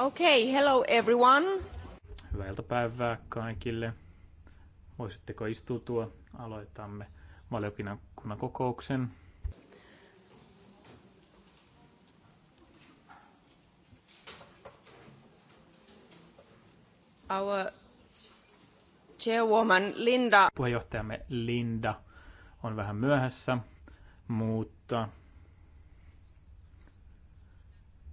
Okay, hello everyone. Hyvää iltapäivää kaikille. Voisitteko istutua? Aloitamme valiokunnan kokouksen. Our chairwoman Linda. Puheenjohtajamme Linda on vähän myöhässä, mutta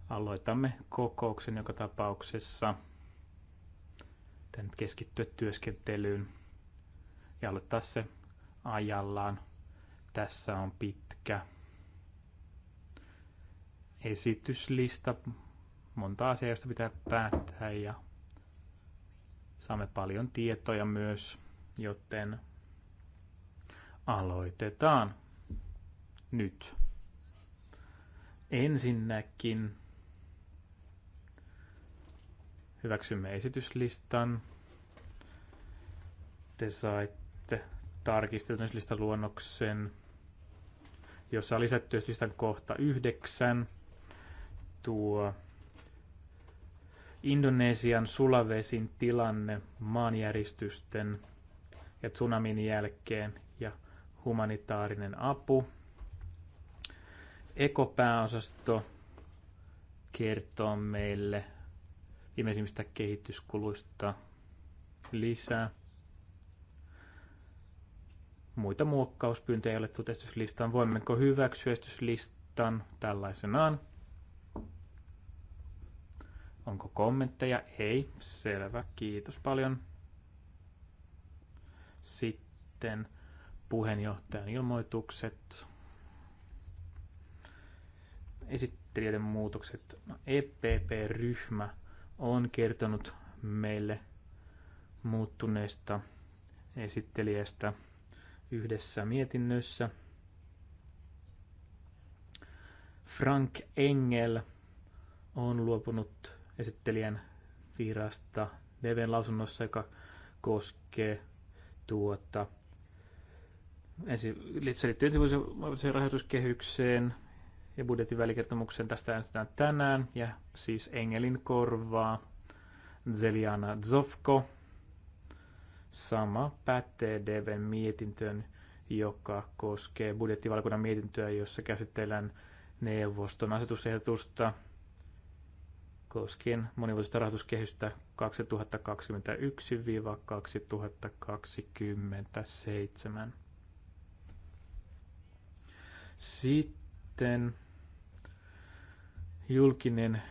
Aloitamme kokouksen joka tapauksessa. tän keskittyä työskentelyyn ja aloittaa se ajallaan. Tässä on pitkä esityslista, monta asiaa, joista pitää päättää ja saamme paljon tietoja myös, joten aloitetaan nyt. Ensinnäkin Hyväksymme esityslistan. Te saitte tarkistetun luonnoksen, jossa on lisätty esityslistan kohta 9. Tuo Indonesian sulavesin tilanne maanjäristysten ja tsunamin jälkeen ja humanitaarinen apu. Ekopääosasto kertoo meille viimeisimmistä kehityskuluista lisää. Muita muokkauspyyntöjä ei ole tutestyslistaan. Voimmeko hyväksyä estyslistan tällaisenaan? Onko kommentteja? Ei. Selvä. Kiitos paljon. Sitten puheenjohtajan ilmoitukset. Esittelijöiden muutokset. No, EPP-ryhmä on kertonut meille muuttuneesta esittelijästä yhdessä mietinnössä. Frank Engel on luopunut esittelijän virasta Deven lausunnossa, joka koskee tuota, ensi, se liittyy ensi rahoituskehykseen, ja budjetin välikertomuksen tästä äänestetään tänään ja siis Engelin korvaa Zeliana Zofko. Sama pätee DVn mietintöön, joka koskee budjettivalkunnan mietintöä, jossa käsitellään neuvoston asetusehdotusta koskien monivuotista rahoituskehystä 2021-2027. Sitten julkinen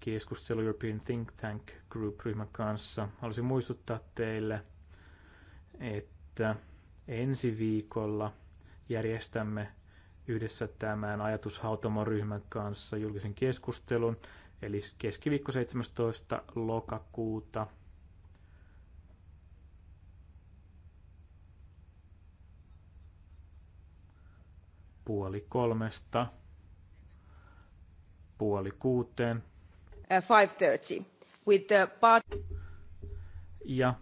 keskustelu European Think Tank Group-ryhmän kanssa. Haluaisin muistuttaa teille, että ensi viikolla järjestämme yhdessä tämän ajatushautomoryhmän kanssa julkisen keskustelun, eli keskiviikko 17. lokakuuta. Puoli kolmesta puoli kuuteen. 5.30 äh, with the part... Ja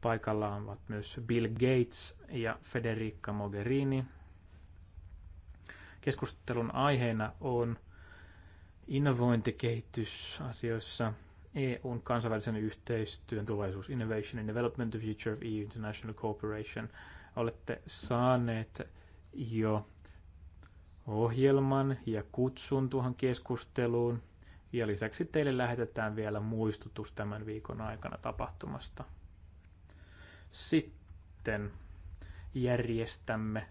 paikalla ovat myös Bill Gates ja Federica Mogherini. Keskustelun aiheena on innovointikehitysasioissa EUn kansainvälisen yhteistyön tulevaisuus, Innovation and Development, the Future of EU International Cooperation. Olette saaneet jo ohjelman ja kutsun tuohon keskusteluun. Ja lisäksi teille lähetetään vielä muistutus tämän viikon aikana tapahtumasta. Sitten järjestämme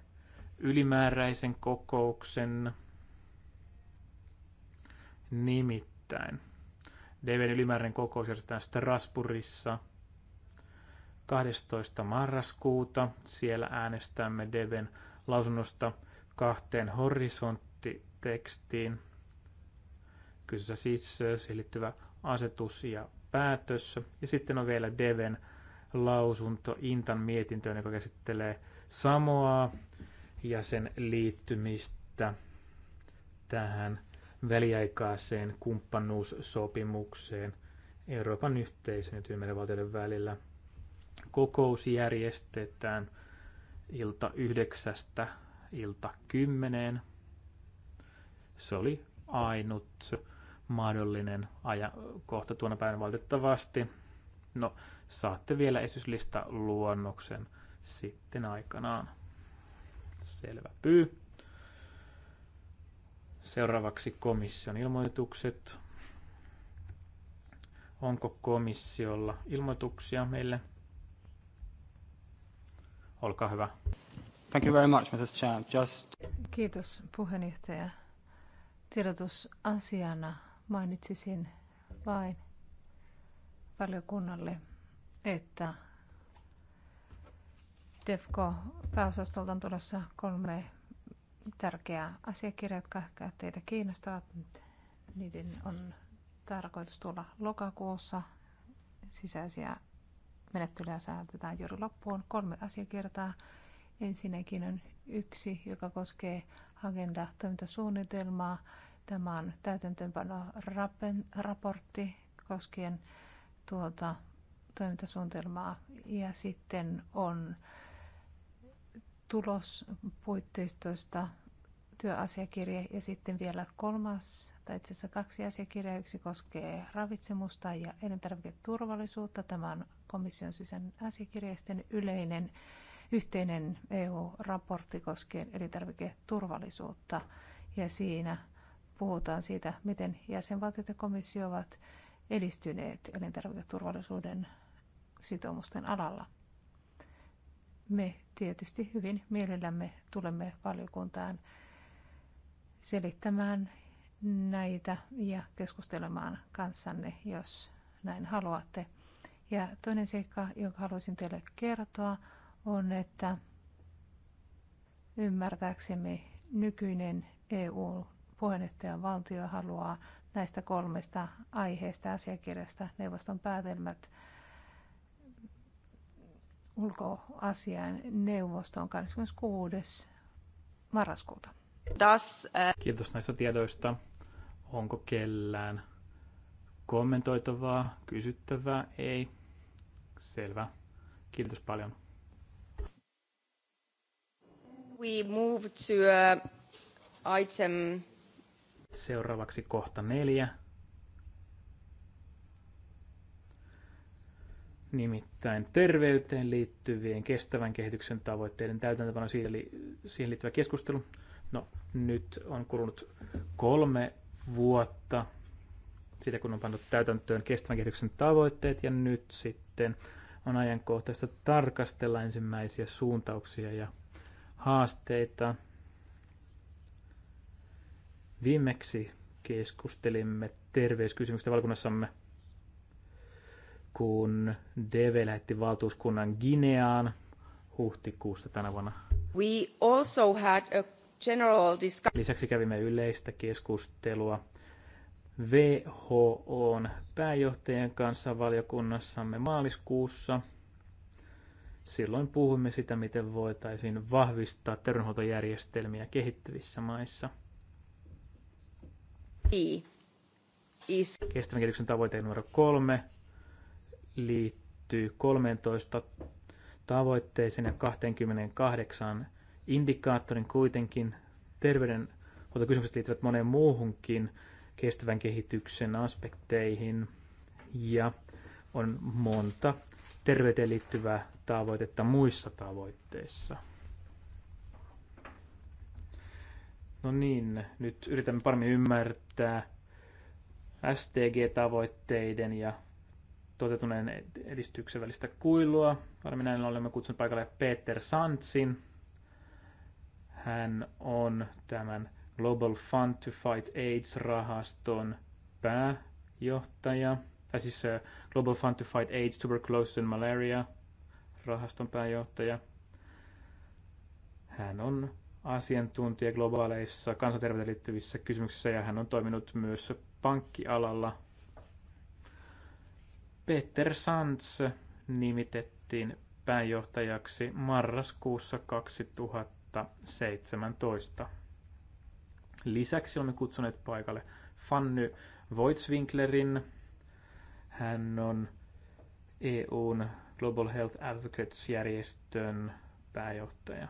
ylimääräisen kokouksen. Nimittäin DVn ylimääräinen kokous järjestetään Strasbourgissa 12. marraskuuta. Siellä äänestämme DVn lausunnosta kahteen horisonttitekstiin. Kyseessä siis äh, siihen liittyvä asetus ja päätös. Ja sitten on vielä Deven lausunto Intan mietintöön, joka käsittelee Samoa ja sen liittymistä tähän väliaikaiseen kumppanuussopimukseen Euroopan yhteisön ja Tyynmeren välillä. Kokous järjestetään ilta yhdeksästä ilta kymmeneen. Se oli ainut mahdollinen aja, kohta tuona päivänä valitettavasti. No, saatte vielä esityslista luonnoksen sitten aikanaan. Selvä pyy. Seuraavaksi komission ilmoitukset. Onko komissiolla ilmoituksia meille? Olkaa hyvä. Thank you very much, Mrs. Just... Kiitos puheenjohtaja. Tiedotusasiana mainitsisin vain valiokunnalle, että DEFCO pääosastolta on tulossa kolme tärkeää asiakirjaa, jotka ehkä teitä kiinnostavat. Niiden on tarkoitus tulla lokakuussa. Sisäisiä menettelyjä saatetaan juuri loppuun. Kolme asiakirjaa Ensinnäkin on yksi, joka koskee agenda toimintasuunnitelmaa. Tämä on täytäntöönpano raportti koskien tuota toimintasuunnitelmaa. Ja sitten on tulospuitteistoista työasiakirja ja sitten vielä kolmas, tai itse asiassa kaksi asiakirjaa. Yksi koskee ravitsemusta ja elintarviketurvallisuutta. Tämä on komission sisäinen asiakirja ja sitten yleinen yhteinen EU-raportti koskien elintarviketurvallisuutta. Ja siinä puhutaan siitä, miten jäsenvaltiot ja komissio ovat edistyneet elintarviketurvallisuuden sitoumusten alalla. Me tietysti hyvin mielellämme tulemme valiokuntaan selittämään näitä ja keskustelemaan kanssanne, jos näin haluatte. Ja toinen seikka, jonka haluaisin teille kertoa, on, että ymmärtääksemme nykyinen EU-puheenjohtajan valtio haluaa näistä kolmesta aiheesta asiakirjasta neuvoston päätelmät ulkoasian neuvostoon 26. marraskuuta. Das, äh... Kiitos näistä tiedoista. Onko kellään kommentoitavaa, kysyttävää? Ei. Selvä. Kiitos paljon we move to uh, item... Seuraavaksi kohta neljä. Nimittäin terveyteen liittyvien kestävän kehityksen tavoitteiden täytäntöpano siihen, li- siihen liittyvä keskustelu. No, nyt on kulunut kolme vuotta siitä, kun on pannut täytäntöön kestävän kehityksen tavoitteet, ja nyt sitten on ajankohtaista tarkastella ensimmäisiä suuntauksia ja haasteita. Viimeksi keskustelimme terveyskysymyksistä valkunnassamme, kun DV lähetti valtuuskunnan Gineaan huhtikuussa tänä vuonna. We also had a general discussion. Lisäksi kävimme yleistä keskustelua WHOn pääjohtajan kanssa valiokunnassamme maaliskuussa – silloin puhumme sitä, miten voitaisiin vahvistaa terveydenhuoltojärjestelmiä kehittyvissä maissa. I. Is. Kestävän kehityksen tavoite numero kolme liittyy 13 tavoitteeseen ja 28 indikaattorin kuitenkin terveydenhuoltokysymykset liittyvät moneen muuhunkin kestävän kehityksen aspekteihin ja on monta terveyteen liittyvää tavoitetta muissa tavoitteissa. No niin, nyt yritämme paremmin ymmärtää STG-tavoitteiden ja toteutuneen edistyksen välistä kuilua. Varmin näin olemme kutsunut paikalle Peter Santsin. Hän on tämän Global Fund to Fight AIDS-rahaston pääjohtaja tai siis eh, Global Fund to Fight AIDS, Tuberculosis and Malaria, rahaston pääjohtaja. Hän on asiantuntija globaaleissa kansanterveyteen liittyvissä kysymyksissä ja hän on toiminut myös pankkialalla. Peter Sands nimitettiin pääjohtajaksi marraskuussa 2017. Lisäksi olemme kutsuneet paikalle Fanny Voitswinklerin, hän on EUn Global Health Advocates-järjestön pääjohtaja.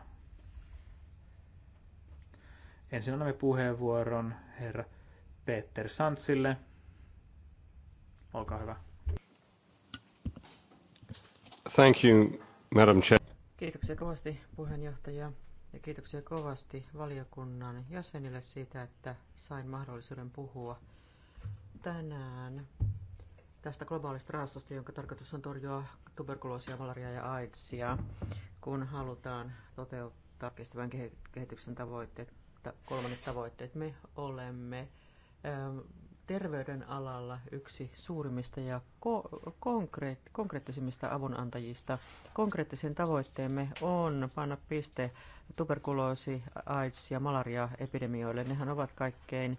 Ensin annamme puheenvuoron herra Peter Santsille. Olkaa hyvä. Thank you, Madam Chair. Kiitoksia kovasti puheenjohtaja ja kiitoksia kovasti valiokunnan jäsenille siitä, että sain mahdollisuuden puhua tänään tästä globaalista rahastosta, jonka tarkoitus on torjua tuberkuloosia, malariaa ja AIDSia, kun halutaan toteuttaa kestävän kehityksen tavoitteet, kolmannet tavoitteet. Me olemme ähm, terveyden alalla yksi suurimmista ja ko- konkreet- konkreettisimmista avunantajista. Konkreettisen tavoitteemme on panna piste tuberkuloosi, AIDS ja malaria-epidemioille. Nehän ovat kaikkein ö,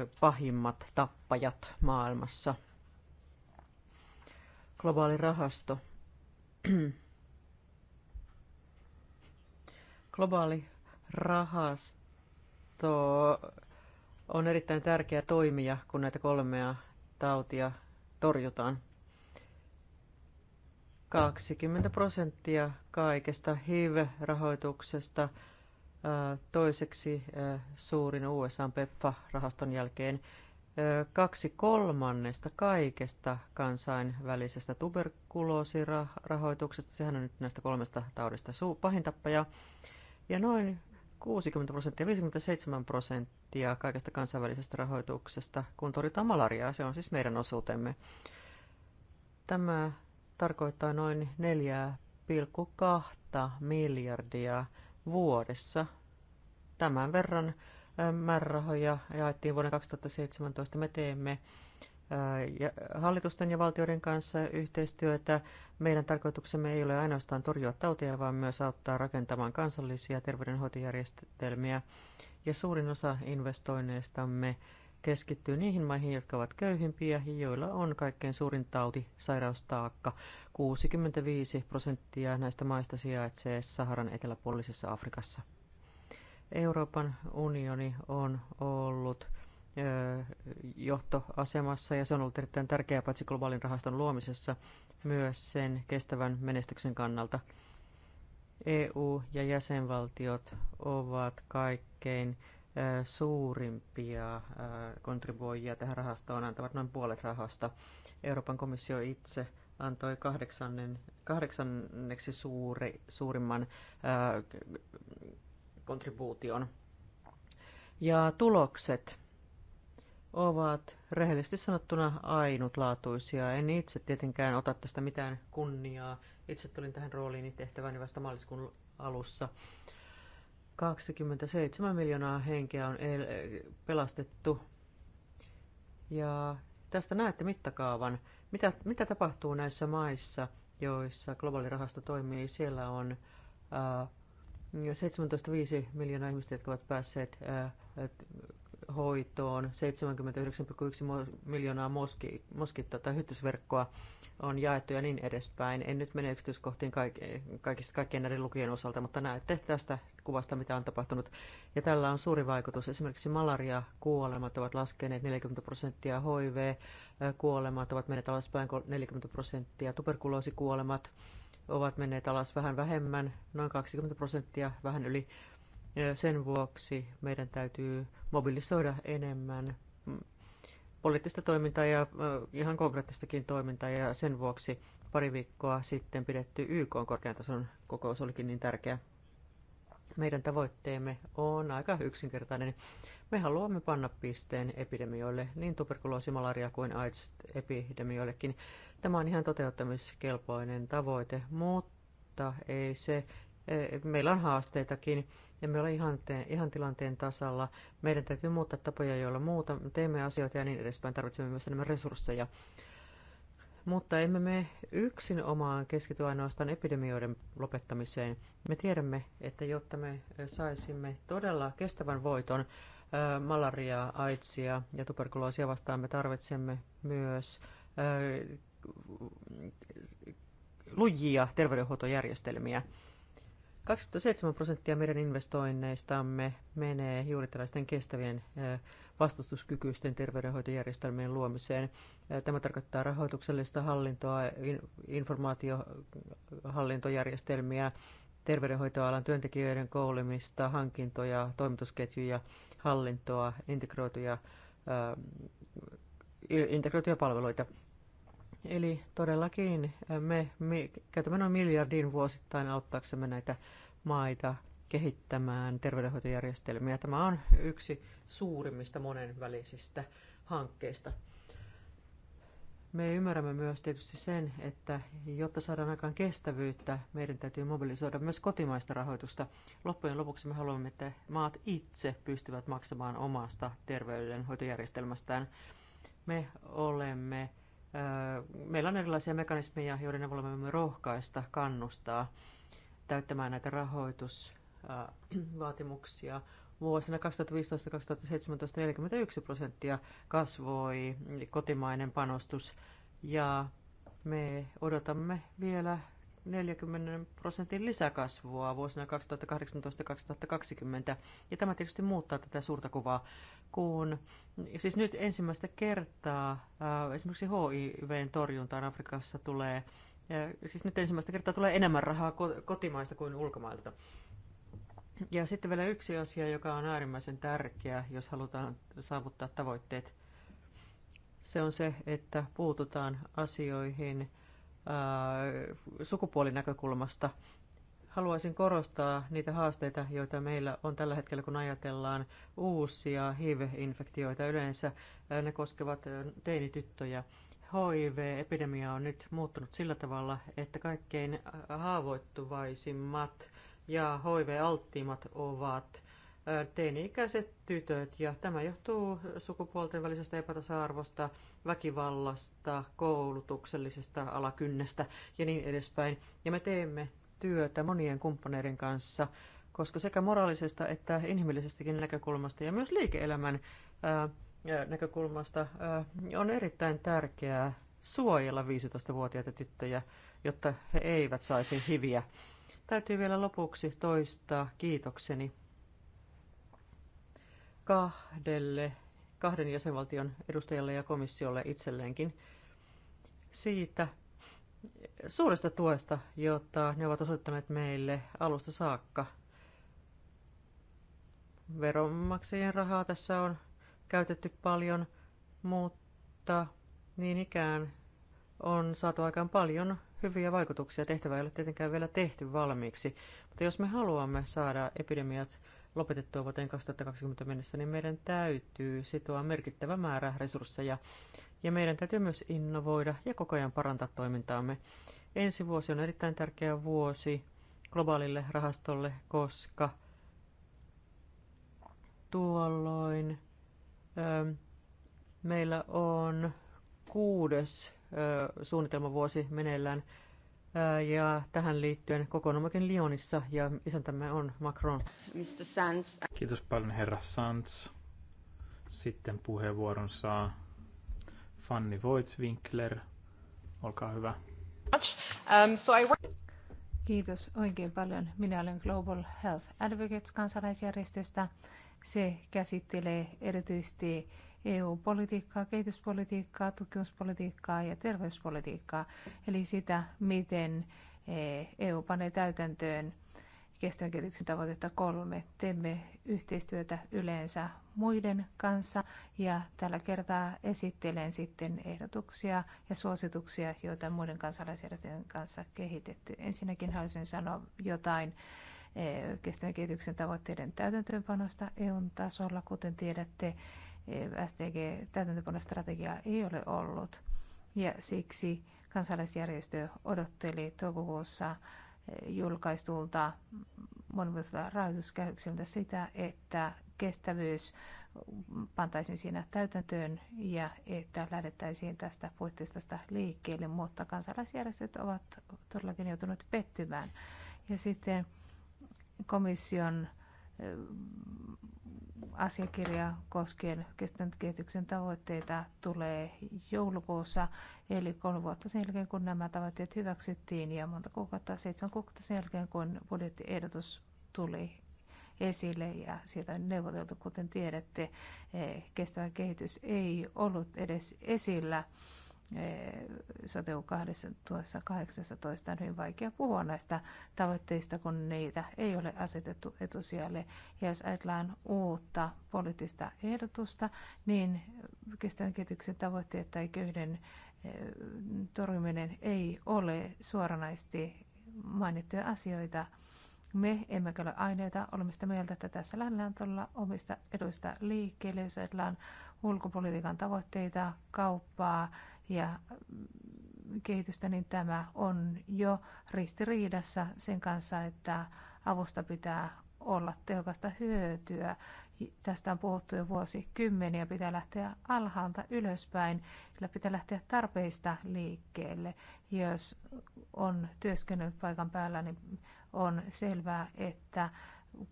äh, pahimmat tappajat maailmassa – globaali rahasto. globaali rahasto on erittäin tärkeä toimija, kun näitä kolmea tautia torjutaan. 20 prosenttia kaikesta HIV-rahoituksesta toiseksi suurin USA PEPFA-rahaston jälkeen kaksi kolmannesta kaikesta kansainvälisestä tuberkuloosirahoituksesta, sehän on nyt näistä kolmesta taudista pahintappaja. ja noin 60 prosenttia, 57 prosenttia kaikesta kansainvälisestä rahoituksesta, kun torjutaan malariaa, se on siis meidän osuutemme. Tämä tarkoittaa noin 4,2 miljardia vuodessa. Tämän verran määrärahoja jaettiin vuonna 2017. Me teemme äh, hallitusten ja valtioiden kanssa yhteistyötä. Meidän tarkoituksemme ei ole ainoastaan torjua tautia, vaan myös auttaa rakentamaan kansallisia terveydenhoitojärjestelmiä. Ja suurin osa investoinneistamme keskittyy niihin maihin, jotka ovat köyhimpiä ja joilla on kaikkein suurin tauti sairaustaakka. 65 prosenttia näistä maista sijaitsee Saharan eteläpuolisessa Afrikassa. Euroopan unioni on ollut johtoasemassa ja se on ollut erittäin tärkeää paitsi globaalin rahaston luomisessa myös sen kestävän menestyksen kannalta. EU ja jäsenvaltiot ovat kaikkein suurimpia kontribuoijia tähän rahastoon, antavat noin puolet rahasta. Euroopan komissio itse antoi kahdeksannen, kahdeksanneksi suuri, suurimman kontribuution. Ja tulokset ovat rehellisesti sanottuna ainutlaatuisia. En itse tietenkään ota tästä mitään kunniaa. Itse tulin tähän rooliin tehtäväni vasta maaliskuun alussa. 27 miljoonaa henkeä on pelastettu. Ja tästä näette mittakaavan. Mitä, mitä tapahtuu näissä maissa, joissa globaali rahasto toimii? Siellä on 17,5 miljoonaa ihmistä, jotka ovat päässeet hoitoon. 79,1 miljoonaa moski, moskittoa tai hyttysverkkoa on jaettu ja niin edespäin. En nyt mene yksityiskohtiin kaikista, kaikkien näiden lukien osalta, mutta näette tästä kuvasta, mitä on tapahtunut. Ja tällä on suuri vaikutus. Esimerkiksi malaria-kuolemat ovat laskeneet 40 prosenttia, HIV-kuolemat ovat menneet alaspäin 40 prosenttia, tuberkuloosikuolemat kuolemat ovat menneet alas vähän vähemmän, noin 20 prosenttia, vähän yli. Sen vuoksi meidän täytyy mobilisoida enemmän poliittista toimintaa ja ihan konkreettistakin toimintaa ja sen vuoksi pari viikkoa sitten pidetty YK korkean tason kokous olikin niin tärkeä. Meidän tavoitteemme on aika yksinkertainen. Me haluamme panna pisteen epidemioille, niin tuberkuloosimalaria kuin AIDS-epidemioillekin. Tämä on ihan toteuttamiskelpoinen tavoite, mutta ei se, e, meillä on haasteitakin. me ollaan ihan, te, ihan tilanteen tasalla. Meidän täytyy muuttaa tapoja, joilla muuta teemme asioita ja niin edespäin. Tarvitsemme myös enemmän resursseja. Mutta emme me yksin omaan keskity ainoastaan epidemioiden lopettamiseen. Me tiedämme, että jotta me saisimme todella kestävän voiton malariaa, aidsia ja tuberkuloosia vastaan, me tarvitsemme myös lujia terveydenhuoltojärjestelmiä. 27 prosenttia meidän investoinneistamme menee juuri tällaisten kestävien vastustuskykyisten terveydenhoitojärjestelmien luomiseen. Tämä tarkoittaa rahoituksellista hallintoa, informaatiohallintojärjestelmiä, terveydenhoitoalan työntekijöiden koulimista, hankintoja, toimitusketjuja, hallintoa, integroituja, integroituja palveluita. Eli todellakin eh, me, me käytämme noin miljardin vuosittain auttaaksemme näitä maita kehittämään terveydenhoitojärjestelmiä. Tämä on yksi suurimmista monenvälisistä hankkeista. Me ymmärrämme myös tietysti sen, että jotta saadaan aikaan kestävyyttä, meidän täytyy mobilisoida myös kotimaista rahoitusta. Loppujen lopuksi me haluamme, että maat itse pystyvät maksamaan omasta terveydenhoitojärjestelmästään. Me olemme meillä on erilaisia mekanismeja, joiden avulla me rohkaista, kannustaa täyttämään näitä rahoitusvaatimuksia. Vuosina 2015-2017 41 prosenttia kasvoi kotimainen panostus ja me odotamme vielä 40 prosentin lisäkasvua vuosina 2018-2020. Ja tämä tietysti muuttaa tätä suurta kuvaa, kun siis nyt ensimmäistä kertaa äh, esimerkiksi HIVn torjuntaan Afrikassa tulee, äh, siis nyt ensimmäistä kertaa tulee enemmän rahaa kotimaista kuin ulkomailta. Ja sitten vielä yksi asia, joka on äärimmäisen tärkeä, jos halutaan saavuttaa tavoitteet. Se on se, että puututaan asioihin – sukupuolinäkökulmasta. Haluaisin korostaa niitä haasteita, joita meillä on tällä hetkellä, kun ajatellaan uusia HIV-infektioita. Yleensä ne koskevat teinityttöjä. HIV-epidemia on nyt muuttunut sillä tavalla, että kaikkein haavoittuvaisimmat ja HIV-alttiimmat ovat teini-ikäiset tytöt, ja tämä johtuu sukupuolten välisestä epätasa-arvosta, väkivallasta, koulutuksellisesta alakynnestä ja niin edespäin. Ja me teemme työtä monien kumppaneiden kanssa, koska sekä moraalisesta että inhimillisestäkin näkökulmasta ja myös liike-elämän ää, näkökulmasta ää, on erittäin tärkeää suojella 15-vuotiaita tyttöjä, jotta he eivät saisi hiviä. Täytyy vielä lopuksi toistaa kiitokseni kahdelle, kahden jäsenvaltion edustajalle ja komissiolle itselleenkin siitä suuresta tuesta, jota ne ovat osoittaneet meille alusta saakka. Veronmaksajien rahaa tässä on käytetty paljon, mutta niin ikään on saatu aikaan paljon hyviä vaikutuksia. Tehtävä ei ole tietenkään vielä tehty valmiiksi, mutta jos me haluamme saada epidemiat lopetettua vuoteen 2020 mennessä, niin meidän täytyy sitoa merkittävä määrä resursseja. Ja meidän täytyy myös innovoida ja koko ajan parantaa toimintaamme. Ensi vuosi on erittäin tärkeä vuosi globaalille rahastolle, koska tuolloin ö, ähm, meillä on kuudes ö, äh, suunnitelmavuosi meneillään – Äh, ja tähän liittyen kokoonnumakin Lyonissa ja isäntämme on Macron. Mr. Sands. Kiitos paljon herra Sands. Sitten puheenvuoron saa Fanny Voitswinkler. Olkaa hyvä. Um, Kiitos oikein paljon. Minä olen Global Health Advocates kansalaisjärjestöstä. Se käsittelee erityisesti EU-politiikkaa, kehityspolitiikkaa, tutkimuspolitiikkaa ja terveyspolitiikkaa, eli sitä, miten eh, EU panee täytäntöön kestävän kehityksen tavoitetta kolme. Teemme yhteistyötä yleensä muiden kanssa ja tällä kertaa esittelen sitten ehdotuksia ja suosituksia, joita muiden kansalaisjärjestöjen kanssa kehitetty. Ensinnäkin haluaisin sanoa jotain eh, kestävän kehityksen tavoitteiden täytäntöönpanosta EUn tasolla. Kuten tiedätte, Eh, STG-täytäntöpanostrategiaa ei ole ollut. Ja siksi kansalaisjärjestö odotteli toukokuussa eh, julkaistulta monivuotiselta rahoituskehykseltä sitä, että kestävyys pantaisiin siinä täytäntöön ja että lähdettäisiin tästä puitteistosta liikkeelle, mutta kansalaisjärjestöt ovat todellakin joutuneet pettymään. Ja sitten komission asiakirja koskien kestävän kehityksen tavoitteita tulee joulukuussa, eli kolme vuotta sen jälkeen, kun nämä tavoitteet hyväksyttiin ja monta kuukautta, seitsemän kuukautta sen jälkeen, kun budjettiehdotus tuli esille ja siitä on neuvoteltu, kuten tiedätte, eh, kestävä kehitys ei ollut edes esillä sote 2018 on hyvin vaikea puhua näistä tavoitteista, kun niitä ei ole asetettu etusijalle. Ja jos ajatellaan uutta poliittista ehdotusta, niin kestävän kehityksen tavoitteet tai köyhden eh, torjuminen ei ole suoranaisesti mainittuja asioita. Me emme ole aineita, olemme sitä mieltä, että tässä lähdetään tuolla omista eduista liikkeelle, jos ajatellaan ulkopolitiikan tavoitteita, kauppaa, ja kehitystä, niin tämä on jo ristiriidassa sen kanssa, että avusta pitää olla tehokasta hyötyä. Tästä on puhuttu jo vuosikymmeniä. Pitää lähteä alhaalta ylöspäin, sillä pitää lähteä tarpeista liikkeelle. Jos on työskennellyt paikan päällä, niin on selvää, että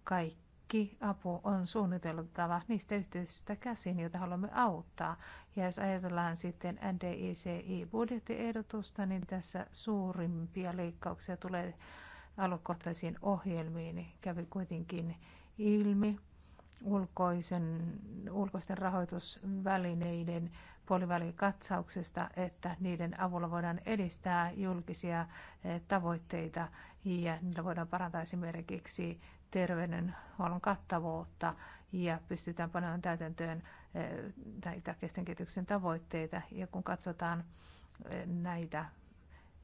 kaikki kaikki apu on suunniteltava niistä yhteisistä käsin, joita haluamme auttaa. Ja jos ajatellaan sitten NDICI-budjettiehdotusta, niin tässä suurimpia leikkauksia tulee alukohtaisiin ohjelmiin. Kävi kuitenkin ilmi ulkoisen, ulkoisten rahoitusvälineiden puolivälikatsauksesta, että niiden avulla voidaan edistää julkisia eh, tavoitteita ja niillä voidaan parantaa esimerkiksi terveydenhuollon kattavuutta ja pystytään panemaan täytäntöön näitä eh, kestävän kehityksen tavoitteita. Ja kun katsotaan eh, näitä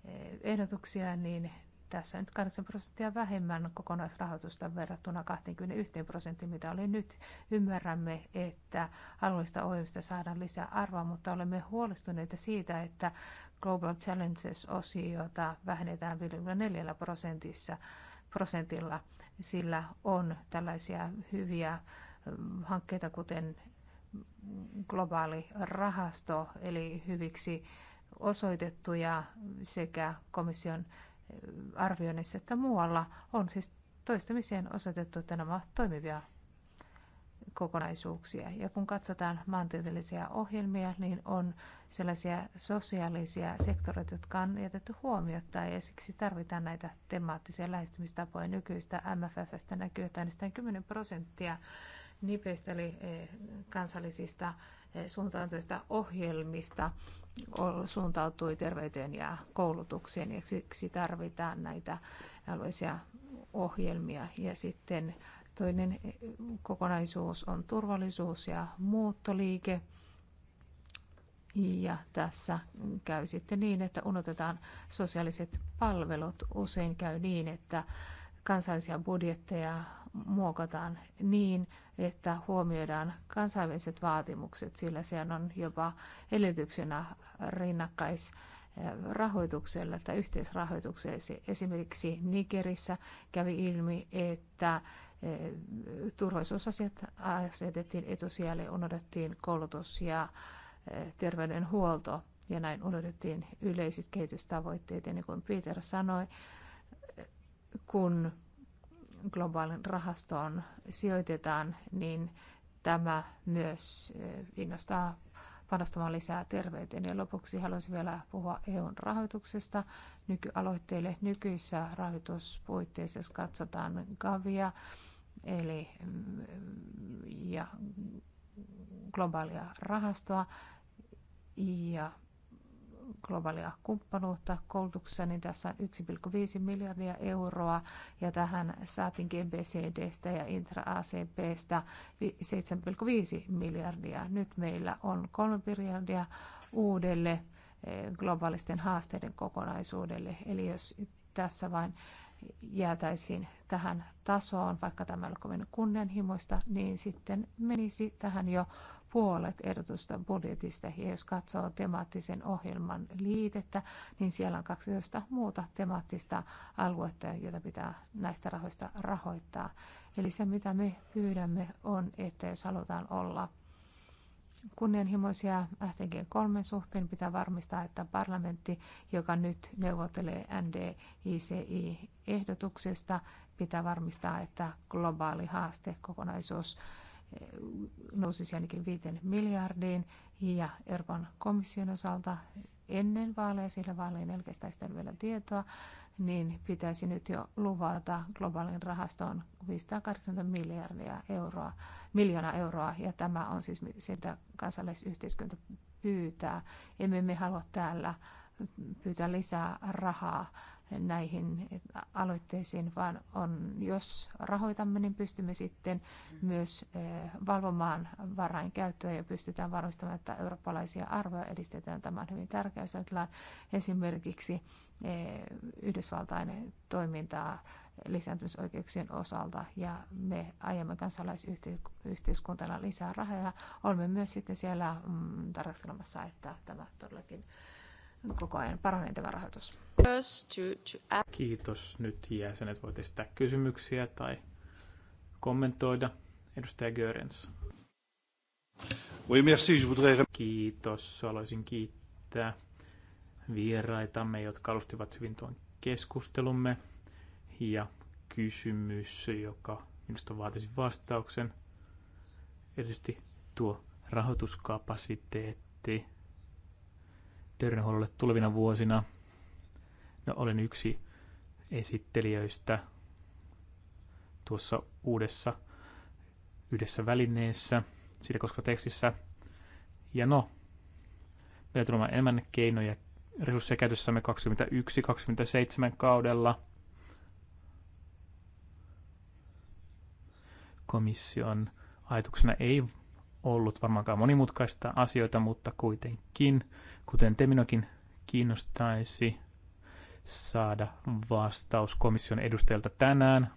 eh, ehdotuksia, niin tässä nyt 8 prosenttia vähemmän kokonaisrahoitusta verrattuna 21 prosenttiin, mitä oli nyt. Ymmärrämme, että alueista ohjelmista saadaan lisää arvoa, mutta olemme huolestuneita siitä, että Global Challenges-osiota vähennetään 54 prosentissa, prosentilla sillä on tällaisia hyviä hankkeita, kuten globaali rahasto, eli hyviksi osoitettuja sekä komission arvioinnissa että muualla on siis toistamiseen osoitettu, että nämä ovat toimivia kokonaisuuksia. Ja kun katsotaan maantieteellisiä ohjelmia, niin on sellaisia sosiaalisia sektoreita, jotka on jätetty huomiota ja siksi tarvitaan näitä temaattisia lähestymistapoja. Nykyistä MFFstä näkyy, että ainoastaan 10 prosenttia nipeistä eli e, kansallisista e, suuntautuista ohjelmista suuntautui terveyteen ja koulutukseen ja siksi tarvitaan näitä alueisia ohjelmia ja sitten Toinen kokonaisuus on turvallisuus ja muuttoliike. Ja tässä käy sitten niin, että unotetaan sosiaaliset palvelut. Usein käy niin, että kansallisia budjetteja muokataan niin, että huomioidaan kansainväliset vaatimukset, sillä se on jopa edellytyksenä rinnakkais rahoituksella tai yhteisrahoituksella. Esimerkiksi Nigerissä kävi ilmi, että turvallisuusasiat asetettiin etusijalle, unohdettiin koulutus ja eh, terveydenhuolto ja näin unohdettiin yleiset kehitystavoitteet. Ja niin kuin Peter sanoi, kun globaalin rahastoon sijoitetaan, niin tämä myös eh, innostaa panostamaan lisää terveyteen. Ja lopuksi haluaisin vielä puhua EUn rahoituksesta nykyaloitteille nykyisissä rahoituspuitteissa, jos katsotaan Gavia, eli mm, ja globaalia rahastoa ja globaalia kumppanuutta koulutuksessa, niin tässä on 1,5 miljardia euroa ja tähän saatiin GBCDstä ja intra-ACPstä 7,5 miljardia. Nyt meillä on 3 miljardia uudelle eh, globaalisten haasteiden kokonaisuudelle. Eli jos tässä vain jäätäisiin tähän tasoon, vaikka tämä ei ole kovin kunnianhimoista, niin sitten menisi tähän jo puolet ehdotusta budjetista. Ja jos katsoo temaattisen ohjelman liitettä, niin siellä on 12 muuta temaattista aluetta, joita pitää näistä rahoista rahoittaa. Eli se, mitä me pyydämme, on, että jos halutaan olla kunnianhimoisia STG3 suhteen pitää varmistaa, että parlamentti, joka nyt neuvottelee NDICI-ehdotuksesta, pitää varmistaa, että globaali haaste kokonaisuus eh, nousisi ainakin 5 miljardiin ja Euroopan komission osalta ennen vaaleja, sillä vaaleja ei sitä vielä tietoa, niin pitäisi nyt jo luvata globaalin rahastoon 580 miljardia euroa, miljoonaa euroa, ja tämä on siis se, mitä kansalaisyhteiskunta pyytää. Emme me halua täällä pyytää lisää rahaa näihin aloitteisiin, vaan on, jos rahoitamme, niin pystymme sitten myös eh, valvomaan varain käyttöä ja pystytään varmistamaan, että eurooppalaisia arvoja edistetään. Tämä on hyvin tärkeä, jos ajatellaan esimerkiksi eh, Yhdysvaltain toimintaa lisääntymisoikeuksien osalta ja me ajamme kansalaisyhteiskuntana lisää rahaa ja olemme myös sitten siellä mm, tarkastelemassa, että tämä todellakin koko ajan paranee tämä rahoitus. Kiitos. Nyt jäsenet voivat esittää kysymyksiä tai kommentoida. Edustaja Görens. Oui, merci. Je voudrais... Kiitos. Haluaisin kiittää vieraitamme, jotka alustivat hyvin tuon keskustelumme. Ja kysymys, joka minusta vaatisi vastauksen. Erityisesti tuo rahoituskapasiteetti terveydenhuollolle tulevina vuosina. No, olen yksi esittelijöistä tuossa uudessa yhdessä välineessä, sitä koska tekstissä. Ja no, meillä tulee enemmän keinoja resursseja käytössämme 21-27 kaudella. Komission ajatuksena ei ollut varmaankaan monimutkaista asioita, mutta kuitenkin Kuten te minäkin kiinnostaisi saada vastaus komission edustajalta tänään,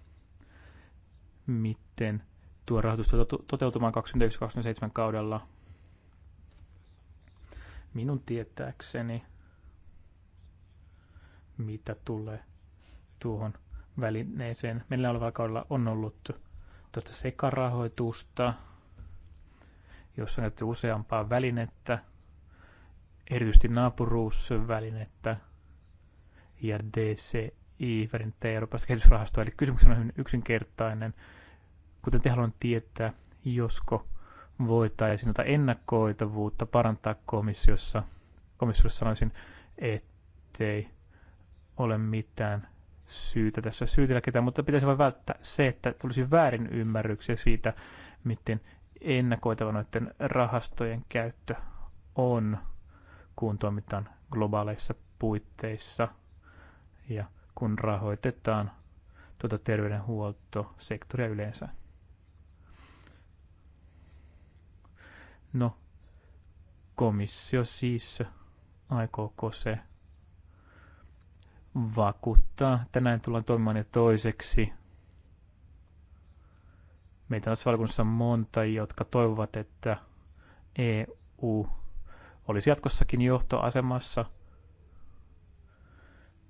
miten tuo rahoitus toteutumaan 2021 2027 kaudella. Minun tietääkseni, mitä tulee tuohon välineeseen. Meillä olevalla kaudella on ollut tuosta sekarahoitusta, jossa on käytetty useampaa välinettä erityisesti naapuruusvälinettä ja DCI, välinettä Euroopassa kehitysrahastoa. Eli kysymys on hyvin yksinkertainen. Kuten te haluan tietää, josko voitaisiin tätä ennakoitavuutta parantaa komissiossa. Komissiossa sanoisin, ettei ole mitään syytä tässä syytellä ketään, mutta pitäisi vain välttää se, että tulisi väärin ymmärryksiä siitä, miten ennakoitava noiden rahastojen käyttö on kun toimitaan globaaleissa puitteissa ja kun rahoitetaan tuota terveydenhuoltosektoria yleensä. No, komissio siis, aikooko se vakuuttaa. Tänään tullaan toimimaan ja toiseksi. Meitä on tässä valkunnassa monta, jotka toivovat, että EU olisi jatkossakin johtoasemassa,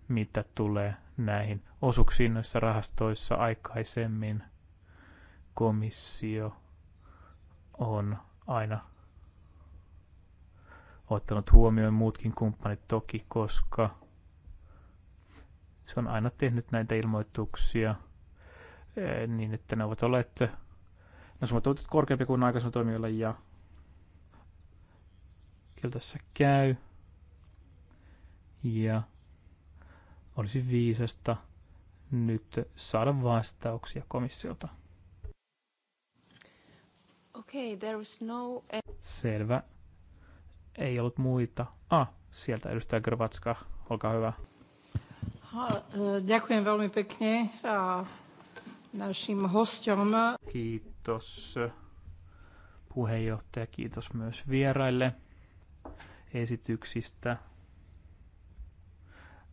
mitä tulee näihin osuuksiin noissa rahastoissa aikaisemmin. Komissio on aina ottanut huomioon muutkin kumppanit toki, koska se on aina tehnyt näitä ilmoituksia eh, niin, että ne ovat olleet, no summat ovat korkeampi kuin aikaisemmin toimijoilla ja tässä käy. Ja olisi viisasta nyt saada vastauksia komissiolta. Okay, there was no... Eh, Selvä. Ei ollut muita. Ah, sieltä edustaja Grvatska, olkaa hyvä. Eh, ďakujem veľmi pekne eh, našim hostom. Kiitos puheenjohtaja, kiitos myös vieraille esityksistä.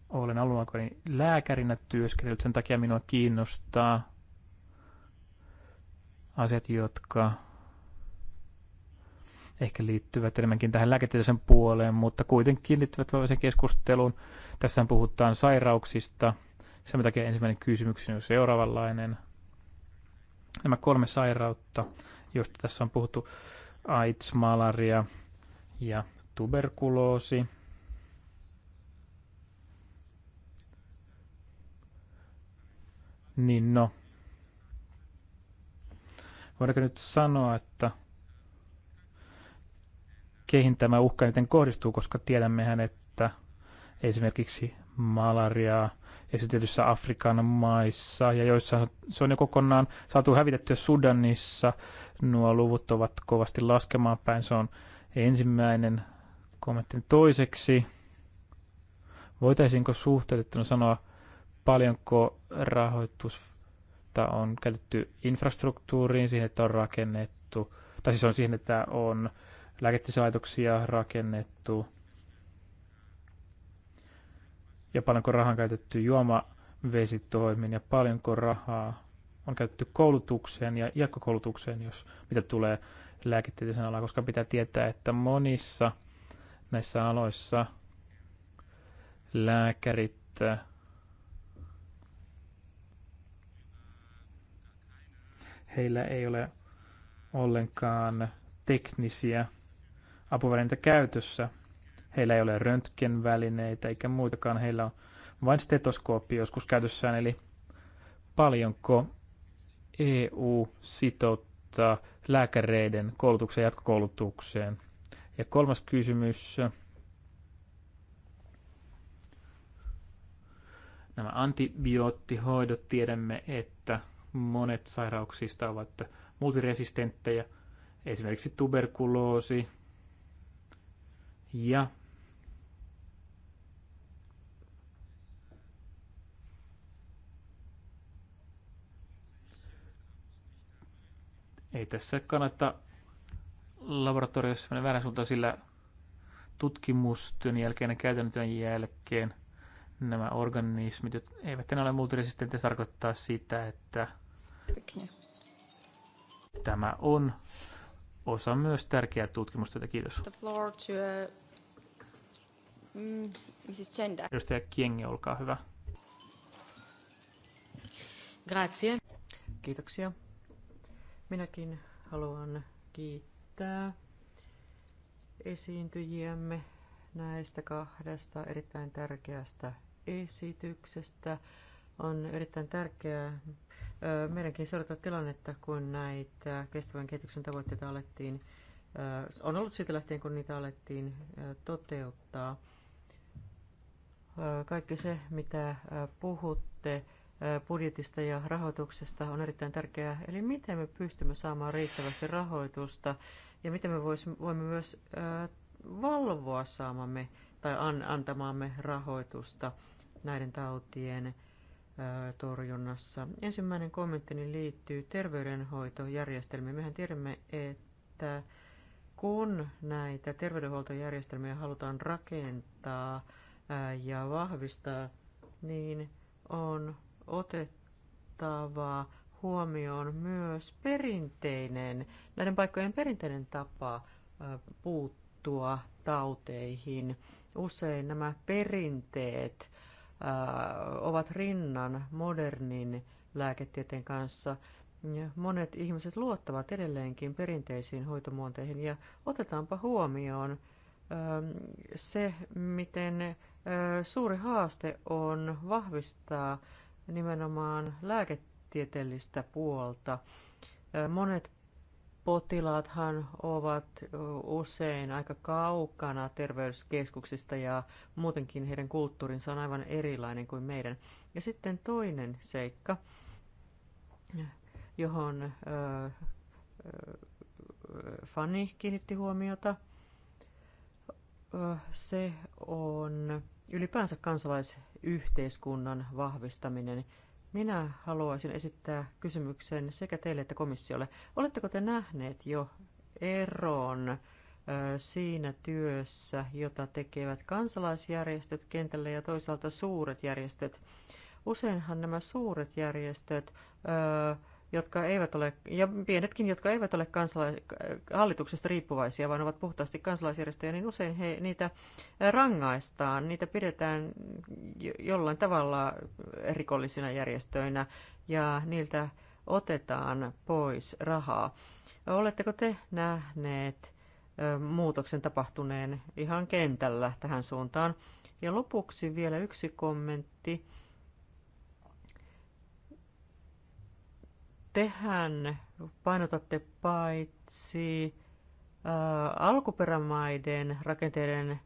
Olen alun lääkärinä työskennellyt, sen takia minua kiinnostaa asiat, jotka ehkä liittyvät enemmänkin tähän lääketieteellisen puoleen, mutta kuitenkin liittyvät sen keskusteluun. Tässä puhutaan sairauksista. Sen takia ensimmäinen kysymys on seuraavanlainen. Nämä kolme sairautta, joista tässä on puhuttu, AIDS, malaria ja tuberkuloosi, niin no, voidaanko nyt sanoa, että keihin tämä uhka eniten kohdistuu, koska tiedämmehän, että esimerkiksi malariaa esitetyssä Afrikan maissa ja joissa se on jo kokonaan saatu hävitettyä Sudanissa. Nuo luvut ovat kovasti laskemaan päin. Se on ensimmäinen kommentin. Toiseksi, voitaisiinko suhteellettuna sanoa, paljonko rahoitusta on käytetty infrastruktuuriin, siihen, että on rakennettu, tai siis on siihen, että on lääketieteellisiä rakennettu, ja paljonko rahaa on käytetty juomavesitoimiin, ja paljonko rahaa on käytetty koulutukseen ja jatkokoulutukseen, jos mitä tulee lääketieteellisen alaan, koska pitää tietää, että monissa – näissä aloissa. Lääkärit heillä ei ole ollenkaan teknisiä apuvälineitä käytössä. Heillä ei ole röntgenvälineitä eikä muitakaan. Heillä on vain stetoskooppi joskus käytössään, eli paljonko EU sitouttaa lääkäreiden koulutukseen jatkokoulutukseen. Ja kolmas kysymys. Nämä antibioottihoidot tiedämme, että monet sairauksista ovat multiresistenttejä, esimerkiksi tuberkuloosi ja ei tässä kannata laboratoriossa menee väärän suuntaan, sillä tutkimustyön jälkeen ja käytännön jälkeen nämä organismit, jotka eivät enää ole multiresistenttejä, tarkoittaa sitä, että tämä on osa myös tärkeää tutkimustyötä. Kiitos. The floor to, uh, Mrs. Mm, Chenda. Edustaja Kienge, olkaa hyvä. Grazie. Kiitoksia. Minäkin haluan kiittää kiittää esiintyjiämme näistä kahdesta erittäin tärkeästä esityksestä. On erittäin tärkeää meidänkin seurata tilannetta, kun näitä kestävän kehityksen tavoitteita alettiin, on ollut siitä lähtien, kun niitä alettiin toteuttaa. Kaikki se, mitä puhutte budjetista ja rahoituksesta, on erittäin tärkeää. Eli miten me pystymme saamaan riittävästi rahoitusta ja miten me voisimme, voimme myös valvoa saamamme tai an, antamaamme rahoitusta näiden tautien torjunnassa. Ensimmäinen kommenttini liittyy terveydenhoitojärjestelmiin. Mehän tiedämme, että kun näitä terveydenhuoltojärjestelmiä halutaan rakentaa ja vahvistaa, niin on otettava huomioon myös perinteinen, näiden paikkojen perinteinen tapa puuttua tauteihin. Usein nämä perinteet ovat rinnan modernin lääketieteen kanssa. Monet ihmiset luottavat edelleenkin perinteisiin hoitomuonteihin ja otetaanpa huomioon se, miten suuri haaste on vahvistaa nimenomaan lääketieteen tieteellistä puolta. Monet potilaathan ovat usein aika kaukana terveyskeskuksista ja muutenkin heidän kulttuurinsa on aivan erilainen kuin meidän. Ja sitten toinen seikka, johon Fanny kiinnitti huomiota, se on ylipäänsä kansalaisyhteiskunnan vahvistaminen – minä haluaisin esittää kysymyksen sekä teille että komissiolle. Oletteko te nähneet jo eron siinä työssä, jota tekevät kansalaisjärjestöt kentälle ja toisaalta suuret järjestöt? Useinhan nämä suuret järjestöt jotka eivät ole, ja pienetkin, jotka eivät ole kansala- hallituksesta riippuvaisia, vaan ovat puhtaasti kansalaisjärjestöjä, niin usein he, niitä rangaistaan, niitä pidetään jollain tavalla rikollisina järjestöinä ja niiltä otetaan pois rahaa. Oletteko te nähneet muutoksen tapahtuneen ihan kentällä tähän suuntaan? Ja lopuksi vielä yksi kommentti tehän painotatte paitsi alkuperämaiden rakenteiden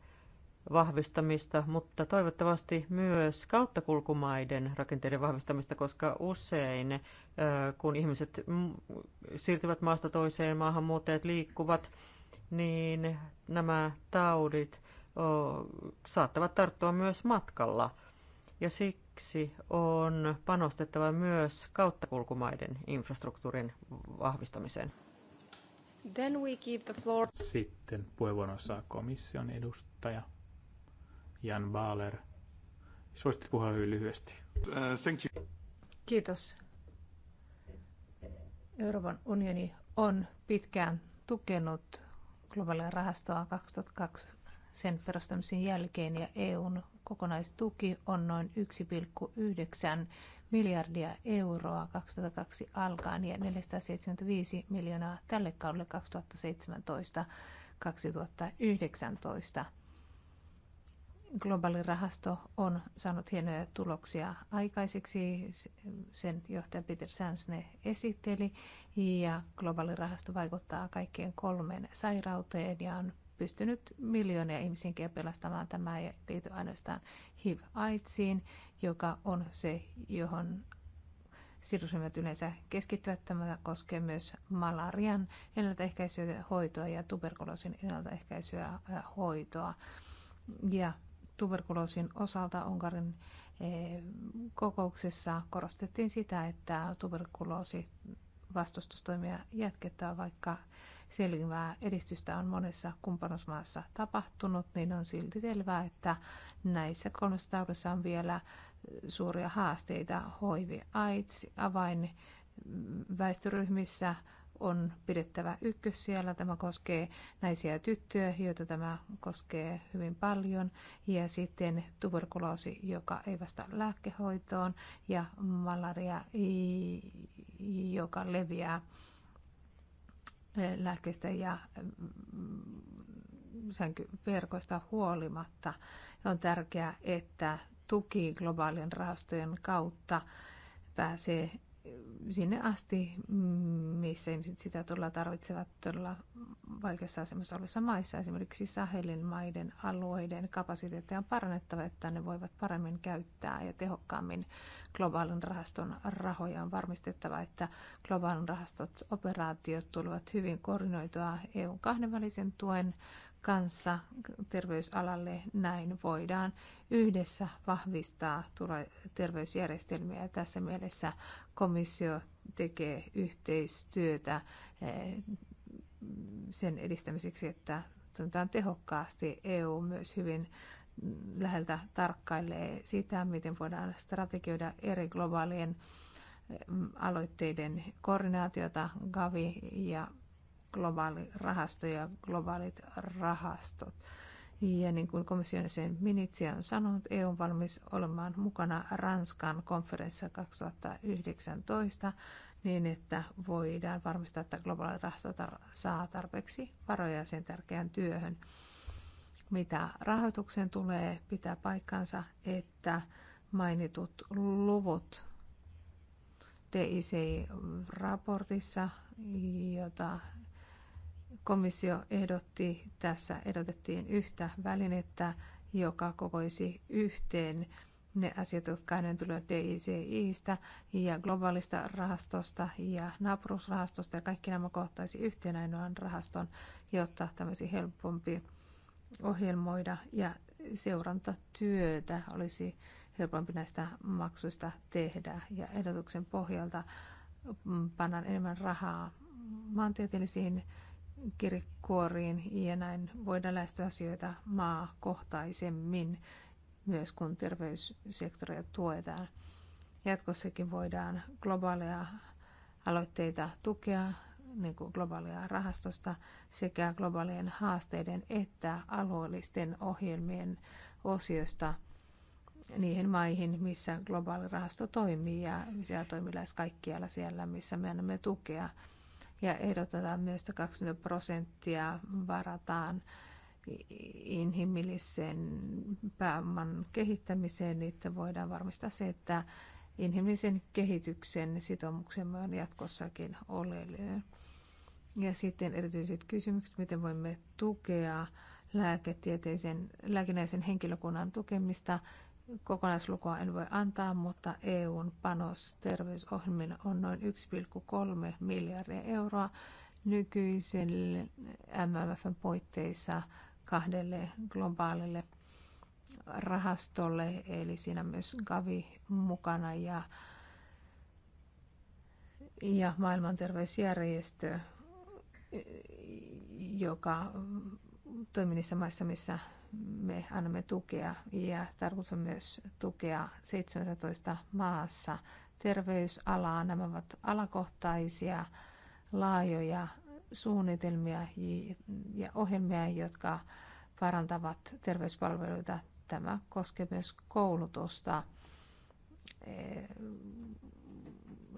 vahvistamista, mutta toivottavasti myös kauttakulkumaiden rakenteiden vahvistamista, koska usein kun ihmiset siirtyvät maasta toiseen, maahanmuuttajat liikkuvat, niin nämä taudit saattavat tarttua myös matkalla. Ja siksi Lisäksi on panostettava myös kauttakulkumaiden infrastruktuurin vahvistamiseen. Then we give the floor. Sitten puheenvuoron saa komission edustaja Jan Baaler. Suositte puhua hyvin lyhyesti. Uh, thank you. Kiitos. Euroopan unioni on pitkään tukenut globaalia rahastoa 2020 sen perustamisen jälkeen ja EUn kokonaistuki on noin 1,9 miljardia euroa 2002 alkaen ja 475 miljoonaa tälle kaudelle 2017-2019. Globaali rahasto on saanut hienoja tuloksia aikaiseksi. Sen johtaja Peter Sansne esitteli ja globaali rahasto vaikuttaa kaikkien kolmeen sairauteen ja on pystynyt miljoonia ihmisiä pelastamaan. Tämä ei liity ainoastaan HIV-AIDSiin, joka on se, johon sidosryhmät yleensä keskittyvät. Tämä koskee myös malarian ennaltaehkäisyä, hoitoa ja tuberkuloosin ennaltaehkäisyä ja hoitoa. Ja tuberkuloosin osalta Unkarin eh, kokouksessa korostettiin sitä, että tuberkuloosi vastustustoimia jatketaan, vaikka selvää edistystä on monessa kumppanuusmaassa tapahtunut, niin on silti selvää, että näissä kolmessa taudissa on vielä suuria haasteita. HIV, AIDS, avain väestöryhmissä on pidettävä ykkös siellä. Tämä koskee naisia ja tyttöjä, joita tämä koskee hyvin paljon. Ja sitten tuberkuloosi, joka ei vasta lääkehoitoon. Ja malaria, joka leviää lääkkeistä ja mm, sänkyverkoista huolimatta. On tärkeää, että tuki globaalien rahastojen kautta pääsee sinne asti, missä ihmiset sitä todella tarvitsevat todella vaikeassa asemassa olevissa maissa. Esimerkiksi Sahelin maiden alueiden kapasiteettia on parannettava, että ne voivat paremmin käyttää ja tehokkaammin globaalin rahaston rahoja. On varmistettava, että globaalin rahastot operaatiot tulevat hyvin koordinoitua EUn kahdenvälisen tuen kanssa terveysalalle. Näin voidaan yhdessä vahvistaa terveysjärjestelmiä. Tässä mielessä komissio tekee yhteistyötä eh, sen edistämiseksi, että toimitaan tehokkaasti. EU myös hyvin läheltä tarkkailee sitä, miten voidaan strategioida eri globaalien eh, aloitteiden koordinaatiota, GAVI ja globaali rahasto ja globaalit rahastot. Ja niin kuin komission sen Minitsi on sanonut, EU on valmis olemaan mukana Ranskan konferenssissa 2019 niin, että voidaan varmistaa, että globaali rahasto saa tarpeeksi varoja sen tärkeään työhön. Mitä rahoitukseen tulee, pitää paikkansa, että mainitut luvut DIC-raportissa, jota komissio ehdotti, tässä ehdotettiin yhtä välinettä, joka kokoisi yhteen ne asiat, jotka ennen tulee DICIstä ja globaalista rahastosta ja naapurusrahastosta ja kaikki nämä kohtaisi yhteen ainoan rahaston, jotta tämmöisi helpompi ohjelmoida ja seurantatyötä olisi helpompi näistä maksuista tehdä ja ehdotuksen pohjalta mm, pannaan enemmän rahaa maantieteellisiin kirjekuoriin ja näin voidaan lähestyä asioita maakohtaisemmin myös kun terveyssektoria tuetaan. Jatkossakin voidaan globaaleja aloitteita tukea niin kuin globaalia rahastosta sekä globaalien haasteiden että alueellisten ohjelmien osiosta niihin maihin, missä globaali rahasto toimii ja siellä toimii lähes kaikkialla siellä, missä me annamme tukea ja ehdotetaan myös, että 20 prosenttia varataan inhimillisen pääoman kehittämiseen, niin että voidaan varmistaa se, että inhimillisen kehityksen sitoumuksemme on jatkossakin oleellinen. Ja sitten erityiset kysymykset, miten voimme tukea lääketieteisen, lääkinäisen henkilökunnan tukemista Kokonaislukua en voi antaa, mutta EUn panos terveysohjelmiin on noin 1,3 miljardia euroa nykyisen MMFn puitteissa kahdelle globaalille rahastolle, eli siinä myös Gavi mukana ja, ja maailman terveysjärjestö, joka toimii niissä maissa, missä me annamme tukea ja tarkoitus on myös tukea 17 maassa terveysalaa. Nämä ovat alakohtaisia, laajoja suunnitelmia ja ohjelmia, jotka parantavat terveyspalveluita. Tämä koskee myös koulutusta, eh,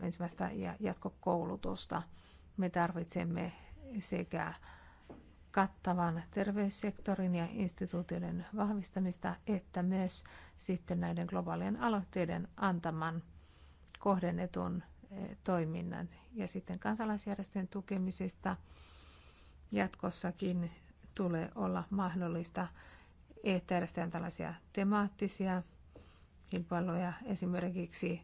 ensimmäistä ja jatkokoulutusta. Me tarvitsemme sekä kattavan terveyssektorin ja instituutioiden vahvistamista, että myös sitten näiden globaalien aloitteiden antaman kohdennetun eh, toiminnan ja sitten kansalaisjärjestöjen tukemisesta jatkossakin tulee olla mahdollista, että järjestetään tällaisia temaattisia kilpailuja esimerkiksi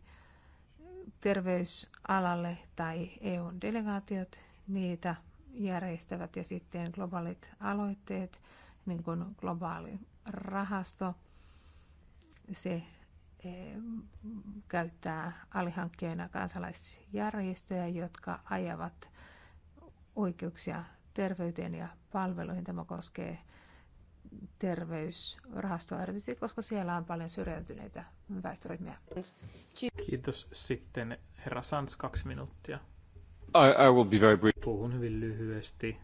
terveysalalle tai EUn delegaatiot niitä järjestävät ja sitten globaalit aloitteet, niin kuin globaali rahasto, se eh, käyttää alihankkijoina kansalaisjärjestöjä, jotka ajavat oikeuksia terveyteen ja palveluihin. Tämä koskee terveysrahastoa erityisesti, koska siellä on paljon syrjäytyneitä väestöryhmiä. Kiitos. Sitten herra Sans, kaksi minuuttia. I, I will be very brief. Puhun hyvin lyhyesti.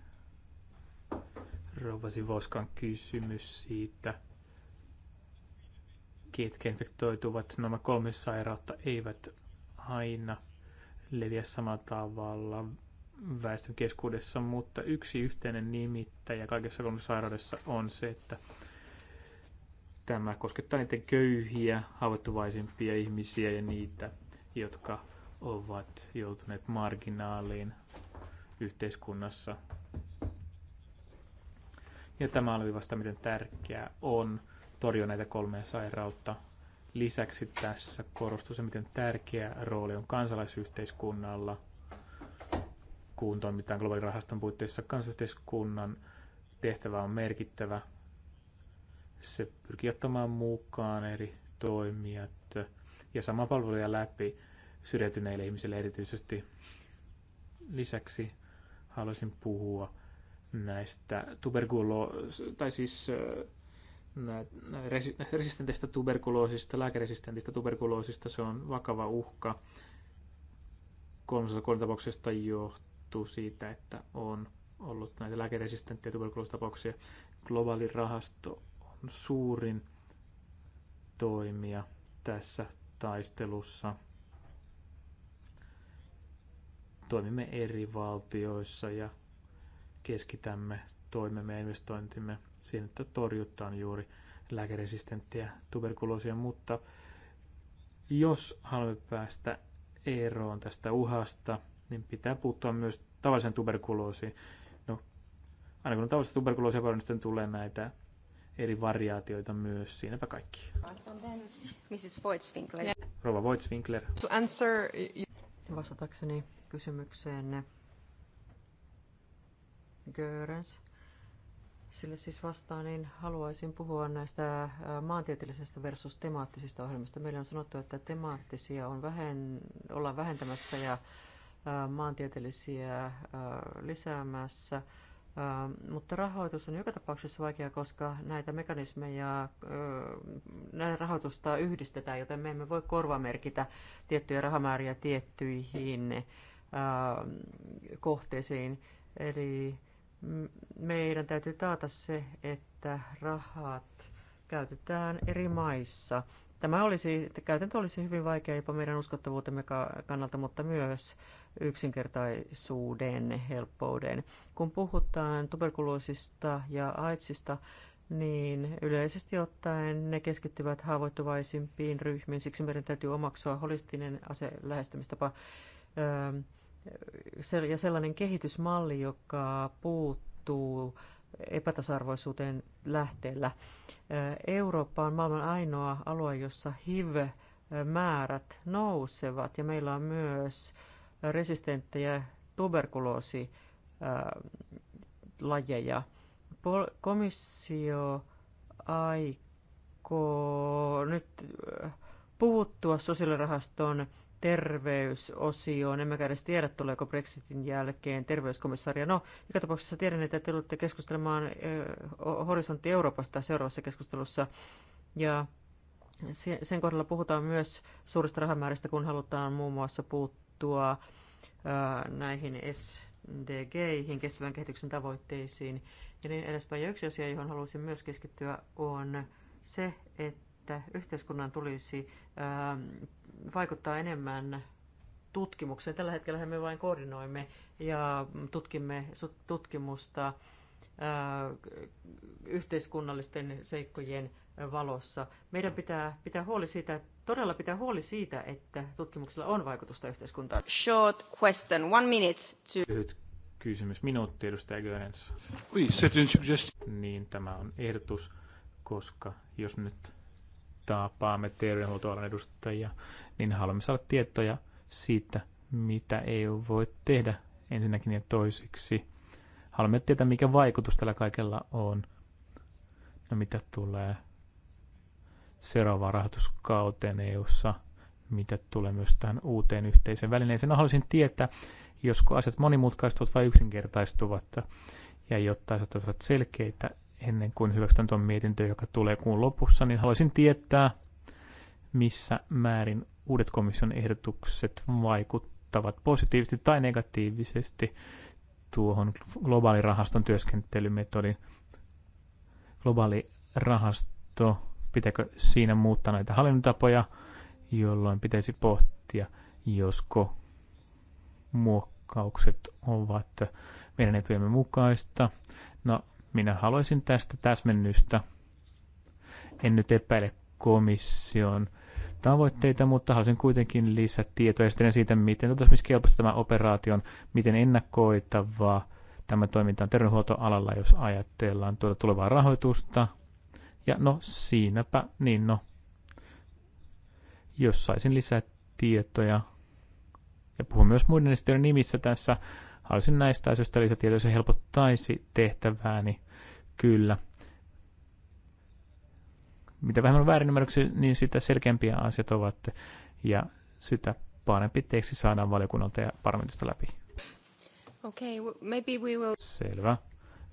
Rouva Sivoskan kysymys siitä, ketkä infektoituvat. Nämä kolme sairautta eivät aina leviä samalla tavalla väestön keskuudessa, mutta yksi yhteinen nimittäjä kaikessa kolme sairaudessa on se, että tämä koskettaa niitä köyhiä, haavoittuvaisimpia ihmisiä ja niitä, jotka ovat joutuneet marginaaliin yhteiskunnassa. Ja tämä oli vasta, miten tärkeää on torjua näitä kolmea sairautta. Lisäksi tässä korostuu se, miten tärkeä rooli on kansalaisyhteiskunnalla, kun toimitaan globaalirahaston puitteissa. Kansalaisyhteiskunnan tehtävä on merkittävä. Se pyrkii ottamaan mukaan eri toimijat ja sama palveluja läpi syrjäytyneille ihmisille erityisesti. Lisäksi haluaisin puhua näistä tuberkulo- tai siis resistenteistä tuberkuloosista, lääkeresistentistä tuberkuloosista. Se on vakava uhka. Kolmasosa tapauksesta johtuu siitä, että on ollut näitä lääkeresistenttejä tuberkuloositapauksia. Globaali rahasto on suurin toimija tässä taistelussa – toimimme eri valtioissa ja keskitämme toimemme ja investointimme siihen, että torjutaan juuri lääkeresistenttiä tuberkuloosia, mutta jos haluamme päästä eroon tästä uhasta, niin pitää puuttua myös tavallisen tuberkuloosiin. No, aina kun on tavallista tuberkuloosia paljon, niin sitten tulee näitä eri variaatioita myös. Siinäpä kaikki. Mrs. Rova To answer... Vastatakseni kysymykseenne, Görens. Sille siis vastaan, niin haluaisin puhua näistä maantieteellisestä versus temaattisista ohjelmista. Meillä on sanottu, että temaattisia on vähen, ollaan vähentämässä ja maantieteellisiä lisäämässä. Mutta rahoitus on joka tapauksessa vaikea, koska näitä mekanismeja, näiden rahoitusta yhdistetään, joten me emme voi korvamerkitä tiettyjä rahamääriä tiettyihin Ähm, kohteisiin. Eli meidän täytyy taata se, että rahat käytetään eri maissa. Tämä olisi, käytäntö olisi hyvin vaikea jopa meidän uskottavuutemme kannalta, mutta myös yksinkertaisuuden helppouden. Kun puhutaan tuberkuloosista ja AIDSista, niin yleisesti ottaen ne keskittyvät haavoittuvaisimpiin ryhmiin, siksi meidän täytyy omaksua holistinen ase lähestymistapa ja sellainen kehitysmalli, joka puuttuu epätasarvoisuuteen lähteellä. Eurooppa on maailman ainoa alue, jossa HIV-määrät nousevat ja meillä on myös resistenttejä tuberkuloosilajeja. Komissio aikoo nyt puuttua sosiaalirahaston terveysosioon. Emmekä edes tiedä, tuleeko Brexitin jälkeen terveyskomissaaria. No, joka tapauksessa tiedän, että te tulette keskustelemaan Horisontti Euroopasta seuraavassa keskustelussa. Ja sen kohdalla puhutaan myös suurista rahamääristä, kun halutaan muun muassa puuttua näihin SDG-ihin, kestävän kehityksen tavoitteisiin ja niin edespäin. Ja yksi asia, johon haluaisin myös keskittyä, on se, että yhteiskunnan tulisi vaikuttaa enemmän tutkimukseen. Tällä hetkellä me vain koordinoimme ja tutkimme tutkimusta yhteiskunnallisten seikkojen valossa. Meidän pitää pitää huoli siitä, todella pitää huoli siitä, että tutkimuksella on vaikutusta yhteiskuntaan. Short question, one minute to... Lyhyt kysymys, minuutti edustaja Gönens. Oui, c'est une suggestion. Niin, tämä on ehdotus, koska jos nyt tapaamme terveydenhuoltoalan edustajia, niin haluamme saada tietoja siitä, mitä EU voi tehdä ensinnäkin ja toisiksi. Haluamme tietää, mikä vaikutus tällä kaikella on. No mitä tulee seuraavaan rahoituskauteen EUssa, mitä tulee myös tähän uuteen yhteiseen välineeseen. No, haluaisin tietää, josko asiat monimutkaistuvat vai yksinkertaistuvat, ja jotta asiat olisivat selkeitä ennen kuin hyväksytään tuon mietintö, joka tulee kuun lopussa, niin haluaisin tietää, missä määrin uudet komission ehdotukset vaikuttavat positiivisesti tai negatiivisesti tuohon globaalirahaston työskentelymetodin. Globaali rahasto, pitääkö siinä muuttaa näitä hallinnotapoja, jolloin pitäisi pohtia, josko muokkaukset ovat meidän etujemme mukaista. No, minä haluaisin tästä täsmennystä. En nyt epäile komission tavoitteita, mutta haluaisin kuitenkin lisätietoja sitten siitä, miten toteutumiskelpoista tämä operaation, miten ennakoitavaa tämä toiminta on terveydenhuoltoalalla, jos ajatellaan tuota tulevaa rahoitusta. Ja no siinäpä, niin no, jos saisin lisää tietoja. Ja puhun myös muiden esityön nimissä tässä, Haluaisin näistä asioista lisätietoja, se helpottaisi tehtävääni. Kyllä. Mitä vähemmän on väärinymmärryksiä, niin sitä selkeämpiä asiat ovat ja sitä parempi teksti saadaan valiokunnalta ja parlamentista läpi. Okay, maybe we will... Selvä.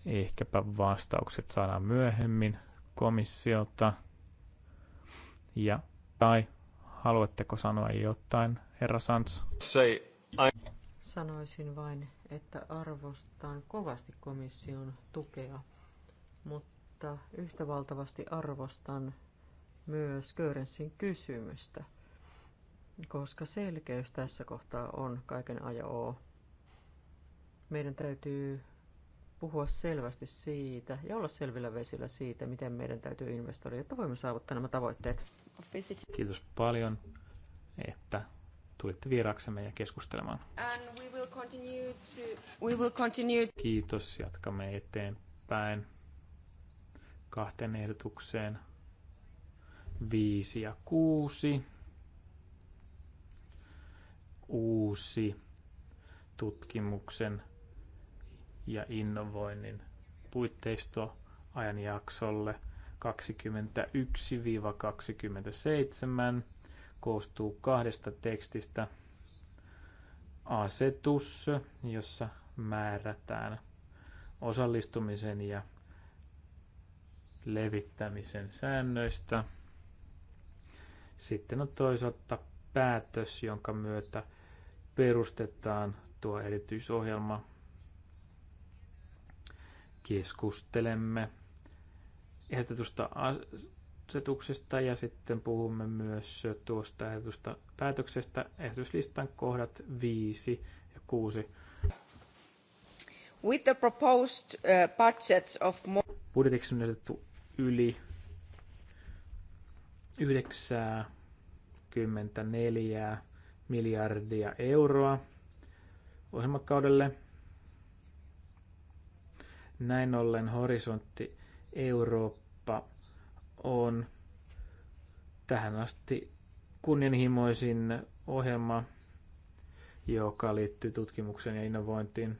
Ehkäpä vastaukset saadaan myöhemmin komissiota Ja, tai haluatteko sanoa jotain, herra Sans? Say, I... Sanoisin vain, että arvostan kovasti komission tukea, mutta yhtä valtavasti arvostan myös Görensin kysymystä, koska selkeys tässä kohtaa on kaiken ajan O. Meidän täytyy puhua selvästi siitä ja olla selvillä vesillä siitä, miten meidän täytyy investoida, jotta voimme saavuttaa nämä tavoitteet. Kiitos paljon, että tulitte vieraksemme ja keskustelemaan. And we will to... we will continue... Kiitos, jatkamme eteenpäin kahteen ehdotukseen. viisi ja kuusi Uusi tutkimuksen ja innovoinnin puitteisto ajanjaksolle 21-27 koostuu kahdesta tekstistä. Asetus, jossa määrätään osallistumisen ja levittämisen säännöistä. Sitten on toisaalta päätös, jonka myötä perustetaan tuo erityisohjelma. Keskustelemme ehdotetusta ehdotuksesta ja sitten puhumme myös tuosta ehdotusta päätöksestä ehdotuslistan kohdat 5 ja 6. With the proposed uh, budgets of more... Budjetiksi on esitetty yli 94 miljardia euroa ohjelmakaudelle. Näin ollen horisontti Eurooppa on tähän asti kunnianhimoisin ohjelma, joka liittyy tutkimukseen ja innovointiin.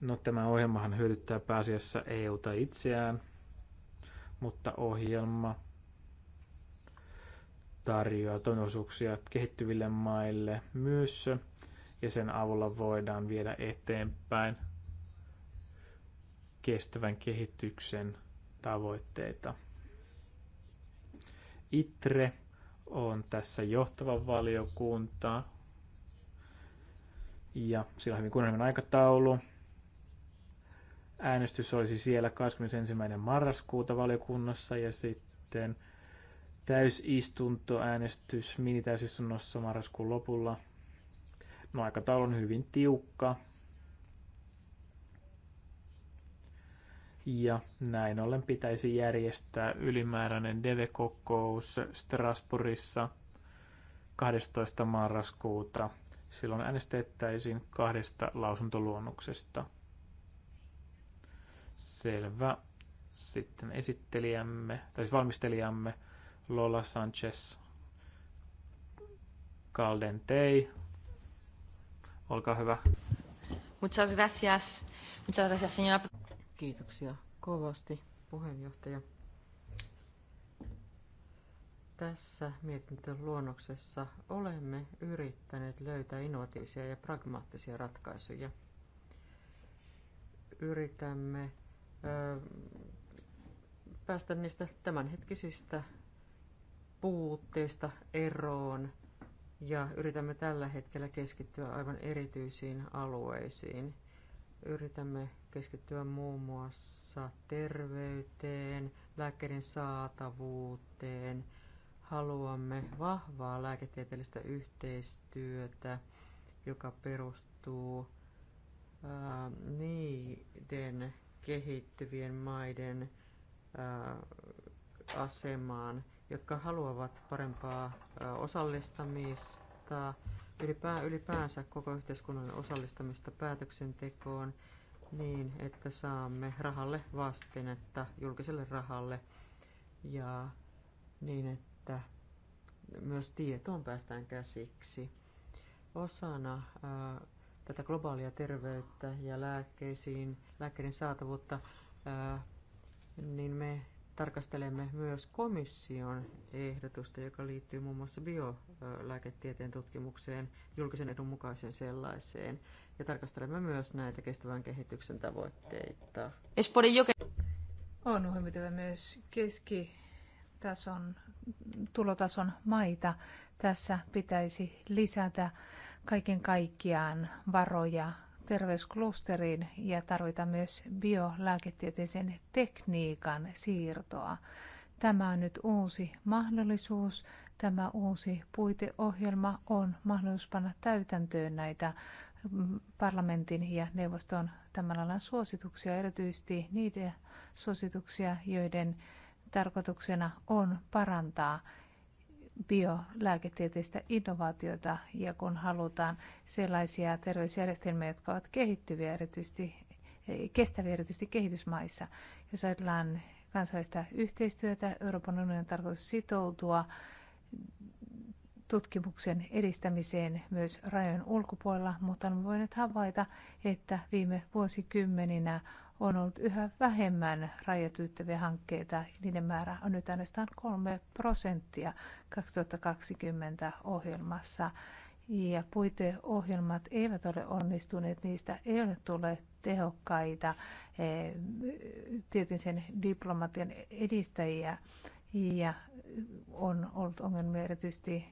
No tämä ohjelmahan hyödyttää pääasiassa EUta itseään, mutta ohjelma tarjoaa todellisuuksia kehittyville maille myös, ja sen avulla voidaan viedä eteenpäin – kestävän kehityksen tavoitteita. ITRE on tässä johtava valiokunta ja sillä on hyvin kunnianhimoinen aikataulu. Äänestys olisi siellä 21. marraskuuta valiokunnassa ja sitten täysistuntoäänestys minitäysistunnossa marraskuun lopulla. No aikataulu on hyvin tiukka, Ja näin ollen pitäisi järjestää ylimääräinen deve kokous Strasbourgissa 12. marraskuuta. Silloin äänestettäisiin kahdesta lausuntoluonnoksesta. Selvä. Sitten esittelijämme, tai siis valmistelijamme Lola Sanchez Caldentei. Olkaa hyvä. Muchas gracias. Muchas gracias, señora. Kiitoksia kovasti, puheenjohtaja. Tässä mietintön luonnoksessa olemme yrittäneet löytää innovatiivisia ja pragmaattisia ratkaisuja. Yritämme ö, päästä niistä tämänhetkisistä puutteista eroon ja yritämme tällä hetkellä keskittyä aivan erityisiin alueisiin. Yritämme keskittyä muun muassa terveyteen, lääkkeiden saatavuuteen. Haluamme vahvaa lääketieteellistä yhteistyötä, joka perustuu ää, niiden kehittyvien maiden ää, asemaan, jotka haluavat parempaa ää, osallistamista, ylipäänsä koko yhteiskunnan osallistamista päätöksentekoon – niin, että saamme rahalle vastinetta, julkiselle rahalle ja niin, että myös tietoon päästään käsiksi. Osana ää, tätä globaalia terveyttä ja lääkkeisiin, lääkkeiden saatavuutta, ää, niin me tarkastelemme myös komission ehdotusta, joka liittyy muun muassa biolääketieteen tutkimukseen, julkisen edun mukaiseen sellaiseen, ja tarkastelemme myös näitä kestävän kehityksen tavoitteita. On huomioitava myös keskitason, tulotason maita. Tässä pitäisi lisätä kaiken kaikkiaan varoja terveysklusteriin ja tarvitaan myös biolääketieteisen tekniikan siirtoa. Tämä on nyt uusi mahdollisuus. Tämä uusi puiteohjelma on mahdollisuus panna täytäntöön näitä parlamentin ja neuvoston tämän alan suosituksia, erityisesti niiden suosituksia, joiden tarkoituksena on parantaa biolääketieteistä innovaatiota ja kun halutaan sellaisia terveysjärjestelmiä, jotka ovat kehittyviä erityisesti, kestäviä erityisesti kehitysmaissa. Jos ajatellaan kansainvälistä yhteistyötä, Euroopan unionin tarkoitus sitoutua tutkimuksen edistämiseen myös rajojen ulkopuolella, mutta olemme voineet havaita, että viime vuosikymmeninä on ollut yhä vähemmän rajat ylittäviä hankkeita. Niiden määrä on nyt ainoastaan 3 prosenttia 2020 ohjelmassa. Ja puiteohjelmat eivät ole onnistuneet, niistä ei ole tullut tehokkaita eh, tietyn diplomatian edistäjiä ja on ollut ongelmia erityisesti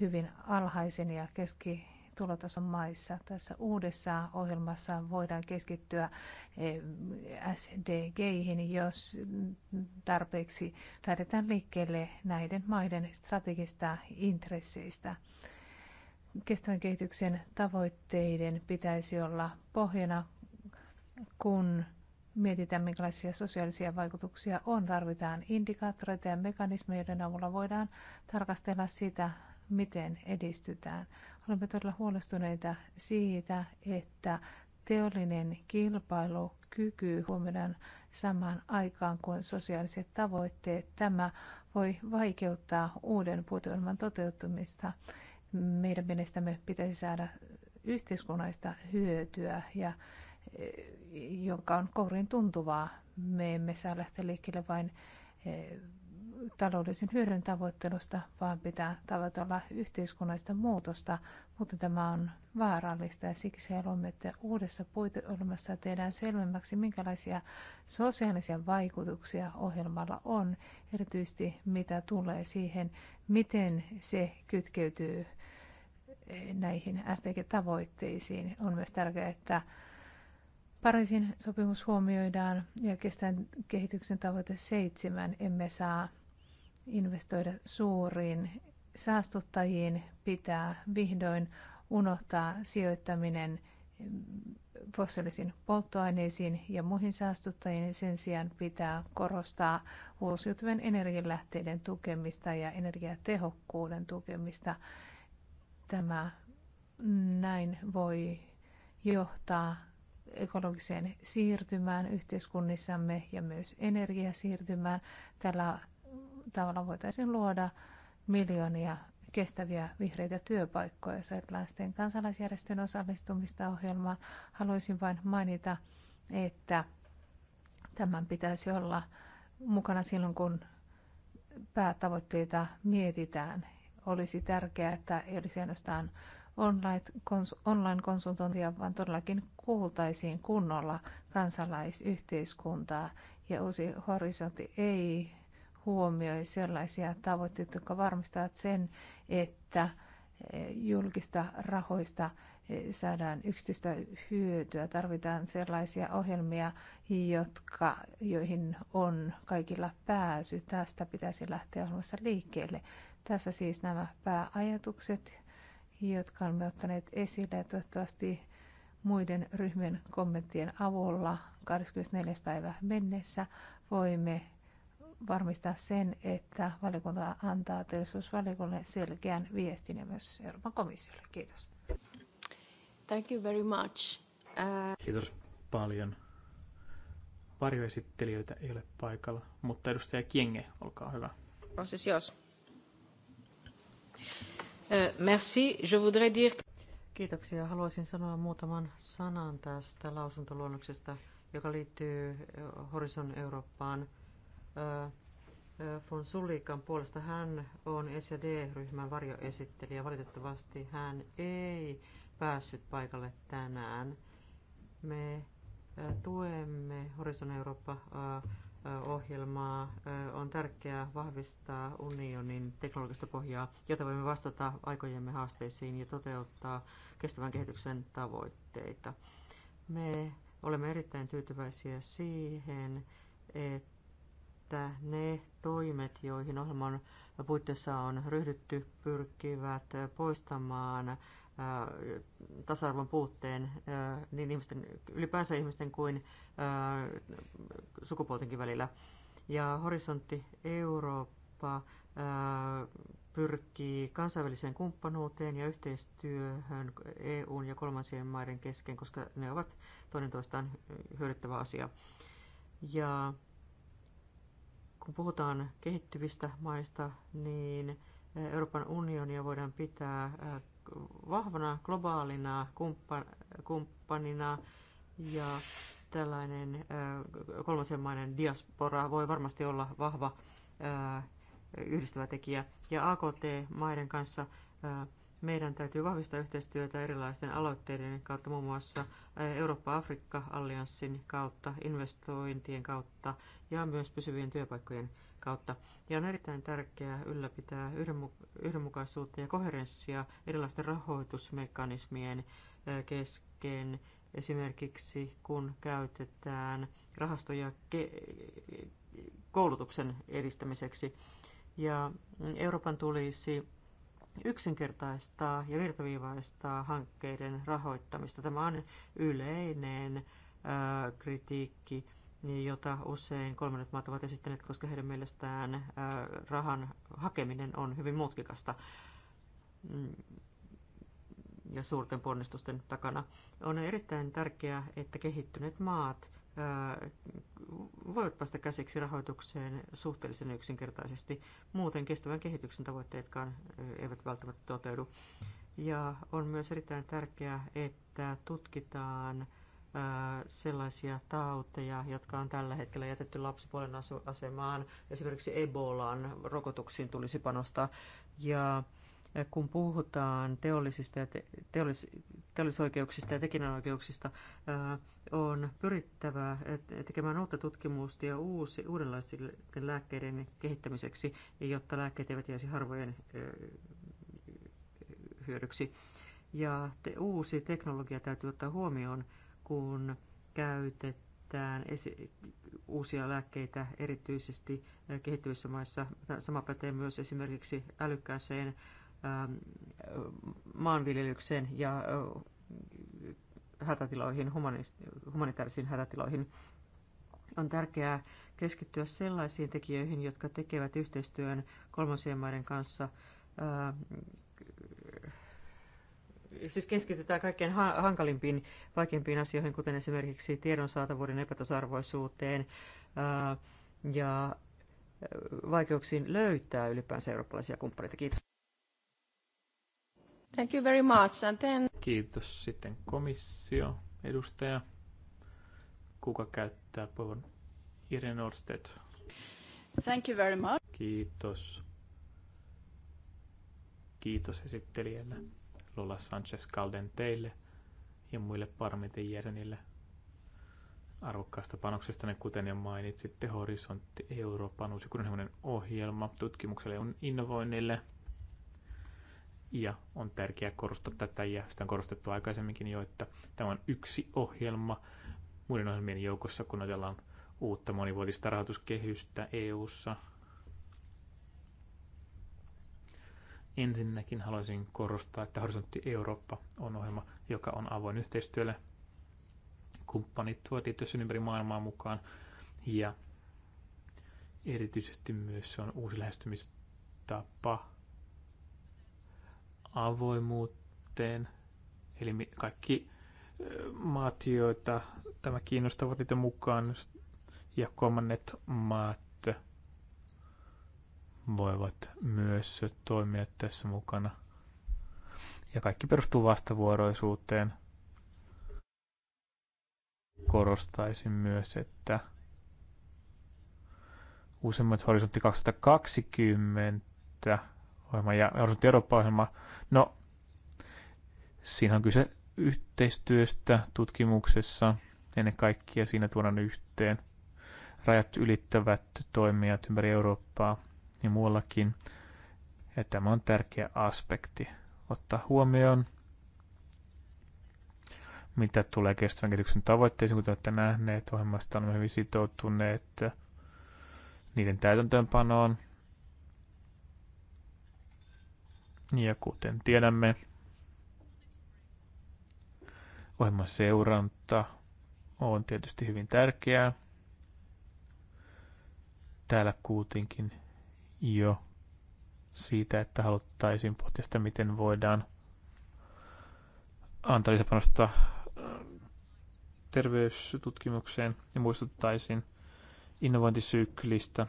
hyvin alhaisen ja keski tulotason maissa. Tässä uudessa ohjelmassa voidaan keskittyä eh, SDGihin, jos tarpeeksi lähdetään liikkeelle näiden maiden strategista intresseistä. Kestävän kehityksen tavoitteiden pitäisi olla pohjana, kun mietitään, minkälaisia sosiaalisia vaikutuksia on. Tarvitaan indikaattoreita ja mekanismeja, joiden avulla voidaan tarkastella sitä, miten edistytään. Olemme todella huolestuneita siitä, että teollinen kilpailukyky huomioidaan samaan aikaan kuin sosiaaliset tavoitteet. Tämä voi vaikeuttaa uuden puutelman toteutumista. Meidän mielestämme pitäisi saada yhteiskunnallista hyötyä ja eh, joka on kourin tuntuvaa. Me emme saa lähteä liikkeelle vain eh, taloudellisen hyödyn tavoittelusta, vaan pitää tavoitella yhteiskunnallista muutosta, mutta tämä on vaarallista ja siksi haluamme, että uudessa puiteohjelmassa tehdään selvemmäksi, minkälaisia sosiaalisia vaikutuksia ohjelmalla on, erityisesti mitä tulee siihen, miten se kytkeytyy eh, näihin STG-tavoitteisiin. On myös tärkeää, että Pariisin sopimus huomioidaan ja kestävän kehityksen tavoite seitsemän emme saa investoida suuriin saastuttajiin, pitää vihdoin unohtaa sijoittaminen fossiilisiin polttoaineisiin ja muihin saastuttajiin. Sen sijaan pitää korostaa uusiutuvien energialähteiden tukemista ja energiatehokkuuden tukemista. Tämä näin voi johtaa ekologiseen siirtymään yhteiskunnissamme ja myös energiasiirtymään. Tällä tavalla voitaisiin luoda miljoonia kestäviä vihreitä työpaikkoja. Sellaisten kansalaisjärjestön osallistumista ohjelmaan haluaisin vain mainita, että tämän pitäisi olla mukana silloin, kun päätavoitteita mietitään. Olisi tärkeää, että ei olisi ainoastaan online-konsultointia, vaan todellakin kuultaisiin kunnolla kansalaisyhteiskuntaa. Ja uusi horisontti ei huomioi sellaisia tavoitteita, jotka varmistavat sen, että eh, julkista rahoista eh, saadaan yksityistä hyötyä. Tarvitaan sellaisia ohjelmia, jotka, joihin on kaikilla pääsy. Tästä pitäisi lähteä ohjelmassa liikkeelle. Tässä siis nämä pääajatukset, jotka olemme ottaneet esille. toivottavasti muiden ryhmien kommenttien avulla 24. päivä mennessä voimme varmistaa sen, että valiokunta antaa teollisuusvaliokunnalle selkeän viestin ja myös Euroopan komissiolle. Kiitos. Thank you very much. Uh... Kiitos paljon. Varjoesittelijöitä ei ole paikalla, mutta edustaja Kienge, olkaa hyvä. On uh, Merci. Je voudrais dire... Kiitoksia. Haluaisin sanoa muutaman sanan tästä lausuntoluonnoksesta, joka liittyy Horizon Eurooppaan Äh, äh, von Fonsulikan puolesta. Hän on SD-ryhmän varjoesittelijä. Valitettavasti hän ei päässyt paikalle tänään. Me äh, tuemme Horizon Eurooppa-ohjelmaa. On tärkeää vahvistaa unionin teknologista pohjaa, jotta voimme vastata aikojemme haasteisiin ja toteuttaa kestävän kehityksen tavoitteita. Me olemme erittäin tyytyväisiä siihen, että että ne toimet, joihin ohjelman puitteissa on ryhdytty, pyrkivät poistamaan äh, tasa-arvon puutteen äh, niin ihmisten, ylipäänsä ihmisten kuin äh, sukupuoltenkin välillä. Ja Horisontti Eurooppa pyrkii kansainväliseen kumppanuuteen ja yhteistyöhön EUn ja kolmansien maiden kesken, koska ne ovat toinen toistaan hyödyttävä asia. Ja kun puhutaan kehittyvistä maista, niin eh, Euroopan unionia voidaan pitää eh, vahvana globaalina kumppanina ja tällainen eh, kolmasen maiden diaspora voi varmasti olla vahva yhdistävä tekijä. Ja AKT-maiden kanssa meidän täytyy vahvistaa yhteistyötä erilaisten aloitteiden kautta, muun muassa Eurooppa-Afrikka-allianssin kautta, investointien kautta ja myös pysyvien työpaikkojen kautta. Ja on erittäin tärkeää ylläpitää yhdenmukaisuutta ja koherenssia erilaisten rahoitusmekanismien kesken, esimerkiksi kun käytetään rahastoja koulutuksen edistämiseksi. Ja Euroopan tulisi yksinkertaistaa ja virtaviivaistaa hankkeiden rahoittamista. Tämä on yleinen kritiikki, jota usein kolmannet maat ovat esittäneet, koska heidän mielestään rahan hakeminen on hyvin mutkikasta mm, ja suurten ponnistusten takana. On erittäin tärkeää, että kehittyneet maat voivat päästä käsiksi rahoitukseen suhteellisen yksinkertaisesti. Muuten kestävän kehityksen tavoitteetkaan eivät välttämättä toteudu. Ja on myös erittäin tärkeää, että tutkitaan sellaisia tauteja, jotka on tällä hetkellä jätetty lapsipuolen asemaan. Esimerkiksi Ebolan rokotuksiin tulisi panostaa. Ja kun puhutaan teollisista ja te, teollis, teollisoikeuksista ja tekijänoikeuksista, on pyrittävä tekemään uutta tutkimusta ja uusi, uudenlaisten lääkkeiden kehittämiseksi, jotta lääkkeet eivät jäisi harvojen hyödyksi. Ja te, uusi teknologia täytyy ottaa huomioon, kun käytetään esi- uusia lääkkeitä erityisesti kehittyvissä maissa. Sama pätee myös esimerkiksi älykkääseen Ähm, maanviljelykseen ja hätätiloihin, humanitaarisiin hätätiloihin. On tärkeää keskittyä sellaisiin tekijöihin, jotka tekevät yhteistyön kolmansien maiden kanssa ähm, siis keskitytään kaikkein hankalimpiin, vaikeimpiin asioihin, kuten esimerkiksi tiedon saatavuuden epätasarvoisuuteen äh, ja vaikeuksiin löytää ylipäänsä eurooppalaisia kumppaneita. Kiitos. Thank you very much. And then... Kiitos. Sitten komissio, edustaja. Kuka käyttää puheenvuoron? Irene Norsted. Thank you very much. Kiitos. Kiitos esittelijälle Lola Sanchez Calden teille ja muille parmitin jäsenille arvokkaasta panoksesta, kuten jo mainitsitte, Horisontti Euroopan uusi kunnianhimoinen ohjelma tutkimukselle ja innovoinnille – ja on tärkeää korostaa tätä, ja sitä on korostettu aikaisemminkin jo, että tämä on yksi ohjelma muiden ohjelmien joukossa, kun otellaan uutta monivuotista rahoituskehystä EU-ssa. Ensinnäkin haluaisin korostaa, että Horisontti Eurooppa on ohjelma, joka on avoin yhteistyölle. Kumppanit tuovat tietysti ympäri maailmaa mukaan ja erityisesti myös se on uusi lähestymistapa avoimuuteen. Eli kaikki maat, joita tämä kiinnostavat niitä mukaan, ja kolmannet maat voivat myös toimia tässä mukana. Ja kaikki perustuu vastavuoroisuuteen. Korostaisin myös, että uusimmat horisontti 2020 ohjelma ja Horisontti Eurooppa-ohjelma. No, siinä on kyse yhteistyöstä tutkimuksessa. Ennen kaikkea siinä tuodaan yhteen rajat ylittävät toimijat ympäri Eurooppaa ja muuallakin. Ja tämä on tärkeä aspekti ottaa huomioon, mitä tulee kestävän kehityksen tavoitteisiin, kuten olette nähneet. Ohjelmasta on hyvin sitoutuneet niiden täytäntöönpanoon, Ja kuten tiedämme, ohjelman seuranta on tietysti hyvin tärkeää. Täällä kuutinkin jo siitä, että haluttaisiin pohtia sitä, miten voidaan antaa lisäpanosta äh, terveystutkimukseen ja muistuttaisin innovointisyklistä,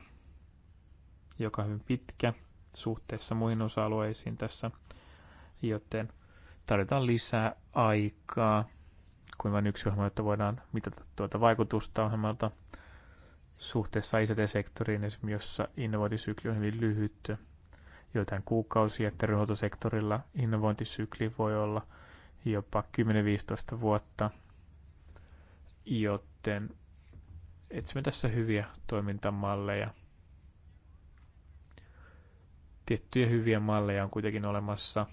joka on hyvin pitkä – suhteessa muihin osa-alueisiin tässä, joten tarvitaan lisää aikaa kuin vain yksi ohjelma, jotta voidaan mitata tuota vaikutusta ohjelmalta suhteessa ICT-sektoriin, esimerkiksi jossa innovointisykli on hyvin lyhyt, joitain kuukausia, ja terveydenhuoltosektorilla innovointisykli voi olla jopa 10-15 vuotta, joten etsimme tässä hyviä toimintamalleja tiettyjä hyviä malleja on kuitenkin olemassa.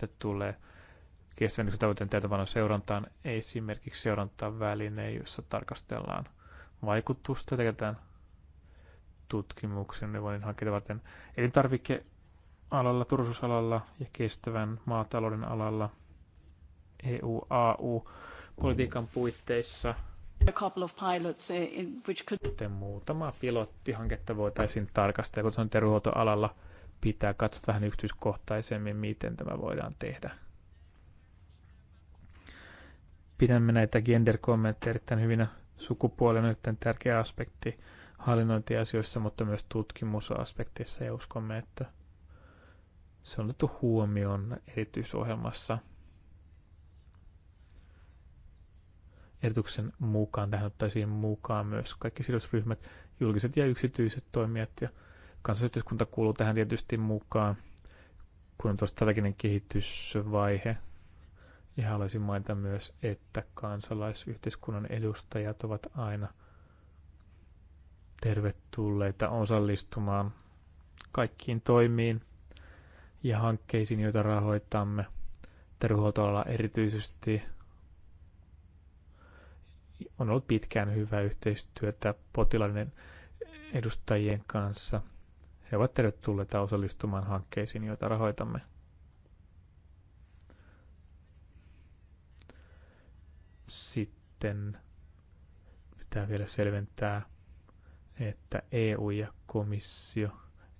Tätä tulee kestävän tavoitteen täytävänä seurantaan, esimerkiksi seurantaan väline, jossa tarkastellaan vaikutusta, tehdään tutkimuksen neuvonnin hankkeita varten elintarvikealalla, turvallisuusalalla ja kestävän maatalouden alalla EU-AU-politiikan puitteissa – Kuten eh, muutama pilottihanketta voitaisiin tarkastella, kun terveydenhuoltoalalla pitää katsoa vähän yksityiskohtaisemmin, miten tämä voidaan tehdä. Pidämme näitä gender-kommentteja erittäin hyvinä sukupuolen erittäin tärkeä aspekti hallinnointiasioissa, mutta myös tutkimusaspektissa ja uskomme, että se on otettu huomioon erityisohjelmassa – Ehdotuksen mukaan tähän ottaisiin mukaan myös kaikki sidosryhmät, julkiset ja yksityiset toimijat ja kansallisyhteiskunta kuuluu tähän tietysti mukaan, kun on tuossa strateginen kehitysvaihe. Ja haluaisin mainita myös, että kansalaisyhteiskunnan edustajat ovat aina tervetulleita osallistumaan kaikkiin toimiin ja hankkeisiin, joita rahoitamme terveydenhuoltoalalla erityisesti – on ollut pitkään hyvää yhteistyötä potilaiden edustajien kanssa. He ovat tervetulleita osallistumaan hankkeisiin, joita rahoitamme. Sitten pitää vielä selventää, että EU ja komissio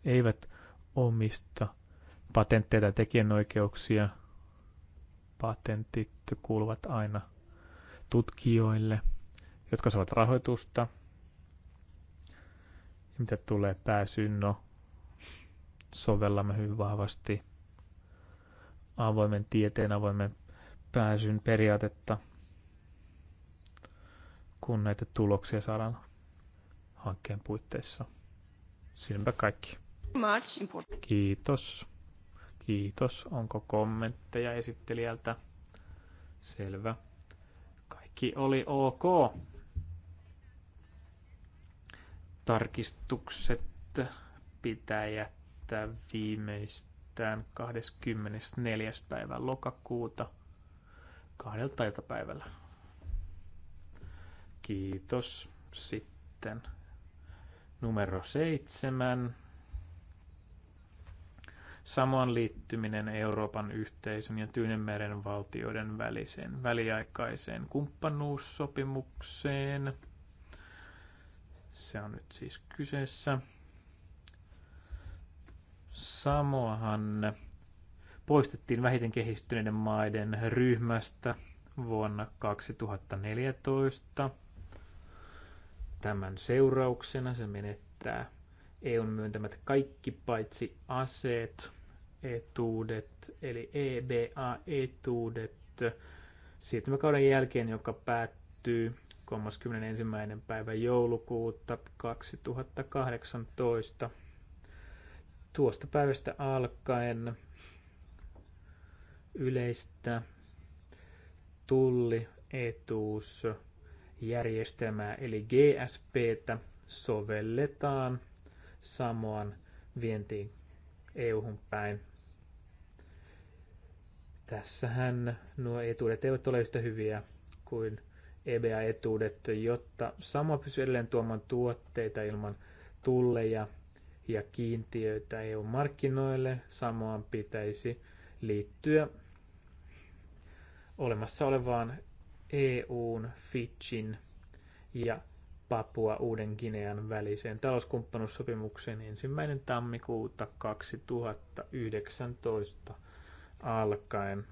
eivät omista patentteja tai tekijänoikeuksia. Patentit kuuluvat aina – tutkijoille, jotka saavat rahoitusta. Ja mitä tulee pääsyyn, no sovellamme hyvin vahvasti avoimen tieteen, avoimen pääsyn periaatetta, kun näitä tuloksia saadaan hankkeen puitteissa. Siinäpä kaikki. Kiitos. Kiitos. Onko kommentteja esittelijältä? Selvä kaikki oli ok. Tarkistukset pitää jättää viimeistään 24. päivän lokakuuta kahdelta iltapäivällä. Kiitos. Sitten numero seitsemän samoin liittyminen Euroopan yhteisön ja Tyynemeren valtioiden väliseen väliaikaiseen kumppanuussopimukseen. Se on nyt siis kyseessä. Samoahan poistettiin vähiten kehittyneiden maiden ryhmästä vuonna 2014. Tämän seurauksena se menettää EUn myöntämät kaikki paitsi aseet etuudet, eli EBA-etuudet siirtymäkauden jälkeen, joka päättyy 31. päivä joulukuuta 2018. Tuosta päivästä alkaen yleistä tullietuusjärjestelmää eli GSPtä sovelletaan samoin vientiin EU-hun päin Tässähän nuo etuudet eivät ole yhtä hyviä kuin EBA-etuudet, jotta sama pysyy edelleen tuomaan tuotteita ilman tulleja ja kiintiöitä EU-markkinoille. Samaan pitäisi liittyä olemassa olevaan EUn, Fitchin ja Papua Uuden Ginean väliseen talouskumppanuussopimukseen ensimmäinen tammikuuta 2019 alkaen.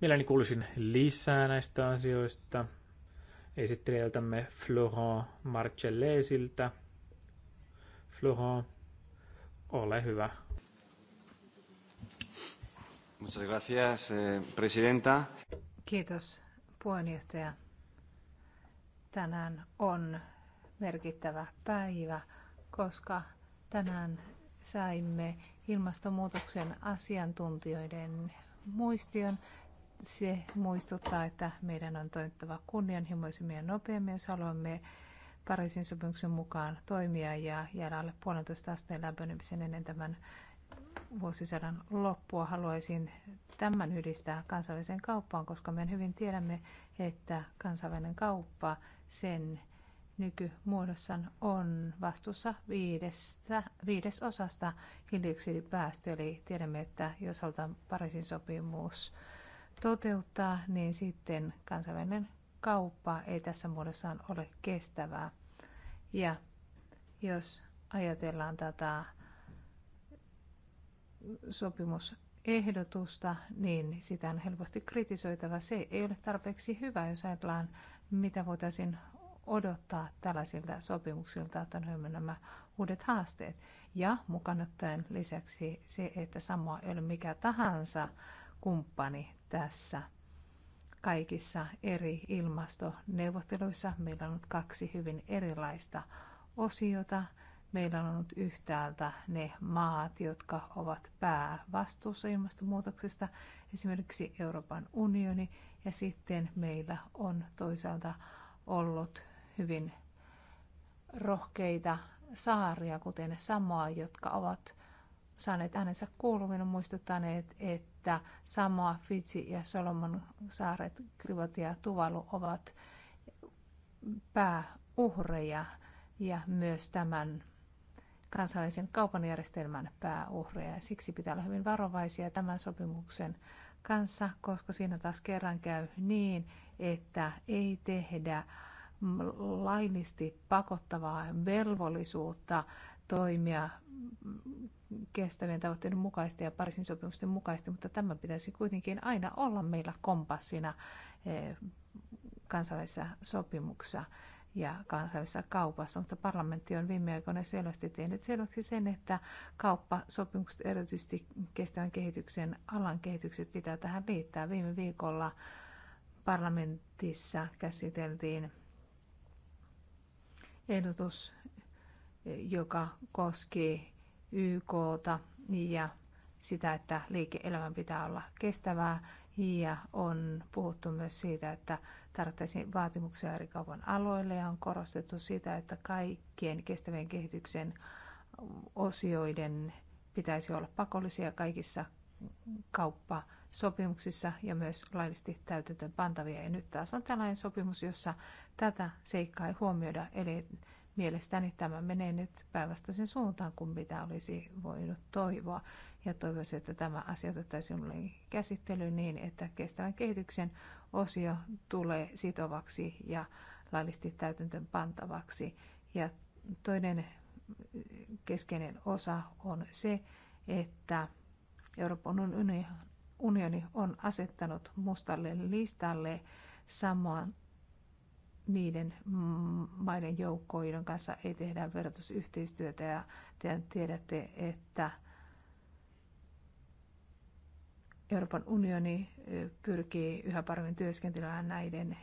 Mielelläni kuulisin lisää näistä asioista esittelijältämme Florent Marcellesilta. Florent, ole hyvä. Muchas gracias, eh, presidenta. Kiitos, puheenjohtaja. Tänään on merkittävä päivä, koska tänään saimme ilmastonmuutoksen asiantuntijoiden muistion. Se muistuttaa, että meidän on toimittava kunnianhimoisemmin ja nopeammin, jos haluamme Pariisin sopimuksen mukaan toimia ja jäädä alle puolentoista asteen lämpenemisen ennen tämän vuosisadan loppua. Haluaisin tämän yhdistää kansainväliseen kauppaan, koska me hyvin tiedämme, että kansainvälinen kauppa, sen nykymuodossaan on vastuussa viidestä, viidesosasta hiilidioksidipäästöjä. Eli tiedämme, että jos halutaan Pariisin sopimus toteuttaa, niin sitten kansainvälinen kauppa ei tässä muodossaan ole kestävää. Ja jos ajatellaan tätä sopimusehdotusta, niin sitä on helposti kritisoitava. Se ei ole tarpeeksi hyvä, jos ajatellaan, mitä voitaisiin odottaa tällaisilta sopimuksilta, on hyvin nämä uudet haasteet. Ja mukanottaen lisäksi se, että samoa ei ole mikä tahansa kumppani tässä kaikissa eri ilmastoneuvotteluissa. Meillä on kaksi hyvin erilaista osiota. Meillä on ollut yhtäältä ne maat, jotka ovat päävastuussa ilmastonmuutoksesta, esimerkiksi Euroopan unioni, ja sitten meillä on toisaalta ollut hyvin rohkeita saaria, kuten Samoa, jotka ovat saaneet äänensä kuuluvin muistuttaneet, että Samoa, Fiji ja Solomon saaret, Krivot ja Tuvalu ovat pääuhreja ja myös tämän kansainvälisen kaupanjärjestelmän pääuhreja. Siksi pitää olla hyvin varovaisia tämän sopimuksen kanssa, koska siinä taas kerran käy niin, että ei tehdä laillisesti pakottavaa velvollisuutta toimia kestävien tavoitteiden mukaisesti ja Pariisin sopimusten mukaisesti, mutta tämä pitäisi kuitenkin aina olla meillä kompassina eh, kansainvälisissä sopimuksessa ja kansainvälisessä kaupassa, mutta parlamentti on viime aikoina selvästi tehnyt selväksi sen, että kauppasopimukset, erityisesti kestävän kehityksen alan kehitykset, pitää tähän liittää. Viime viikolla parlamentissa käsiteltiin ehdotus, joka koski YKta ja sitä, että liike-elämän pitää olla kestävää ja on puhuttu myös siitä, että tarvittaisiin vaatimuksia eri kaupan aloille ja on korostettu sitä, että kaikkien kestävän kehityksen osioiden pitäisi olla pakollisia kaikissa kauppa- sopimuksissa ja myös laillisesti täytäntöön pantavia. Ja nyt taas on tällainen sopimus, jossa tätä seikkaa ei huomioida. Eli mielestäni tämä menee nyt päivästä suuntaan, kuin mitä olisi voinut toivoa. Ja toivoisin, että tämä asia otettaisiin minulle käsittelyyn niin, että kestävän kehityksen osio tulee sitovaksi ja laillisesti täytäntöön pantavaksi. Ja toinen keskeinen osa on se, että Euroopan unioni unioni on asettanut mustalle listalle samoin niiden maiden joukkoon, joiden kanssa ei tehdä verotusyhteistyötä. Ja te tiedätte, että Euroopan unioni pyrkii yhä paremmin työskentelemään näiden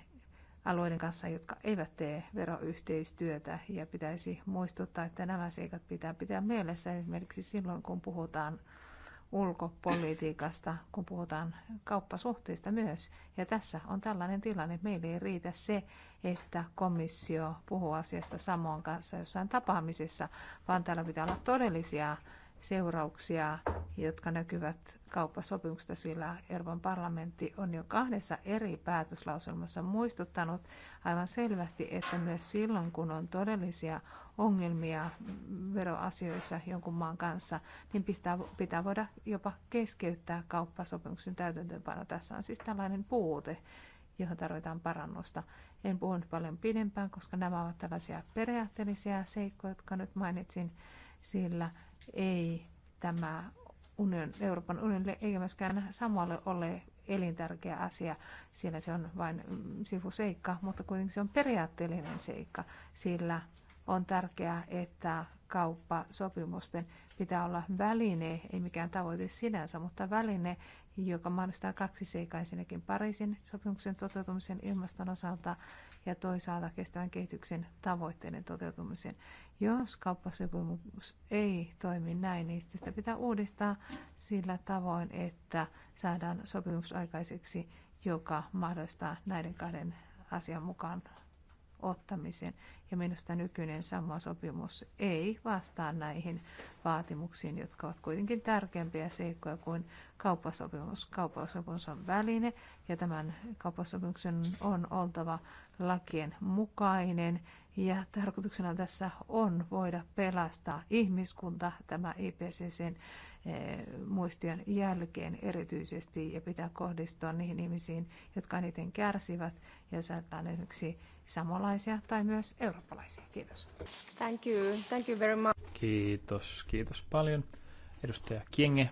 alueiden kanssa, jotka eivät tee veroyhteistyötä ja pitäisi muistuttaa, että nämä seikat pitää pitää mielessä esimerkiksi silloin, kun puhutaan ulkopolitiikasta, kun puhutaan kauppasuhteista myös. Ja tässä on tällainen tilanne, että meille ei riitä se, että komissio puhuu asiasta samoin kanssa jossain tapaamisessa, vaan täällä pitää olla todellisia seurauksia, jotka näkyvät kauppasopimuksesta, sillä Euroopan parlamentti on jo kahdessa eri päätöslauselmassa muistuttanut aivan selvästi, että myös silloin, kun on todellisia ongelmia veroasioissa jonkun maan kanssa, niin pitää, pitää voida jopa keskeyttää kauppasopimuksen täytäntöönpano. Tässä on siis tällainen puute, johon tarvitaan parannusta. En puhu nyt paljon pidempään, koska nämä ovat tällaisia periaatteellisia seikkoja, jotka nyt mainitsin, sillä ei tämä union, Euroopan unionille eikä myöskään samalle ole elintärkeä asia, Siellä se on vain sivuseikka, mutta kuitenkin se on periaatteellinen seikka, sillä on tärkeää, että kauppasopimusten pitää olla väline, ei mikään tavoite sinänsä, mutta väline, joka mahdollistaa kaksi seikkaa ensinnäkin Pariisin sopimuksen toteutumisen ilmaston osalta ja toisaalta kestävän kehityksen tavoitteiden toteutumisen. Jos kauppasopimus ei toimi näin, niin sitä pitää uudistaa sillä tavoin, että saadaan sopimus aikaiseksi, joka mahdollistaa näiden kahden asian mukaan ottamisen. Ja minusta nykyinen sama sopimus ei vastaa näihin vaatimuksiin, jotka ovat kuitenkin tärkeämpiä seikkoja kuin kauppasopimus. Kauppasopimus on väline ja tämän kauppasopimuksen on oltava lakien mukainen. Ja tarkoituksena tässä on voida pelastaa ihmiskunta, tämä IPCCn Eh, muistion jälkeen erityisesti ja pitää kohdistua niihin ihmisiin, jotka eniten kärsivät, jos ajatellaan esimerkiksi samolaisia tai myös eurooppalaisia. Kiitos. Thank you. Thank you very much. Kiitos, kiitos paljon. Edustaja Kienge.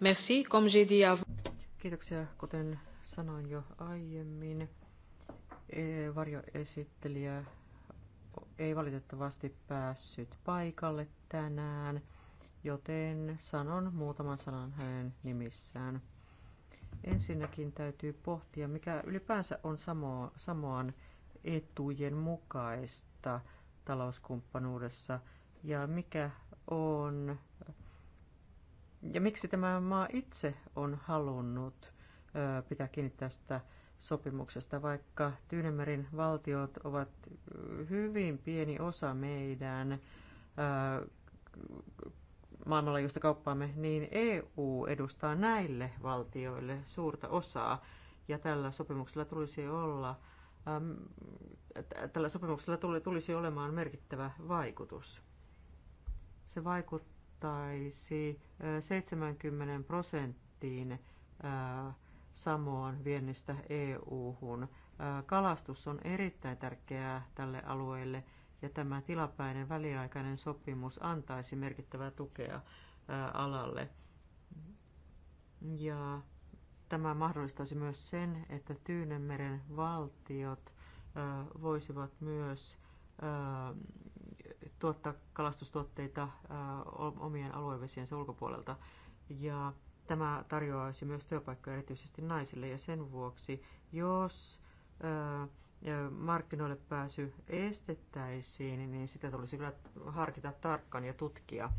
Merci, comme j'ai dit avant. Kiitoksia, kuten sanoin jo aiemmin. Eh, varjoesittelijä ei valitettavasti päässyt paikalle tänään, joten sanon muutaman sanan hänen nimissään. Ensinnäkin täytyy pohtia, mikä ylipäänsä on samoan etujen mukaista talouskumppanuudessa ja mikä on ja miksi tämä maa itse on halunnut pitää kiinni tästä sopimuksesta, vaikka Tyynemerin valtiot ovat hyvin pieni osa meidän maailmanlaajuista kauppaamme, niin EU edustaa näille valtioille suurta osaa. Ja tällä sopimuksella tulisi olla tällä sopimuksella tulisi olemaan merkittävä vaikutus. Se vaikuttaisi 70 prosenttiin Samoan viennistä EU-hun. Kalastus on erittäin tärkeää tälle alueelle ja tämä tilapäinen väliaikainen sopimus antaisi merkittävää tukea alalle. Ja tämä mahdollistaisi myös sen, että Tyynenmeren valtiot voisivat myös tuottaa kalastustuotteita omien aluevesiensä ulkopuolelta. Ja Tämä tarjoaisi myös työpaikkoja erityisesti naisille ja sen vuoksi, jos markkinoille pääsy estettäisiin, niin sitä tulisi kyllä harkita tarkkaan ja tutkia.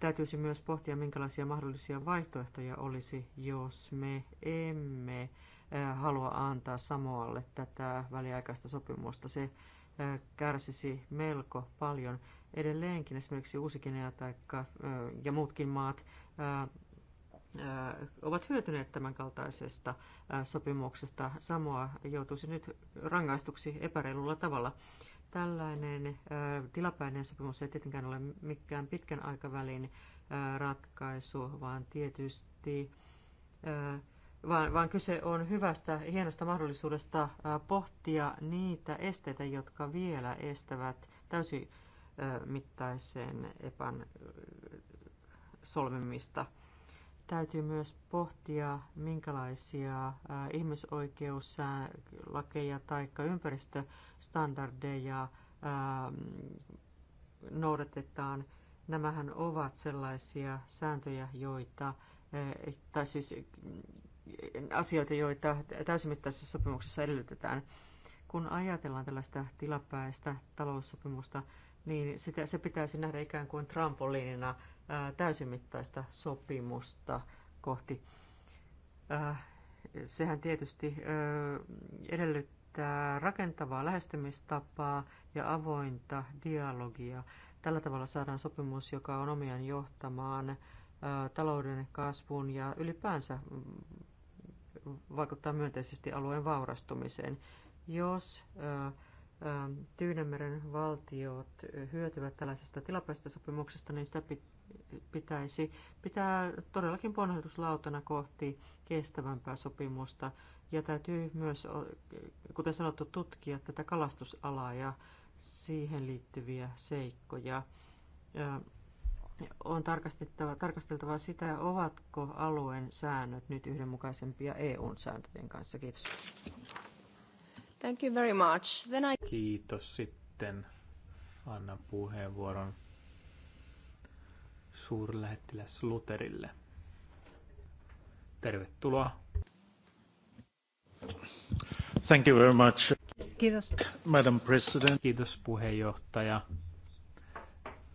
Täytyisi myös pohtia, minkälaisia mahdollisia vaihtoehtoja olisi, jos me emme halua antaa Samoalle tätä väliaikaista sopimusta. Se kärsisi melko paljon. Edelleenkin esimerkiksi uusi Guinea ja muutkin maat ovat hyötyneet tämän kaltaisesta sopimuksesta. Samoa joutuisi nyt rangaistuksi epäreilulla tavalla. Tällainen tilapäinen sopimus ei tietenkään ole mikään pitkän aikavälin ratkaisu, vaan tietysti vaan, vaan kyse on hyvästä, hienosta mahdollisuudesta pohtia niitä esteitä, jotka vielä estävät täysimittaisen epän solmimista täytyy myös pohtia, minkälaisia ihmisoikeuslakeja tai ympäristöstandardeja noudatetaan. Nämähän ovat sellaisia sääntöjä, joita, tai siis asioita, joita täysimittaisessa sopimuksessa edellytetään. Kun ajatellaan tällaista tilapäistä taloussopimusta, niin sitä, se pitäisi nähdä ikään kuin trampoliinina täysimittaista sopimusta kohti. Sehän tietysti edellyttää rakentavaa lähestymistapaa ja avointa dialogia. Tällä tavalla saadaan sopimus, joka on omiaan johtamaan talouden kasvuun ja ylipäänsä vaikuttaa myönteisesti alueen vaurastumiseen. Jos Tyynemeren valtiot hyötyvät tällaisesta tilapäisestä sopimuksesta, niin sitä pitää pitäisi pitää todellakin ponnahduslautana kohti kestävämpää sopimusta. Ja täytyy myös, kuten sanottu, tutkia tätä kalastusalaa ja siihen liittyviä seikkoja. On tarkasteltava, tarkasteltava sitä, ovatko alueen säännöt nyt yhdenmukaisempia EU-sääntöjen kanssa. Kiitos. Thank you very much. Then I... Kiitos sitten. Anna puheenvuoron suurlähettiläs Lutherille. Tervetuloa. Thank you very much. Kiitos. Madam President. Kiitos puheenjohtaja.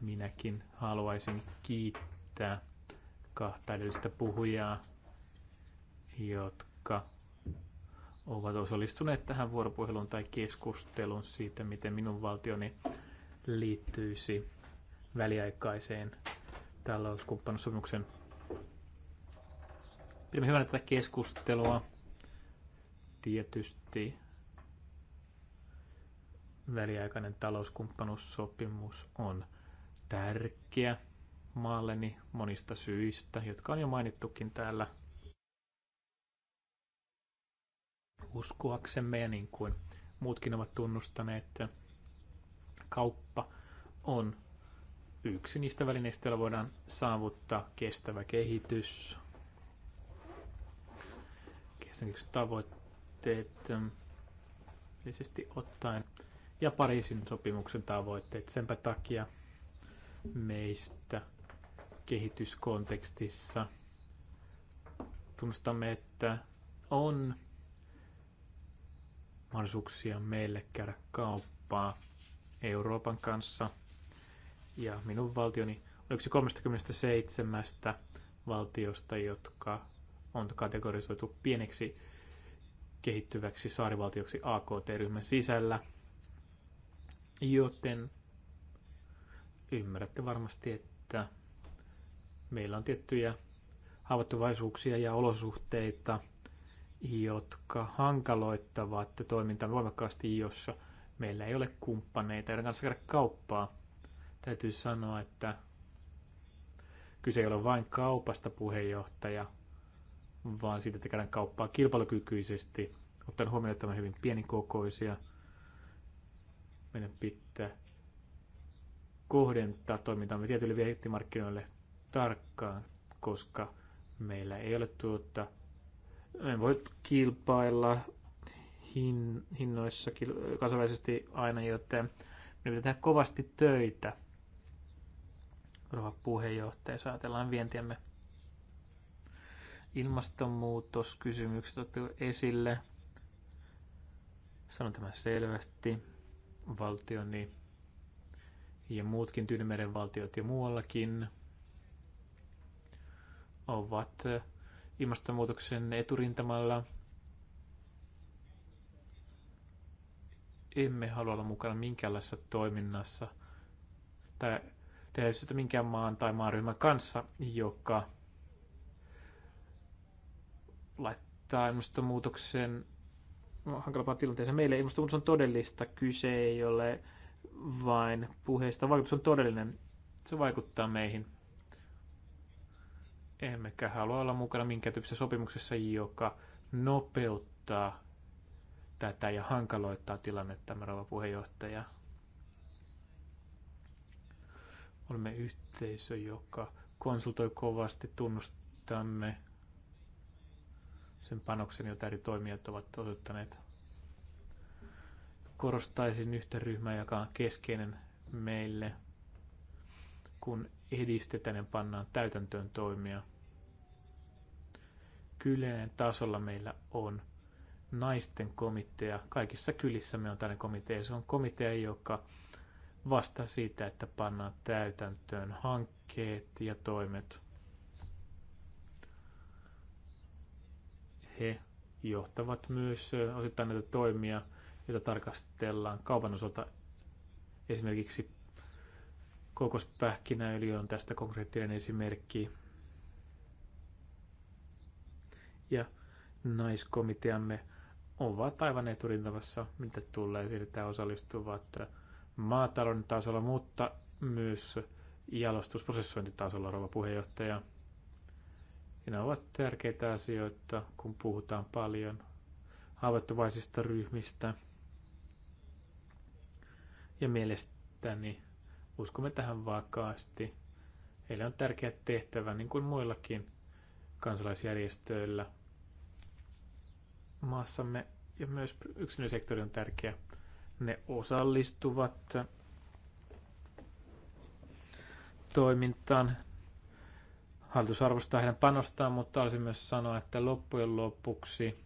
Minäkin haluaisin kiittää kahta edellistä puhujaa, jotka ovat osallistuneet tähän vuoropuheluun tai keskusteluun siitä, miten minun valtioni liittyisi väliaikaiseen talouskumppanussopimuksen. Pidämme hyvänä tätä keskustelua. Tietysti väliaikainen talouskumppanuussopimus on tärkeä maalleni monista syistä, jotka on jo mainittukin täällä uskoaksemme ja niin kuin muutkin ovat tunnustaneet, kauppa on yksi niistä välineistä, joilla voidaan saavuttaa kestävä kehitys. Kestävä tavoitteet ähm, yleisesti ottaen ja Pariisin sopimuksen tavoitteet. Senpä takia meistä kehityskontekstissa tunnustamme, että on mahdollisuuksia meille käydä kauppaa Euroopan kanssa – ja minun valtioni on yksi 37 valtiosta, jotka on kategorisoitu pieneksi kehittyväksi saarivaltioksi AKT-ryhmän sisällä. Joten ymmärrätte varmasti, että meillä on tiettyjä haavoittuvaisuuksia ja olosuhteita, jotka hankaloittavat toimintaa voimakkaasti, jossa meillä ei ole kumppaneita, joiden kanssa käydä kauppaa. Täytyy sanoa, että kyse ei ole vain kaupasta puheenjohtaja, vaan siitä, että käydään kauppaa kilpailukykyisesti, ottaen huomioon, että hyvin pienikokoisia. Meidän pitää kohdentaa toimintamme tietyille viettimarkkinoille tarkkaan, koska meillä ei ole tuota, me voi kilpailla hinnoissa kil, kansainvälisesti aina, joten meidän pitää tehdä kovasti töitä – rouva puheenjohtaja, jos ajatellaan vientiämme. Ilmastonmuutoskysymykset otettu esille. Sanon tämän selvästi. Valtioni ja muutkin Tyynemeren valtiot ja muuallakin ovat ilmastonmuutoksen eturintamalla. Emme halua olla mukana minkäänlaisessa toiminnassa – tai tehdä minkään maan tai maaryhmän kanssa, joka laittaa ilmastonmuutoksen hankalampaan tilanteeseen. Meille ilmastonmuutos on todellista, kyse ei ole vain puheista, vaikutus on todellinen, se vaikuttaa meihin. Emmekä halua olla mukana minkään tyyppisessä sopimuksessa, joka nopeuttaa tätä ja hankaloittaa tilannetta, rouva puheenjohtaja. Olemme yhteisö, joka konsultoi kovasti, tunnustamme sen panoksen, jota eri toimijat ovat osoittaneet. Korostaisin yhtä ryhmää, joka on keskeinen meille, kun edistetään ja pannaan täytäntöön toimia. Kyllinen tasolla meillä on naisten komitea. Kaikissa kylissä me on tällainen komitea. Se on komitea, joka vasta siitä, että pannaan täytäntöön hankkeet ja toimet. He johtavat myös osittain näitä toimia, joita tarkastellaan kaupan osalta. Esimerkiksi kokospähkinäyli on tästä konkreettinen esimerkki. Ja naiskomiteamme ovat aivan eturintamassa, mitä tulee siitä, osallistuvat maatalouden tasolla, mutta myös jalostusprosessointitasolla, rouva puheenjohtaja. Ja nämä ovat tärkeitä asioita, kun puhutaan paljon haavoittuvaisista ryhmistä. Ja mielestäni uskomme tähän vakaasti. Heillä on tärkeä tehtävä, niin kuin muillakin kansalaisjärjestöillä maassamme. Ja myös yksityinen sektori on tärkeä ne osallistuvat toimintaan. Hallitus arvostaa heidän panostaan, mutta olisi myös sanoa, että loppujen lopuksi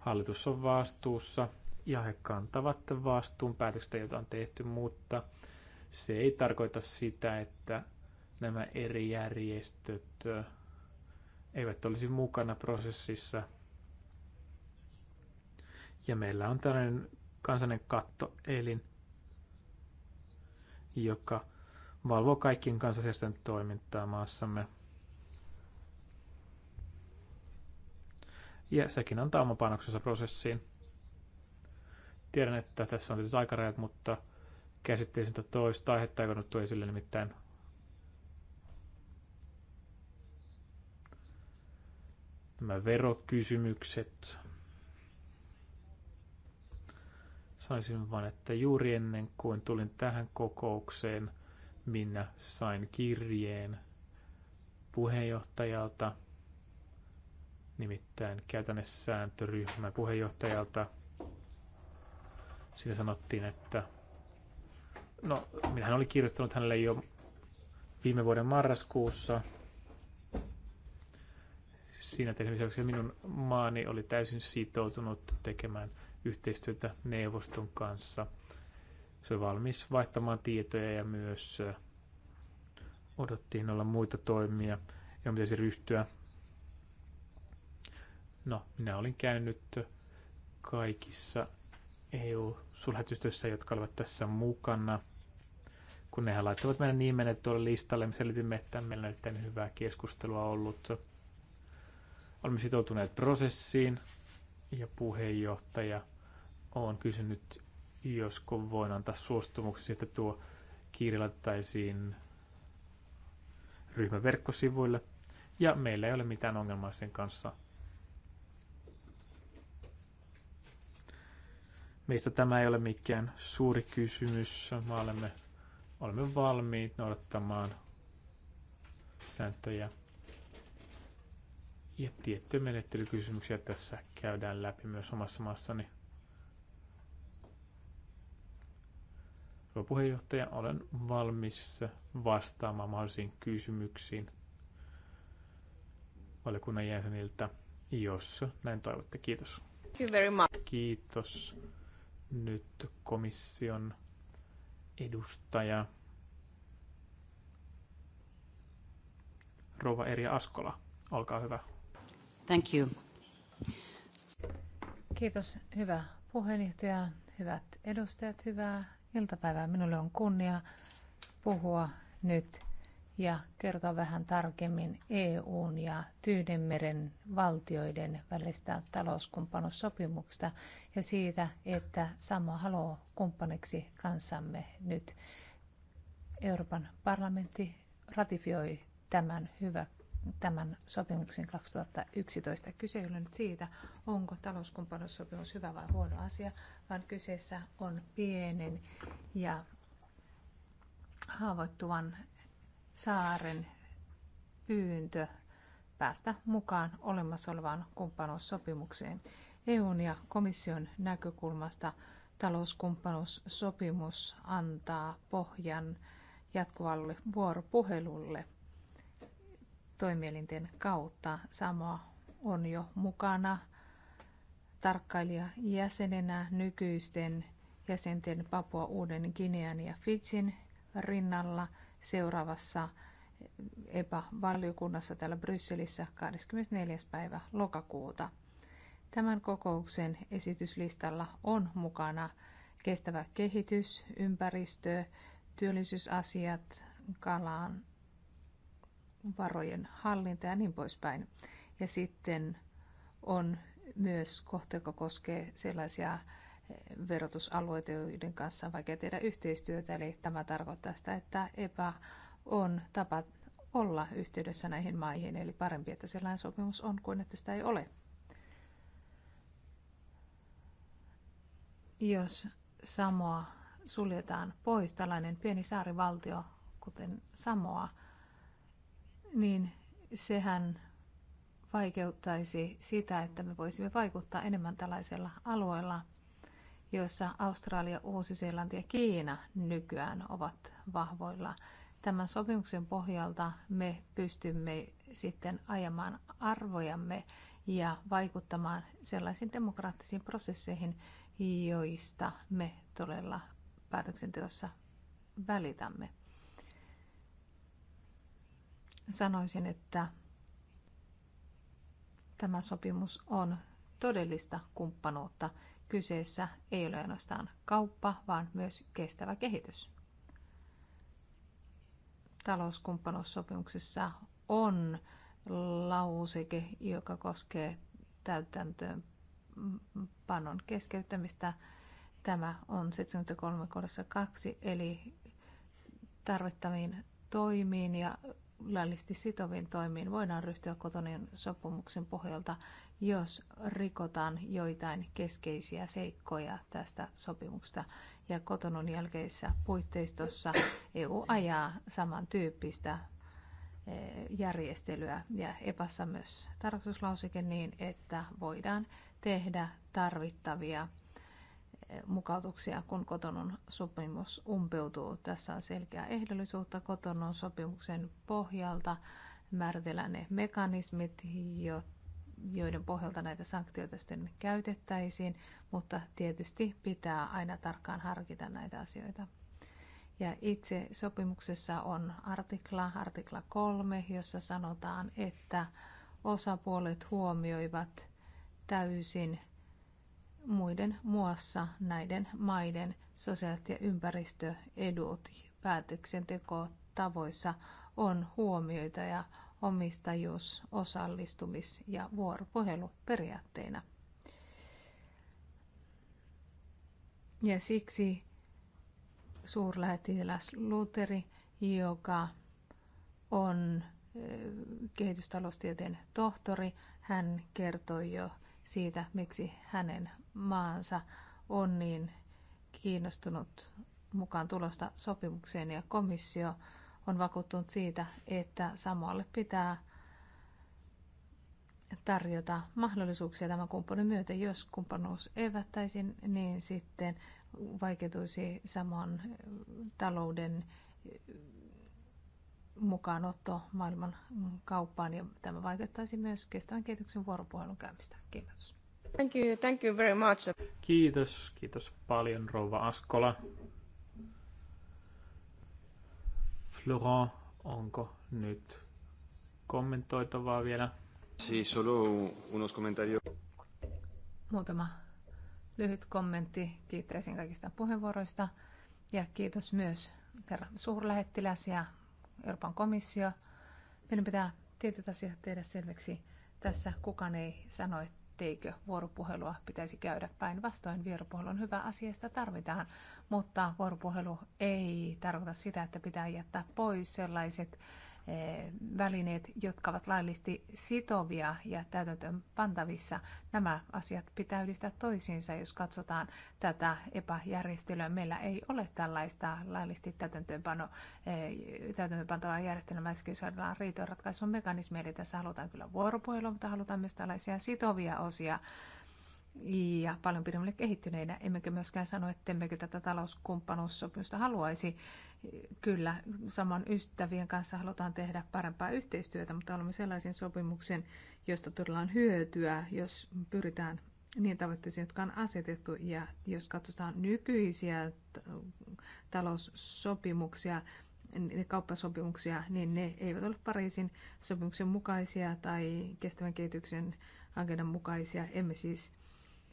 hallitus on vastuussa ja he kantavat vastuun päätöksestä, jota on tehty, mutta se ei tarkoita sitä, että nämä eri järjestöt eivät olisi mukana prosessissa. Ja meillä on tällainen kansallinen kattoelin, joka valvoo kaikkien kansallisten toimintaa maassamme. Ja sekin antaa oman panoksensa prosessiin. Tiedän, että tässä on tietysti aikarajat, mutta käsittelisin toista aihetta, joka nyt tuli esille nimittäin nämä verokysymykset, Sanoisin vain, että juuri ennen kuin tulin tähän kokoukseen, minä sain kirjeen puheenjohtajalta, nimittäin käytännössääntöryhmän puheenjohtajalta. Siinä sanottiin, että no, minähän oli kirjoittanut hänelle jo viime vuoden marraskuussa. Siinä tehtävissä minun maani oli täysin sitoutunut tekemään yhteistyötä neuvoston kanssa. Se on valmis vaihtamaan tietoja ja myös odottiin olla muita toimia, joihin pitäisi ryhtyä. No, minä olin käynyt kaikissa EU-sulhätystöissä, jotka olivat tässä mukana. Kun nehän laittavat meidän nimenet tuolle listalle, me selitimme, että meillä on erittäin hyvää keskustelua ollut. Olemme sitoutuneet prosessiin, ja puheenjohtaja on kysynyt, josko voin antaa suostumuksen, että tuo kirja laitettaisiin ryhmän verkkosivuille. Ja meillä ei ole mitään ongelmaa sen kanssa. Meistä tämä ei ole mikään suuri kysymys. Me olemme, olemme valmiit noudattamaan sääntöjä ja tiettyjä menettelykysymyksiä tässä käydään läpi myös omassa maassani. Hyvä puheenjohtaja, olen valmis vastaamaan mahdollisiin kysymyksiin valiokunnan jäseniltä, jos näin toivotte. Kiitos. Thank you very much. Kiitos. Nyt komission edustaja Rova Eri Askola. Olkaa hyvä. Thank you. Kiitos, hyvä puheenjohtaja, hyvät edustajat, hyvää iltapäivää. Minulle on kunnia puhua nyt ja kertoa vähän tarkemmin EUn ja Tyydenmeren valtioiden välistä talouskumppanussopimuksesta ja siitä, että sama haluaa kumppaniksi kanssamme nyt. Euroopan parlamentti ratifioi tämän hyvä tämän sopimuksen 2011. Kyse ei ole nyt siitä, onko talouskumppanuussopimus hyvä vai huono asia, vaan kyseessä on pienen ja haavoittuvan saaren pyyntö päästä mukaan olemassa olevaan kumppanuussopimukseen. EUn ja komission näkökulmasta talouskumppanuussopimus antaa pohjan jatkuvalle vuoropuhelulle – toimielinten kautta. Samoa on jo mukana tarkkailija jäsenenä nykyisten jäsenten Papua Uuden Ginean ja Fitsin rinnalla seuraavassa EPA-valiokunnassa täällä Brysselissä 24. päivä lokakuuta. Tämän kokouksen esityslistalla on mukana kestävä kehitys, ympäristö, työllisyysasiat, kalan varojen hallinta ja niin poispäin. Ja sitten on myös kohta, joka koskee sellaisia eh, verotusalueita, joiden kanssa on vaikea tehdä yhteistyötä. Eli tämä tarkoittaa sitä, että EPA on tapa olla yhteydessä näihin maihin. Eli parempi, että sellainen sopimus on kuin että sitä ei ole. Jos Samoa suljetaan pois, tällainen pieni saarivaltio, kuten Samoa, niin sehän vaikeuttaisi sitä, että me voisimme vaikuttaa enemmän tällaisella alueella, joissa Australia, Uusi-Seelanti ja Kiina nykyään ovat vahvoilla. Tämän sopimuksen pohjalta me pystymme sitten ajamaan arvojamme ja vaikuttamaan sellaisiin demokraattisiin prosesseihin, joista me todella päätöksenteossa välitämme. Sanoisin, että tämä sopimus on todellista kumppanuutta. Kyseessä ei ole ainoastaan kauppa, vaan myös kestävä kehitys. Talouskumppanuussopimuksessa on lauseke, joka koskee täytäntöön panon keskeyttämistä. Tämä on 73.2, eli tarvittaviin toimiin ja laillisesti sitoviin toimiin voidaan ryhtyä kotonin sopimuksen pohjalta, jos rikotaan joitain keskeisiä seikkoja tästä sopimuksesta. Ja kotonun jälkeisessä puitteistossa EU ajaa samantyyppistä e, järjestelyä ja epässä myös tarkastuslauseke niin, että voidaan tehdä tarvittavia mukautuksia, kun kotonon sopimus umpeutuu. Tässä on selkeää ehdollisuutta kotonon sopimuksen pohjalta. Määritellään ne mekanismit, joiden pohjalta näitä sanktioita sitten käytettäisiin, mutta tietysti pitää aina tarkkaan harkita näitä asioita. Ja itse sopimuksessa on artikla, artikla 3, jossa sanotaan, että osapuolet huomioivat täysin muiden muassa näiden maiden sosiaaliset ja ympäristöedut päätöksentekotavoissa on huomioita ja omistajuus, osallistumis- ja vuoropuhelu periaatteina. Ja siksi suurlähettiläs Luteri, joka on kehitystaloustieteen tohtori, hän kertoi jo siitä, miksi hänen maansa on niin kiinnostunut mukaan tulosta sopimukseen ja komissio on vakuuttunut siitä, että Samoalle pitää tarjota mahdollisuuksia tämän kumppanin myötä. Jos kumppanuus evättäisiin, niin sitten vaikeutuisi saman talouden mukaanotto maailman kauppaan ja tämä vaikuttaisi myös kestävän kehityksen vuoropuhelun käymistä. Kiitos. Thank you, thank you very much. Kiitos, kiitos paljon rouva Askola. Florent, onko nyt kommentoitavaa vielä? Si, solo unos comentarios. Muutama lyhyt kommentti. Kiittäisin kaikista puheenvuoroista. Ja kiitos myös herra suurlähettiläs ja Euroopan komissio. Meidän pitää tietyt asiat tehdä selväksi. Tässä kukaan ei sano, että etteikö vuoropuhelua pitäisi käydä. Päinvastoin vuoropuhelu on hyvä asia, sitä tarvitaan, mutta vuoropuhelu ei tarkoita sitä, että pitää jättää pois sellaiset Eh, välineet, jotka ovat laillisesti sitovia ja täytäntöön pantavissa. Nämä asiat pitää yhdistää toisiinsa, jos katsotaan tätä epäjärjestelyä. Meillä ei ole tällaista laillisesti täytäntöönpano, eh, täytäntöönpantavaa järjestelmää, jos saadaan riitoratkaisun mekanismi. Eli tässä halutaan kyllä vuoropuhelua, mutta halutaan myös tällaisia sitovia osia ja paljon pidemmälle kehittyneinä. Emmekä myöskään sano, että emmekö tätä talouskumppanuussopimusta haluaisi kyllä saman ystävien kanssa halutaan tehdä parempaa yhteistyötä, mutta olemme sellaisen sopimuksen, josta todella on hyötyä, jos pyritään niin tavoitteisiin, jotka on asetettu. Ja jos katsotaan nykyisiä taloussopimuksia, niin kauppasopimuksia, niin ne eivät ole Pariisin sopimuksen mukaisia tai kestävän kehityksen agendan mukaisia. Emme siis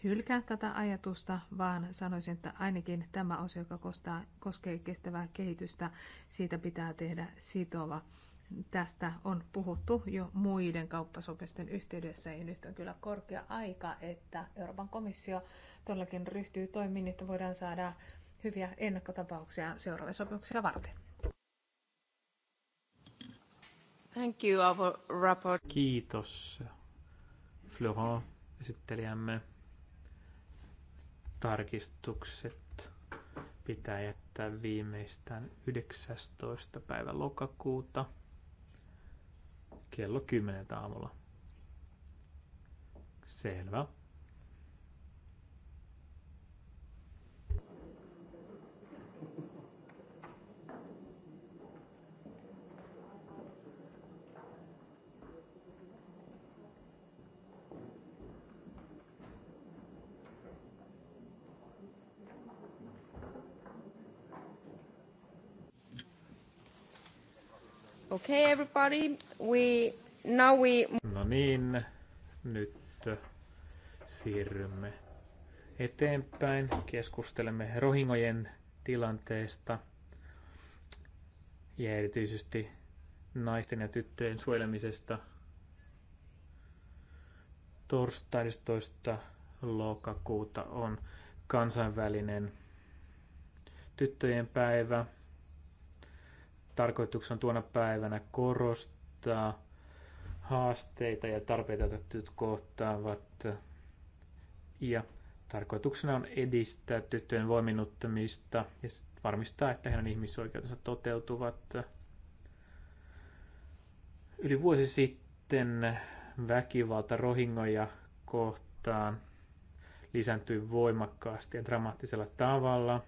hylkää tätä ajatusta, vaan sanoisin, että ainakin tämä osio, joka kostaa, koskee kestävää kehitystä, siitä pitää tehdä sitova. Tästä on puhuttu jo muiden kauppasopimusten yhteydessä ja nyt on kyllä korkea aika, että Euroopan komissio todellakin ryhtyy toimiin, niin että voidaan saada hyviä ennakkotapauksia seuraavia sopimuksia varten. Thank you, our rapport. Kiitos, Florent, esittelijämme. Tarkistukset pitää jättää viimeistään 19. päivä lokakuuta kello 10 aamulla. Selvä. Okay, everybody. We, now we... No niin, nyt siirrymme eteenpäin. Keskustelemme rohingojen tilanteesta ja erityisesti naisten ja tyttöjen suojelemisesta torstai lokakuuta on kansainvälinen tyttöjen päivä – tarkoituksena on tuona päivänä korostaa haasteita ja tarpeita, joita tytöt kohtaavat. Ja tarkoituksena on edistää tyttöjen voiminuttamista ja varmistaa, että heidän ihmisoikeutensa toteutuvat. Yli vuosi sitten väkivalta rohingoja kohtaan lisääntyi voimakkaasti ja dramaattisella tavalla.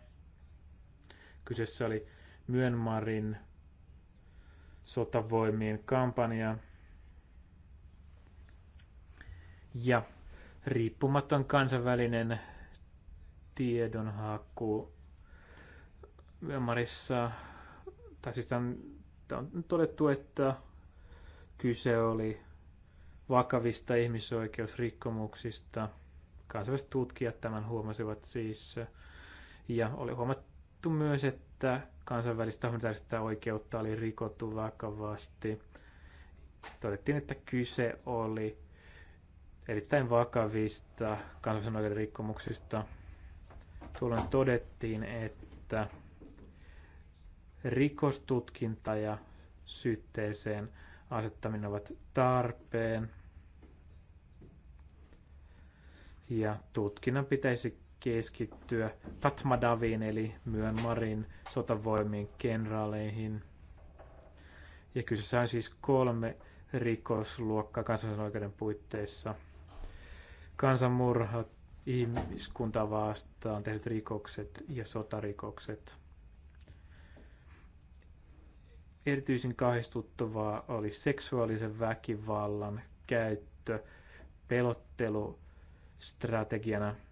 Kyseessä oli Myönmarin sotavoimien kampanja. Ja riippumaton kansainvälinen tiedonhaku Marissa, tai siis tämän, tämän on todettu, että kyse oli vakavista ihmisoikeusrikkomuksista. Kansainväliset tutkijat tämän huomasivat siis. Ja oli huomattu myös, että kansainvälistä humanitaarista oikeutta oli rikottu vakavasti. Todettiin, että kyse oli erittäin vakavista kansainvälisen oikeuden rikkomuksista. Tuolloin todettiin, että rikostutkinta ja syytteeseen asettaminen ovat tarpeen. Ja tutkinnan pitäisi keskittyä Tatmadaviin eli Myanmarin sotavoimien kenraaleihin. Ja kyseessä on siis kolme rikosluokkaa kansallisen oikeuden puitteissa. Kansanmurhat, ihmiskunta vastaan tehdyt rikokset ja sotarikokset. Erityisen kahdistuttavaa oli seksuaalisen väkivallan käyttö pelottelustrategiana –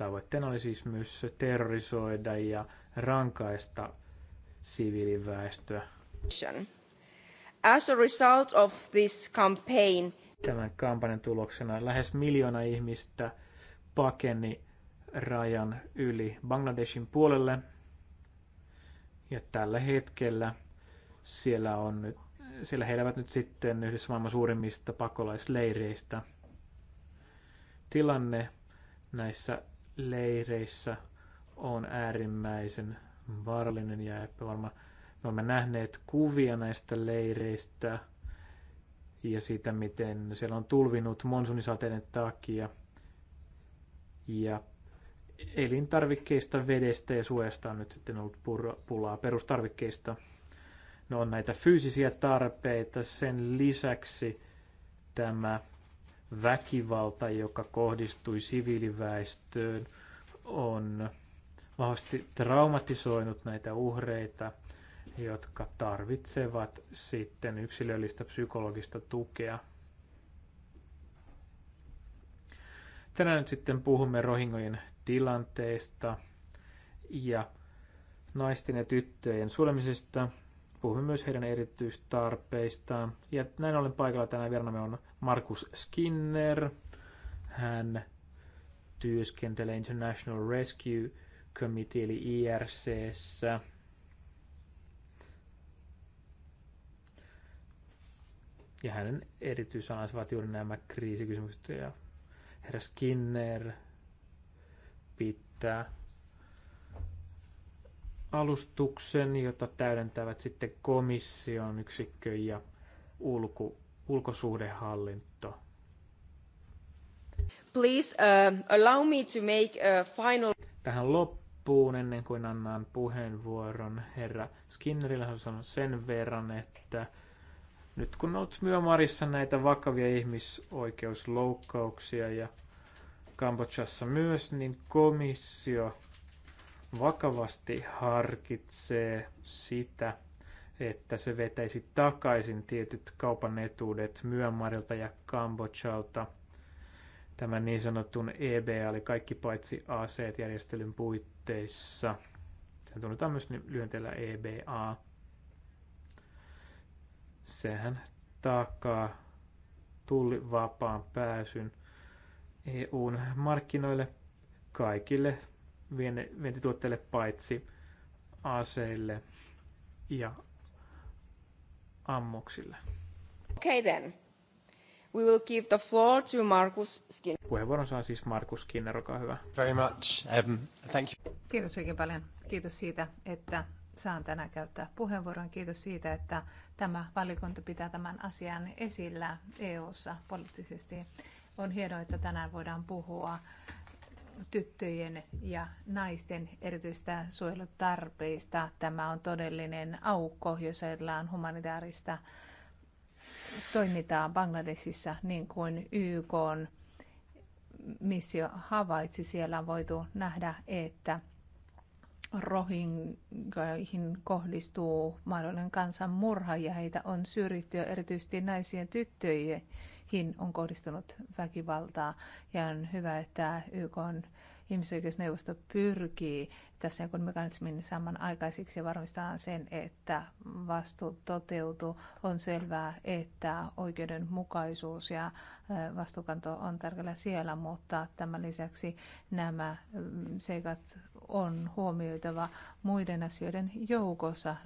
Tavoitteena oli siis myös terrorisoida ja rankaista siviiliväestöä. As a result of this campaign, Tämän kampanjan tuloksena lähes miljoona ihmistä pakeni rajan yli Bangladeshin puolelle. Ja tällä hetkellä siellä, on nyt, siellä he elävät nyt sitten yhdessä maailman suurimmista pakolaisleireistä. Tilanne näissä leireissä on äärimmäisen vaarallinen ja epävarma. Me olemme nähneet kuvia näistä leireistä ja siitä, miten siellä on tulvinut monsunisateiden takia. Ja elintarvikkeista, vedestä ja suojasta on nyt sitten ollut pulaa perustarvikkeista. No on näitä fyysisiä tarpeita, sen lisäksi tämä väkivalta, joka kohdistui siviiliväestöön, on vahvasti traumatisoinut näitä uhreita, jotka tarvitsevat sitten yksilöllistä psykologista tukea. Tänään nyt sitten puhumme rohingojen tilanteesta ja naisten ja tyttöjen sulemisesta – Puhumme myös heidän erityistarpeistaan. Ja näin ollen paikalla tänään vieraanamme on Markus Skinner. Hän työskentelee International Rescue Committee eli IRCssä. Ja hänen erityisalansa ovat juuri nämä kriisikysymykset ja herra Skinner pitää alustuksen, jota täydentävät sitten komission yksikkö ja ulko, ulkosuhdehallinto. Please uh, allow me to make a final... Tähän loppuun ennen kuin annan puheenvuoron herra Skinnerille, hän sanoi sen verran, että nyt kun olet Myömarissa näitä vakavia ihmisoikeusloukkauksia ja Kambodžassa myös, niin komissio vakavasti harkitsee sitä, että se vetäisi takaisin tietyt kaupan etuudet Myanmarilta ja Kambodžalta. Tämän niin sanotun EBA eli kaikki paitsi aseet järjestelyn puitteissa. Se tunnetaan myös lyönteellä EBA. Sehän takaa tullivapaan pääsyn EUn markkinoille kaikille vientituotteille paitsi aseille ja ammuksille. Okay then. We will give the floor to Markus Skinner. Puheenvuoron saa siis Markus Skinner, olkaa hyvä. Very much. Um, thank you. Kiitos oikein paljon. Kiitos siitä, että saan tänään käyttää puheenvuoron. Kiitos siitä, että tämä valikunta pitää tämän asian esillä EU-ssa poliittisesti. On hienoa, että tänään voidaan puhua tyttöjen ja naisten erityistä suojelutarpeista. Tämä on todellinen aukko, jos ajatellaan humanitaarista toimintaa Bangladesissa, niin kuin YK on missio havaitsi. Siellä on voitu nähdä, että rohingoihin kohdistuu mahdollinen kansanmurha ja heitä on syrjitty erityisesti naisia ja tyttöjä heihin on kohdistunut väkivaltaa. Ja on hyvä, että YK on ihmisoikeusneuvosto pyrkii tässä jonkun mekanismin samanaikaisiksi ja varmistaa sen, että vastuu toteutuu. On selvää, että oikeudenmukaisuus ja vastuukanto on tärkeällä siellä, mutta tämän lisäksi nämä mm, seikat on huomioitava muiden asioiden joukossa,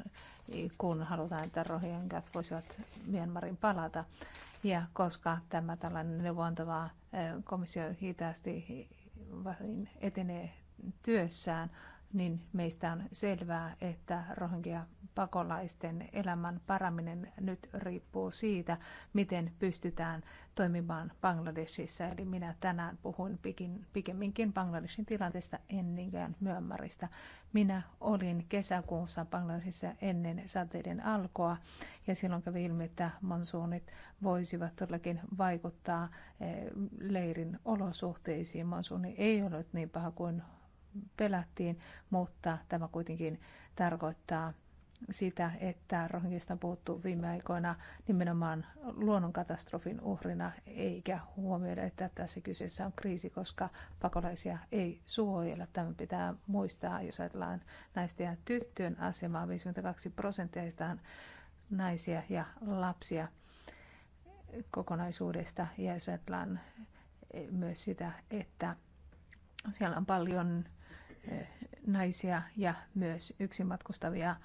kun halutaan, että rohingya voisivat Myanmarin palata. Ja koska tämä tällainen neuvontava komissio hitaasti etenee työssään, niin meistä on selvää, että rohingya pakolaisten elämän paraminen nyt riippuu siitä, miten pystytään toimimaan Bangladesissa. Eli minä tänään puhuin pikin, pikemminkin Bangladesin tilanteesta ennenkään myömmäristä. Minä olin kesäkuussa Bangladesissa ennen sateiden alkoa ja silloin kävi ilmi, että monsuunit voisivat todellakin vaikuttaa eh, leirin olosuhteisiin. Monsuuni ei ollut niin paha kuin pelättiin, mutta tämä kuitenkin tarkoittaa sitä, että rohingista on puhuttu viime aikoina nimenomaan luonnonkatastrofin uhrina, eikä huomioida, että tässä kyseessä on kriisi, koska pakolaisia ei suojella. Tämä pitää muistaa, jos ajatellaan naisten ja tyttöjen asemaa, 52 prosenttia on naisia ja lapsia kokonaisuudesta, ja jos ajatellaan myös sitä, että siellä on paljon eh, naisia ja myös yksin matkustavia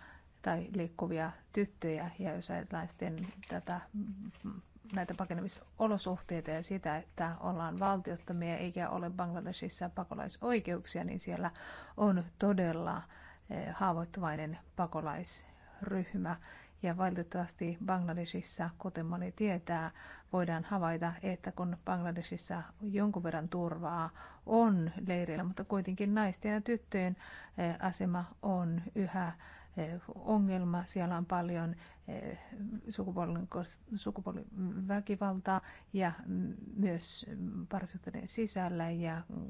tai liikkuvia tyttöjä ja jos ajatellaan sitten tätä, näitä pakenemisolosuhteita ja sitä, että ollaan valtiottomia eikä ole Bangladesissa pakolaisoikeuksia, niin siellä on todella eh, haavoittuvainen pakolaisryhmä. Ja valitettavasti Bangladesissa, kuten moni tietää, voidaan havaita, että kun Bangladesissa jonkun verran turvaa on leirillä, mutta kuitenkin naisten ja tyttöjen eh, asema on yhä Eh, ongelma. Siellä on paljon eh, sukupuoliväkivaltaa ja myös parisuhteiden sisällä ja mm,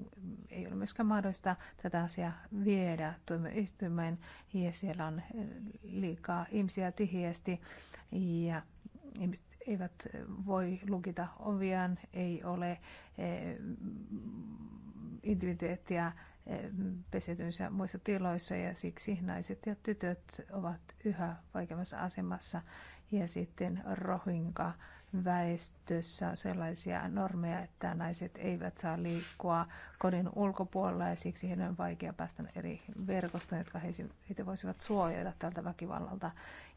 ei ole myöskään mahdollista tätä asiaa viedä tuomioistuimeen ja siellä on eh, liikaa ihmisiä tiheästi ja ihmiset eivät voi lukita oviaan, ei ole intimiteettiä pesetyissä muissa tiloissa ja siksi naiset ja tytöt ovat yhä vaikeammassa asemassa. Ja sitten rohinka väestössä on sellaisia normeja, että naiset eivät saa liikkua kodin ulkopuolella ja siksi heidän on vaikea päästä eri verkostoihin, jotka heitä voisivat suojata tältä väkivallalta.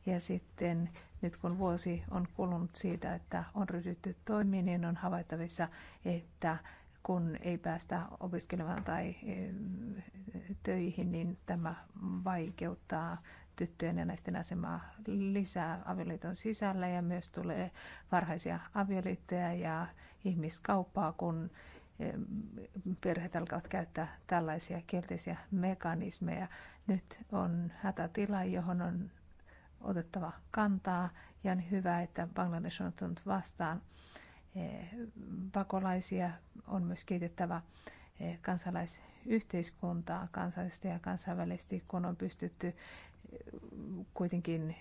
Ja sitten nyt kun vuosi on kulunut siitä, että on ryhdytty toimiin, niin on havaittavissa, että kun ei päästä opiskelemaan tai eh, töihin, niin tämä vaikeuttaa tyttöjen ja naisten asemaa lisää avioliiton sisällä ja myös tulee varhaisia avioliittoja ja ihmiskauppaa, kun eh, perheet alkavat käyttää tällaisia kielteisiä mekanismeja. Nyt on hätätila, johon on otettava kantaa ja on hyvä, että Bangladesh on ottanut vastaan Eh, pakolaisia, on myös kiitettävä eh, kansalaisyhteiskuntaa kansallisesti ja kansainvälisesti, kun on pystytty eh, kuitenkin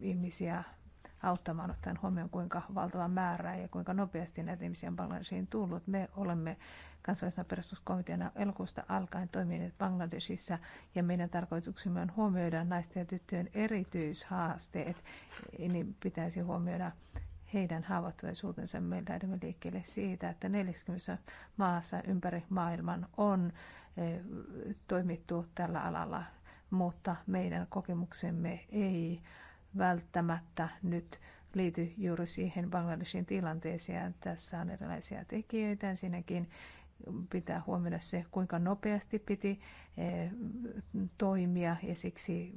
ihmisiä auttamaan, ottaen huomioon kuinka valtava määrä ja kuinka nopeasti näitä ihmisiä on Bangladeshiin tullut. Me olemme kansallisena perustuskomiteana elokuusta alkaen toimineet Bangladesissa ja meidän tarkoituksemme on huomioida naisten ja tyttöjen erityishaasteet, niin pitäisi huomioida heidän haavoittuvaisuutensa. Me lähdemme liikkeelle siitä, että 40 maassa ympäri maailman on eh, toimittu tällä alalla, mutta meidän kokemuksemme ei välttämättä nyt liity juuri siihen Bangladeshin tilanteeseen. Tässä on erilaisia tekijöitä. Ensinnäkin pitää huomioida se, kuinka nopeasti piti eh, toimia ja siksi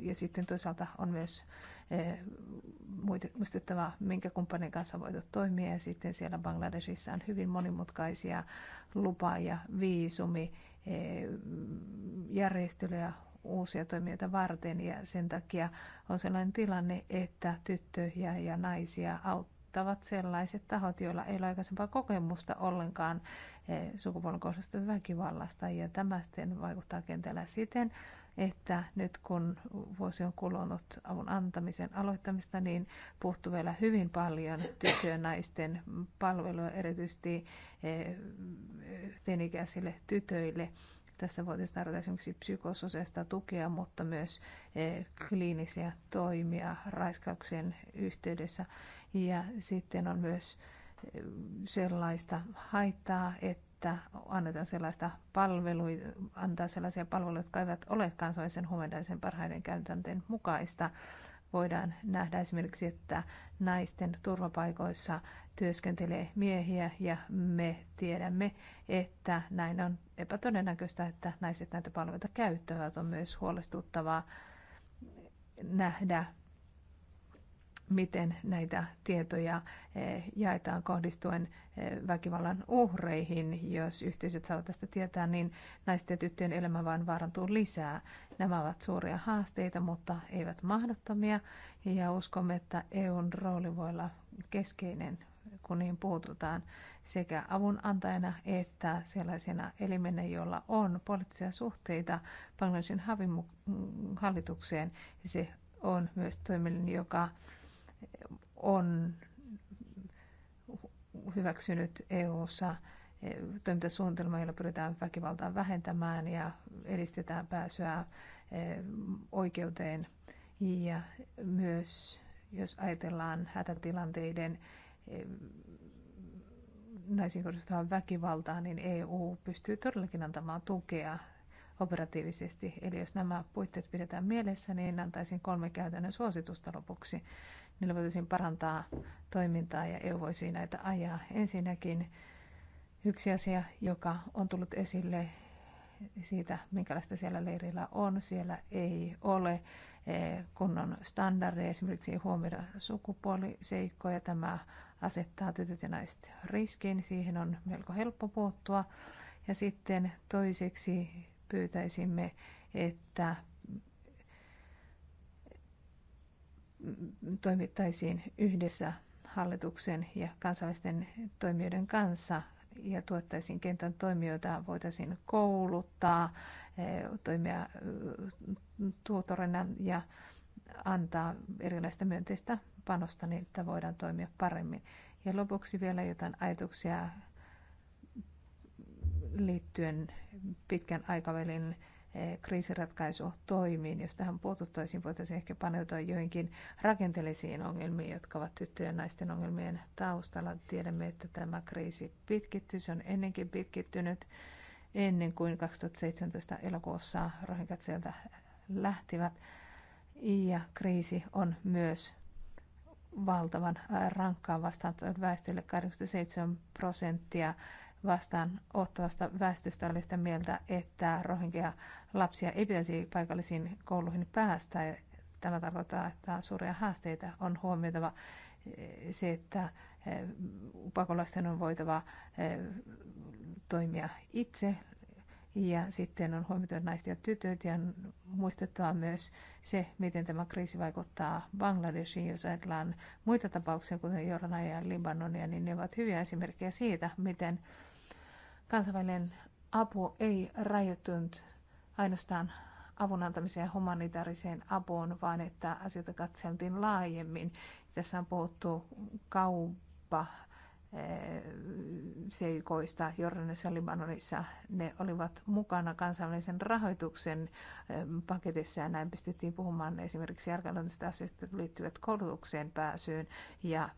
ja sitten toisaalta on myös eh, muistettava, minkä kumppanin kanssa voitu toimia. Ja sitten siellä Bangladesissa on hyvin monimutkaisia lupa- ja viisumijärjestelyjä eh, uusia toimijoita varten. Ja sen takia on sellainen tilanne, että tyttöjä ja naisia auttavat sellaiset tahot, joilla ei ole aikaisempaa kokemusta ollenkaan eh, sukupuolen väkivallasta. Ja tämä sitten vaikuttaa kentällä siten, että nyt kun vuosi on kulunut avun antamisen aloittamista, niin puuttuu vielä hyvin paljon tyttöjen naisten palveluja, erityisesti eh, teinikäisille tytöille. Tässä voitaisiin tarjota esimerkiksi psykososiaalista tukea, mutta myös eh, kliinisiä toimia raiskauksen yhteydessä. Ja sitten on myös eh, sellaista haittaa, että että annetaan sellaista palveluita, antaa sellaisia palveluita, jotka eivät ole kansallisen huumeiden parhaiden käytänteen mukaista. Voidaan nähdä esimerkiksi, että naisten turvapaikoissa työskentelee miehiä ja me tiedämme, että näin on epätodennäköistä, että naiset näitä palveluita käyttävät. On myös huolestuttavaa nähdä miten näitä tietoja eh, jaetaan kohdistuen eh, väkivallan uhreihin. Jos yhteisöt saavat tästä tietää, niin naisten ja tyttöjen elämä vain vaarantuu lisää. Nämä ovat suuria haasteita, mutta eivät mahdottomia. Ja uskomme, että EUn rooli voi olla keskeinen, kun niihin puututaan sekä avunantajana että sellaisena elimenä, jolla on poliittisia suhteita Bangladesin mm, hallitukseen. Ja se on myös toimielin, joka on hyväksynyt EU-ssa e, toimintasuunnitelma, jolla pyritään väkivaltaa vähentämään ja edistetään pääsyä e, oikeuteen. Ja myös jos ajatellaan hätätilanteiden e, naisiin kohdistuvaa väkivaltaa, niin EU pystyy todellakin antamaan tukea operatiivisesti. Eli jos nämä puitteet pidetään mielessä, niin antaisin kolme käytännön suositusta lopuksi millä voitaisiin parantaa toimintaa ja EU voisi näitä ajaa. Ensinnäkin yksi asia, joka on tullut esille siitä, minkälaista siellä leirillä on. Siellä ei ole eh, kunnon standardeja, esimerkiksi ei huomioida sukupuoliseikkoja. Tämä asettaa tytöt ja naiset riskiin. Siihen on melko helppo puuttua. Ja sitten toiseksi pyytäisimme, että toimittaisiin yhdessä hallituksen ja kansallisten toimijoiden kanssa ja tuottaisiin kentän toimijoita, voitaisiin kouluttaa, eh, toimia eh, tuotorina ja antaa erilaista myönteistä panosta, niin että voidaan toimia paremmin. Ja lopuksi vielä jotain ajatuksia liittyen pitkän aikavälin Kriisiratkaisu toimiin. Jos tähän puututtaisiin, voitaisiin ehkä paneutua joihinkin rakenteellisiin ongelmiin, jotka ovat tyttöjen ja naisten ongelmien taustalla. Tiedämme, että tämä kriisi pitkittyy, se on ennenkin pitkittynyt ennen kuin 2017 elokuussa rohinkat sieltä lähtivät. Ja kriisi on myös valtavan rankkaa vastaan väestölle 87 prosenttia vastaan ottavasta väestöstä oli sitä mieltä, että rohinkia lapsia ei pitäisi paikallisiin kouluihin päästä. Tämä tarkoittaa, että suuria haasteita on huomioitava se, että eh, pakolaisten on voitava eh, toimia itse ja sitten on huomioitava naiset ja tytöt ja muistettava myös se, miten tämä kriisi vaikuttaa Bangladeshiin, jos ajatellaan muita tapauksia, kuten Jordania ja Libanonia, niin ne ovat hyviä esimerkkejä siitä, miten Kansainvälinen apu ei rajoittunut ainoastaan avun antamiseen ja humanitaariseen apuun, vaan että asioita katseltiin laajemmin. Tässä on puhuttu kauppa Eh, seikoista Jordanissa Libanonissa. Ne olivat mukana kansainvälisen rahoituksen eh, paketissa ja näin pystyttiin puhumaan esimerkiksi järkäluontoisista asioista, jotka liittyvät koulutukseen pääsyyn ja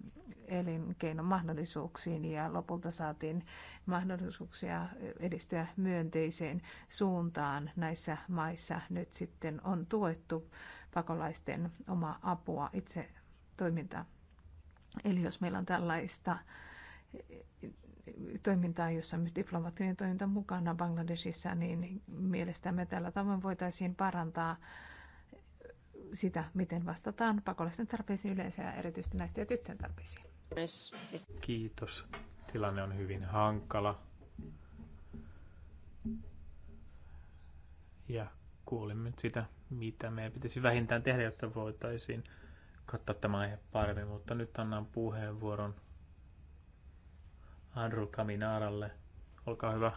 elinkeinon mahdollisuuksiin ja lopulta saatiin mahdollisuuksia edistyä myönteiseen suuntaan näissä maissa. Nyt sitten on tuettu pakolaisten omaa apua itse toimintaan. Eli jos meillä on tällaista toimintaa, jossa on myös diplomaattinen toiminta mukana Bangladesissa, niin mielestämme tällä tavoin voitaisiin parantaa sitä, miten vastataan pakolaisten tarpeisiin yleensä ja erityisesti naisten ja tyttöjen tarpeisiin. Kiitos. Tilanne on hyvin hankala. Ja kuulimme nyt sitä, mitä meidän pitäisi vähintään tehdä, jotta voitaisiin kattaa tämä aihe paremmin, mutta nyt annan puheenvuoron Andrew Kaminaaralle. Olkaa hyvä.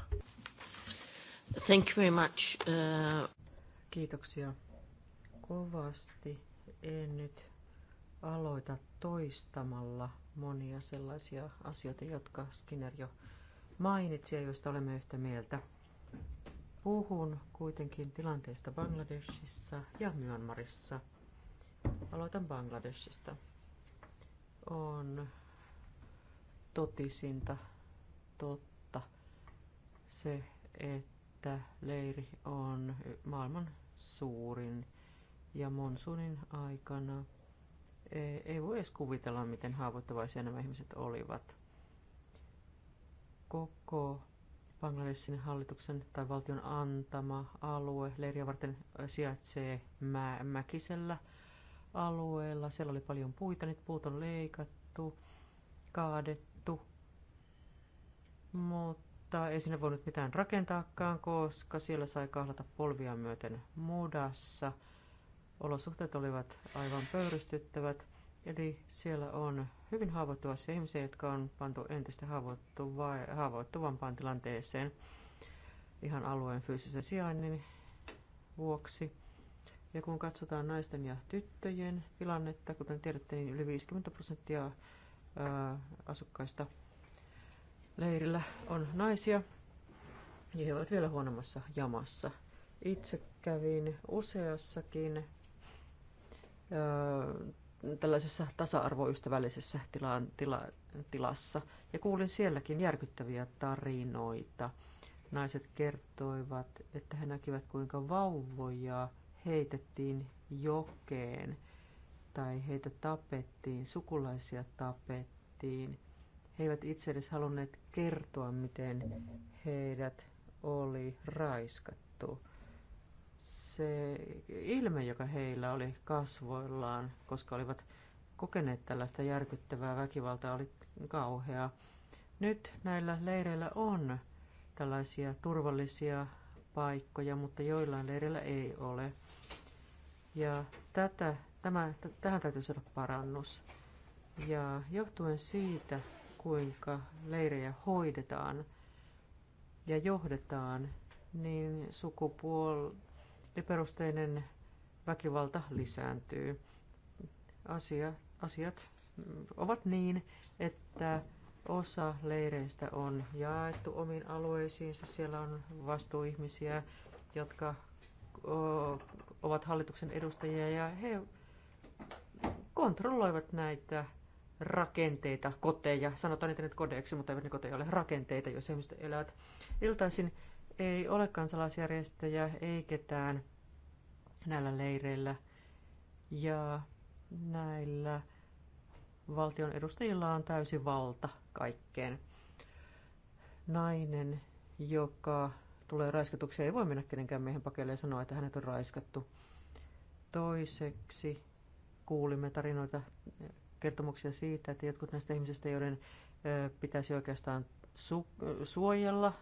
Thank you very much. Uh... Kiitoksia kovasti. En nyt aloita toistamalla monia sellaisia asioita, jotka Skinner jo mainitsi ja joista olemme yhtä mieltä. Puhun kuitenkin tilanteesta Bangladeshissa ja Myanmarissa. Aloitan Bangladeshista. On totisinta totta se, että leiri on maailman suurin ja monsunin aikana e, ei voi edes kuvitella, miten haavoittuvaisia nämä ihmiset olivat. Koko Bangladesin hallituksen tai valtion antama alue leiriä varten e, sijaitsee mä- mäkisellä alueella. Siellä oli paljon puita, nyt puut on leikattu, kaadet, rakennettu, mutta ei sinne voinut mitään rakentaakaan, koska siellä sai kahlata polvia myöten mudassa. Olosuhteet olivat aivan pöyristyttävät, eli siellä on hyvin haavoittuvassa ihmisiä, jotka on pantu entistä haavoittuva- haavoittuvampaan tilanteeseen ihan alueen fyysisen sijainnin vuoksi. Ja kun katsotaan naisten ja tyttöjen tilannetta, kuten tiedätte, niin yli 50 prosenttia asukkaista leirillä on naisia, ja he ovat vielä huonommassa jamassa. Itse kävin useassakin tällaisessa tasa-arvoystävällisessä tila, tila, tilassa ja kuulin sielläkin järkyttäviä tarinoita. Naiset kertoivat, että he näkivät kuinka vauvoja heitettiin jokeen tai heitä tapettiin, sukulaisia tapettiin. He eivät itse edes halunneet kertoa, miten heidät oli raiskattu. Se ilme, joka heillä oli kasvoillaan, koska olivat kokeneet tällaista järkyttävää väkivaltaa, oli kauhea. Nyt näillä leireillä on tällaisia turvallisia paikkoja, mutta joillain leireillä ei ole. Ja tätä Tämä, tähän täytyy saada parannus. Ja johtuen siitä, kuinka leirejä hoidetaan ja johdetaan, niin sukupuoliperusteinen väkivalta lisääntyy. Asia, asiat ovat niin, että osa leireistä on jaettu omiin alueisiinsa. Siellä on vastuuihmisiä, jotka ovat hallituksen edustajia ja he kontrolloivat näitä rakenteita, koteja, sanotaan niitä nyt kodeiksi, mutta eivät ne koteja ole rakenteita, jos ihmiset elävät. Iltaisin ei ole kansalaisjärjestöjä, ei ketään näillä leireillä. Ja näillä valtion edustajilla on täysi valta kaikkeen. Nainen, joka tulee raiskatuksi, ei voi mennä kenenkään miehen pakelle ja sanoa, että hänet on raiskattu. Toiseksi kuulimme tarinoita, eh, kertomuksia siitä, että jotkut näistä ihmisistä, joiden eh, pitäisi oikeastaan su- suojella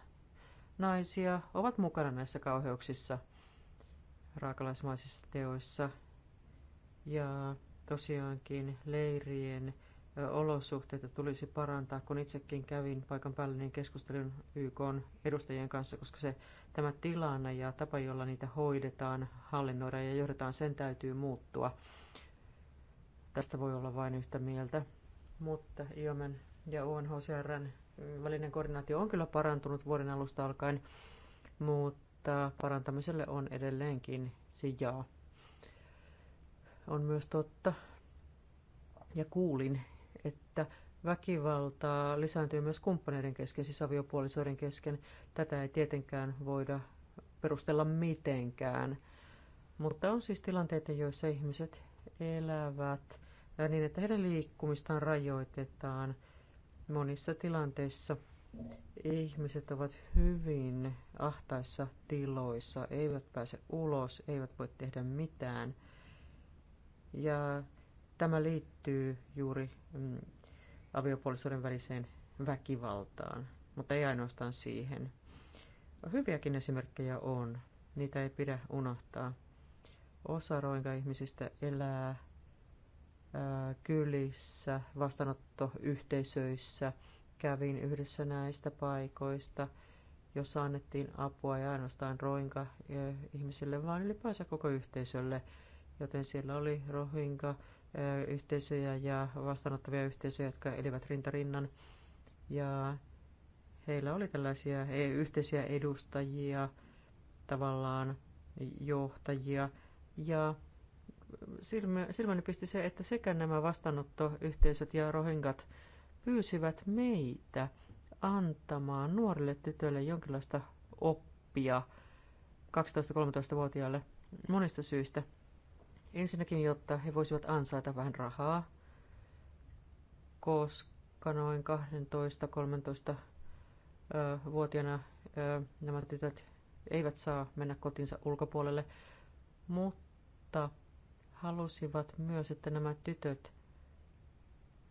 naisia, ovat mukana näissä kauheuksissa, raakalaismaisissa teoissa. Ja tosiaankin leirien eh, olosuhteita tulisi parantaa, kun itsekin kävin paikan päälle niin keskustelun YK edustajien kanssa, koska se, tämä tilanne ja tapa, jolla niitä hoidetaan, hallinnoidaan ja johdetaan, sen täytyy muuttua. Tästä voi olla vain yhtä mieltä, mutta IOMen ja UNHCRn välinen koordinaatio on kyllä parantunut vuoden alusta alkaen, mutta parantamiselle on edelleenkin sijaa. On myös totta, ja kuulin, että väkivaltaa lisääntyy myös kumppaneiden kesken, siis aviopuolisoiden kesken. Tätä ei tietenkään voida perustella mitenkään. Mutta on siis tilanteita, joissa ihmiset elävät niin, että heidän liikkumistaan rajoitetaan. Monissa tilanteissa ihmiset ovat hyvin ahtaissa tiloissa, eivät pääse ulos, eivät voi tehdä mitään. Ja tämä liittyy juuri mm, väliseen väkivaltaan, mutta ei ainoastaan siihen. Hyviäkin esimerkkejä on, niitä ei pidä unohtaa. Osa roinka-ihmisistä elää kylissä, vastaanottoyhteisöissä. Kävin yhdessä näistä paikoista, jossa annettiin apua ja ainoastaan roinka ihmisille, vaan ylipäänsä koko yhteisölle. Joten siellä oli rohinka yhteisöjä ja vastaanottavia yhteisöjä, jotka elivät rintarinnan. Ja heillä oli tällaisia e, yhteisiä edustajia, tavallaan johtajia. Ja silmäni pisti se, että sekä nämä vastaanottoyhteisöt ja rohingat pyysivät meitä antamaan nuorille tytöille jonkinlaista oppia 12-13-vuotiaille monista syistä. Ensinnäkin, jotta he voisivat ansaita vähän rahaa, koska noin 12-13-vuotiaana nämä tytöt eivät saa mennä kotinsa ulkopuolelle, mutta halusivat myös, että nämä tytöt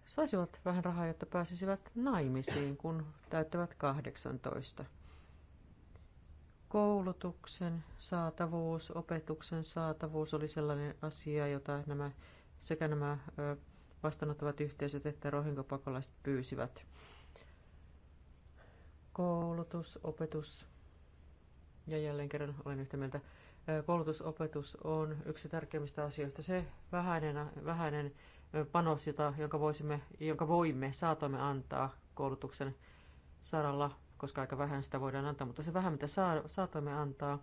saisivat vähän rahaa, jotta pääsisivät naimisiin, kun täyttävät 18. Koulutuksen saatavuus, opetuksen saatavuus oli sellainen asia, jota nämä, sekä nämä vastaanottavat yhteisöt että rohinkopakolaiset pyysivät. Koulutus, opetus ja jälleen kerran olen yhtä mieltä koulutusopetus on yksi tärkeimmistä asioista. Se vähäinen, vähäinen panos, jota, jonka, voisimme, jonka voimme, saatamme antaa koulutuksen saralla, koska aika vähän sitä voidaan antaa, mutta se vähän, mitä saa, saatamme antaa,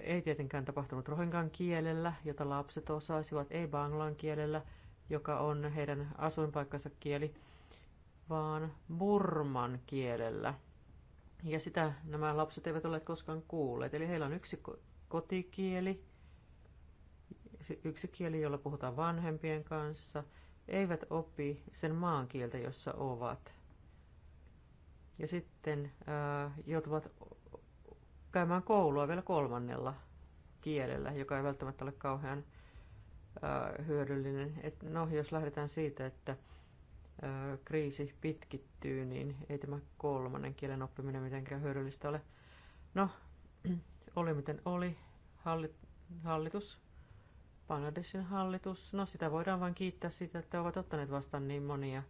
ei tietenkään tapahtunut rohinkan kielellä, jota lapset osaisivat, ei banglan kielellä, joka on heidän asuinpaikkansa kieli, vaan burman kielellä – ja sitä nämä lapset eivät ole koskaan kuulleet. Eli heillä on yksi kotikieli, yksi kieli, jolla puhutaan vanhempien kanssa. Eivät opi sen maan kieltä, jossa ovat. Ja sitten ää, äh, joutuvat käymään koulua vielä kolmannella kielellä, joka ei välttämättä ole kauhean ää, äh, hyödyllinen. Et, no, jos lähdetään siitä, että kriisi pitkittyy, niin ei tämä kolmannen kielen oppiminen mitenkään hyödyllistä ole. No, oli miten oli. Hallitus, Bangladesin hallitus, no sitä voidaan vain kiittää siitä, että ovat ottaneet vastaan niin monia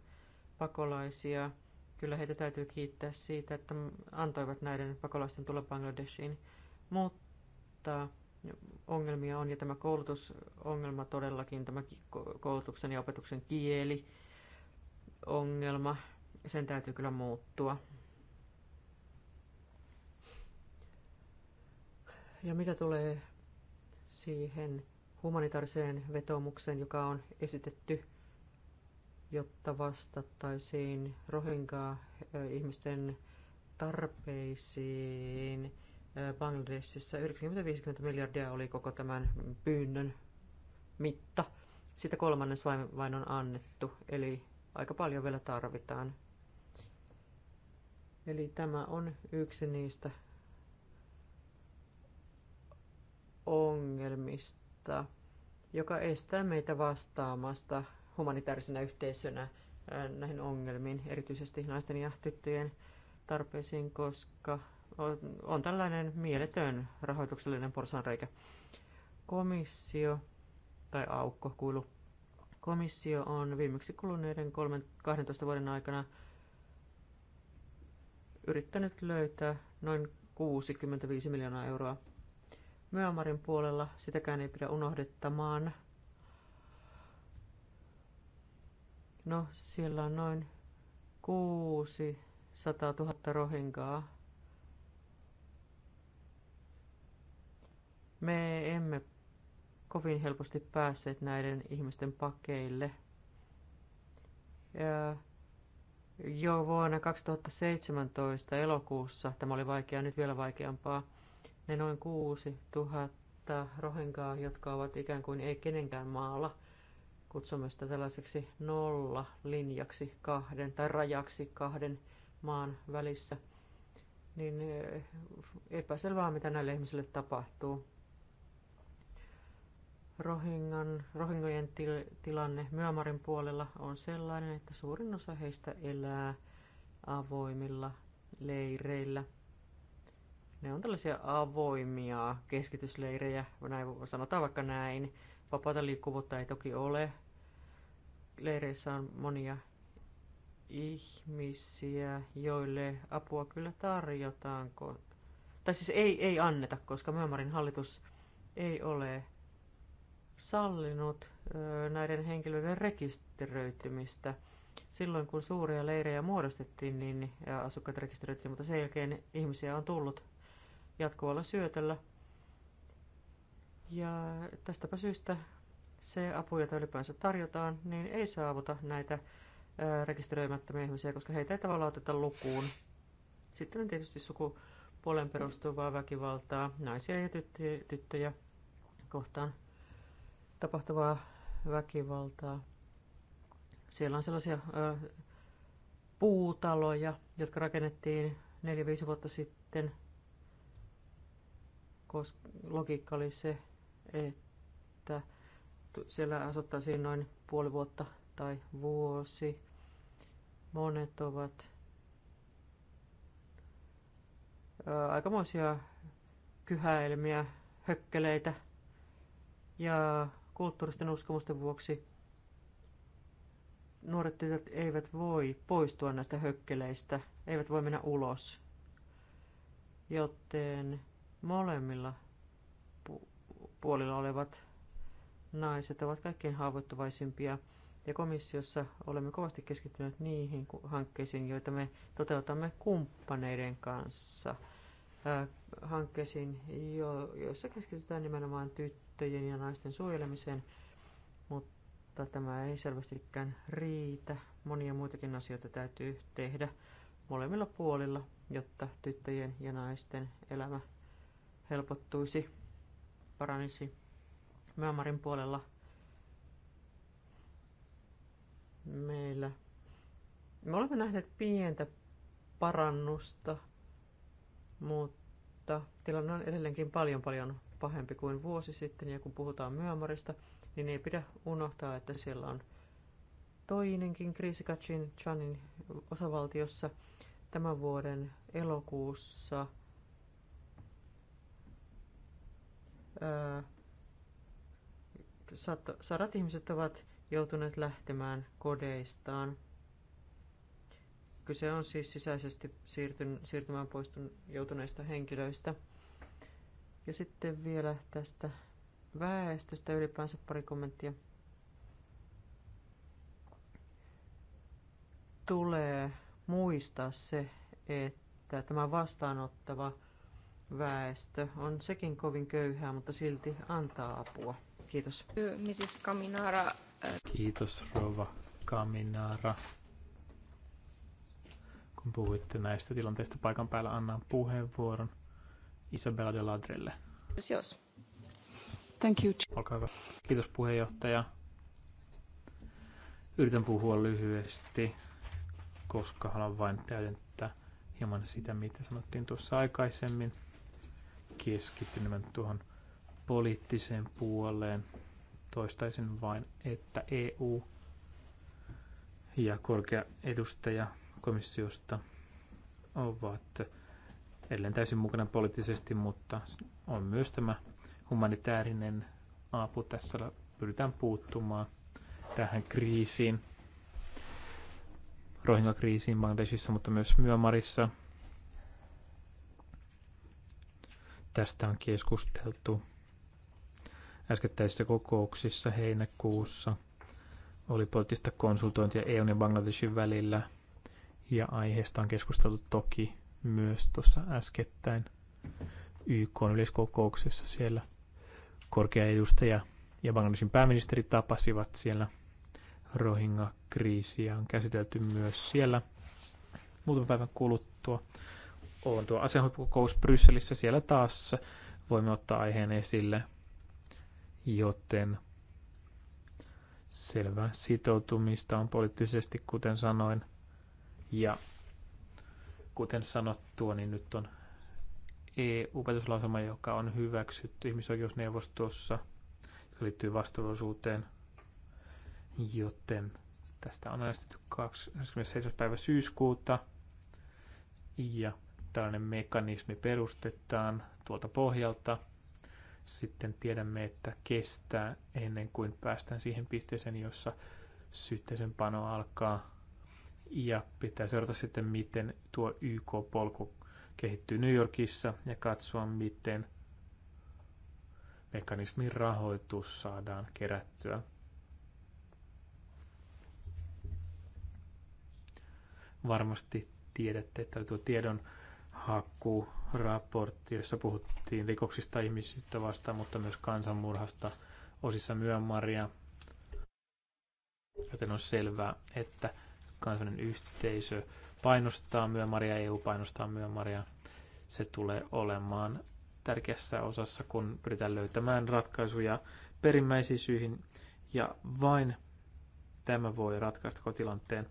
pakolaisia. Kyllä heitä täytyy kiittää siitä, että antoivat näiden pakolaisten tulla Bangladeshiin, mutta ongelmia on ja tämä koulutusongelma todellakin, tämä koulutuksen ja opetuksen kieli, ongelma. Sen täytyy kyllä muuttua. Ja mitä tulee siihen humanitaariseen vetoomukseen, joka on esitetty, jotta vastattaisiin Rohingya-ihmisten tarpeisiin Bangladesissa. 90-50 miljardia oli koko tämän pyynnön mitta. Sitä kolmannes vain, vain on annettu, eli aika paljon vielä tarvitaan. Eli tämä on yksi niistä ongelmista, joka estää meitä vastaamasta humanitaarisena yhteisönä äh, näihin ongelmiin, erityisesti naisten ja tyttöjen tarpeisiin, koska on tällainen mieletön rahoituksellinen porsanreikä. Komissio tai aukko, kuilu Komissio on viimeksi kuluneiden 12 vuoden aikana yrittänyt löytää noin 65 miljoonaa euroa. Myömarin puolella sitäkään ei pidä unohdettamaan. No, siellä on noin 600 000 rohinkaa. Me emme kovin helposti päässeet näiden ihmisten pakeille. Ja jo vuonna 2017 elokuussa, tämä oli vaikeaa, nyt vielä vaikeampaa, ne noin 6000 rohenkaa, jotka ovat ikään kuin ei kenenkään maalla, kutsumme sitä tällaiseksi nolla linjaksi kahden tai rajaksi kahden maan välissä, niin eh, epäselvää mitä näille ihmisille tapahtuu. Rohingan, rohingojen til, tilanne Myanmarin puolella on sellainen, että suurin osa heistä elää avoimilla leireillä. Ne on tällaisia avoimia keskitysleirejä, näin sanotaan vaikka näin. Vapaata liikkuvuutta ei toki ole. Leireissä on monia ihmisiä, joille apua kyllä tarjotaan. Tai siis ei, ei anneta, koska Myanmarin hallitus ei ole sallinut näiden henkilöiden rekisteröitymistä. Silloin kun suuria leirejä muodostettiin, niin, niin asukkaat rekisteröitiin, mutta sen jälkeen ihmisiä on tullut jatkuvalla syötöllä. Ja tästäpä syystä se apu, jota ylipäänsä tarjotaan, niin ei saavuta näitä rekisteröimättömiä ihmisiä, koska heitä ei tavallaan oteta lukuun. Sitten on tietysti sukupuolen perustuvaa väkivaltaa naisia ja tyttöjä kohtaan tapahtuvaa väkivaltaa. Siellä on sellaisia ö, puutaloja, jotka rakennettiin 4-5 vuotta sitten. Logiikka oli se, että siellä asuttaisiin noin puoli vuotta tai vuosi. Monet ovat ö, aikamoisia kyhäelmiä, hökkeleitä ja kulttuuristen uskomusten vuoksi nuoret tytöt eivät voi poistua näistä hökkeleistä, eivät voi mennä ulos. Joten molemmilla puolilla olevat naiset ovat kaikkein haavoittuvaisimpia. Ja komissiossa olemme kovasti keskittyneet niihin hankkeisiin, joita me toteutamme kumppaneiden kanssa. Hankkeisiin, joissa keskitytään nimenomaan tyttöihin tyttöjen ja naisten suojelemiseen, mutta tämä ei selvästikään riitä. Monia muitakin asioita täytyy tehdä molemmilla puolilla, jotta tyttöjen ja naisten elämä helpottuisi, paranisi. Myanmarin puolella meillä me olemme nähneet pientä parannusta, mutta tilanne on edelleenkin paljon paljon pahempi kuin vuosi sitten, ja kun puhutaan Myanmarista, niin ei pidä unohtaa, että siellä on toinenkin kriisi Kachinchan osavaltiossa tämän vuoden elokuussa. Ää, sadat ihmiset ovat joutuneet lähtemään kodeistaan. Kyse on siis sisäisesti siirtymään poistun joutuneista henkilöistä – ja sitten vielä tästä väestöstä ylipäänsä pari kommenttia. Tulee muistaa se, että tämä vastaanottava väestö on sekin kovin köyhää, mutta silti antaa apua. Kiitos. Mrs. Kaminara. Äh, Kiitos Rova Kaminara. Kun puhuitte näistä tilanteista paikan päällä, annan puheenvuoron Isabella de Ladrelle. Jos. Thank you. Olkaa hyvä. Kiitos puheenjohtaja. Yritän puhua lyhyesti, koska haluan vain täydentää hieman sitä, mitä sanottiin tuossa aikaisemmin. Keskittyn tuohon poliittiseen puoleen. Toistaisin vain, että EU ja korkea edustaja komissiosta ovat edelleen täysin mukana poliittisesti, mutta on myös tämä humanitaarinen apu tässä. Pyritään puuttumaan tähän kriisiin, Rohingya-kriisiin Bangladesissa, mutta myös Myanmarissa. Tästä on keskusteltu äskettäisissä kokouksissa heinäkuussa. Oli poliittista konsultointia EUn ja Bangladesin välillä ja aiheesta on keskusteltu toki myös tuossa äskettäin YK yleiskokouksessa siellä korkea edustaja ja Bangladesin pääministeri tapasivat siellä. rohinga kriisiä on käsitelty myös siellä. Muutaman päivän kuluttua on tuo asianhoitokokous Brysselissä. Siellä taas voimme ottaa aiheen esille, joten selvä sitoutumista on poliittisesti, kuten sanoin. Ja Kuten sanottua, niin nyt on eu opetuslausuma joka on hyväksytty ihmisoikeusneuvostossa, joka liittyy vastuullisuuteen, joten tästä on äänestetty 27. päivä syyskuuta ja tällainen mekanismi perustetaan tuolta pohjalta. Sitten tiedämme, että kestää ennen kuin päästään siihen pisteeseen, jossa syytteisen pano alkaa ja pitää seurata sitten, miten tuo YK-polku kehittyy New Yorkissa ja katsoa, miten mekanismin rahoitus saadaan kerättyä. Varmasti tiedätte, että tuo tiedon hakkuraportti, jossa puhuttiin rikoksista ihmisyyttä vastaan, mutta myös kansanmurhasta osissa Myönmaria. Joten on selvää, että kansallinen yhteisö painostaa Myömaria, EU painostaa Myömaria. Se tulee olemaan tärkeässä osassa, kun pyritään löytämään ratkaisuja perimmäisiin syihin. Ja vain tämä voi ratkaista kotilanteen.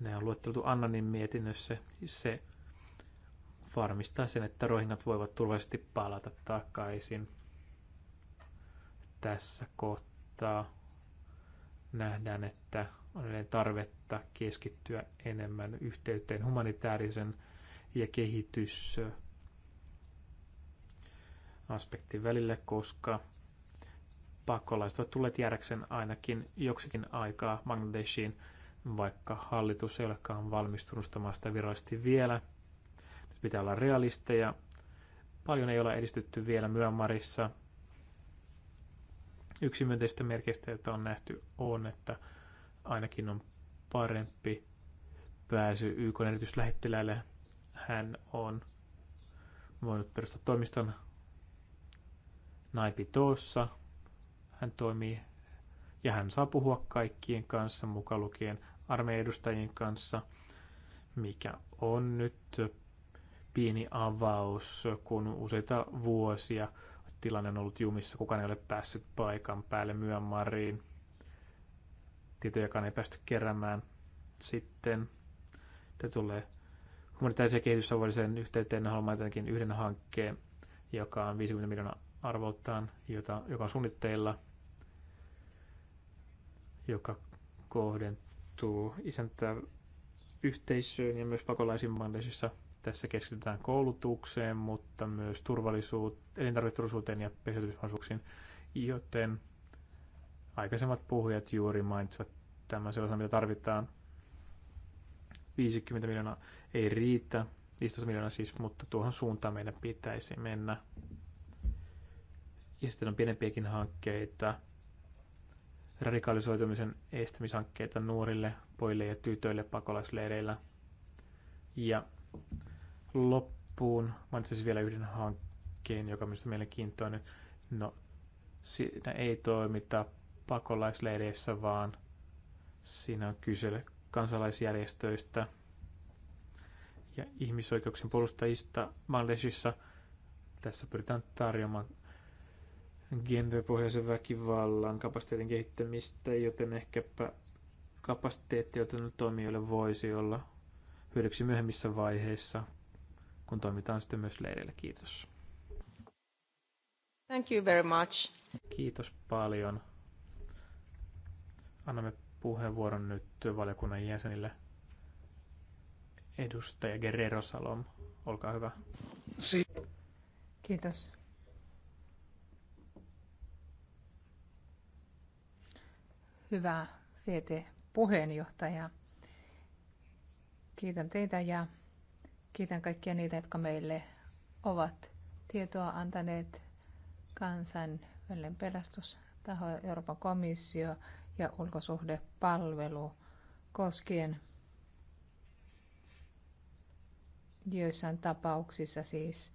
Ne on luetteltu Annanin mietinnössä. Se varmistaa sen, että rohingat voivat turvallisesti palata takaisin. Tässä kohtaa nähdään, että on tarvetta keskittyä enemmän yhteyteen humanitaarisen ja kehitys aspektin välille, koska pakolaiset ovat tulleet jäädäkseen ainakin joksikin aikaa Bangladeshiin, vaikka hallitus ei olekaan valmistunut sitä virallisesti vielä. Nyt pitää olla realisteja. Paljon ei ole edistytty vielä Myanmarissa. Yksi myönteistä merkistä, jota on nähty, on, että ainakin on parempi pääsy YK erityislähettiläälle. Hän on voinut perustaa toimiston Naipitoossa. Hän toimii ja hän saa puhua kaikkien kanssa, mukaan lukien armeijan edustajien kanssa, mikä on nyt pieni avaus, kun useita vuosia tilanne on ollut jumissa, kukaan ei ole päässyt paikan päälle Myönmariin tietojakaan ei päästy keräämään. Sitten te tulee humanitaarisen kehitysalueelliseen yhteyteen haluamme jotenkin yhden hankkeen, joka on 50 miljoonaa arvoltaan, jota, joka on suunnitteilla, joka kohdentuu isäntä yhteisöön ja myös pakolaisiin mahdollisissa. Tässä keskitytään koulutukseen, mutta myös turvallisuuteen, elintarviketurvallisuuteen ja peseytymismahdollisuuksiin, joten aikaisemmat puhujat juuri mainitsivat tämmöisen osan, mitä tarvitaan. 50 miljoonaa ei riitä, 15 miljoonaa siis, mutta tuohon suuntaan meidän pitäisi mennä. Ja sitten on pienempiäkin hankkeita, radikalisoitumisen estämishankkeita nuorille, poille ja tytöille pakolaisleireillä. Ja loppuun mainitsisin vielä yhden hankkeen, joka on minusta mielenkiintoinen. No, siinä ei toimita pakolaisleireissä, vaan siinä on kyse kansalaisjärjestöistä ja ihmisoikeuksien puolustajista Malesissa. Tässä pyritään tarjoamaan genderpohjaisen väkivallan kapasiteetin kehittämistä, joten ehkäpä kapasiteetti, jota nyt toimijoille voisi olla hyödyksi myöhemmissä vaiheissa, kun toimitaan sitten myös leireillä. Kiitos. Thank you very much. Kiitos paljon. Annamme puheenvuoron nyt valiokunnan jäsenille. Edustaja Guerrero Salom, olkaa hyvä. Kiitos. Hyvä VT puheenjohtaja. Kiitän teitä ja kiitän kaikkia niitä, jotka meille ovat tietoa antaneet kansan pelastustaho, Euroopan komissio, ja ulkosuhdepalvelu koskien joissain tapauksissa siis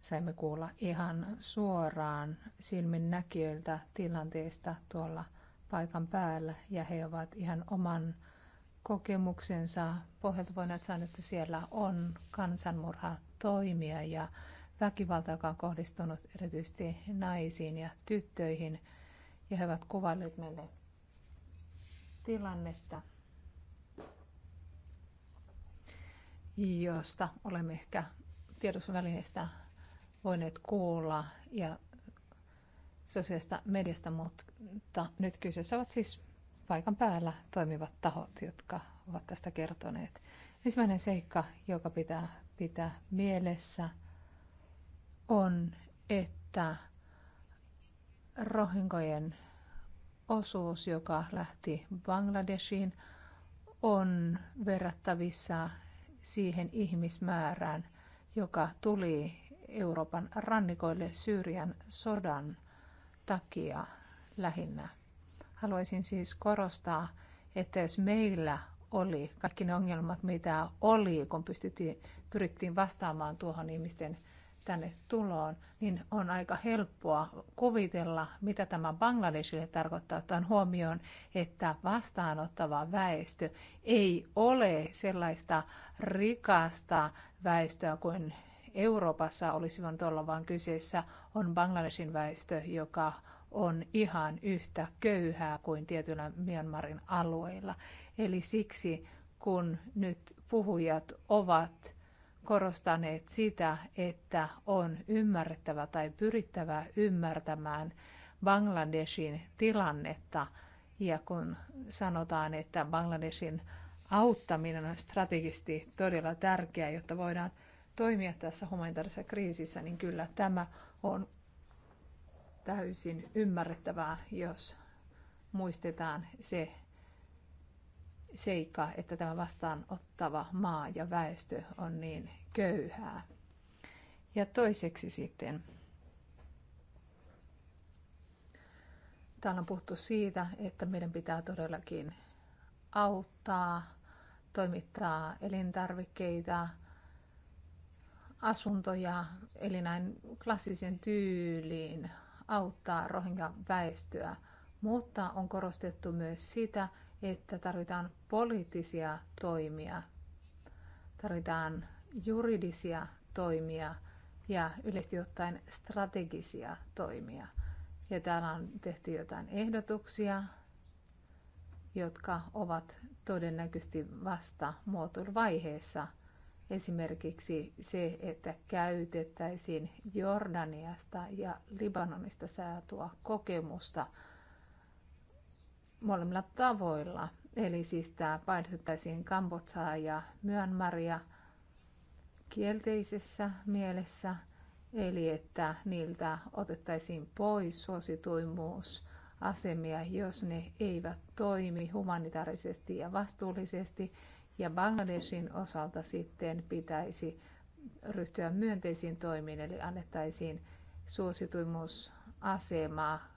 saimme kuulla ihan suoraan silminnäkijöiltä tilanteesta tuolla paikan päällä ja he ovat ihan oman kokemuksensa pohjalta voineet sanoa, että siellä on kansanmurha toimia ja väkivalta, joka on kohdistunut erityisesti naisiin ja tyttöihin. Ja he ovat kuvailleet meille tilannetta, josta olemme ehkä tiedosvälineistä voineet kuulla ja sosiaalista mediasta, mutta nyt kyseessä ovat siis paikan päällä toimivat tahot, jotka ovat tästä kertoneet. Ensimmäinen seikka, joka pitää pitää mielessä, on, että rohinkojen osuus, joka lähti Bangladeshiin, on verrattavissa siihen ihmismäärään, joka tuli Euroopan rannikoille Syyrian sodan takia lähinnä. Haluaisin siis korostaa, että jos meillä oli kaikki ne ongelmat, mitä oli, kun pystyttiin, pyrittiin vastaamaan tuohon ihmisten – tänne tuloon, niin on aika helppoa kuvitella, mitä tämä Bangladesille tarkoittaa, ottaen huomioon, että vastaanottava väestö ei ole sellaista rikasta väestöä kuin Euroopassa olisi voinut olla, vaan kyseessä on Bangladesin väestö, joka on ihan yhtä köyhää kuin tietyllä Myanmarin alueilla. Eli siksi, kun nyt puhujat ovat korostaneet sitä, että on ymmärrettävä tai pyrittävä ymmärtämään Bangladeshin tilannetta. Ja kun sanotaan, että Bangladeshin auttaminen on strategisesti todella tärkeää, jotta voidaan toimia tässä humanitaarisessa kriisissä, niin kyllä tämä on täysin ymmärrettävää, jos muistetaan se, seikka, että tämä vastaanottava maa ja väestö on niin köyhää. Ja toiseksi sitten, täällä on puhuttu siitä, että meidän pitää todellakin auttaa, toimittaa elintarvikkeita, asuntoja, eli näin klassisen tyyliin auttaa rohingya väestöä, mutta on korostettu myös sitä, että tarvitaan poliittisia toimia, tarvitaan juridisia toimia ja yleisesti ottaen strategisia toimia. Ja täällä on tehty jotain ehdotuksia, jotka ovat todennäköisesti vasta muotoiluvaiheessa. Esimerkiksi se, että käytettäisiin Jordaniasta ja Libanonista saatua kokemusta – molemmilla tavoilla. Eli siis tämä painotettaisiin Kambotsaa ja Myanmaria kielteisessä mielessä, eli että niiltä otettaisiin pois suosituimmuus asemia, jos ne eivät toimi humanitaarisesti ja vastuullisesti. Ja Bangladeshin osalta sitten pitäisi ryhtyä myönteisiin toimiin, eli annettaisiin suosituimmuusasemaa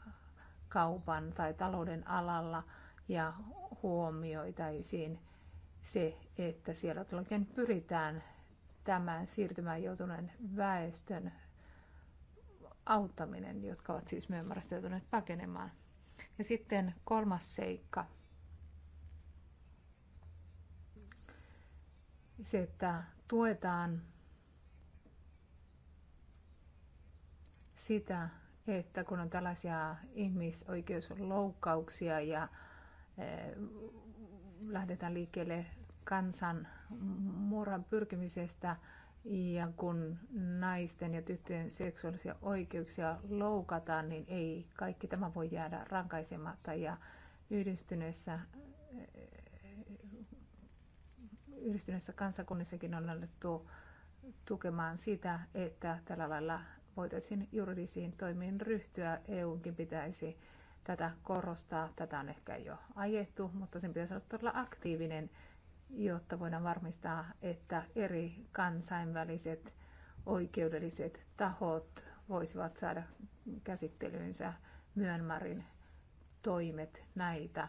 kaupan tai talouden alalla ja huomioitaisiin se, että siellä todellakin pyritään tämän siirtymään joutuneen väestön auttaminen, jotka ovat siis myömmärrästä joutuneet pakenemaan. Ja sitten kolmas seikka. Se, että tuetaan sitä, että kun on tällaisia ihmisoikeusloukkauksia ja eh, lähdetään liikkeelle kansan murhan pyrkimisestä ja kun naisten ja tyttöjen seksuaalisia oikeuksia loukataan, niin ei kaikki tämä voi jäädä rankaisematta. Ja yhdistyneessä, eh, yhdistyneessä kansakunnissakin on annettu tukemaan sitä, että tällä lailla voitaisiin juridisiin toimiin ryhtyä. EUnkin pitäisi tätä korostaa. Tätä on ehkä jo ajettu, mutta sen pitäisi olla todella aktiivinen, jotta voidaan varmistaa, että eri kansainväliset oikeudelliset tahot voisivat saada käsittelyynsä Myönmarin toimet näitä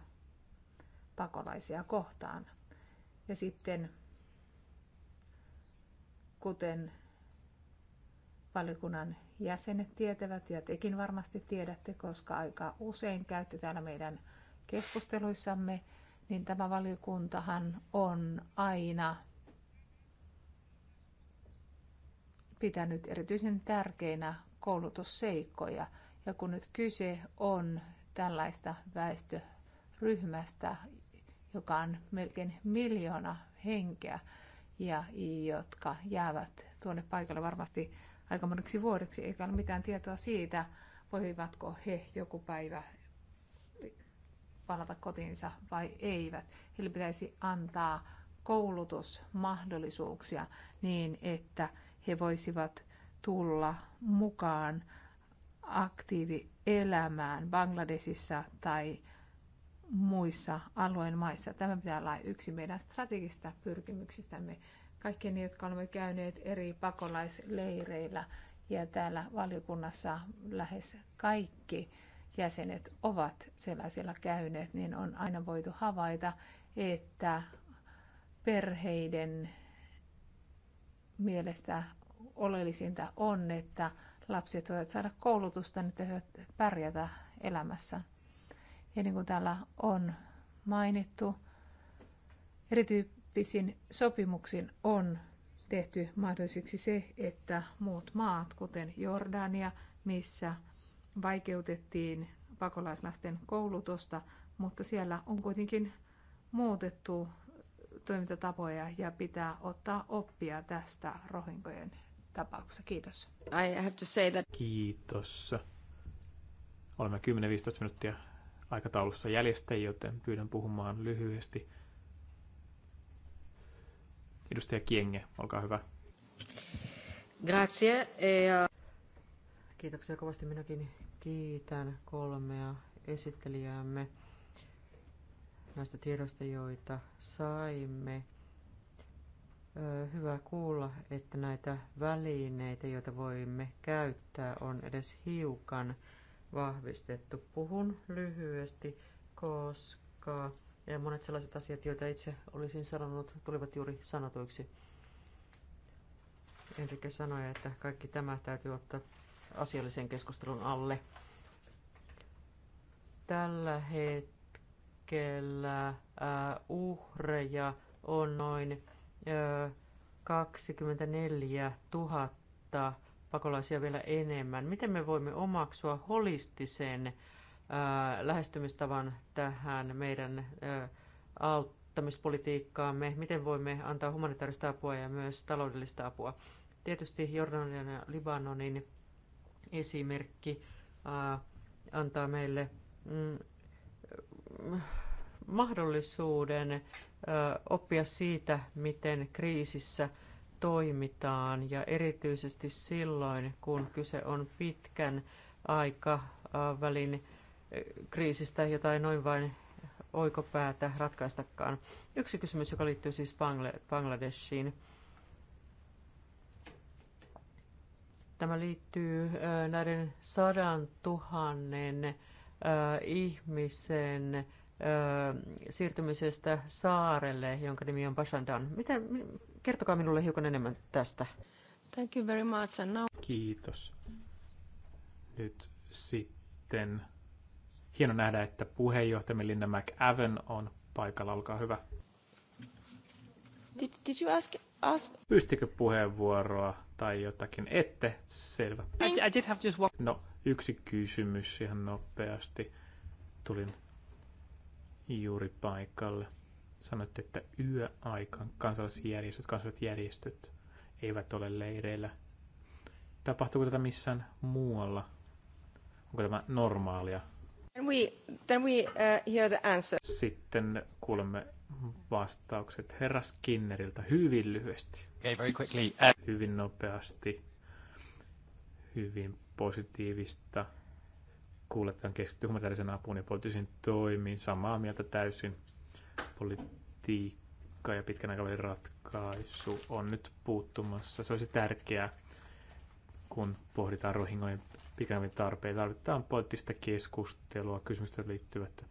pakolaisia kohtaan. Ja sitten, kuten valiokunnan jäsenet tietävät ja tekin varmasti tiedätte, koska aika usein käytte täällä meidän keskusteluissamme, niin tämä valiokuntahan on aina pitänyt erityisen tärkeinä koulutusseikkoja. Ja kun nyt kyse on tällaista väestöryhmästä, joka on melkein miljoona henkeä ja jotka jäävät tuonne paikalle varmasti aika moneksi vuodeksi, eikä ole mitään tietoa siitä, voivatko he joku päivä palata kotiinsa vai eivät. Heille pitäisi antaa koulutusmahdollisuuksia niin, että he voisivat tulla mukaan aktiivielämään Bangladesissa tai muissa alueen maissa. Tämä pitää olla yksi meidän strategista pyrkimyksistämme kaikki ne, jotka olemme käyneet eri pakolaisleireillä ja täällä valiokunnassa lähes kaikki jäsenet ovat sellaisilla käyneet, niin on aina voitu havaita, että perheiden mielestä oleellisinta on, että lapset voivat saada koulutusta, että he voivat pärjätä elämässä. Ja niin kuin täällä on mainittu, erityyppisiä Pisin sopimuksin on tehty mahdolliseksi se, että muut maat, kuten Jordania, missä vaikeutettiin pakolaislasten koulutusta, mutta siellä on kuitenkin muutettu toimintatapoja ja pitää ottaa oppia tästä rohinkojen tapauksessa. Kiitos. I have to say that... Kiitos. Olemme 10-15 minuuttia aikataulussa jäljestä, joten pyydän puhumaan lyhyesti. Edustaja Kienge, olkaa hyvä. Grazie. E, Kiitoksia kovasti. Minäkin kiitän kolmea esittelijäämme näistä tiedoista, joita saimme. Hyvä kuulla, että näitä välineitä, joita voimme käyttää, on edes hiukan vahvistettu. Puhun lyhyesti, koska ja monet sellaiset asiat, joita itse olisin sanonut, tulivat juuri sanotuiksi. Enrique sanoi, että kaikki tämä täytyy ottaa asiallisen keskustelun alle. Tällä hetkellä äh, uhreja on noin 24 äh, 000 pakolaisia vielä enemmän. Miten me voimme omaksua holistisen lähestymistavan tähän meidän auttamispolitiikkaamme, miten voimme antaa humanitaarista apua ja myös taloudellista apua. Tietysti Jordanian ja Libanonin esimerkki antaa meille mm, mahdollisuuden oppia siitä, miten kriisissä toimitaan ja erityisesti silloin, kun kyse on pitkän aikavälin kriisistä, jotain noin vain oikopäätä ratkaistakaan. Yksi kysymys, joka liittyy siis Bangladeshiin. Tämä liittyy näiden sadan tuhannen ihmisen siirtymisestä saarelle, jonka nimi on Bashandan. Miten, kertokaa minulle hiukan enemmän tästä. Thank you very much. And now... Kiitos. Nyt sitten Hieno nähdä, että puheenjohtajamme Linda McAven on paikalla. Olkaa hyvä. Did, did you ask, ask? Pystikö puheenvuoroa tai jotakin? Ette. Selvä. I, I did have just one. No, yksi kysymys ihan nopeasti. Tulin juuri paikalle. Sanoitte, että yöaikaan kansalaisjärjestöt, kansalaisjärjestöt eivät ole leireillä. Tapahtuuko tätä missään muualla? Onko tämä normaalia? Then we, then we, uh, hear the answer. Sitten kuulemme vastaukset herra Skinneriltä hyvin lyhyesti. Okay, very quickly. Uh... Hyvin nopeasti. Hyvin positiivista. Kuuletaan keskittyy humanitaarisen apuun ja poliittisiin toimiin. Samaa mieltä täysin. Politiikka ja pitkän aikavälin ratkaisu on nyt puuttumassa. Se olisi tärkeää kun pohditaan rohingojen pikemmin tarpeita. Tarvitaan poliittista keskustelua, kysymystä liittyvät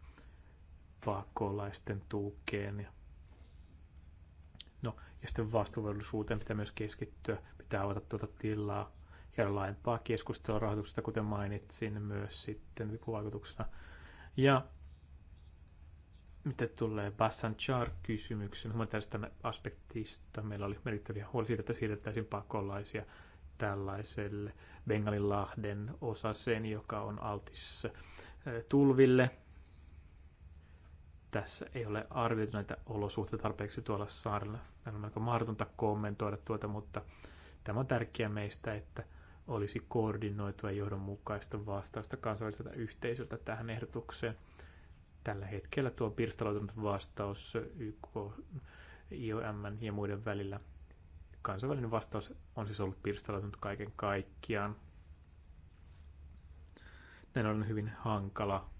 pakolaisten tukeen. Ja no, ja sitten vastuullisuuteen pitää myös keskittyä, pitää avata tuota tilaa ja laajempaa keskustelua rahoituksesta, kuten mainitsin, myös sitten vipuvaikutuksena. Ja mitä tulee Bassan char kysymykseen humanitaarista aspektista, meillä oli merkittäviä huolia siitä, että siirrettäisiin pakolaisia tällaiselle Bengalinlahden osaseen, joka on altis tulville. Tässä ei ole arvioitu näitä olosuhteita tarpeeksi tuolla saarella. Tämä on melko mahdotonta kommentoida tuota, mutta tämä on tärkeää meistä, että olisi koordinoitua ja johdonmukaista vastausta kansainväliseltä yhteisöltä tähän ehdotukseen. Tällä hetkellä tuo pirstaloitunut vastaus YK, IOM ja muiden välillä – kansainvälinen vastaus on siis ollut pirstaloitunut kaiken kaikkiaan. Näin on hyvin hankala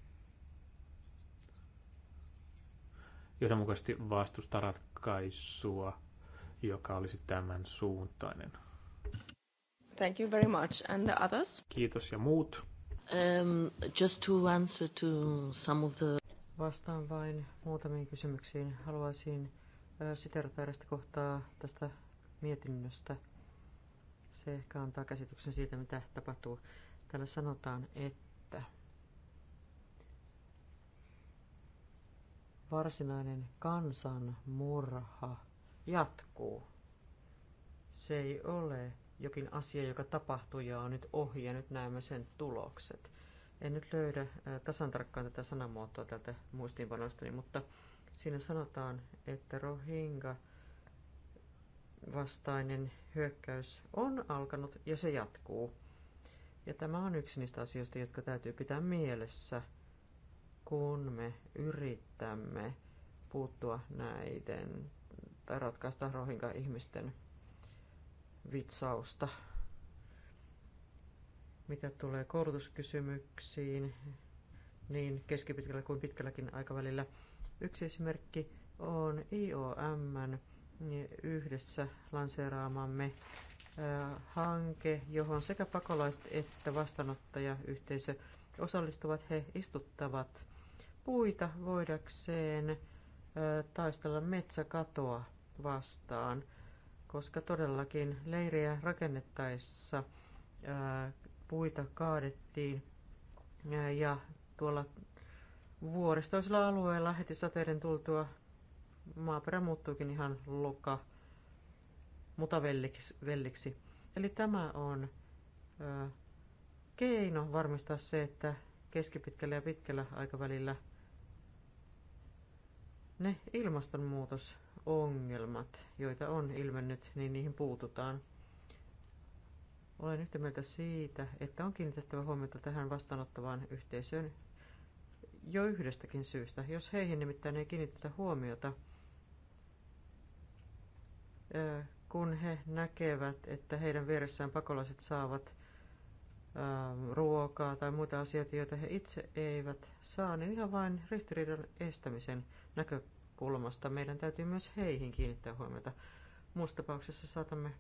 johdonmukaisesti vastusta ratkaisua, joka olisi tämän suuntainen. Thank you very much. And the others? Kiitos ja muut. Um, just to answer to some of the... Vastaan vain muutamiin kysymyksiin. Haluaisin äh, siterata erästä kohtaa tästä mietinnöstä. Se ehkä antaa käsityksen siitä, mitä tapahtuu. Täällä sanotaan, että varsinainen kansanmurha jatkuu. Se ei ole jokin asia, joka tapahtuu ja on nyt ohi ja nyt näemme sen tulokset. En nyt löydä äh, tasan tarkkaan tätä sanamuotoa tältä muistiinpanostani, mutta siinä sanotaan, että Rohingya vastainen hyökkäys on alkanut ja se jatkuu. Ja tämä on yksi niistä asioista, jotka täytyy pitää mielessä, kun me yritämme puuttua näiden tai ratkaista rohinka-ihmisten vitsausta. Mitä tulee koulutuskysymyksiin, niin keskipitkällä kuin pitkälläkin aikavälillä. Yksi esimerkki on IOMn niin yhdessä lanseeraamamme hanke, johon sekä pakolaiset että vastaanottajayhteisö osallistuvat. He istuttavat puita voidakseen taistella metsäkatoa vastaan, koska todellakin leirejä rakennettaessa puita kaadettiin ja tuolla vuoristoisilla alueilla heti sateiden tultua maaperä muuttuukin ihan luka mutavelliksi. Eli tämä on ö, keino varmistaa se, että keskipitkällä ja pitkällä aikavälillä ne ilmastonmuutosongelmat, joita on ilmennyt, niin niihin puututaan. Olen yhtä mieltä siitä, että on kiinnitettävä huomiota tähän vastaanottavaan yhteisöön jo yhdestäkin syystä. Jos heihin nimittäin ei kiinnitetä huomiota, kun he näkevät, että heidän vieressään pakolaiset saavat ruokaa tai muita asioita, joita he itse eivät saa, niin ihan vain ristiriidan estämisen näkökulmasta meidän täytyy myös heihin kiinnittää huomiota. Muussa tapauksessa saatamme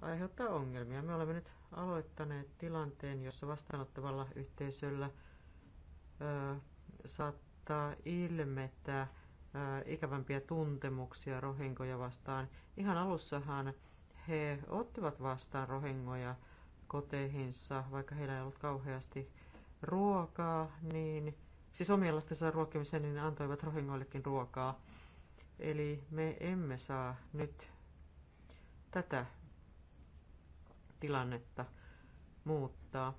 aiheuttaa ongelmia. Me olemme nyt aloittaneet tilanteen, jossa vastaanottavalla yhteisöllä ö, saattaa ilmetä ikävämpiä tuntemuksia rohingoja vastaan. Ihan alussahan he ottivat vastaan rohingoja koteihinsa, vaikka heillä ei ollut kauheasti ruokaa, niin siis omien lastensa ruokkimiseen niin antoivat rohingoillekin ruokaa. Eli me emme saa nyt tätä tilannetta muuttaa.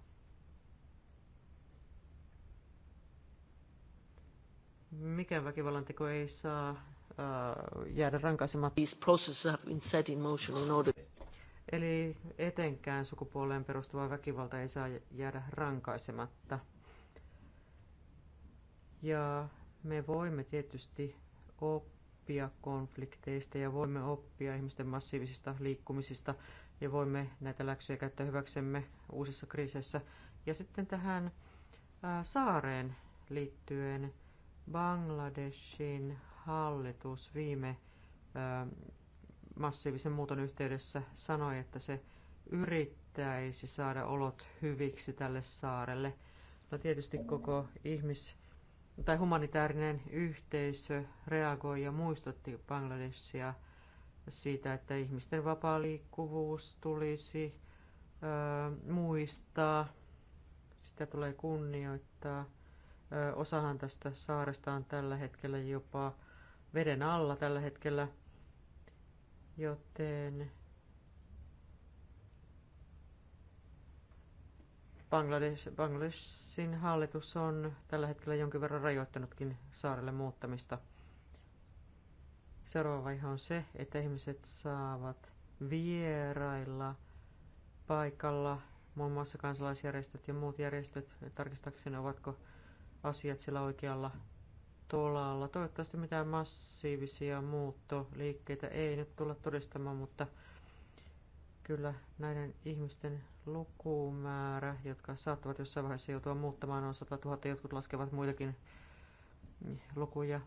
Mikään väkivallan teko ei saa äh, jäädä rankaisematta. These processes have been set in motion in order. Eli etenkään sukupuoleen perustuva väkivalta ei saa jäädä rankaisematta. Ja me voimme tietysti oppia konflikteista ja voimme oppia ihmisten massiivisista liikkumisista ja voimme näitä läksyjä käyttää hyväksemme uusissa kriiseissä. Ja sitten tähän äh, saareen liittyen Bangladeshin hallitus viime massiivisen muuton yhteydessä sanoi, että se yrittäisi saada olot hyviksi tälle saarelle. No tietysti koko ihmis- tai humanitaarinen yhteisö reagoi ja muistutti Bangladeshia siitä, että ihmisten vapaa liikkuvuus tulisi ö, muistaa, sitä tulee kunnioittaa – Osahan tästä saaresta on tällä hetkellä jopa veden alla tällä hetkellä, joten Bangladesh, Bangladeshin hallitus on tällä hetkellä jonkin verran rajoittanutkin saarelle muuttamista. Seuraava vaihe on se, että ihmiset saavat vierailla paikalla, muun muassa kansalaisjärjestöt ja muut järjestöt, tarkistaakseni ovatko asiat siellä oikealla tolalla. Toivottavasti mitään massiivisia muuttoliikkeitä ei nyt tulla todistamaan, mutta kyllä näiden ihmisten lukumäärä, jotka saattavat jossain vaiheessa joutua muuttamaan, on 100 000. Jotkut laskevat muitakin lukuja.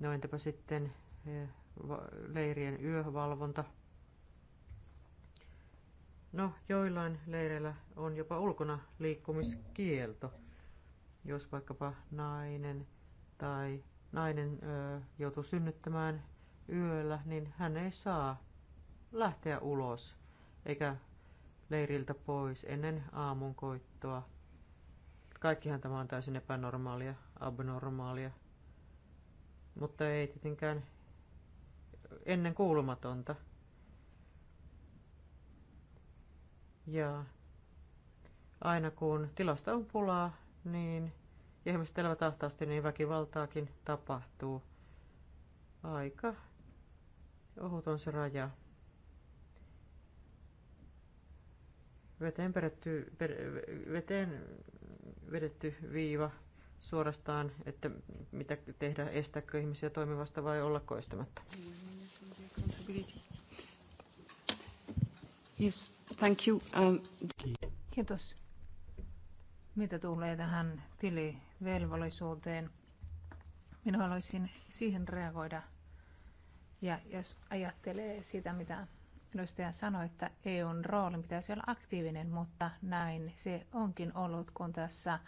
No entäpä sitten eh, leirien yövalvonta? No, joillain leireillä on jopa ulkona liikkumiskielto. Jos vaikkapa nainen tai nainen ö, joutuu synnyttämään yöllä, niin hän ei saa lähteä ulos eikä leiriltä pois ennen aamun koittoa. Kaikkihan tämä on täysin epänormaalia, abnormaalia, mutta ei tietenkään ennen kuulumatonta. Ja aina kun tilasta on pulaa, niin, ja ihmiset elävät ahtaasti, niin väkivaltaakin tapahtuu. Aika ohut on se raja. Veteen, peretty, per, veteen vedetty viiva suorastaan, että mitä tehdä, estääkö ihmisiä toimivasta vai olla koistamatta. Yes, thank you. Um... Kiitos. Mitä tulee tähän tilivelvollisuuteen, minä haluaisin siihen reagoida. Ja jos ajattelee sitä, mitä edustaja sanoi, että EUn roolin pitäisi olla aktiivinen, mutta näin se onkin ollut, kun tässä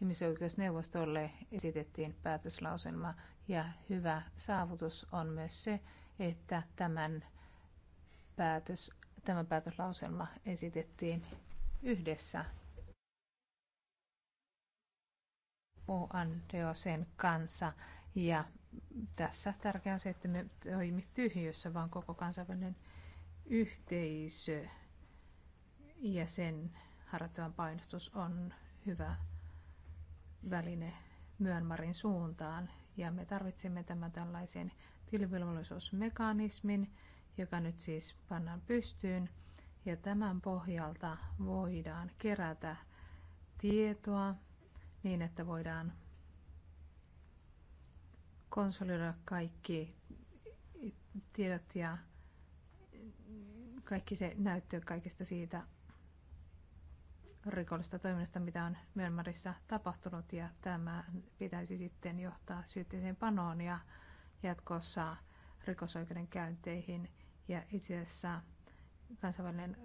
ihmisoikeusneuvostolle esitettiin päätöslauselma. Ja hyvä saavutus on myös se, että tämän päätös, tämä päätöslauselma esitettiin yhdessä Andreasen kanssa. Ja tässä tärkeää on se, että me toimimme tyhjössä, vaan koko kansainvälinen yhteisö ja sen harjoittavan painostus on hyvä väline Myönmarin suuntaan. Ja me tarvitsemme tämän tällaisen tilivelvollisuusmekanismin, joka nyt siis pannaan pystyyn. Ja tämän pohjalta voidaan kerätä tietoa niin, että voidaan konsolidoida kaikki tiedot ja kaikki se näyttö kaikesta siitä rikollista toiminnasta, mitä on Myanmarissa tapahtunut ja tämä pitäisi sitten johtaa syytteeseen panoon ja jatkossa rikosoikeuden käynteihin. ja itse asiassa kansainvälinen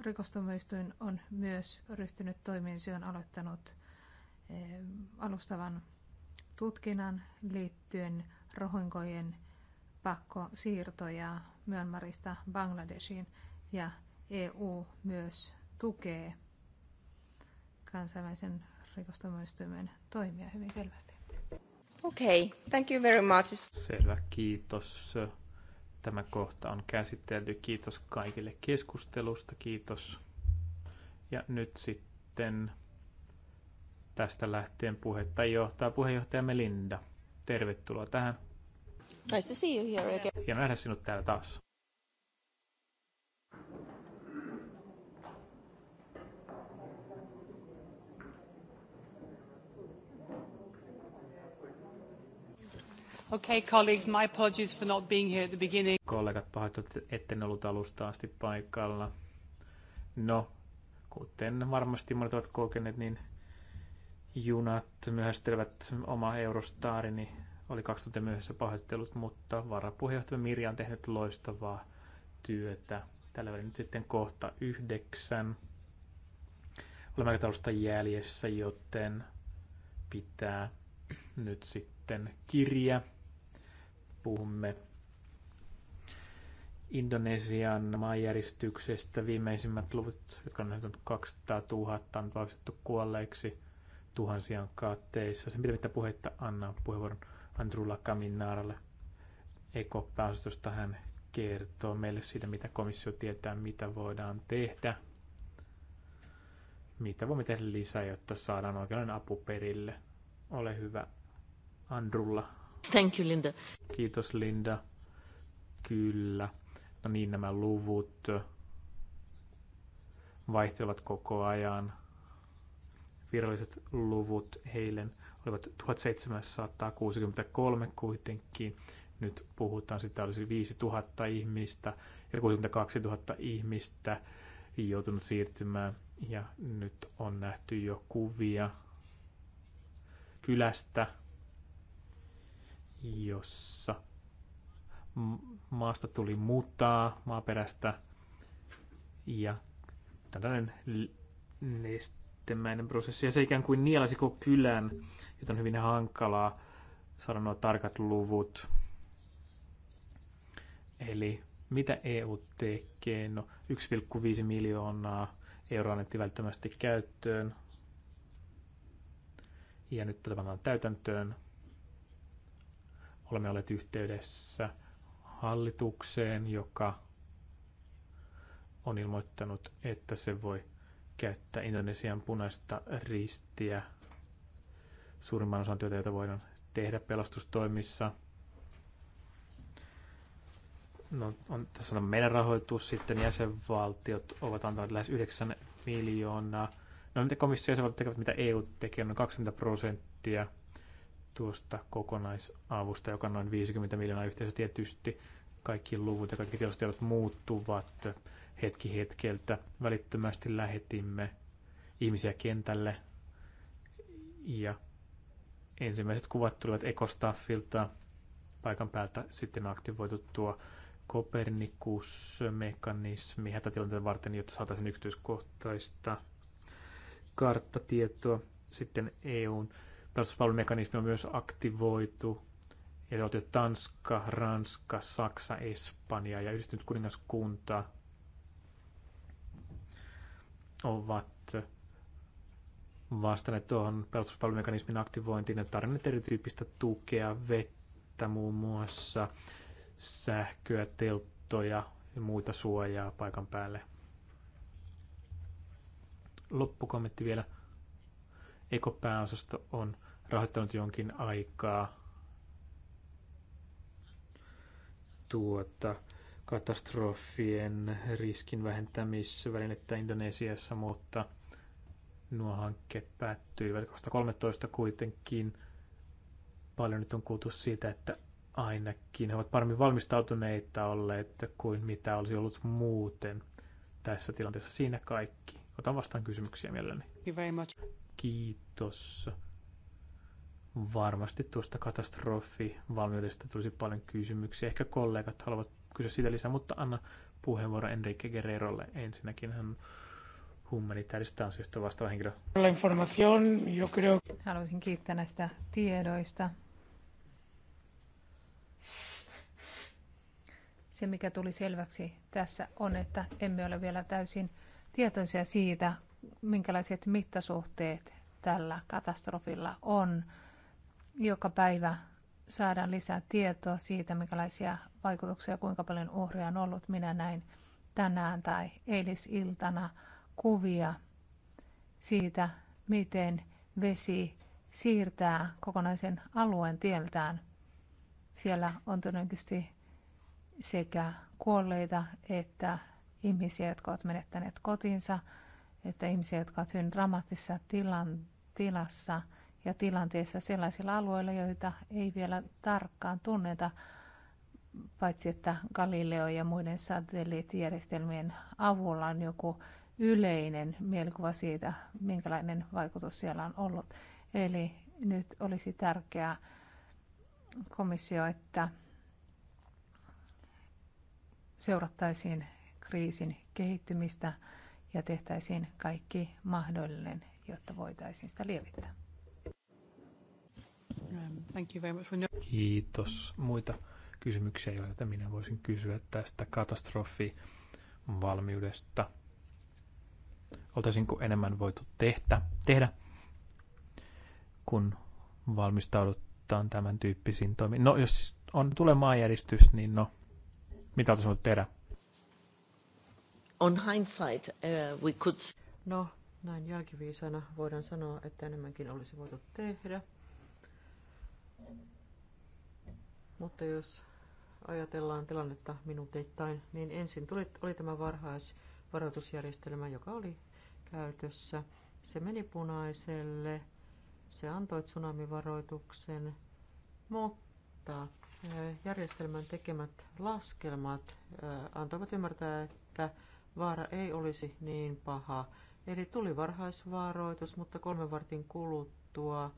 rikostuomioistuin on myös ryhtynyt toimiin, se on aloittanut Eh, alustavan tutkinnan liittyen rohinkojen pakkosiirtoja Myanmarista Bangladeshiin ja EU myös tukee kansainvälisen rikostuomioistuimen toimia hyvin selvästi. Okei, okay, thank you very much. Selvä, kiitos. Tämä kohta on käsitelty. Kiitos kaikille keskustelusta, kiitos. Ja nyt sitten Tästä lähtien puhetta johtaa puheenjohtajamme Linda. Tervetuloa tähän. Nice to see you here again. Hieno nähdä sinut täällä taas. Okay, colleagues, my apologies for not being here at the beginning. Kollegat pahoittelut, etten ollut alusta asti paikalla. No, kuten varmasti monet ovat kokeneet, niin junat myöhästelevät oma Eurostarini, niin oli kaksi tuntia myöhässä pahoittelut, mutta varapuheenjohtaja Mirja on tehnyt loistavaa työtä. Tällä välin nyt sitten kohta yhdeksän. Olemme aikataulusta jäljessä, joten pitää nyt sitten kirja. Puhumme Indonesian maanjäristyksestä. Viimeisimmät luvut, jotka on nyt 200 000, on vahvistettu kuolleiksi – tuhansia kaatteissa. Sen pitää puhetta anna puheenvuoron Andrulla Kaminaaralle. eko pääosastosta hän kertoo meille siitä, mitä komissio tietää, mitä voidaan tehdä, mitä voimme tehdä lisää, jotta saadaan oikeanlainen apu perille. Ole hyvä, Andrulla. Thank you, Linda. Kiitos, Linda. Kyllä. No niin, nämä luvut vaihtelevat koko ajan – viralliset luvut heilen olivat 1763 kuitenkin. Nyt puhutaan, sitä olisi 5000 ihmistä ja 62 000 ihmistä joutunut siirtymään. Ja nyt on nähty jo kuvia kylästä, jossa maasta tuli mutaa maaperästä ja tällainen nest jättimäinen prosessi. Ja se ikään kuin nielasi koko kylän, joten on hyvin hankalaa saada nuo tarkat luvut. Eli mitä EU tekee? No 1,5 miljoonaa euroa annettiin välttämättä käyttöön. Ja nyt pannaan täytäntöön. Olemme olleet yhteydessä hallitukseen, joka on ilmoittanut, että se voi käyttää Indonesian punaista ristiä suurimman osan työtä, joita voidaan tehdä pelastustoimissa. No, on, tässä on meidän rahoitus, sitten jäsenvaltiot ovat antaneet lähes 9 miljoonaa. No mitä komissio jäsenvaltiot tekevät, mitä EU tekee, on no, 20 prosenttia tuosta kokonaisavusta, joka on noin 50 miljoonaa yhteensä tietysti. Kaikki luvut ja kaikki tilastot muuttuvat hetki hetkeltä. Välittömästi lähetimme ihmisiä kentälle ja ensimmäiset kuvat tulivat ekostaffilta paikan päältä. Sitten aktivoitu tuo Kopernikus-mekanismi hätätilanteen varten, jotta saataisiin yksityiskohtaista karttatietoa. Sitten EUn pelastuspalvelumekanismi on myös aktivoitu. Ja se on Tanska, Ranska, Saksa, Espanja ja yhdistynyt kuningaskunta ovat vastanneet tuohon pelastuspalvelumekanismin aktivointiin ja tarjonneet erityyppistä tukea, vettä muun muassa, sähköä, telttoja ja muita suojaa paikan päälle. Loppukommentti vielä. Ekopääosasto on rahoittanut jonkin aikaa tuota katastrofien riskin vähentämisvälinettä Indonesiassa, mutta nuo hankkeet päättyivät 2013 kuitenkin. Paljon nyt on kuultu siitä, että ainakin he ovat paremmin valmistautuneita olleet kuin mitä olisi ollut muuten tässä tilanteessa. Siinä kaikki. Otan vastaan kysymyksiä mielelläni. Kiitos. Varmasti tuosta katastrofivalmiudesta tulisi paljon kysymyksiä. Ehkä kollegat haluavat kysyä siitä lisää, mutta anna puheenvuoro Enrique Guerrerolle ensinnäkin. Hän humanitaarista asioista vastaava henkilö. Haluaisin kiittää näistä tiedoista. Se, mikä tuli selväksi tässä on, että emme ole vielä täysin tietoisia siitä, minkälaiset mittasuhteet tällä katastrofilla on. Joka päivä saadaan lisää tietoa siitä, minkälaisia vaikutuksia, kuinka paljon uhria on ollut. Minä näin tänään tai eilisiltana kuvia siitä, miten vesi siirtää kokonaisen alueen tieltään. Siellä on todennäköisesti sekä kuolleita että ihmisiä, jotka ovat menettäneet kotinsa, että ihmisiä, jotka ovat hyvin dramaattisessa tilan, tilassa – ja tilanteessa sellaisilla alueilla, joita ei vielä tarkkaan tunneta, paitsi että Galileo ja muiden satelliittijärjestelmien avulla on joku yleinen mielikuva siitä, minkälainen vaikutus siellä on ollut. Eli nyt olisi tärkeää komissio, että seurattaisiin kriisin kehittymistä ja tehtäisiin kaikki mahdollinen, jotta voitaisiin sitä lievittää. Um, thank you very much no- Kiitos. Muita kysymyksiä joita minä voisin kysyä tästä katastrofivalmiudesta. Oltaisinko enemmän voitu tehtä, tehdä, kun valmistaudutaan tämän tyyppisiin toimiin? No, jos on tulemaan järjestys, niin no, mitä olisi voinut tehdä? On hindsight, uh, we could... No, näin jälkiviisana voidaan sanoa, että enemmänkin olisi voitu tehdä – Mutta jos ajatellaan tilannetta minuuteittain, niin ensin tuli, oli tämä varhaisvaroitusjärjestelmä, joka oli käytössä. Se meni punaiselle, se antoi tsunamivaroituksen, mutta eh, järjestelmän tekemät laskelmat eh, antoivat ymmärtää, että vaara ei olisi niin paha. Eli tuli varhaisvaroitus, mutta kolmen vartin kuluttua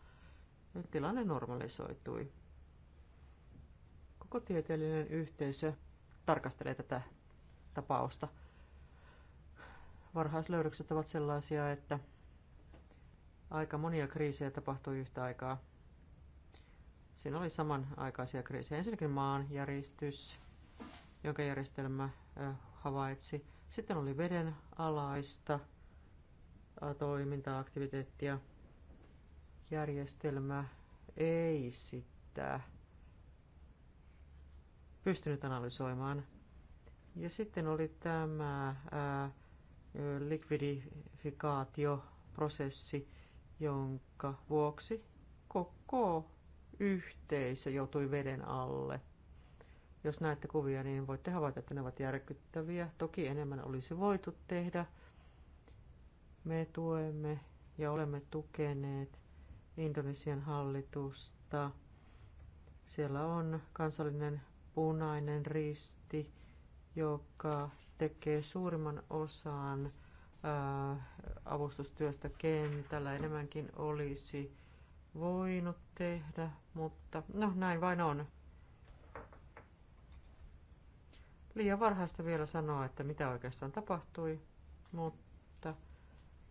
tilanne normalisoitui. Psykotieteellinen yhteisö tarkastelee tätä tapausta. Varhaislöydökset ovat sellaisia, että aika monia kriisejä tapahtui yhtä aikaa. Siinä oli samanaikaisia kriisejä. Ensinnäkin maanjäristys, jonka järjestelmä havaitsi. Sitten oli veden alaista toimintaa, aktiviteettia. Järjestelmä ei sitä pystynyt analysoimaan. Ja sitten oli tämä ää, likvidifikaatioprosessi, jonka vuoksi koko yhteisö joutui veden alle. Jos näette kuvia, niin voitte havaita, että ne ovat järkyttäviä. Toki enemmän olisi voitu tehdä. Me tuemme ja olemme tukeneet Indonesian hallitusta. Siellä on kansallinen punainen risti, joka tekee suurimman osan äh, avustustyöstä kentällä. Enemmänkin olisi voinut tehdä, mutta no näin vain on. Liian varhaista vielä sanoa, että mitä oikeastaan tapahtui, mutta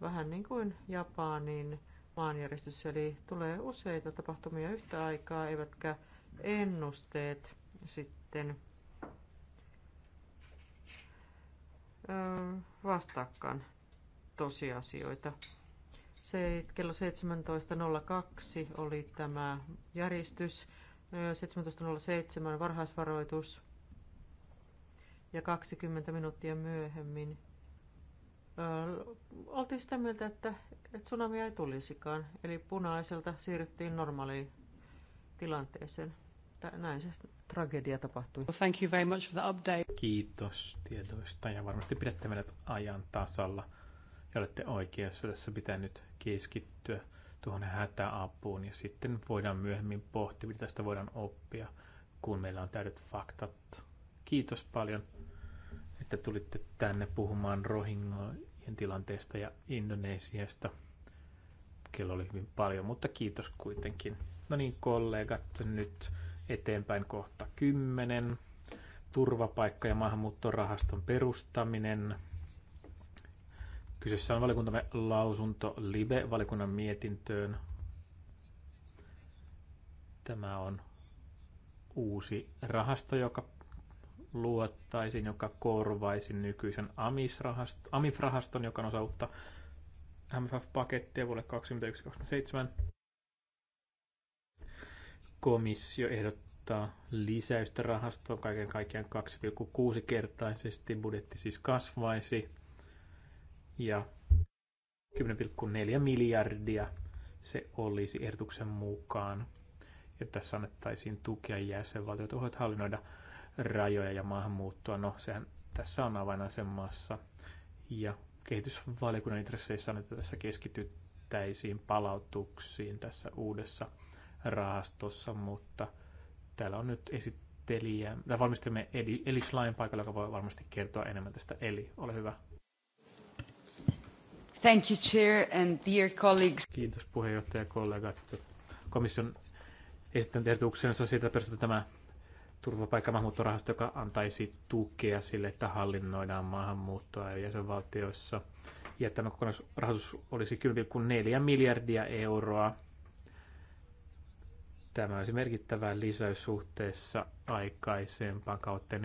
vähän niin kuin Japanin maanjäristys, eli tulee useita tapahtumia yhtä aikaa, eivätkä ennusteet sitten vastakkain tosiasioita. Se, kello 17.02 oli tämä järjestys, 17.07 varhaisvaroitus ja 20 minuuttia myöhemmin oltiin sitä mieltä, että, että tsunamia ei tulisikaan. Eli punaiselta siirryttiin normaaliin tilanteeseen. Näin se tragedia tapahtui. Well, thank you very much for the update. Kiitos tiedoista ja varmasti pidätte meidät ajan tasalla. Ja olette oikeassa, tässä pitää nyt keskittyä tuohon hätäapuun ja sitten voidaan myöhemmin pohtia, mitä tästä voidaan oppia, kun meillä on täydet faktat. Kiitos paljon, että tulitte tänne puhumaan Rohingojen tilanteesta ja Indonesiasta. Kello oli hyvin paljon, mutta kiitos kuitenkin. No niin, kollegat, nyt eteenpäin kohta 10, turvapaikka- ja maahanmuuttorahaston perustaminen. Kyseessä on valikuntamme lausunto Live-valikunnan mietintöön. Tämä on uusi rahasto, joka luottaisin, joka korvaisi nykyisen AMIF-rahaston, joka on osa uutta MFF-pakettia vuodelle 2021-2027 komissio ehdottaa lisäystä rahastoon kaiken kaikkiaan 2,6 kertaisesti. Budjetti siis kasvaisi ja 10,4 miljardia se olisi ehdotuksen mukaan. Ja tässä annettaisiin tukea jäsenvaltiot ohjat hallinnoida rajoja ja maahanmuuttoa. No, sehän tässä on avainasemassa. Ja kehitysvaliokunnan intresseissä on, että tässä keskityttäisiin palautuksiin tässä uudessa rahastossa, mutta täällä on nyt esittelijä, tai valmistelemme Eli, Eli Schlein paikalla, joka voi varmasti kertoa enemmän tästä. Eli, ole hyvä. Thank you, Chair and dear colleagues. Kiitos puheenjohtaja kollegat. Komission esittänyt ehdotuksensa siitä perustuu tämä turvapaikkamaahanmuuttorahasto, joka antaisi tukea sille, että hallinnoidaan maahanmuuttoa jäsenvaltioissa. Ja tämä kokonaisrahoitus olisi 10,4 miljardia euroa Tämä olisi merkittävä lisäys suhteessa aikaisempaan kautta 14-20,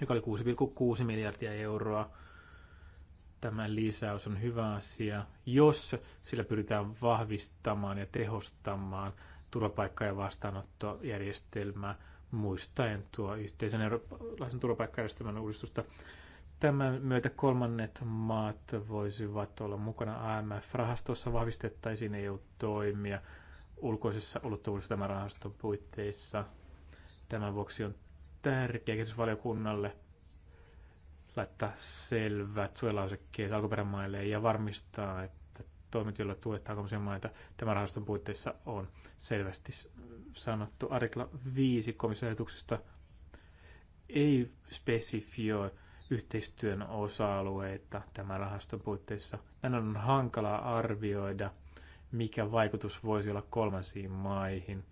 joka oli 6,6 miljardia euroa. Tämä lisäys on hyvä asia, jos sillä pyritään vahvistamaan ja tehostamaan turvapaikka- ja vastaanottojärjestelmää muistaen tuo yhteisen eurooppalaisen turvapaikkajärjestelmän uudistusta Tämän myötä kolmannet maat voisivat olla mukana AMF-rahastossa, vahvistettaisiin EU-toimia ulkoisessa ulottuvuudessa tämän rahaston puitteissa. Tämän vuoksi on tärkeää kehitysvaliokunnalle laittaa selvät suojelausekkeet alkuperämaille ja varmistaa, että toimet, joilla tuetaan komission maita tämän rahaston puitteissa on selvästi sanottu. Artikla 5 komission ei spesifioi yhteistyön osa-alueita tämän rahaston puitteissa. Näin on hankalaa arvioida, mikä vaikutus voisi olla kolmansiin maihin.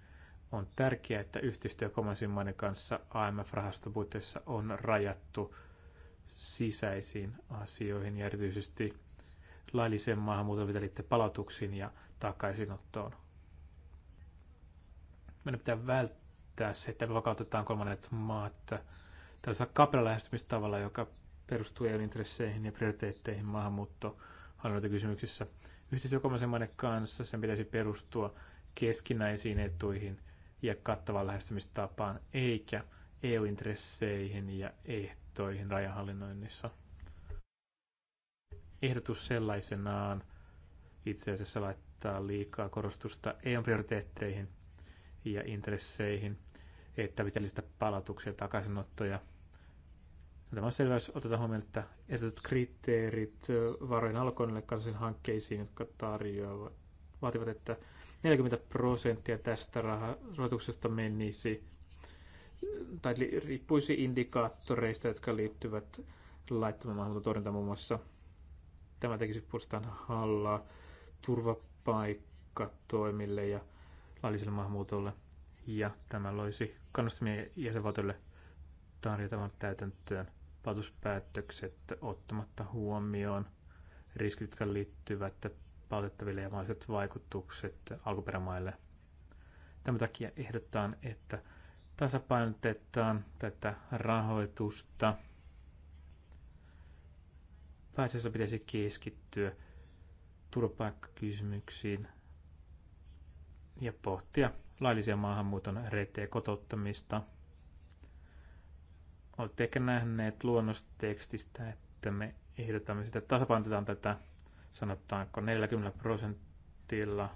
On tärkeää, että yhteistyö kolmansiin maiden kanssa AMF-rahaston puitteissa on rajattu sisäisiin asioihin ja erityisesti lailliseen maahanmuuton palautuksiin ja takaisinottoon. Meidän pitää välttää se, että me vakautetaan kolmannet maat tällaisella kapealla lähestymistavalla, joka perustuu eu intresseihin ja prioriteetteihin maahanmuuttohallinnointikysymyksissä. Yhteistyö kolmansien maiden kanssa sen pitäisi perustua keskinäisiin etuihin ja kattavaan lähestymistapaan, eikä EU-intresseihin ja ehtoihin rajahallinnoinnissa. Ehdotus sellaisenaan itse asiassa laittaa liikaa korostusta eu prioriteetteihin ja intresseihin – että pitää lisätä palautuksia ja takaisinottoja. Tämä on selvä, jos otetaan huomioon, että edetyt kriteerit varojen alkoinnille kansallisiin hankkeisiin, jotka tarjoavat, vaativat, että 40 prosenttia tästä rahoituksesta menisi tai riippuisi indikaattoreista, jotka liittyvät laittoman maahanmuuton torjuntaan muun muassa. Tämä tekisi puolestaan hallaa turvapaikkatoimille ja lailliselle maahanmuutolle – ja tämä loisi kannustamia jäsenvaltioille tarjotavan täytäntöön palautuspäätökset ottamatta huomioon riskit, jotka liittyvät palautettaville ja mahdolliset vaikutukset alkuperämaille. Tämän takia ehdotetaan, että tasapainotetaan tätä rahoitusta. Pääasiassa pitäisi keskittyä turvapaikkakysymyksiin ja pohtia laillisia maahanmuuton reittejä kotouttamista. Olette ehkä nähneet luonnostekstistä, että me ehdotamme sitä, että tasapainotetaan tätä sanotaanko 40 prosentilla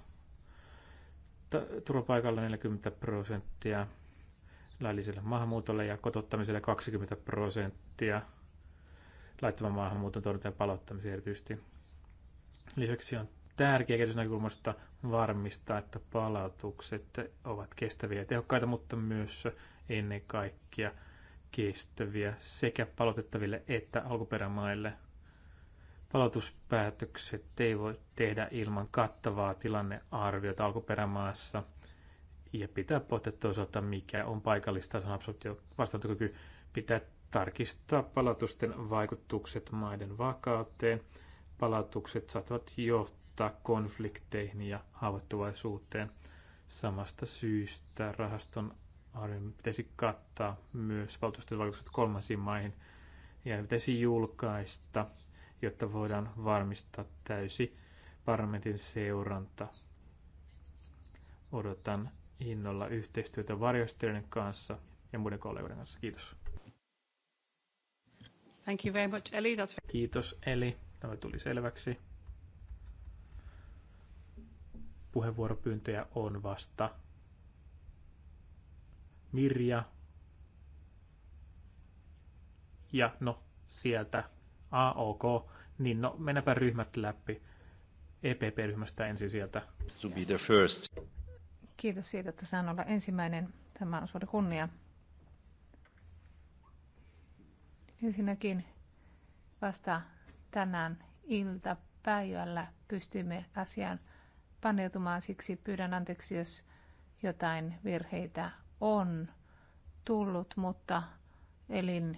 turvapaikalla 40 prosenttia lailliselle maahanmuutolle ja kotottamiselle 20 prosenttia laittoman maahanmuuton torjunta ja palauttamiseen erityisesti. Lisäksi on tärkeä kehitysnäkökulmasta varmistaa, että palautukset ovat kestäviä ja tehokkaita, mutta myös ennen kaikkea kestäviä sekä palautettaville että alkuperämaille. Palautuspäätökset ei voi tehdä ilman kattavaa tilannearviota alkuperämaassa ja pitää pohtia toisaalta, mikä on paikallista sanabsorptio vastaantokyky. Pitää tarkistaa palautusten vaikutukset maiden vakauteen. Palautukset saattavat johtaa vaikuttaa konflikteihin ja haavoittuvaisuuteen. Samasta syystä rahaston arvioinnin pitäisi kattaa myös valtuusten vaikutukset kolmansiin maihin ja ne pitäisi julkaista, jotta voidaan varmistaa täysi parlamentin seuranta. Odotan innolla yhteistyötä varjostelijoiden kanssa ja muiden kollegoiden kanssa. Kiitos. Thank you very much, Eli. That's... Kiitos Eli. Tämä tuli selväksi puheenvuoropyyntöjä on vasta Mirja ja no sieltä AOK, niin no mennäpä ryhmät läpi. EPP-ryhmästä ensin sieltä. To be the first. Kiitos siitä, että saan olla ensimmäinen. Tämä on suuri kunnia. Ensinnäkin vasta tänään iltapäivällä pystymme asian paneutumaan. Siksi pyydän anteeksi, jos jotain virheitä on tullut, mutta elin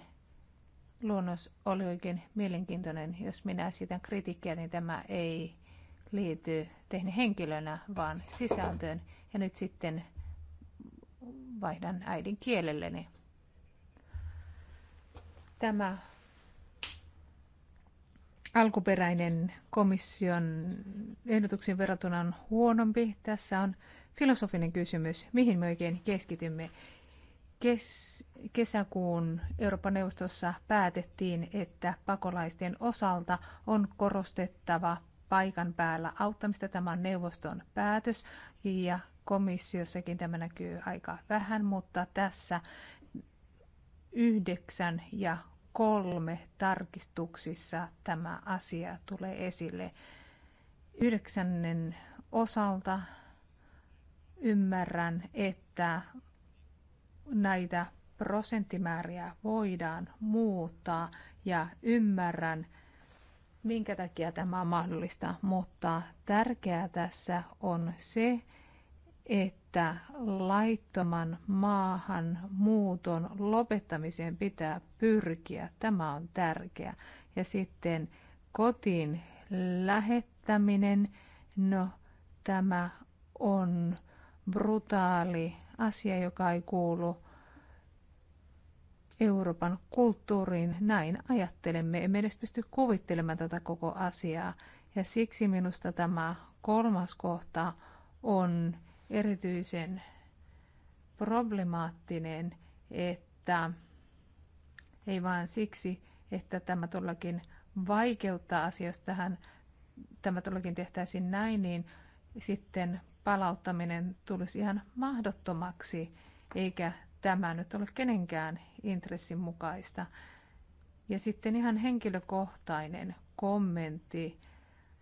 luonnos oli oikein mielenkiintoinen. Jos minä esitän kritiikkiä, niin tämä ei liity tehni henkilönä, vaan sisältöön. Ja nyt sitten vaihdan äidin kielelleni. Tämä alkuperäinen komission ehdotuksen verrattuna on huonompi. Tässä on filosofinen kysymys, mihin me oikein keskitymme. Kes- kesäkuun Euroopan neuvostossa päätettiin, että pakolaisten osalta on korostettava paikan päällä auttamista. Tämä on neuvoston päätös ja komissiossakin tämä näkyy aika vähän, mutta tässä yhdeksän ja kolme tarkistuksissa tämä asia tulee esille. Yhdeksännen osalta ymmärrän, että näitä prosenttimääriä voidaan muuttaa ja ymmärrän, minkä takia tämä on mahdollista, mutta tärkeää tässä on se, että laittoman maahan muuton lopettamiseen pitää pyrkiä. Tämä on tärkeä. Ja sitten kotiin lähettäminen, no tämä on brutaali asia, joka ei kuulu Euroopan kulttuuriin. Näin ajattelemme. Emme edes pysty kuvittelemaan tätä koko asiaa. Ja siksi minusta tämä kolmas kohta on erityisen problemaattinen, että ei vaan siksi, että tämä todellakin vaikeuttaa asioista tähän, tämä todellakin tehtäisiin näin, niin sitten palauttaminen tulisi ihan mahdottomaksi, eikä tämä nyt ole kenenkään intressin mukaista. Ja sitten ihan henkilökohtainen kommentti.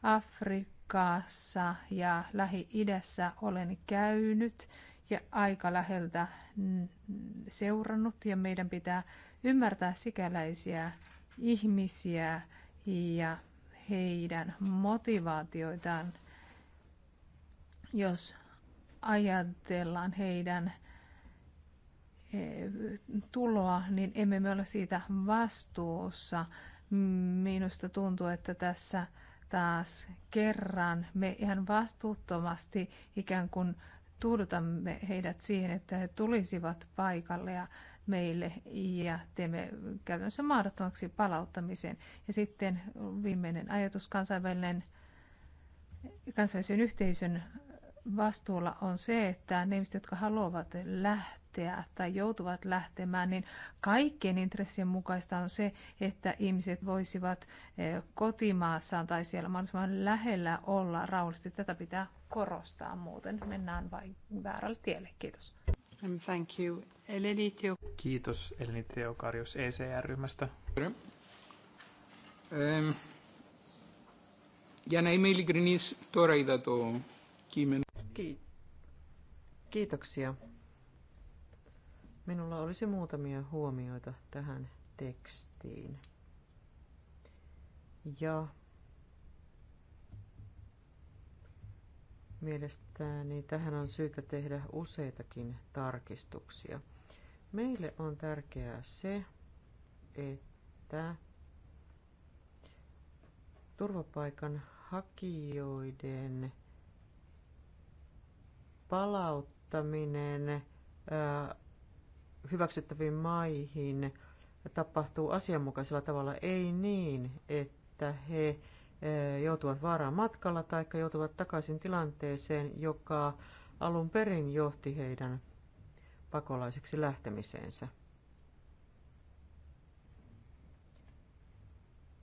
Afri, Afrikassa ja Lähi-idässä olen käynyt ja aika läheltä seurannut ja meidän pitää ymmärtää sikäläisiä ihmisiä ja heidän motivaatioitaan, jos ajatellaan heidän e, tuloa, niin emme me ole siitä vastuussa. Minusta tuntuu, että tässä taas kerran me ihan vastuuttomasti ikään kuin tuudutamme heidät siihen, että he tulisivat paikalle ja meille ja teemme käytännössä mahdottomaksi palauttamisen. Ja sitten viimeinen ajatus kansainvälinen, kansainvälisen yhteisön vastuulla on se, että ne ihmiset, jotka haluavat lähteä, lähteä tai joutuvat lähtemään, niin kaikkien intressien mukaista on se, että ihmiset voisivat eh, kotimaassaan tai siellä mahdollisimman lähellä olla rauhallisesti. Tätä pitää korostaa, muuten mennään vain väärälle tielle. Kiitos. Thank you. Eleni Teo. Kiitos Eleni Karjus ECR-ryhmästä. Για να είμαι ειλικρινής, Kiitoksia. Minulla olisi muutamia huomioita tähän tekstiin. Ja mielestäni tähän on syytä tehdä useitakin tarkistuksia. Meille on tärkeää se, että turvapaikan hakijoiden palauttaminen ää, hyväksyttäviin maihin tapahtuu asianmukaisella tavalla, ei niin, että he eh, joutuvat vaaraan matkalla tai joutuvat takaisin tilanteeseen, joka alun perin johti heidän pakolaiseksi lähtemiseensä.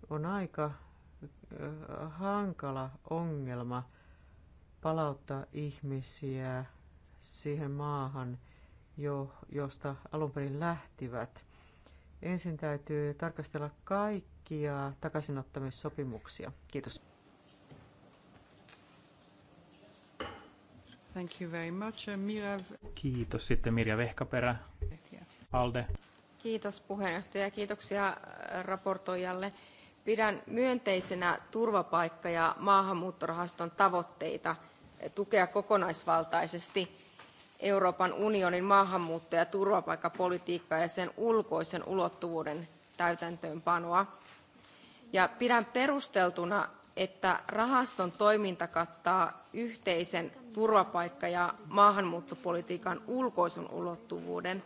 On aika eh, hankala ongelma palauttaa ihmisiä siihen maahan – jo, josta alun perin lähtivät. Ensin täytyy tarkastella kaikkia takaisinottamissopimuksia. Kiitos. Thank you very much, uh, Mira. Kiitos sitten Mirja Vehkaperä, ALDE. Kiitos puheenjohtaja ja kiitoksia äh, raportoijalle. Pidän myönteisenä turvapaikka- ja maahanmuuttorahaston tavoitteita tukea kokonaisvaltaisesti Euroopan unionin maahanmuutto- ja turvapaikkapolitiikkaa ja sen ulkoisen ulottuvuuden täytäntöönpanoa. Ja pidän perusteltuna, että rahaston toiminta kattaa yhteisen turvapaikka- ja maahanmuuttopolitiikan ulkoisen ulottuvuuden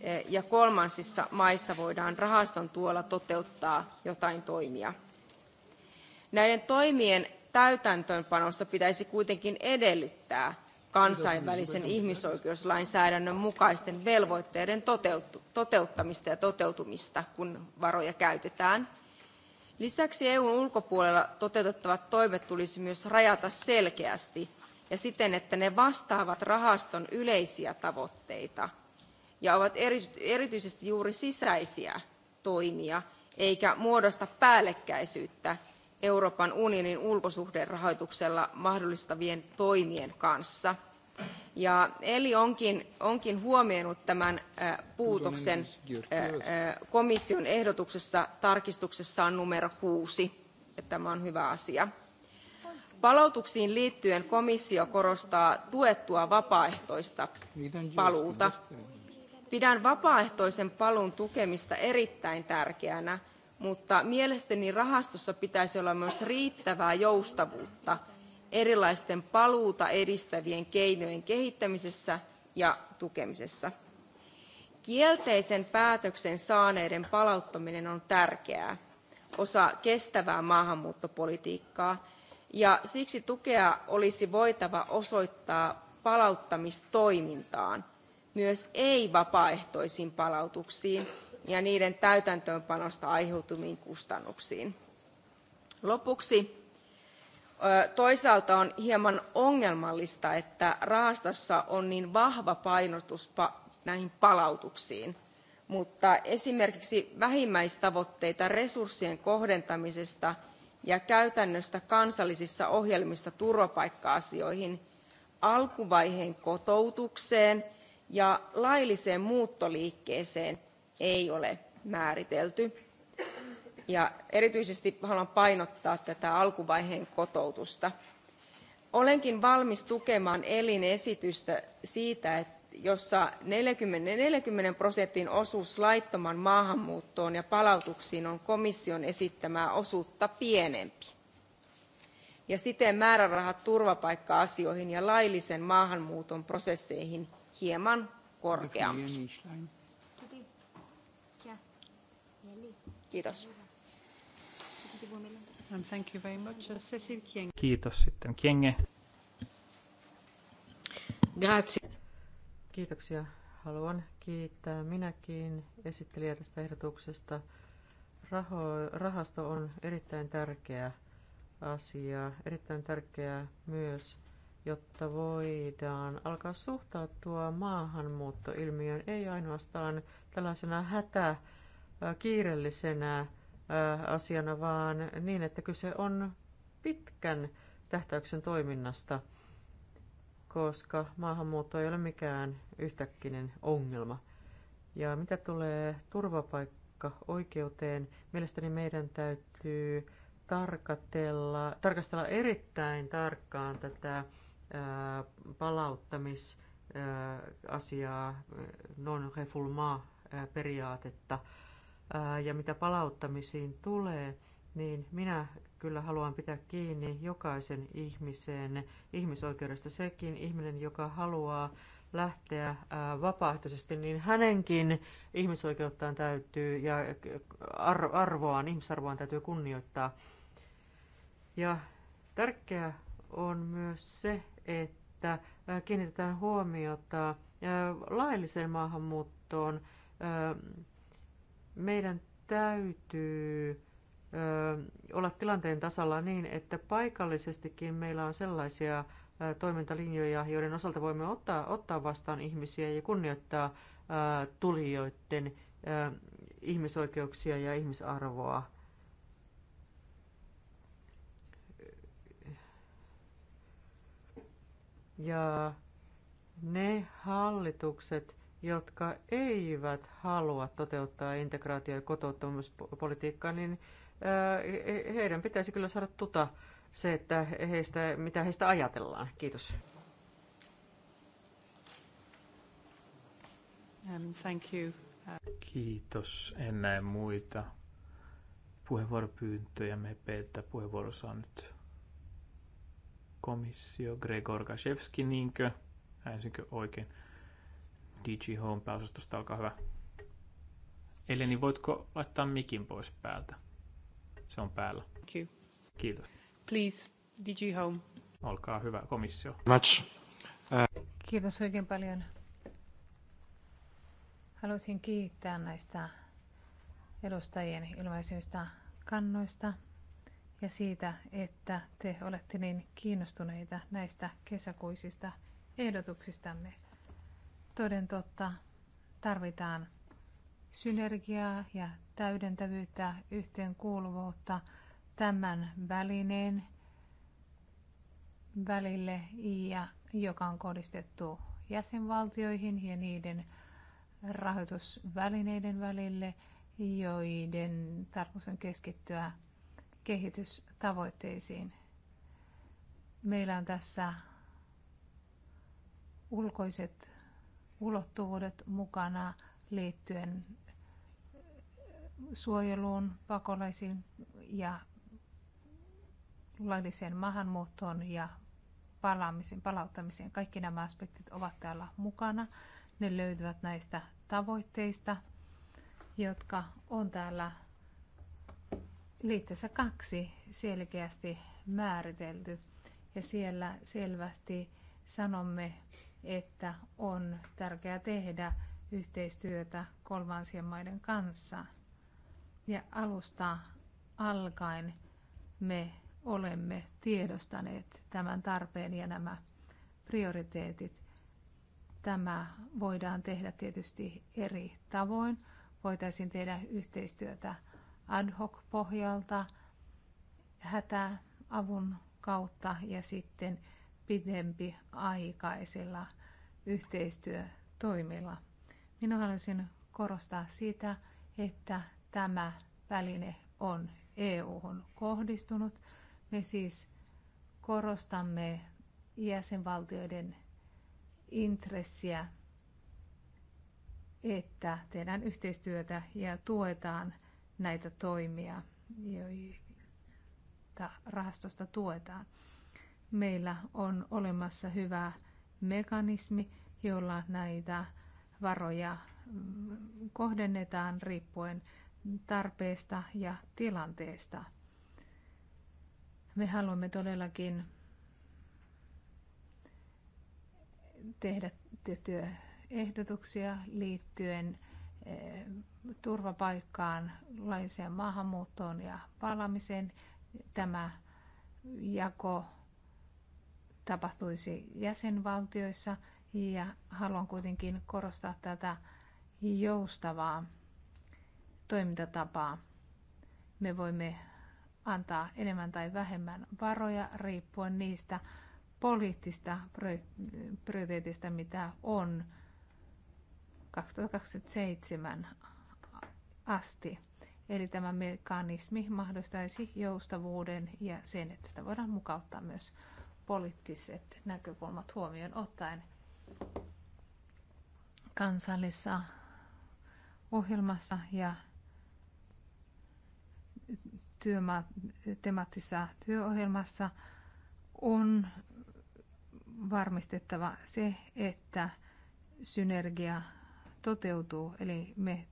e, ja kolmansissa maissa voidaan rahaston tuella toteuttaa jotain toimia. Näiden toimien täytäntöönpanossa pitäisi kuitenkin edellyttää kansainvälisen ihmisoikeuslainsäädännön mukaisten velvoitteiden toteuttamista ja toteutumista, kun varoja käytetään. Lisäksi EUn ulkopuolella toteutettavat toimet tulisi myös rajata selkeästi ja siten, että ne vastaavat rahaston yleisiä tavoitteita ja ovat erityisesti juuri sisäisiä toimia, eikä muodosta päällekkäisyyttä Euroopan unionin ulkosuhderahoituksella mahdollistavien toimien kanssa. Ja eli onkin, onkin huomioinut tämän ä, äh, puutoksen äh, ä, ä, äh, komission ehdotuksessa tarkistuksessaan numero kuusi. Tämä on hyvä asia. Palautuksiin liittyen komissio korostaa tuettua vapaaehtoista paluuta. Pidän vapaaehtoisen paluun tukemista erittäin tärkeänä – mutta mielestäni rahastossa pitäisi olla myös riittävää joustavuutta erilaisten paluuta edistävien keinojen kehittämisessä ja tukemisessa. Kielteisen päätöksen saaneiden palauttaminen on tärkeää, osa kestävää maahanmuuttopolitiikkaa, ja siksi tukea olisi voitava osoittaa palauttamistoimintaan, myös ei-vapaaehtoisiin palautuksiin ja niiden täytäntöönpanosta aiheutuviin kustannuksiin. Lopuksi toisaalta on hieman ongelmallista, että rahastossa on niin vahva painotus näihin palautuksiin, mutta esimerkiksi vähimmäistavoitteita resurssien kohdentamisesta ja käytännöstä kansallisissa ohjelmissa turvapaikka-asioihin, alkuvaiheen kotoutukseen ja lailliseen muuttoliikkeeseen ei ole määritelty. Ja erityisesti haluan painottaa tätä alkuvaiheen kotoutusta. Olenkin valmis tukemaan esitystä siitä, että jossa 40, 40 prosentin osuus laittoman maahanmuuttoon ja palautuksiin on komission esittämää osuutta pienempi. Ja siten määrärahat turvapaikka-asioihin ja laillisen maahanmuuton prosesseihin hieman korkeampi. Kiitos. Thank you very much. Uh, Cecil Kiitos sitten Kienge. Grazie. Kiitoksia. Haluan kiittää minäkin esittelijä tästä ehdotuksesta. Raho, rahasto on erittäin tärkeä asia, erittäin tärkeä myös, jotta voidaan alkaa suhtautua maahanmuuttoilmiön ei ainoastaan tällaisena hätä kiireellisenä asiana, vaan niin, että kyse on pitkän tähtäyksen toiminnasta, koska maahanmuutto ei ole mikään yhtäkkinen ongelma. Ja mitä tulee turvapaikka-oikeuteen, mielestäni meidän täytyy tarkatella, tarkastella erittäin tarkkaan tätä ää, palauttamis- non-refoulement-periaatetta ja mitä palauttamisiin tulee, niin minä kyllä haluan pitää kiinni jokaisen ihmisen ihmisoikeudesta. Sekin ihminen, joka haluaa lähteä vapaaehtoisesti, niin hänenkin ihmisoikeuttaan täytyy ja arvoaan, ihmisarvoaan täytyy kunnioittaa. Ja tärkeää on myös se, että kiinnitetään huomiota laillisen maahanmuuttoon, meidän täytyy olla tilanteen tasalla niin, että paikallisestikin meillä on sellaisia toimintalinjoja, joiden osalta voimme ottaa, ottaa vastaan ihmisiä ja kunnioittaa tulijoiden ihmisoikeuksia ja ihmisarvoa. Ja ne hallitukset, jotka eivät halua toteuttaa integraatio- ja kotouttamispolitiikkaa, niin äh, heidän pitäisi kyllä saada tuta se, että heistä, mitä heistä ajatellaan. Kiitos. Um, thank you. Kiitos. En näe muita puheenvuoropyyntöjä. Me peiltä puheenvuorossa on nyt komissio Gregor Gashevski, niinkö? Äänsinkö oikein? DG Home pääosastosta, olkaa hyvä. niin voitko laittaa mikin pois päältä? Se on päällä. Thank you. Kiitos. Please, DG Home. Olkaa hyvä, komissio. Match. Uh... Kiitos oikein paljon. Haluaisin kiittää näistä edustajien ilmaisemista kannoista ja siitä, että te olette niin kiinnostuneita näistä kesäkuisista ehdotuksistamme. Toden totta, tarvitaan synergiaa ja täydentävyyttä, yhteenkuuluvuutta tämän välineen välille, ja joka on kohdistettu jäsenvaltioihin ja niiden rahoitusvälineiden välille, joiden tarkoitus on keskittyä kehitystavoitteisiin. Meillä on tässä ulkoiset ulottuvuudet mukana liittyen eh, suojeluun, pakolaisiin ja lailliseen maahanmuuttoon ja palaamiseen, palauttamiseen. Kaikki nämä aspektit ovat täällä mukana. Ne löytyvät näistä tavoitteista, jotka on täällä liitteessä kaksi selkeästi määritelty. Ja siellä selvästi sanomme, että on tärkeää tehdä yhteistyötä kolmansien maiden kanssa. Ja alusta alkaen me olemme tiedostaneet tämän tarpeen ja nämä prioriteetit. Tämä voidaan tehdä tietysti eri tavoin. Voitaisiin tehdä yhteistyötä ad hoc pohjalta, hätäavun kautta ja sitten – pidempi aikaisilla yhteistyötoimilla. Minä haluaisin korostaa sitä, että tämä väline on EU-hun kohdistunut. Me siis korostamme jäsenvaltioiden intressiä, että tehdään yhteistyötä ja tuetaan näitä toimia, joita rahastosta tuetaan meillä on olemassa hyvä mekanismi, jolla näitä varoja mm, kohdennetaan riippuen tarpeesta ja tilanteesta. Me haluamme todellakin tehdä tiettyjä ehdotuksia liittyen eh, turvapaikkaan, lailliseen maahanmuuttoon ja palaamiseen. Tämä jako tapahtuisi jäsenvaltioissa ja haluan kuitenkin korostaa tätä joustavaa toimintatapaa. Me voimme antaa enemmän tai vähemmän varoja riippuen niistä poliittista prioriteetista, mitä on 2027 asti. Eli tämä mekanismi mahdollistaisi joustavuuden ja sen, että sitä voidaan mukauttaa myös poliittiset näkökulmat huomioon ottaen kansallisessa ohjelmassa ja työma- temaattisessa työohjelmassa on varmistettava se, että synergia toteutuu. Eli me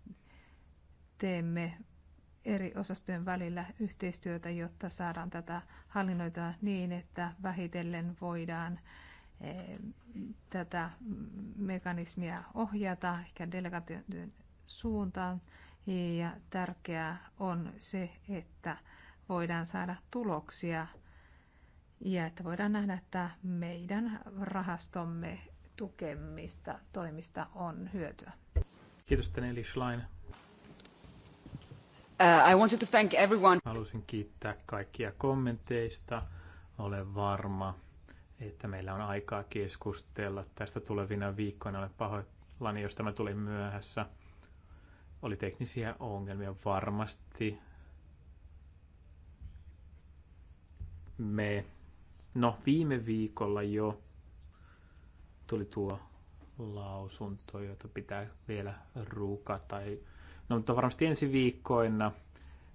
teemme eri osastojen välillä yhteistyötä, jotta saadaan tätä hallinnoitua niin, että vähitellen voidaan eh, tätä mekanismia ohjata ehkä delegaation suuntaan. Ja tärkeää on se, että voidaan saada tuloksia ja että voidaan nähdä, että meidän rahastomme tukemista toimista on hyötyä. Kiitos, Teneli Schlein. Uh, I wanted to thank everyone. Halusin kiittää kaikkia kommenteista. Olen varma, että meillä on aikaa keskustella tästä tulevina viikkoina. Olen pahoillani, jos tämä tuli myöhässä. Oli teknisiä ongelmia varmasti. Me, no viime viikolla jo tuli tuo lausunto, jota pitää vielä ruukata. Tai No mutta varmasti ensi viikkoina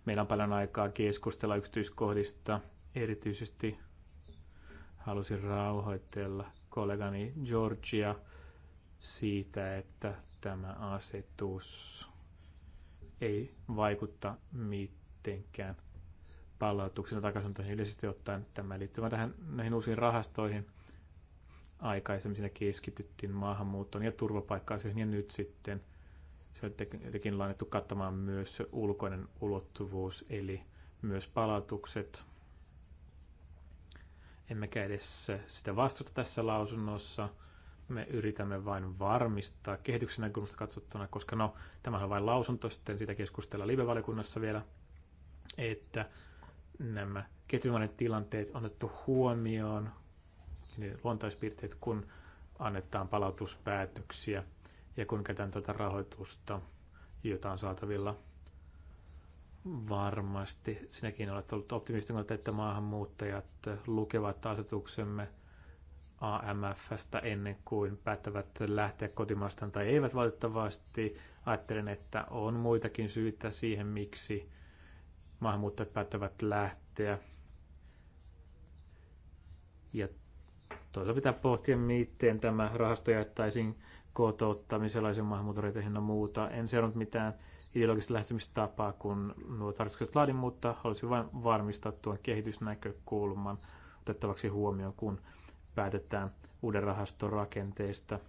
meillä on paljon aikaa keskustella yksityiskohdista. Erityisesti halusin rauhoitella kollegani Georgia siitä, että tämä asetus ei vaikuta mitenkään palautuksena takaisin yleisesti ottaen tämä liittyy tähän näihin uusiin rahastoihin. Aikaisemmin siinä keskityttiin maahanmuuttoon ja turvapaikkaan ja nyt sitten – se on tietenkin laitettu kattamaan myös ulkoinen ulottuvuus, eli myös palautukset. Emmekä edes sitä vastusta tässä lausunnossa. Me yritämme vain varmistaa kehityksen näkökulmasta katsottuna, koska no, tämähän on vain lausunto, sitten sitä keskustellaan live vielä, että nämä ketjumainen tilanteet on otettu huomioon, niin luontaispiirteet, kun annetaan palautuspäätöksiä – ja kun käytän tätä tota rahoitusta, jota on saatavilla varmasti. Sinäkin olet ollut optimistin, että maahanmuuttajat lukevat asetuksemme AMFstä ennen kuin päättävät lähteä kotimaastaan tai eivät valitettavasti. Ajattelen, että on muitakin syitä siihen, miksi maahanmuuttajat päättävät lähteä. Ja toisaalta pitää pohtia, miten tämä rahasto jaettaisiin kotouttamisella ja maahanmuuttoreiteihin ja muuta. En seurannut mitään ideologista lähestymistapaa, kun nuo tarkistukset laadin, mutta halusin vain varmistaa tuon kehitysnäkökulman otettavaksi huomioon, kun päätetään uuden rahaston rakenteesta.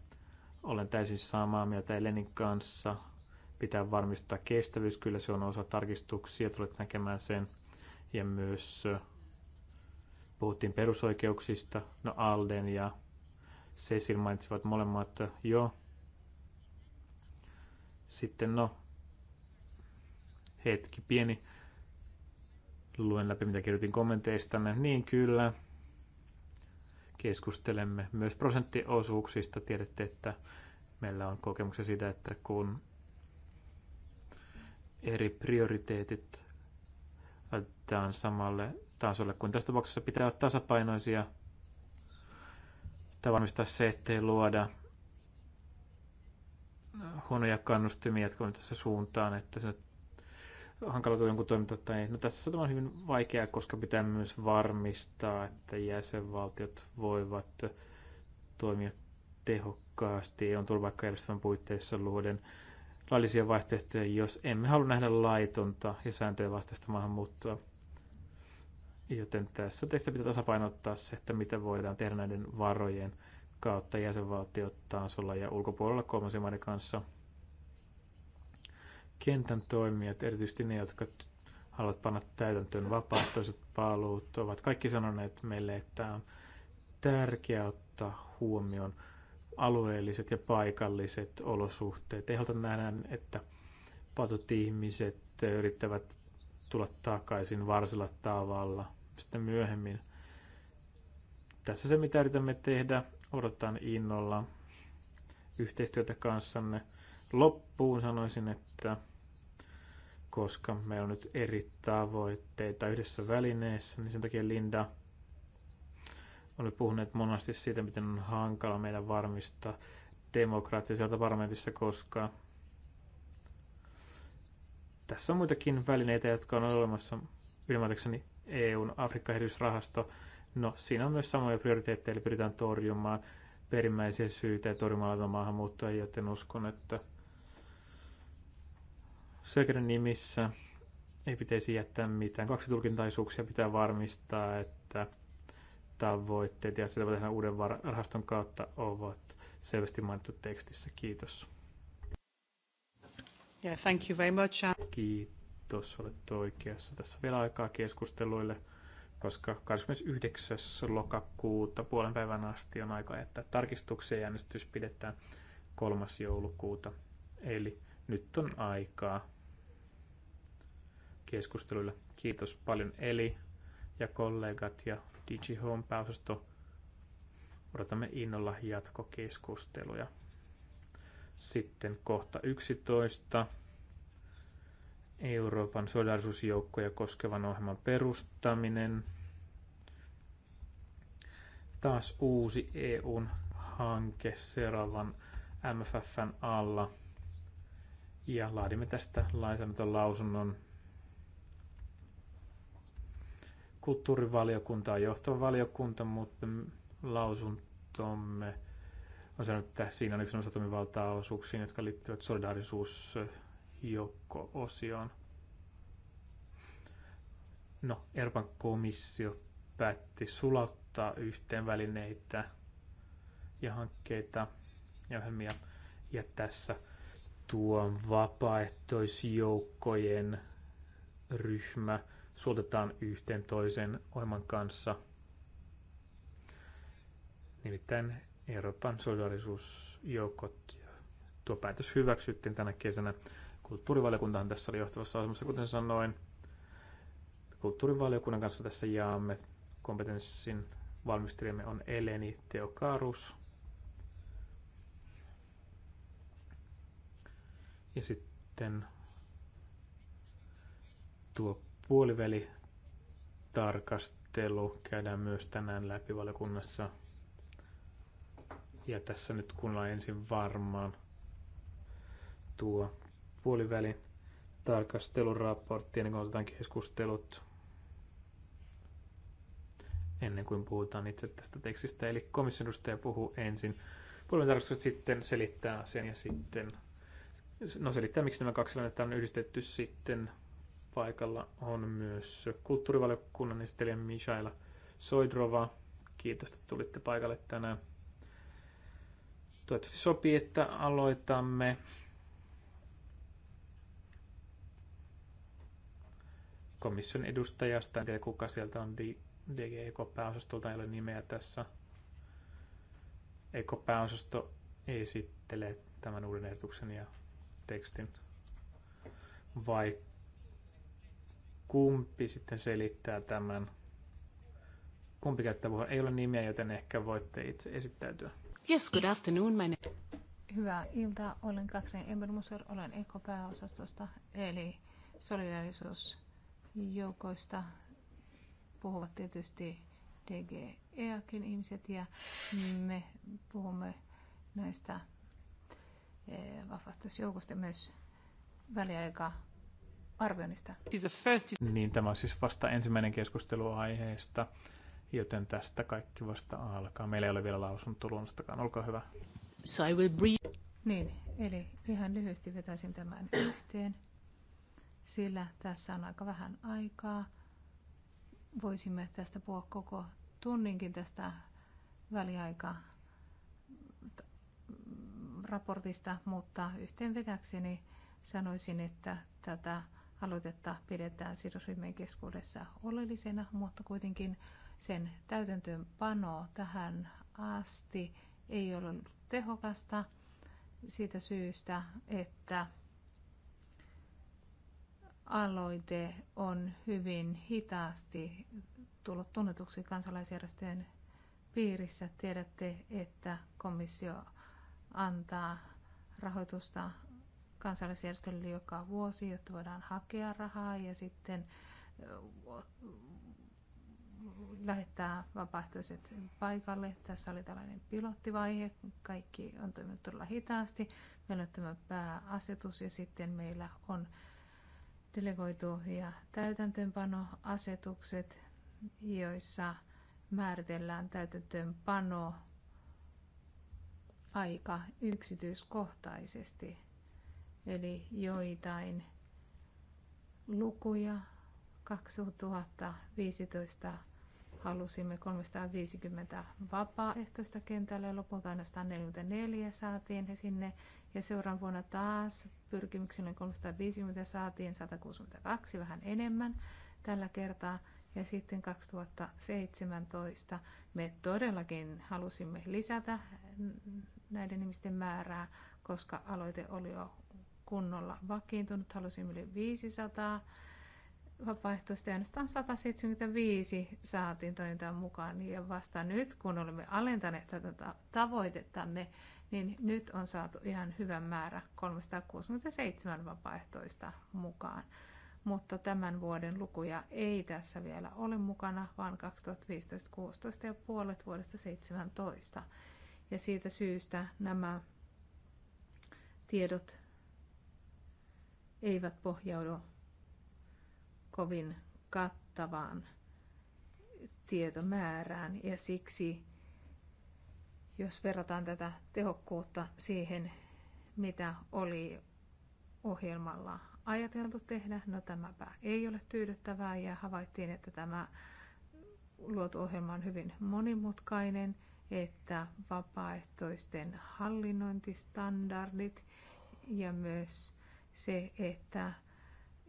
Olen täysin samaa mieltä Elenin kanssa. Pitää varmistaa kestävyys, kyllä se on osa tarkistuksia, tulet näkemään sen. Ja myös äh, puhuttiin perusoikeuksista, no Alden ja Cecil mainitsivat molemmat jo. Sitten no, hetki pieni. Luen läpi, mitä kirjoitin kommenteistanne. Niin kyllä, keskustelemme myös prosenttiosuuksista. Tiedätte, että meillä on kokemuksia siitä, että kun eri prioriteetit laitetaan samalle tasolle, kun tässä tapauksessa pitää olla tasapainoisia – tai varmistaa se, ettei luoda huonoja kannustimia, jotka on tässä suuntaan, että se hankaloituu jonkun toiminta tai ei. No tässä on hyvin vaikeaa, koska pitää myös varmistaa, että jäsenvaltiot voivat toimia tehokkaasti on turvapaikkajärjestelmän puitteissa luoden laillisia vaihtoehtoja, jos emme halua nähdä laitonta ja sääntöjen vastaista maahanmuuttoa. Joten tässä teissä pitää tasapainottaa se, että mitä voidaan tehdä näiden varojen kautta jäsenvaltiotasolla ja ulkopuolella kolmansien maiden kanssa. Kentän toimijat, erityisesti ne, jotka haluavat panna täytäntöön vapaaehtoiset paluut, ovat kaikki sanoneet meille, että on tärkeää ottaa huomioon alueelliset ja paikalliset olosuhteet. Ei haluta nähdä, että patut ihmiset yrittävät tulla takaisin varsilla tavalla sitten myöhemmin. Tässä se, mitä yritämme tehdä. Odotan innolla yhteistyötä kanssanne. Loppuun sanoisin, että koska meillä on nyt eri tavoitteita yhdessä välineessä, niin sen takia Linda oli puhunut monasti siitä, miten on hankala meidän varmistaa demokraattiselta parlamentissa, koska tässä on muitakin välineitä, jotka on olemassa ymmärtääkseni EUn Afrikka-ehdysrahasto. No, siinä on myös samoja prioriteetteja, eli pyritään torjumaan perimmäisiä syitä ja torjumalla maahanmuuttoa, joten uskon, että Sökerin nimissä ei pitäisi jättää mitään. Kaksi tulkintaisuuksia pitää varmistaa, että tavoitteet ja sitä tehdään uuden rahaston kautta ovat selvästi mainittu tekstissä. Kiitos. Yeah, thank you very much. Kiitos tuossa olette oikeassa. Tässä vielä aikaa keskusteluille, koska 29. lokakuuta puolen päivän asti on aika jättää tarkistuksia ja pidetään 3. joulukuuta. Eli nyt on aikaa keskusteluille. Kiitos paljon Eli ja kollegat ja DigiHome pääosasto. Odotamme innolla jatkokeskusteluja. Sitten kohta 11. Euroopan solidarisuusjoukkoja koskevan ohjelman perustaminen. Taas uusi EUn hanke seuraavan MFFn alla. Ja laadimme tästä lainsäädäntön lausunnon. Kulttuurivaliokunta on johtava valiokunta, mutta lausuntomme on sanonut, että siinä on yksi osa jotka liittyvät solidaarisuus joukko-osioon. No, Euroopan komissio päätti sulauttaa yhteenvälineitä ja hankkeita ja ohjelmia. Ja tässä tuo vapaaehtoisjoukkojen ryhmä suotetaan yhteen toisen ohjelman kanssa. Nimittäin Euroopan solidarisuusjoukot. Tuo päätös hyväksyttiin tänä kesänä. Kulttuurivaliokuntahan tässä oli johtavassa asemassa, kuten sanoin. Kulttuurivaliokunnan kanssa tässä jaamme kompetenssin valmistelijamme on Eleni Teokarus. Ja sitten tuo puoliväli tarkastelu käydään myös tänään läpi valiokunnassa. Ja tässä nyt kuunnellaan ensin varmaan tuo puolivälin tarkasteluraportti ennen kuin otetaan keskustelut ennen kuin puhutaan itse tästä tekstistä. Eli komission edustaja puhuu ensin, tarkastelut sitten selittää asian ja sitten, no selittää miksi nämä kaksi tilannetta on yhdistetty sitten. Paikalla on myös kulttuurivaliokunnan esittelijä Mishaila Soidrova. Kiitos, että tulitte paikalle tänään. Toivottavasti sopii, että aloitamme komission edustajasta. En tiedä, kuka sieltä on DG EKOPääosastolta, pääosastolta ei ole nimeä tässä. EKOPääosasto pääosasto esittelee tämän uuden ehdotuksen ja tekstin. Vai kumpi sitten selittää tämän? Kumpi käyttää puhua? Ei ole nimeä, joten ehkä voitte itse esittäytyä. Yes, good afternoon. My name... Hyvää iltaa. Olen Katrin Ebermuser. Olen ekopääosastosta, eli solidarisuus joukoista puhuvat tietysti DGEAkin ihmiset ja me puhumme näistä eh, vapaaehtoisjoukosta myös väliaika arvioinnista. Niin, tämä on siis vasta ensimmäinen keskustelu aiheesta, joten tästä kaikki vasta alkaa. Meillä ei ole vielä lausuntoluonnostakaan, olkaa hyvä. So I will breathe. Niin, eli ihan lyhyesti vetäisin tämän yhteen sillä tässä on aika vähän aikaa. Voisimme tästä puhua koko tunninkin tästä väliaika raportista, mutta yhteenvetäkseni sanoisin, että tätä aloitetta pidetään sidosryhmien keskuudessa oleellisena, mutta kuitenkin sen täytäntöönpano tähän asti ei ole ollut tehokasta siitä syystä, että aloite on hyvin hitaasti tullut tunnetuksi kansalaisjärjestöjen piirissä. Tiedätte, että komissio antaa rahoitusta kansalaisjärjestölle joka vuosi, jotta voidaan hakea rahaa ja sitten lähettää vapaaehtoiset paikalle. Tässä oli tällainen pilottivaihe. Kaikki on toiminut todella hitaasti. Meillä on tämä pääasetus ja sitten meillä on delegoitu ja täytäntöönpanoasetukset, joissa määritellään täytäntöönpano aika yksityiskohtaisesti. Eli joitain lukuja 2015 halusimme 350 vapaaehtoista kentälle, lopulta ainoastaan 44 saatiin he sinne ja seuraavana vuonna taas pyrkimyksenä 350 saatiin 162, vähän enemmän tällä kertaa. Ja sitten 2017 me todellakin halusimme lisätä näiden ihmisten määrää, koska aloite oli jo kunnolla vakiintunut. Halusimme yli 500 vapaaehtoista ja ainoastaan 175 saatiin toimintaan mukaan. Ja vasta nyt, kun olemme alentaneet tätä tavoitettamme, niin nyt on saatu ihan hyvä määrä 367 vapaaehtoista mukaan. Mutta tämän vuoden lukuja ei tässä vielä ole mukana, vaan 2015-16 ja puolet vuodesta 17. Ja siitä syystä nämä tiedot eivät pohjaudu kovin kattavaan tietomäärään ja siksi jos verrataan tätä tehokkuutta siihen, mitä oli ohjelmalla ajateltu tehdä. No tämäpä ei ole tyydyttävää ja havaittiin, että tämä luotu ohjelma on hyvin monimutkainen, että vapaaehtoisten hallinnointistandardit ja myös se, että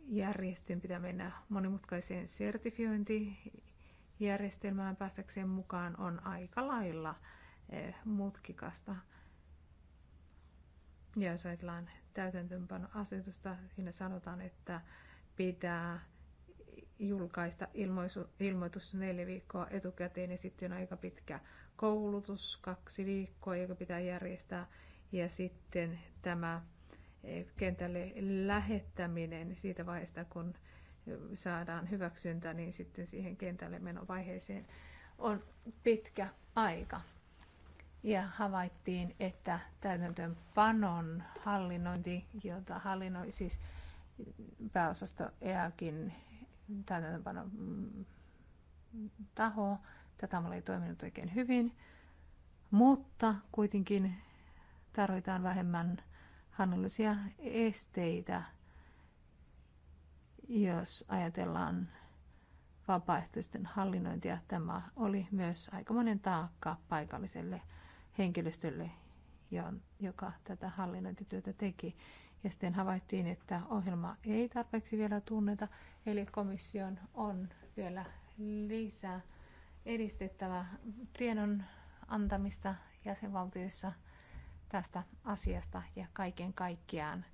järjestön pitää mennä monimutkaiseen sertifiointijärjestelmään päästäkseen mukaan on aika lailla mutkikasta. Ja jos ajatellaan täytäntöönpanoasetusta, siinä sanotaan, että pitää julkaista ilmoisu, ilmoitus neljä viikkoa etukäteen ja sitten on aika pitkä koulutus, kaksi viikkoa, joka pitää järjestää. Ja sitten tämä eh, kentälle lähettäminen siitä vaiheesta, kun eh, saadaan hyväksyntä, niin sitten siihen kentälle menovaiheeseen on pitkä aika ja havaittiin, että täytäntöönpanon hallinnointi, jota hallinnoi siis pääosasto EAKin täytäntöönpanon mm, taho, tätä oli toiminut oikein hyvin, mutta kuitenkin tarvitaan vähemmän hallinnollisia esteitä, jos ajatellaan vapaaehtoisten hallinnointia. Tämä oli myös aikamoinen taakka paikalliselle henkilöstölle, joka tätä hallinnointityötä teki. Ja sitten havaittiin, että ohjelma ei tarpeeksi vielä tunneta, eli komission on vielä lisää edistettävä tiedon antamista jäsenvaltioissa tästä asiasta ja kaiken kaikkiaan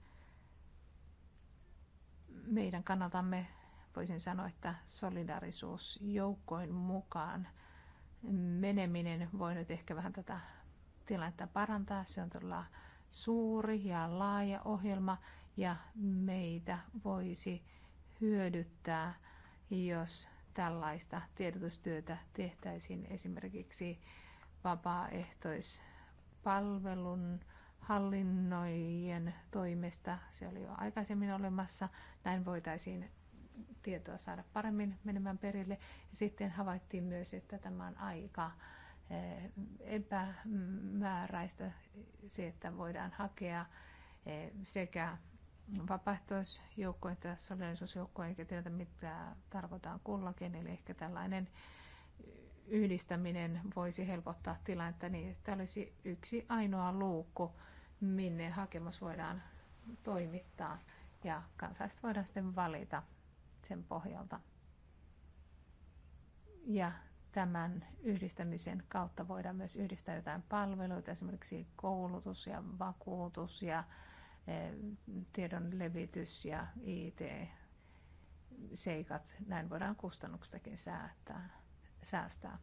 meidän kannaltamme voisin sanoa, että solidarisuus joukkoin mukaan meneminen voi nyt ehkä vähän tätä tilannetta parantaa. Se on todella suuri ja laaja ohjelma ja meitä voisi hyödyttää, jos tällaista tiedotustyötä tehtäisiin esimerkiksi vapaaehtoispalvelun hallinnoijien toimesta. Se oli jo aikaisemmin olemassa. Näin voitaisiin tietoa saada paremmin menemään perille. Ja sitten havaittiin myös, että tämä on aika epämääräistä se, että voidaan hakea eh, sekä vapaaehtoisjoukko että solidarisuusjoukko, eikä tiedä mitä tarvitaan kullakin, eli ehkä tällainen yhdistäminen voisi helpottaa tilannetta niin, että olisi yksi ainoa luukku, minne hakemus voidaan toimittaa ja kansalaiset voidaan sitten valita sen pohjalta. Ja tämän yhdistämisen kautta voidaan myös yhdistää jotain palveluita, esimerkiksi koulutus ja vakuutus ja eh, tiedon levitys ja IT-seikat. Näin voidaan kustannuksetkin säästää.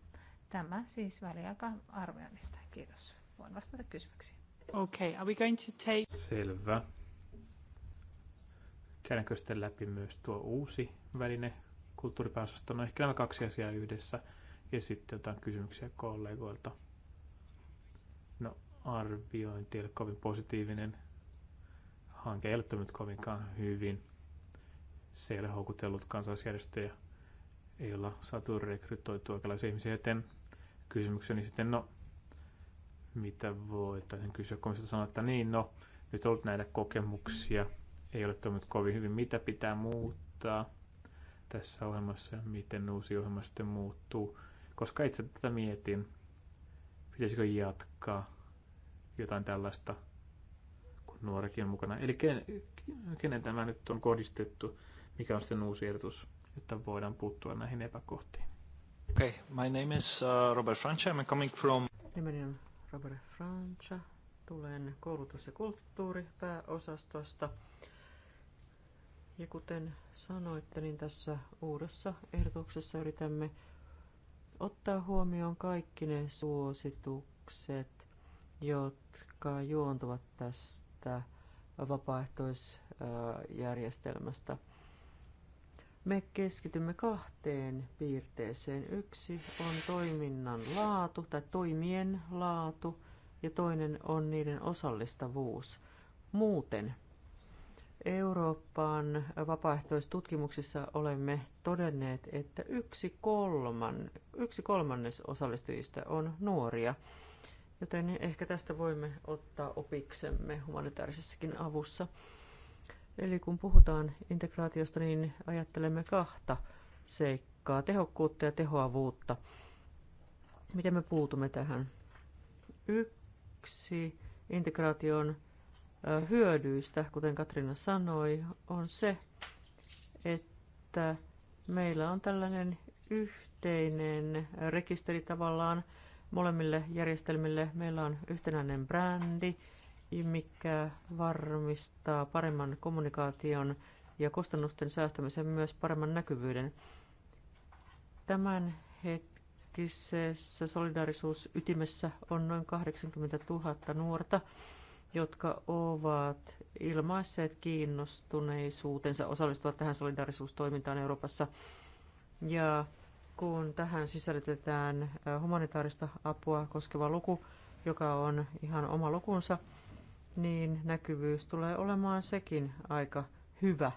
Tämä siis väliaika-arvioinnista. Kiitos. Voin vastata kysymyksiin. Okay, are we going to take... Selvä. Käydäänkö sitten läpi myös tuo uusi väline No Ehkä nämä kaksi asiaa yhdessä – ja sitten jotain kysymyksiä kollegoilta. No, arviointi ei ole kovin positiivinen. Hanke ei ole toiminut kovinkaan hyvin. Se ei ole houkutellut kansalaisjärjestöjä. Ei olla saatu rekrytoitua oikeanlaisia ihmisiä, joten kysymykseni sitten, no, mitä voitaisiin kysyä, kun sanoa, että niin, no, nyt on ollut näitä kokemuksia, ei ole toiminut kovin hyvin, mitä pitää muuttaa tässä ohjelmassa ja miten uusi ohjelma sitten muuttuu koska itse tätä mietin, pitäisikö jatkaa jotain tällaista, kun nuorekin on mukana. Eli ken, kenen tämä nyt on kohdistettu, mikä on sitten uusi ehdotus, jotta voidaan puuttua näihin epäkohtiin. Okay, my name is uh, Robert Francia, I'm coming from... Nimeni on Robert Francia, tulen koulutus- ja kulttuuripääosastosta. Ja kuten sanoitte, niin tässä uudessa ehdotuksessa yritämme ottaa huomioon kaikki ne suositukset, jotka juontuvat tästä vapaaehtoisjärjestelmästä. Me keskitymme kahteen piirteeseen. Yksi on toiminnan laatu tai toimien laatu ja toinen on niiden osallistavuus. Muuten Euroopan vapaaehtoistutkimuksissa olemme todenneet, että yksi, kolman, yksi kolmannes osallistujista on nuoria, joten ehkä tästä voimme ottaa opiksemme humanitaarisessakin avussa. Eli kun puhutaan integraatiosta, niin ajattelemme kahta seikkaa, tehokkuutta ja tehoavuutta. Miten me puutumme tähän? Yksi integraation hyödyistä, kuten Katrina sanoi, on se, että meillä on tällainen yhteinen rekisteri tavallaan molemmille järjestelmille. Meillä on yhtenäinen brändi, mikä varmistaa paremman kommunikaation ja kustannusten säästämisen myös paremman näkyvyyden. Tämän hetkisessä solidaarisuusytimessä on noin 80 000 nuorta jotka ovat ilmaisseet kiinnostuneisuutensa osallistua tähän solidaarisuustoimintaan Euroopassa. Ja kun tähän sisällytetään äh, humanitaarista apua koskeva luku, joka on ihan oma lukunsa, niin näkyvyys tulee olemaan sekin aika hyvä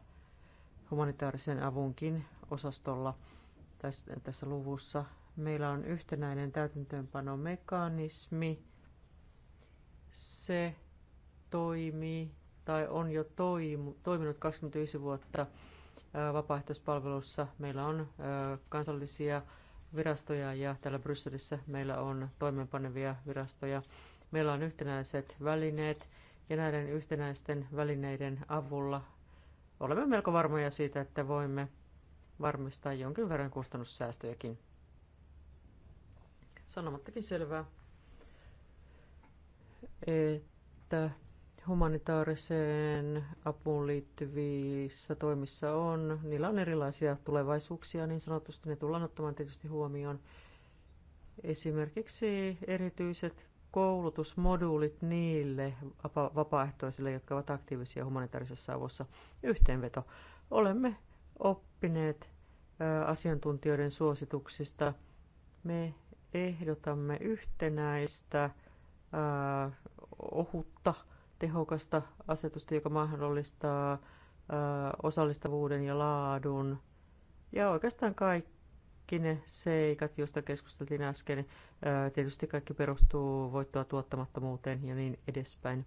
humanitaarisen avunkin osastolla tässä, tässä luvussa. Meillä on yhtenäinen täytäntöönpanomekanismi. Se toimii tai on jo toiminut 25 vuotta vapaaehtoispalvelussa. Meillä on kansallisia virastoja ja täällä Brysselissä meillä on toimeenpanevia virastoja. Meillä on yhtenäiset välineet ja näiden yhtenäisten välineiden avulla olemme melko varmoja siitä, että voimme varmistaa jonkin verran kustannussäästöjäkin. Sanomattakin selvää, että humanitaariseen apuun liittyvissä toimissa on, niillä on erilaisia tulevaisuuksia niin sanotusti, ne tullaan ottamaan tietysti huomioon. Esimerkiksi erityiset koulutusmoduulit niille vapaaehtoisille, jotka ovat aktiivisia humanitaarisessa avussa. Yhteenveto. Olemme oppineet asiantuntijoiden suosituksista. Me ehdotamme yhtenäistä ohutta tehokasta asetusta, joka mahdollistaa osallistavuuden ja laadun. Ja oikeastaan kaikki ne seikat, joista keskusteltiin äsken, tietysti kaikki perustuu voittoa tuottamattomuuteen ja niin edespäin.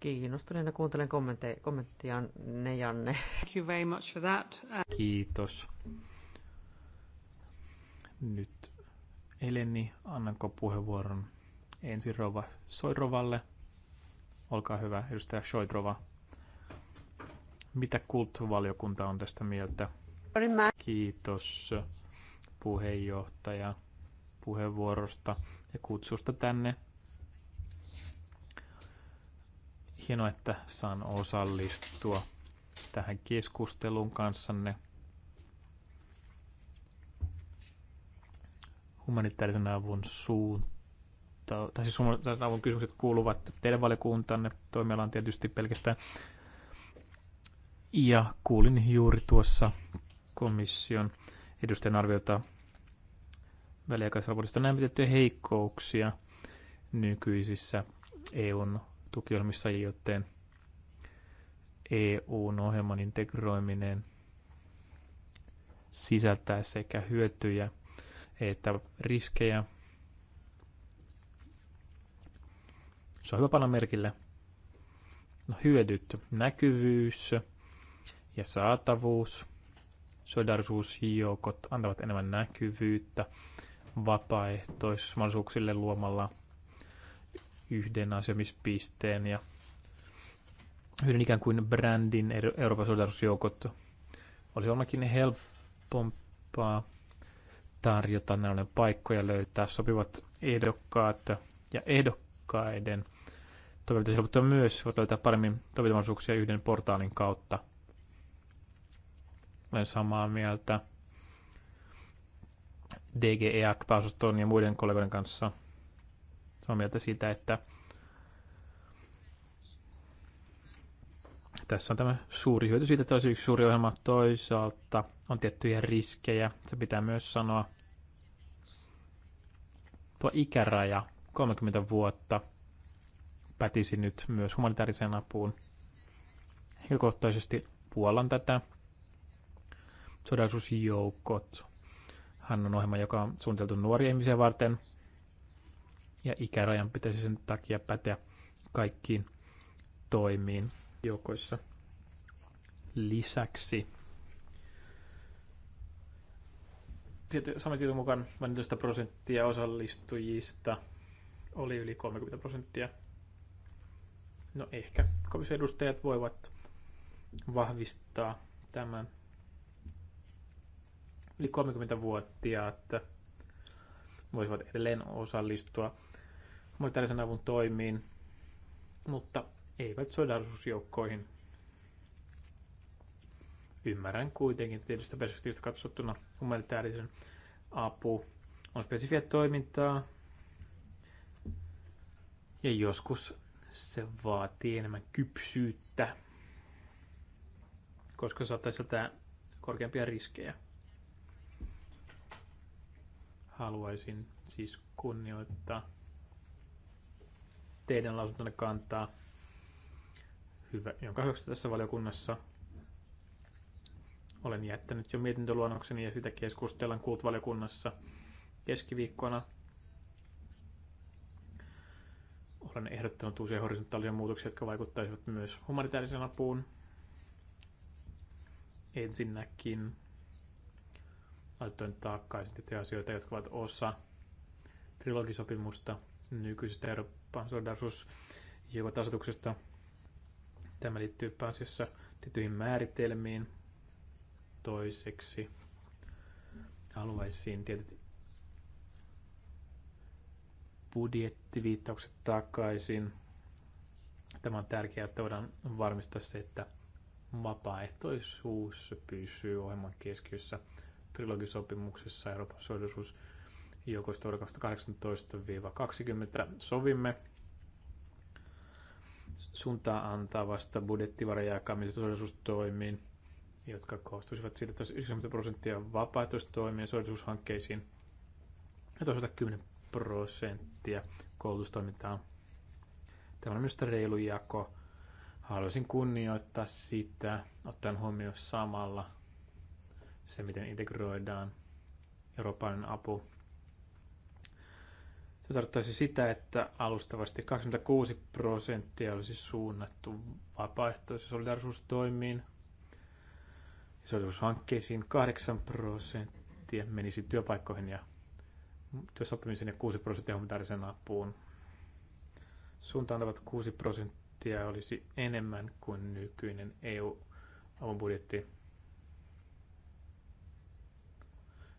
Kiinnostuneena kuuntelen kommentteja ne Janne. Thank you very much for that. Kiitos. Nyt Eleni, annanko puheenvuoron ensin Rova Soirovalle – Olkaa hyvä, edustaja Shoidrova. Mitä kulttuurivaliokunta on tästä mieltä? Kiitos puheenjohtaja puheenvuorosta ja kutsusta tänne. Hienoa, että saan osallistua tähän keskusteluun kanssanne. Humanitaarisen avun suunta tai siis avun kysymykset kuuluvat teidän valiokuntanne toimialaan tietysti pelkästään. Ja kuulin juuri tuossa komission edustajan arviota väliaikaisraportista näin pidettyjä heikkouksia nykyisissä EUn tukiohjelmissa, joten EUn ohjelman integroiminen sisältää sekä hyötyjä että riskejä – Se on hyvä panna merkille. No, hyödyt, näkyvyys ja saatavuus. Solidarisuusjoukot antavat enemmän näkyvyyttä vapaaehtoismahdollisuuksille luomalla yhden asemispisteen ja yhden ikään kuin brändin Euroopan solidarisuusjoukot. Olisi ollakin helpompaa tarjota näille paikkoja löytää sopivat ehdokkaat ja ehdokkaiden Toimintaa helpottaa myös, voit löytää paremmin toimintamahdollisuuksia yhden portaalin kautta. Olen samaa mieltä DGEAC-pääosaston ja muiden kollegoiden kanssa samaa mieltä siitä, että tässä on tämä suuri hyöty siitä, että olisi yksi suuri ohjelma. Toisaalta on tiettyjä riskejä, se pitää myös sanoa. Tuo ikäraja, 30 vuotta, pätisi nyt myös humanitaariseen apuun. Henkilökohtaisesti puolan tätä. Sodallisuusjoukot. Hän on ohjelma, joka on suunniteltu nuoria ihmisiä varten. Ja ikärajan pitäisi sen takia päteä kaikkiin toimiin joukoissa. Lisäksi saman tiedon mukaan vain 14 prosenttia osallistujista oli yli 30 prosenttia No ehkä edustajat voivat vahvistaa tämän yli 30-vuotiaat voisivat edelleen osallistua humanitaarisen avun toimiin, mutta eivät sodarisuusjoukkoihin. Ymmärrän kuitenkin, että tietystä perspektiivistä katsottuna humanitaarisen apu on spesifiä toimintaa, ja joskus se vaatii enemmän kypsyyttä, koska saattaisi sieltä korkeampia riskejä. Haluaisin siis kunnioittaa teidän lausuntonne kantaa, hyvä, jonka hyväksy tässä valiokunnassa. Olen jättänyt jo mietintöluonnokseni ja sitä keskustellaan kuut valiokunnassa keskiviikkona Olen ehdottanut uusia horisontaalisia muutoksia, jotka vaikuttaisivat myös humanitaariseen apuun. Ensinnäkin laitoin takaisin tiettyjä asioita, jotka ovat osa trilogisopimusta nykyisestä Euroopan solidarisuus asetuksesta. Tämä liittyy pääasiassa tiettyihin määritelmiin. Toiseksi haluaisin tietyt budjettiviittaukset takaisin. Tämä on tärkeää, että voidaan varmistaa se, että vapaaehtoisuus pysyy ohjelman keskiössä trilogisopimuksessa Euroopan solidarisuus joukoista vuonna 2018-2020 sovimme. Suuntaa antaa vasta budjettivarojen jakamiset solidarisuustoimiin, jotka koostuisivat siitä, että 90 prosenttia vapaaehtoistoimien solidarisuushankkeisiin ja toisaalta 10 prosenttia koulutustoimintaan. Tämä on myös reilu jako. Haluaisin kunnioittaa sitä, ottaen huomioon samalla se, miten integroidaan eurooppalainen apu. Se tarkoittaisi sitä, että alustavasti 26 prosenttia olisi suunnattu vapaaehtoisiin solidarisuustoimiin, solidarisuushankkeisiin 8 prosenttia menisi työpaikkoihin ja työsopimisen ja 6 prosenttia humanitaarisen apuun. Suuntaantavat 6 prosenttia olisi enemmän kuin nykyinen EU-avun budjetti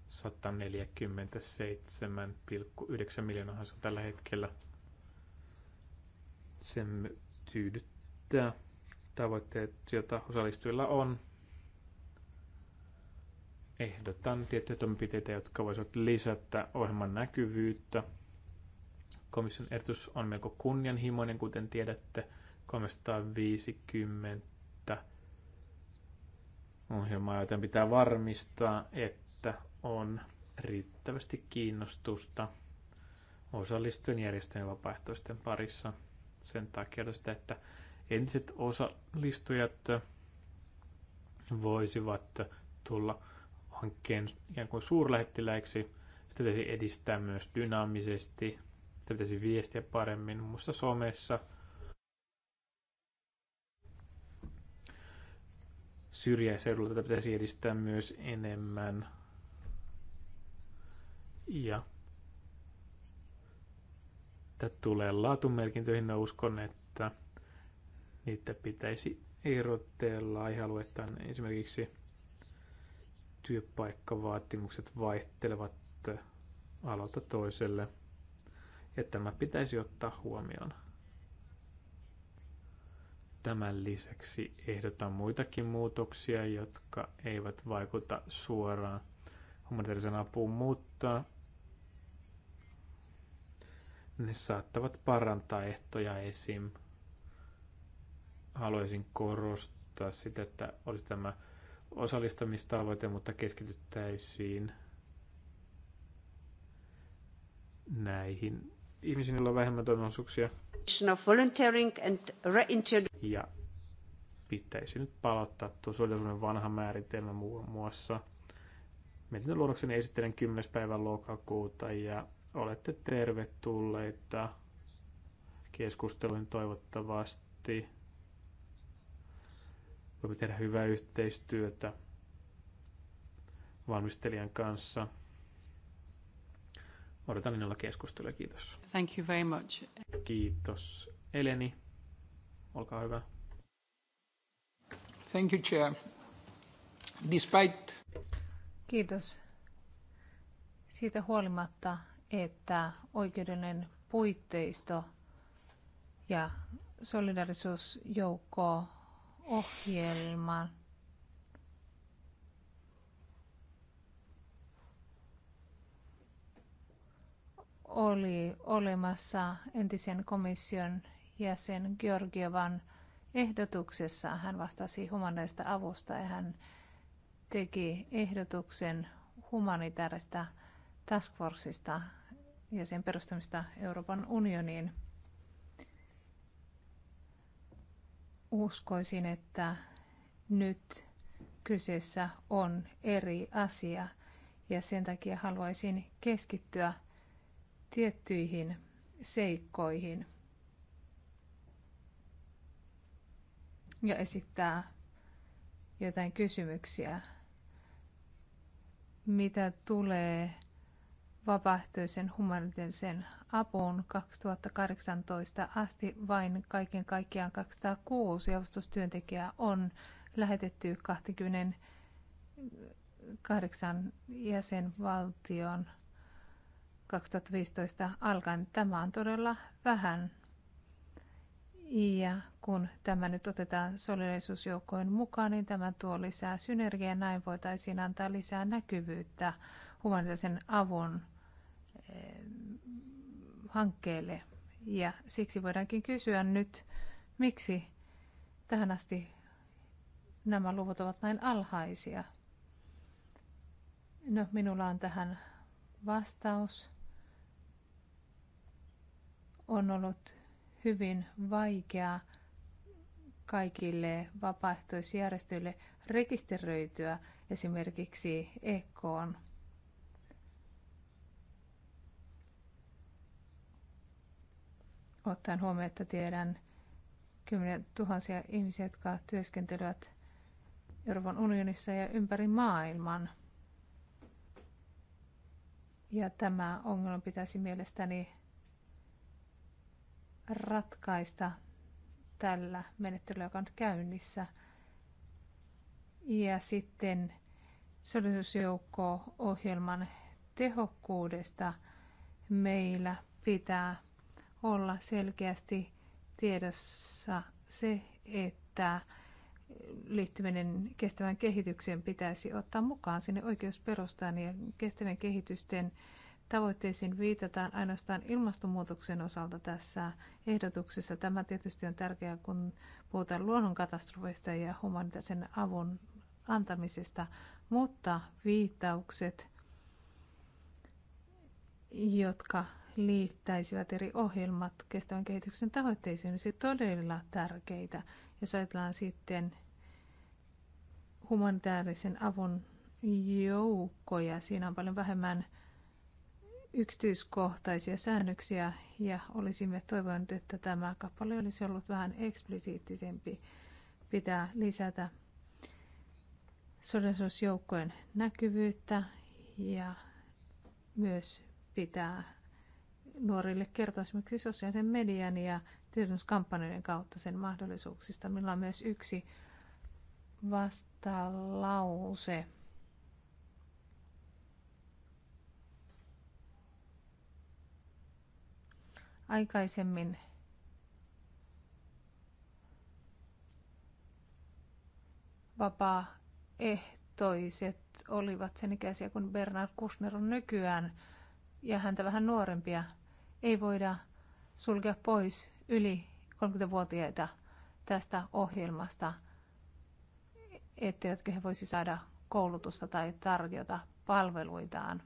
147,9 miljoonaa se on tällä hetkellä. Sen tyydyttää tavoitteet, joita osallistujilla on ehdotan tiettyjä toimenpiteitä, jotka voisivat lisätä ohjelman näkyvyyttä. Komission ehdotus on melko kunnianhimoinen, kuten tiedätte, 350 ohjelmaa, joten pitää varmistaa, että on riittävästi kiinnostusta osallistujen järjestöjen vapaaehtoisten parissa. Sen takia sitä, että entiset osallistujat voisivat tulla hankkeen ikään kuin suurlähettiläiksi. Sitä pitäisi edistää myös dynaamisesti. Sitä pitäisi viestiä paremmin muun muassa somessa. Syrjäseudulla tätä pitäisi edistää myös enemmän. Ja tätä tulee laatumerkintöihin, mä uskon, että niitä pitäisi erotella aihealueittain esimerkiksi työpaikkavaatimukset vaihtelevat alalta toiselle. Ja tämä pitäisi ottaa huomioon. Tämän lisäksi ehdotan muitakin muutoksia, jotka eivät vaikuta suoraan humanitaarisen apuun, mutta ne saattavat parantaa ehtoja esim. Haluaisin korostaa sitä, että olisi tämä osallistamistavoite, mutta keskityttäisiin näihin ihmisiin, joilla on vähemmän toimivallisuuksia. Ja pitäisi nyt palauttaa tuo suojelusuuden vanha määritelmä muun muassa. Mietinnön luonnokseni esittelen 10. päivän lokakuuta ja olette tervetulleita keskusteluihin toivottavasti. Voimme tehdä hyvää yhteistyötä valmistelijan kanssa. Odotan innolla keskustelua. Kiitos. Thank you very much. Kiitos. Eleni, olkaa hyvä. Thank you, Chair. Despite... Kiitos. Siitä huolimatta, että oikeudellinen puitteisto ja solidarisuusjoukko ohjelman. oli olemassa entisen komission jäsen Georgievan ehdotuksessa. Hän vastasi humanitaarista avusta ja hän teki ehdotuksen humanitaarista taskforcesta ja sen perustamista Euroopan unioniin. uskoisin, että nyt kyseessä on eri asia ja sen takia haluaisin keskittyä tiettyihin seikkoihin ja esittää jotain kysymyksiä, mitä tulee vapaaehtoisen humanitaariseen apuun 2018 asti vain kaiken kaikkiaan 206 avustustyöntekijää on lähetetty 28 jäsenvaltion 2015 alkaen. Tämä on todella vähän. Ja kun tämä nyt otetaan solidaisuusjoukkojen mukaan, niin tämä tuo lisää synergiaa. Näin voitaisiin antaa lisää näkyvyyttä humanitaarisen avun Eh, hankkeelle. Ja siksi voidaankin kysyä nyt, miksi tähän asti nämä luvut ovat näin alhaisia. No, minulla on tähän vastaus. On ollut hyvin vaikeaa kaikille vapaaehtoisjärjestöille rekisteröityä esimerkiksi EKOon ottaen huomioon, että tiedän kymmeniä tuhansia ihmisiä, jotka työskentelevät Euroopan unionissa ja ympäri maailman. Ja tämä ongelma pitäisi mielestäni ratkaista tällä menettelyllä, joka on käynnissä. Ja sitten solidarisuusjoukko-ohjelman tehokkuudesta meillä pitää olla selkeästi tiedossa se, että liittyminen kestävän kehitykseen pitäisi ottaa mukaan sinne oikeusperustaan ja kestävän kehitysten tavoitteisiin viitataan ainoastaan ilmastonmuutoksen osalta tässä ehdotuksessa. Tämä tietysti on tärkeää, kun puhutaan luonnonkatastrofeista ja humanitaisen avun antamisesta, mutta viittaukset, jotka liittäisivät eri ohjelmat kestävän kehityksen tavoitteisiin, olisi todella tärkeitä. Jos ajatellaan sitten humanitaarisen avun joukkoja, siinä on paljon vähemmän yksityiskohtaisia säännöksiä ja olisimme toivoneet, että tämä kappale olisi ollut vähän eksplisiittisempi. Pitää lisätä sodellisuusjoukkojen näkyvyyttä ja myös pitää nuorille kertoa esimerkiksi sosiaalisen median ja tiedotuskampanjoiden kautta sen mahdollisuuksista. Meillä on myös yksi vastalause. Aikaisemmin vapaaehtoiset olivat sen ikäisiä kuin Bernard Kushner on nykyään ja häntä vähän nuorempia – ei voida sulkea pois yli 30-vuotiaita tästä ohjelmasta, etteivätkö he voisi saada koulutusta tai tarjota palveluitaan.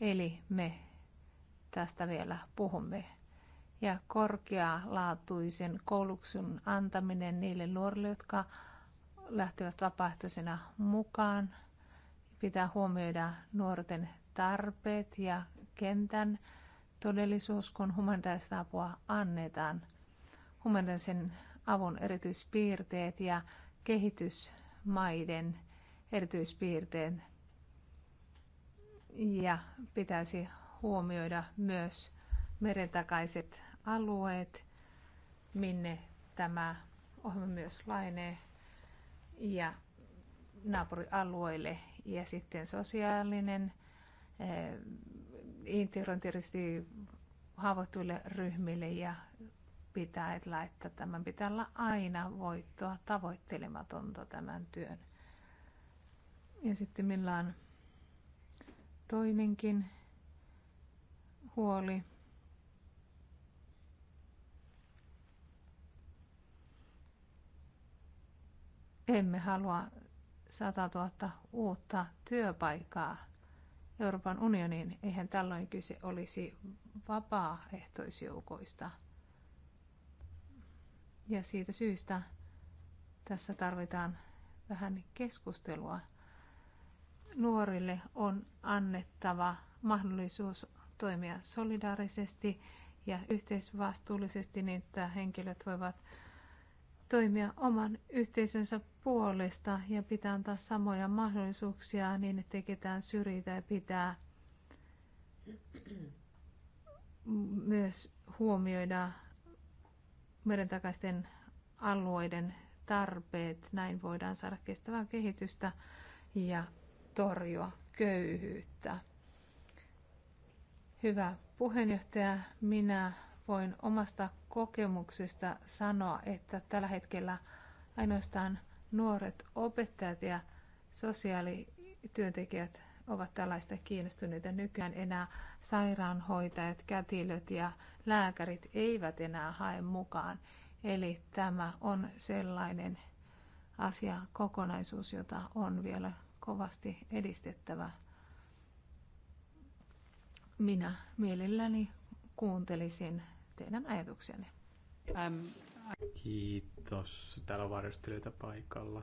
Eli me tästä vielä puhumme. Ja korkealaatuisen koulutuksen antaminen niille nuorille, jotka lähtevät vapaaehtoisena mukaan. Pitää huomioida nuorten tarpeet ja kentän todellisuus, kun humanitaarista apua annetaan. Humanitaarisen avun erityispiirteet ja kehitysmaiden erityispiirteet. Ja pitäisi huomioida myös merentakaiset alueet, minne tämä ohjelma myös lainee ja naapurialueille. Ja sitten sosiaalinen eh, integroin tietysti haavoittuille ryhmille ja pitää että, että tämän pitää olla aina voittoa tavoittelematonta tämän työn. Ja sitten meillä on toinenkin huoli. Emme halua 100 000 uutta työpaikkaa Euroopan unioniin. Eihän tällöin kyse olisi vapaaehtoisjoukoista. Ja siitä syystä tässä tarvitaan vähän keskustelua. Nuorille on annettava mahdollisuus toimia solidaarisesti ja yhteisvastuullisesti niin, että henkilöt voivat toimia oman yhteisönsä puolesta ja pitää antaa samoja mahdollisuuksia niin, ettei ketään syrjitä ja pitää myös huomioida merentakaisten alueiden tarpeet. Näin voidaan saada kestävää kehitystä ja torjua köyhyyttä. Hyvä puheenjohtaja, minä voin omasta kokemuksesta sanoa, että tällä hetkellä ainoastaan nuoret opettajat ja sosiaalityöntekijät ovat tällaista kiinnostuneita. Nykyään enää sairaanhoitajat, kätilöt ja lääkärit eivät enää hae mukaan. Eli tämä on sellainen asia, kokonaisuus, jota on vielä kovasti edistettävä. Minä mielelläni kuuntelisin teidän ajatuksianne. Ähm, Kiitos. Täällä on varjostelijoita paikalla.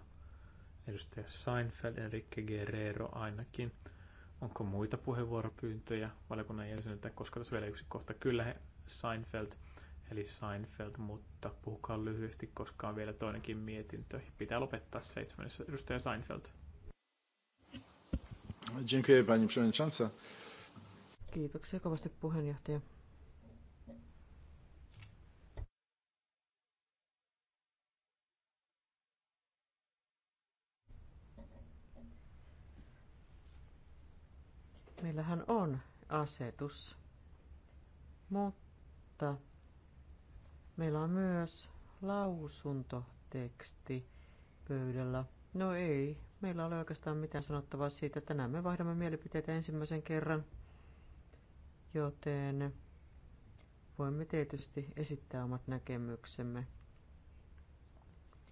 Edustaja Seinfeld, Enrique Guerrero ainakin. Onko muita puheenvuoropyyntöjä valiokunnan jäseniltä, koska tässä vielä yksi kohta. Kyllä he Seinfeld, eli Seinfeld, mutta puhukaa lyhyesti, koska on vielä toinenkin mietintö. Pitää lopettaa seitsemännessä. Edustaja Seinfeld. Dziękuję pani przewodnicząca. Kiitoksia kovasti puheenjohtaja. asetus. Mutta meillä on myös lausuntoteksti pöydällä. No ei, meillä ole oikeastaan mitään sanottavaa siitä. Tänään me vaihdamme mielipiteitä ensimmäisen kerran, joten voimme tietysti esittää omat näkemyksemme,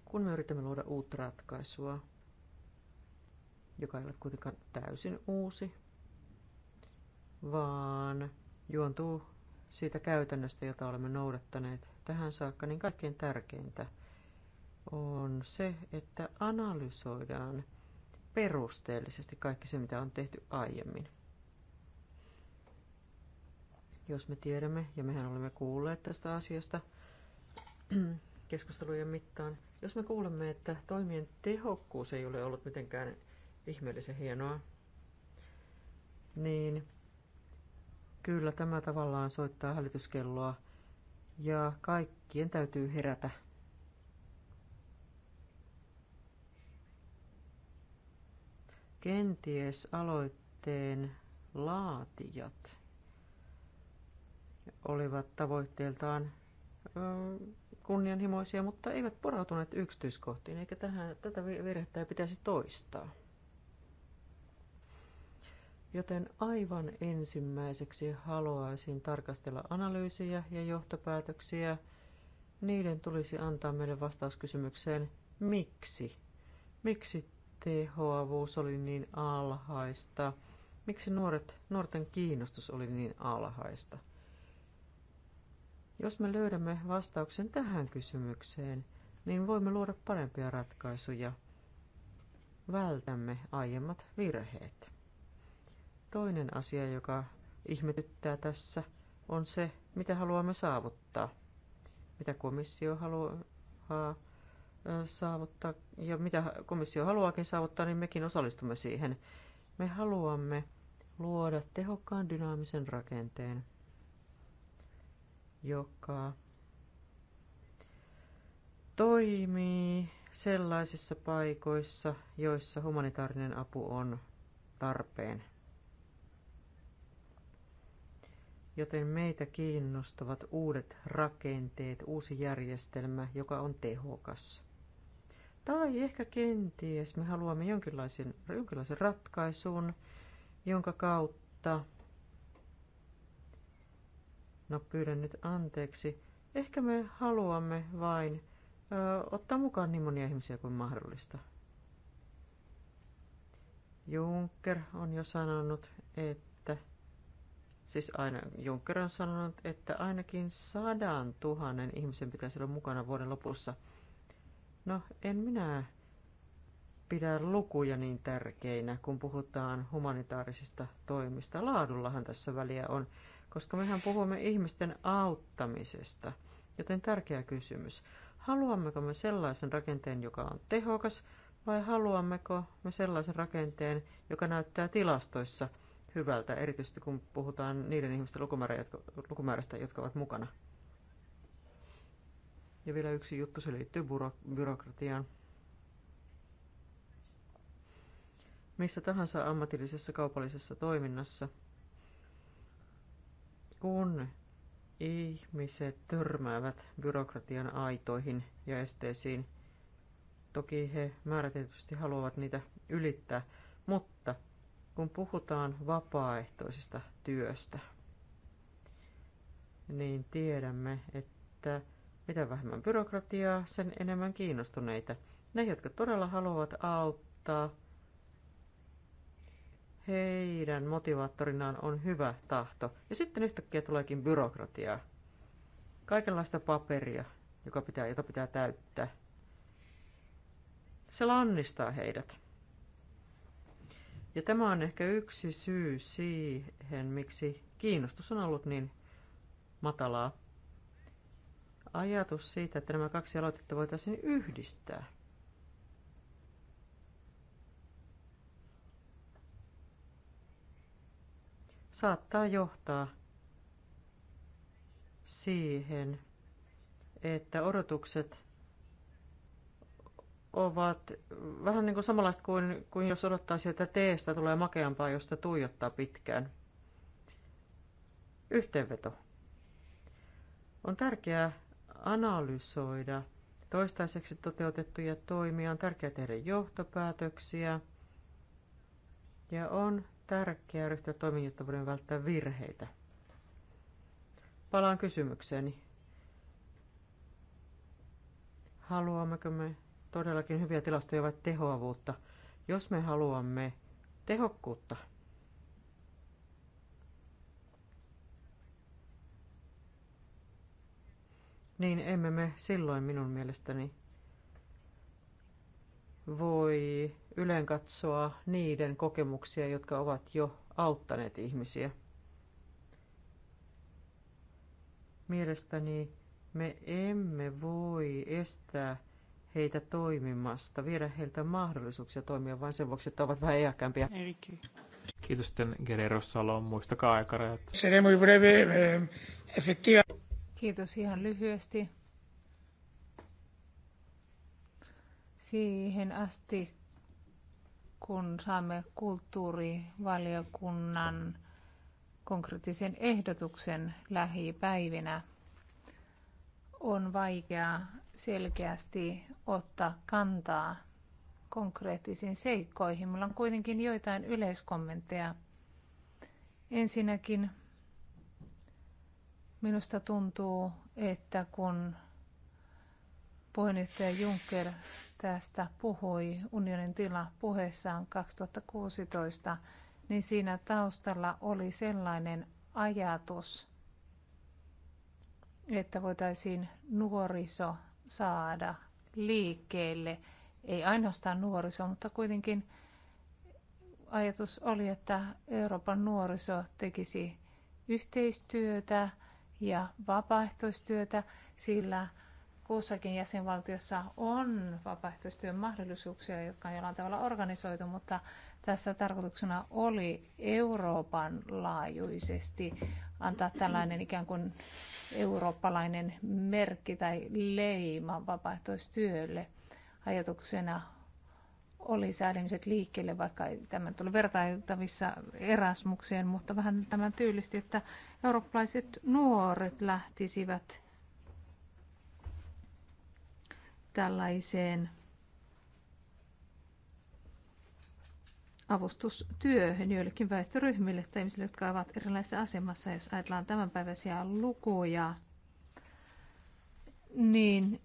kun me yritämme luoda uutta ratkaisua, joka ei ole kuitenkaan täysin uusi, vaan juontuu siitä käytännöstä, jota olemme noudattaneet tähän saakka, niin kaikkein tärkeintä on se, että analysoidaan perusteellisesti kaikki se, mitä on tehty aiemmin. Jos me tiedämme, ja mehän olemme kuulleet tästä asiasta keskustelujen mittaan, jos me kuulemme, että toimien tehokkuus ei ole ollut mitenkään ihmeellisen hienoa, niin Kyllä tämä tavallaan soittaa hälytyskelloa ja kaikkien täytyy herätä. Kenties aloitteen laatijat olivat tavoitteeltaan kunnianhimoisia, mutta eivät porautuneet yksityiskohtiin, eikä tähän, tätä virhettä ei pitäisi toistaa. Joten aivan ensimmäiseksi haluaisin tarkastella analyysejä ja johtopäätöksiä. Niiden tulisi antaa meille vastaus kysymykseen, miksi? Miksi tehoavuus oli niin alhaista? Miksi nuoret, nuorten kiinnostus oli niin alhaista? Jos me löydämme vastauksen tähän kysymykseen, niin voimme luoda parempia ratkaisuja. Vältämme aiemmat virheet. Toinen asia, joka ihmetyttää tässä, on se, mitä haluamme saavuttaa, mitä komissio haluaa saavuttaa ja mitä komissio haluaakin saavuttaa, niin mekin osallistumme siihen. Me haluamme luoda tehokkaan dynaamisen rakenteen, joka toimii sellaisissa paikoissa, joissa humanitaarinen apu on tarpeen. joten meitä kiinnostavat uudet rakenteet, uusi järjestelmä, joka on tehokas. Tai ehkä kenties me haluamme jonkinlaisen, jonkinlaisen ratkaisun, jonka kautta, no pyydän nyt anteeksi, ehkä me haluamme vain ö, ottaa mukaan niin monia ihmisiä kuin mahdollista. Juncker on jo sanonut, että Siis aina Juncker on sanonut, että ainakin sadan tuhannen ihmisen pitäisi olla mukana vuoden lopussa. No, en minä pidä lukuja niin tärkeinä, kun puhutaan humanitaarisista toimista. Laadullahan tässä väliä on, koska mehän puhumme ihmisten auttamisesta. Joten tärkeä kysymys. Haluammeko me sellaisen rakenteen, joka on tehokas, vai haluammeko me sellaisen rakenteen, joka näyttää tilastoissa – hyvältä, erityisesti kun puhutaan niiden ihmisten lukumäärästä, jotka ovat mukana. Ja vielä yksi juttu, se liittyy byrokratiaan. Missä tahansa ammatillisessa kaupallisessa toiminnassa, kun ihmiset törmäävät byrokratian aitoihin ja esteisiin, toki he määrätietoisesti haluavat niitä ylittää, mutta kun puhutaan vapaaehtoisesta työstä, niin tiedämme, että mitä vähemmän byrokratiaa, sen enemmän kiinnostuneita. Ne, jotka todella haluavat auttaa, heidän motivaattorinaan on hyvä tahto. Ja sitten yhtäkkiä tuleekin byrokratiaa. Kaikenlaista paperia, joka pitää, jota pitää täyttää. Se lannistaa heidät. Ja tämä on ehkä yksi syy siihen, miksi kiinnostus on ollut niin matalaa. Ajatus siitä, että nämä kaksi aloitetta voitaisiin yhdistää. saattaa johtaa siihen, että odotukset ovat vähän niin kuin samanlaista kuin, kuin jos odottaisi, että teestä tulee makeampaa, jos sitä tuijottaa pitkään. Yhteenveto. On tärkeää analysoida toistaiseksi toteutettuja toimia, on tärkeää tehdä johtopäätöksiä ja on tärkeää ryhtyä toimiin, jotta voidaan välttää virheitä. Palaan kysymykseeni. Haluammeko me todellakin hyviä tilastoja ovat tehoavuutta. Jos me haluamme tehokkuutta, niin emme me silloin minun mielestäni voi yleen katsoa niiden kokemuksia, jotka ovat jo auttaneet ihmisiä. Mielestäni me emme voi estää heitä toimimasta, viedä heiltä mahdollisuuksia toimia vain sen vuoksi, että ovat vähän iäkkäämpiä. Kiitos sitten Guerrero Salon, muistakaa aikarajat. breve, eh, efectiva. Kiitos ihan lyhyesti. Siihen asti, kun saamme kulttuurivaliokunnan konkreettisen ehdotuksen lähipäivinä, on vaikea selkeästi ottaa kantaa konkreettisiin seikkoihin. Mulla on kuitenkin joitain yleiskommentteja. Ensinnäkin minusta tuntuu, että kun puheenjohtaja Juncker tästä puhui unionin tila puheessaan 2016, niin siinä taustalla oli sellainen ajatus, että voitaisiin nuoriso saada liikkeelle, ei ainoastaan nuoriso, mutta kuitenkin ajatus oli, että Euroopan nuoriso tekisi yhteistyötä ja vapaaehtoistyötä, sillä kussakin jäsenvaltiossa on vapaaehtoistyön mahdollisuuksia, jotka on jollain tavalla organisoitu, mutta tässä tarkoituksena oli Euroopan laajuisesti antaa tällainen ikään kuin eurooppalainen merkki tai leima vapaaehtoistyölle. Ajatuksena oli säädemiset liikkeelle, vaikka tämä tuli vertailtavissa Erasmukseen, mutta vähän tämän tyylisesti, että eurooppalaiset nuoret lähtisivät tällaiseen avustustyöhön joillekin väestöryhmille tai ihmisille, jotka ovat erilaisessa asemassa. Jos ajatellaan tämänpäiväisiä lukuja, niin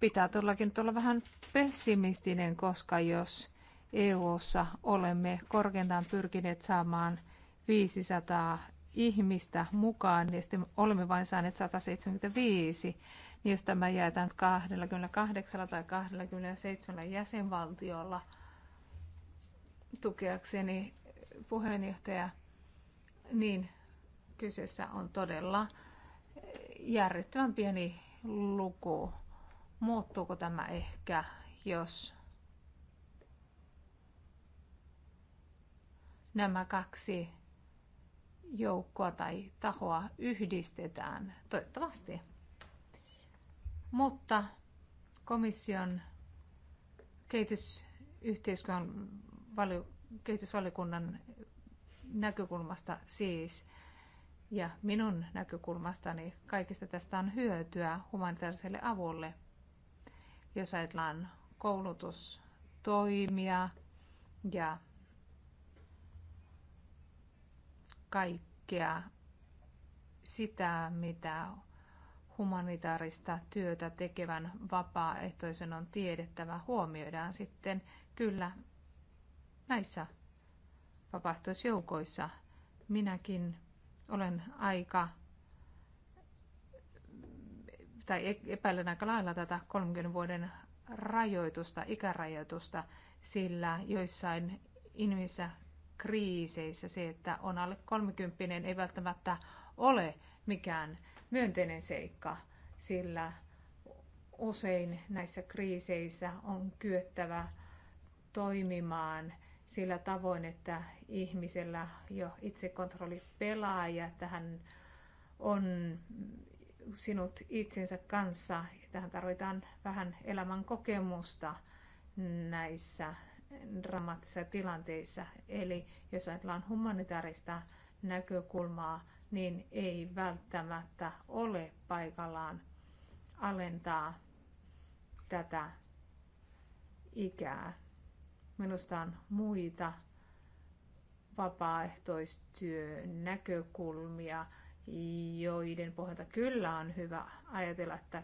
pitää todellakin olla vähän pessimistinen, koska jos EU:ssa olemme korkeintaan pyrkineet saamaan 500 ihmistä mukaan, niin sitten olemme vain saaneet 175, jos tämä jaetaan 28 tai 27 jäsenvaltiolla tukeakseni puheenjohtaja, niin kyseessä on todella järjettömän pieni luku. Muuttuuko tämä ehkä, jos nämä kaksi joukkoa tai tahoa yhdistetään? Toivottavasti mutta komission kehitysyhteiskunnan valio, kehitysvalikunnan näkökulmasta siis ja minun näkökulmastani kaikista tästä on hyötyä humanitaariselle avulle, jos ajatellaan koulutustoimia ja kaikkea sitä, mitä humanitaarista työtä tekevän vapaaehtoisen on tiedettävä huomioidaan sitten kyllä näissä vapaaehtoisjoukoissa. Minäkin olen aika tai epäilen aika lailla tätä 30 vuoden rajoitusta, ikärajoitusta, sillä joissain inhimillisissä kriiseissä se, että on alle 30, ei välttämättä ole mikään myönteinen seikka, sillä usein näissä kriiseissä on kyettävä toimimaan sillä tavoin, että ihmisellä jo itsekontrolli pelaa ja tähän on sinut itsensä kanssa. Tähän tarvitaan vähän elämän kokemusta näissä dramaattisissa tilanteissa. Eli jos ajatellaan humanitaarista näkökulmaa, niin ei välttämättä ole paikallaan alentaa tätä ikää. Minusta on muita vapaaehtoistyön näkökulmia, joiden pohjalta kyllä on hyvä ajatella, että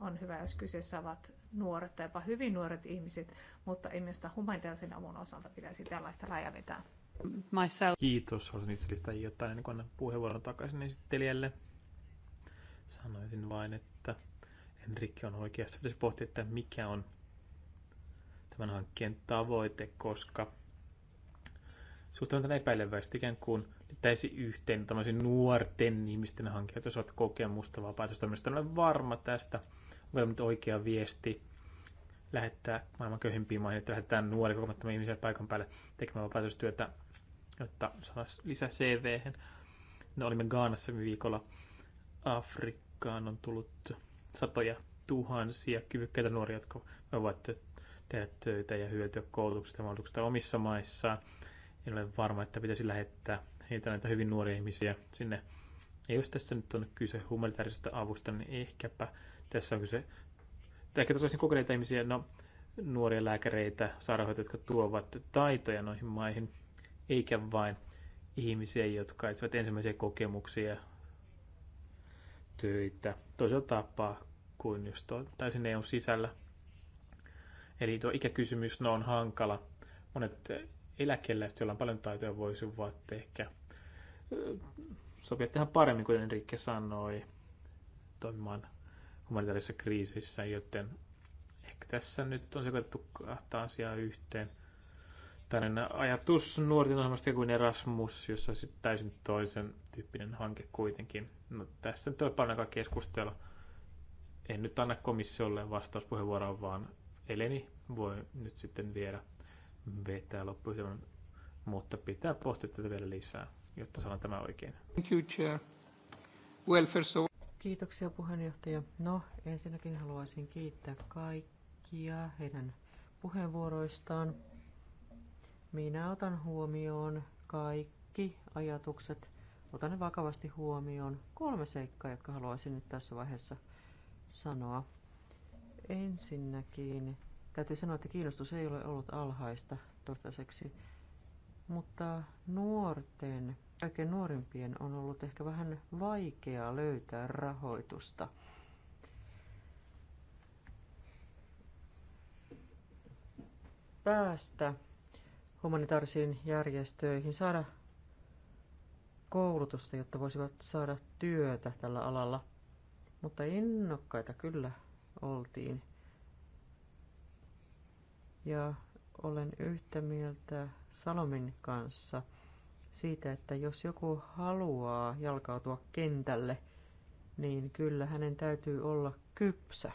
on hyvä, jos kyseessä ovat nuoret tai jopa hyvin nuoret ihmiset, mutta ei minusta humanitaarisen avun osalta pitäisi tällaista rajavetää. vetää. Myself. Kiitos, haluaisin itsellistään jotain ennen kuin puheenvuoron takaisin esittelijälle. Sanoisin vain, että Enrikki on oikeassa. Pitäisi pohtia, että mikä on tämän hankkeen tavoite, koska suhtaudun epäileväisesti ikään kuin täysin yhteen tämmöisen nuorten ihmisten että jos olet kokemusta vapaaehtoista En olen varma tästä, onko nyt oikea viesti lähettää maailman köyhimpiin maihin, että lähdetään nuori kokemattomia ihmisiä paikan päälle tekemään vapaaehtoistyötä jotta saisi lisää cv No olimme Gaanassa viikolla. Afrikkaan on tullut satoja tuhansia kyvykkäitä nuoria, jotka ovat tehdä töitä ja hyötyä koulutuksesta ja mahdollisuuksista omissa maissaan. En ole varma, että pitäisi lähettää heitä näitä hyvin nuoria ihmisiä sinne. Ja jos tässä nyt on kyse humanitaarisesta avusta, niin ehkäpä tässä on kyse, ehkä tosiaan kokeneita ihmisiä, no nuoria lääkäreitä, sairaanhoitajia, jotka tuovat taitoja noihin maihin eikä vain ihmisiä, jotka etsivät ensimmäisiä kokemuksia, töitä, toisella tapaa kuin jos täysin EUn sisällä. Eli tuo ikäkysymys no on hankala. Monet eläkeläiset, joilla on paljon taitoja, voisivat ehkä sopia tähän paremmin, kuten Enrique sanoi, toimimaan humanitaarisessa kriisissä, joten ehkä tässä nyt on sekoitettu kahta asiaa yhteen – tällainen ajatus nuorten ohjelmasta kuin Erasmus, jossa olisi täysin toisen tyyppinen hanke kuitenkin. No, tässä nyt on paljon keskustella. En nyt anna komissiolle vastauspuheenvuoroa, vaan Eleni voi nyt sitten vielä vetää loppuun, mutta pitää pohtia tätä vielä lisää, jotta sanon tämä oikein. Thank you, Chair. Well, first of... Kiitoksia puheenjohtaja. No, ensinnäkin haluaisin kiittää kaikkia heidän puheenvuoroistaan. Minä otan huomioon kaikki ajatukset, otan ne vakavasti huomioon. Kolme seikkaa, jotka haluaisin nyt tässä vaiheessa sanoa. Ensinnäkin täytyy sanoa, että kiinnostus ei ole ollut alhaista toistaiseksi, mutta nuorten, kaikkein nuorimpien on ollut ehkä vähän vaikea löytää rahoitusta. Päästä humanitaarisiin järjestöihin, saada koulutusta, jotta voisivat saada työtä tällä alalla. Mutta innokkaita kyllä oltiin. Ja olen yhtä mieltä Salomin kanssa siitä, että jos joku haluaa jalkautua kentälle, niin kyllä hänen täytyy olla kypsä.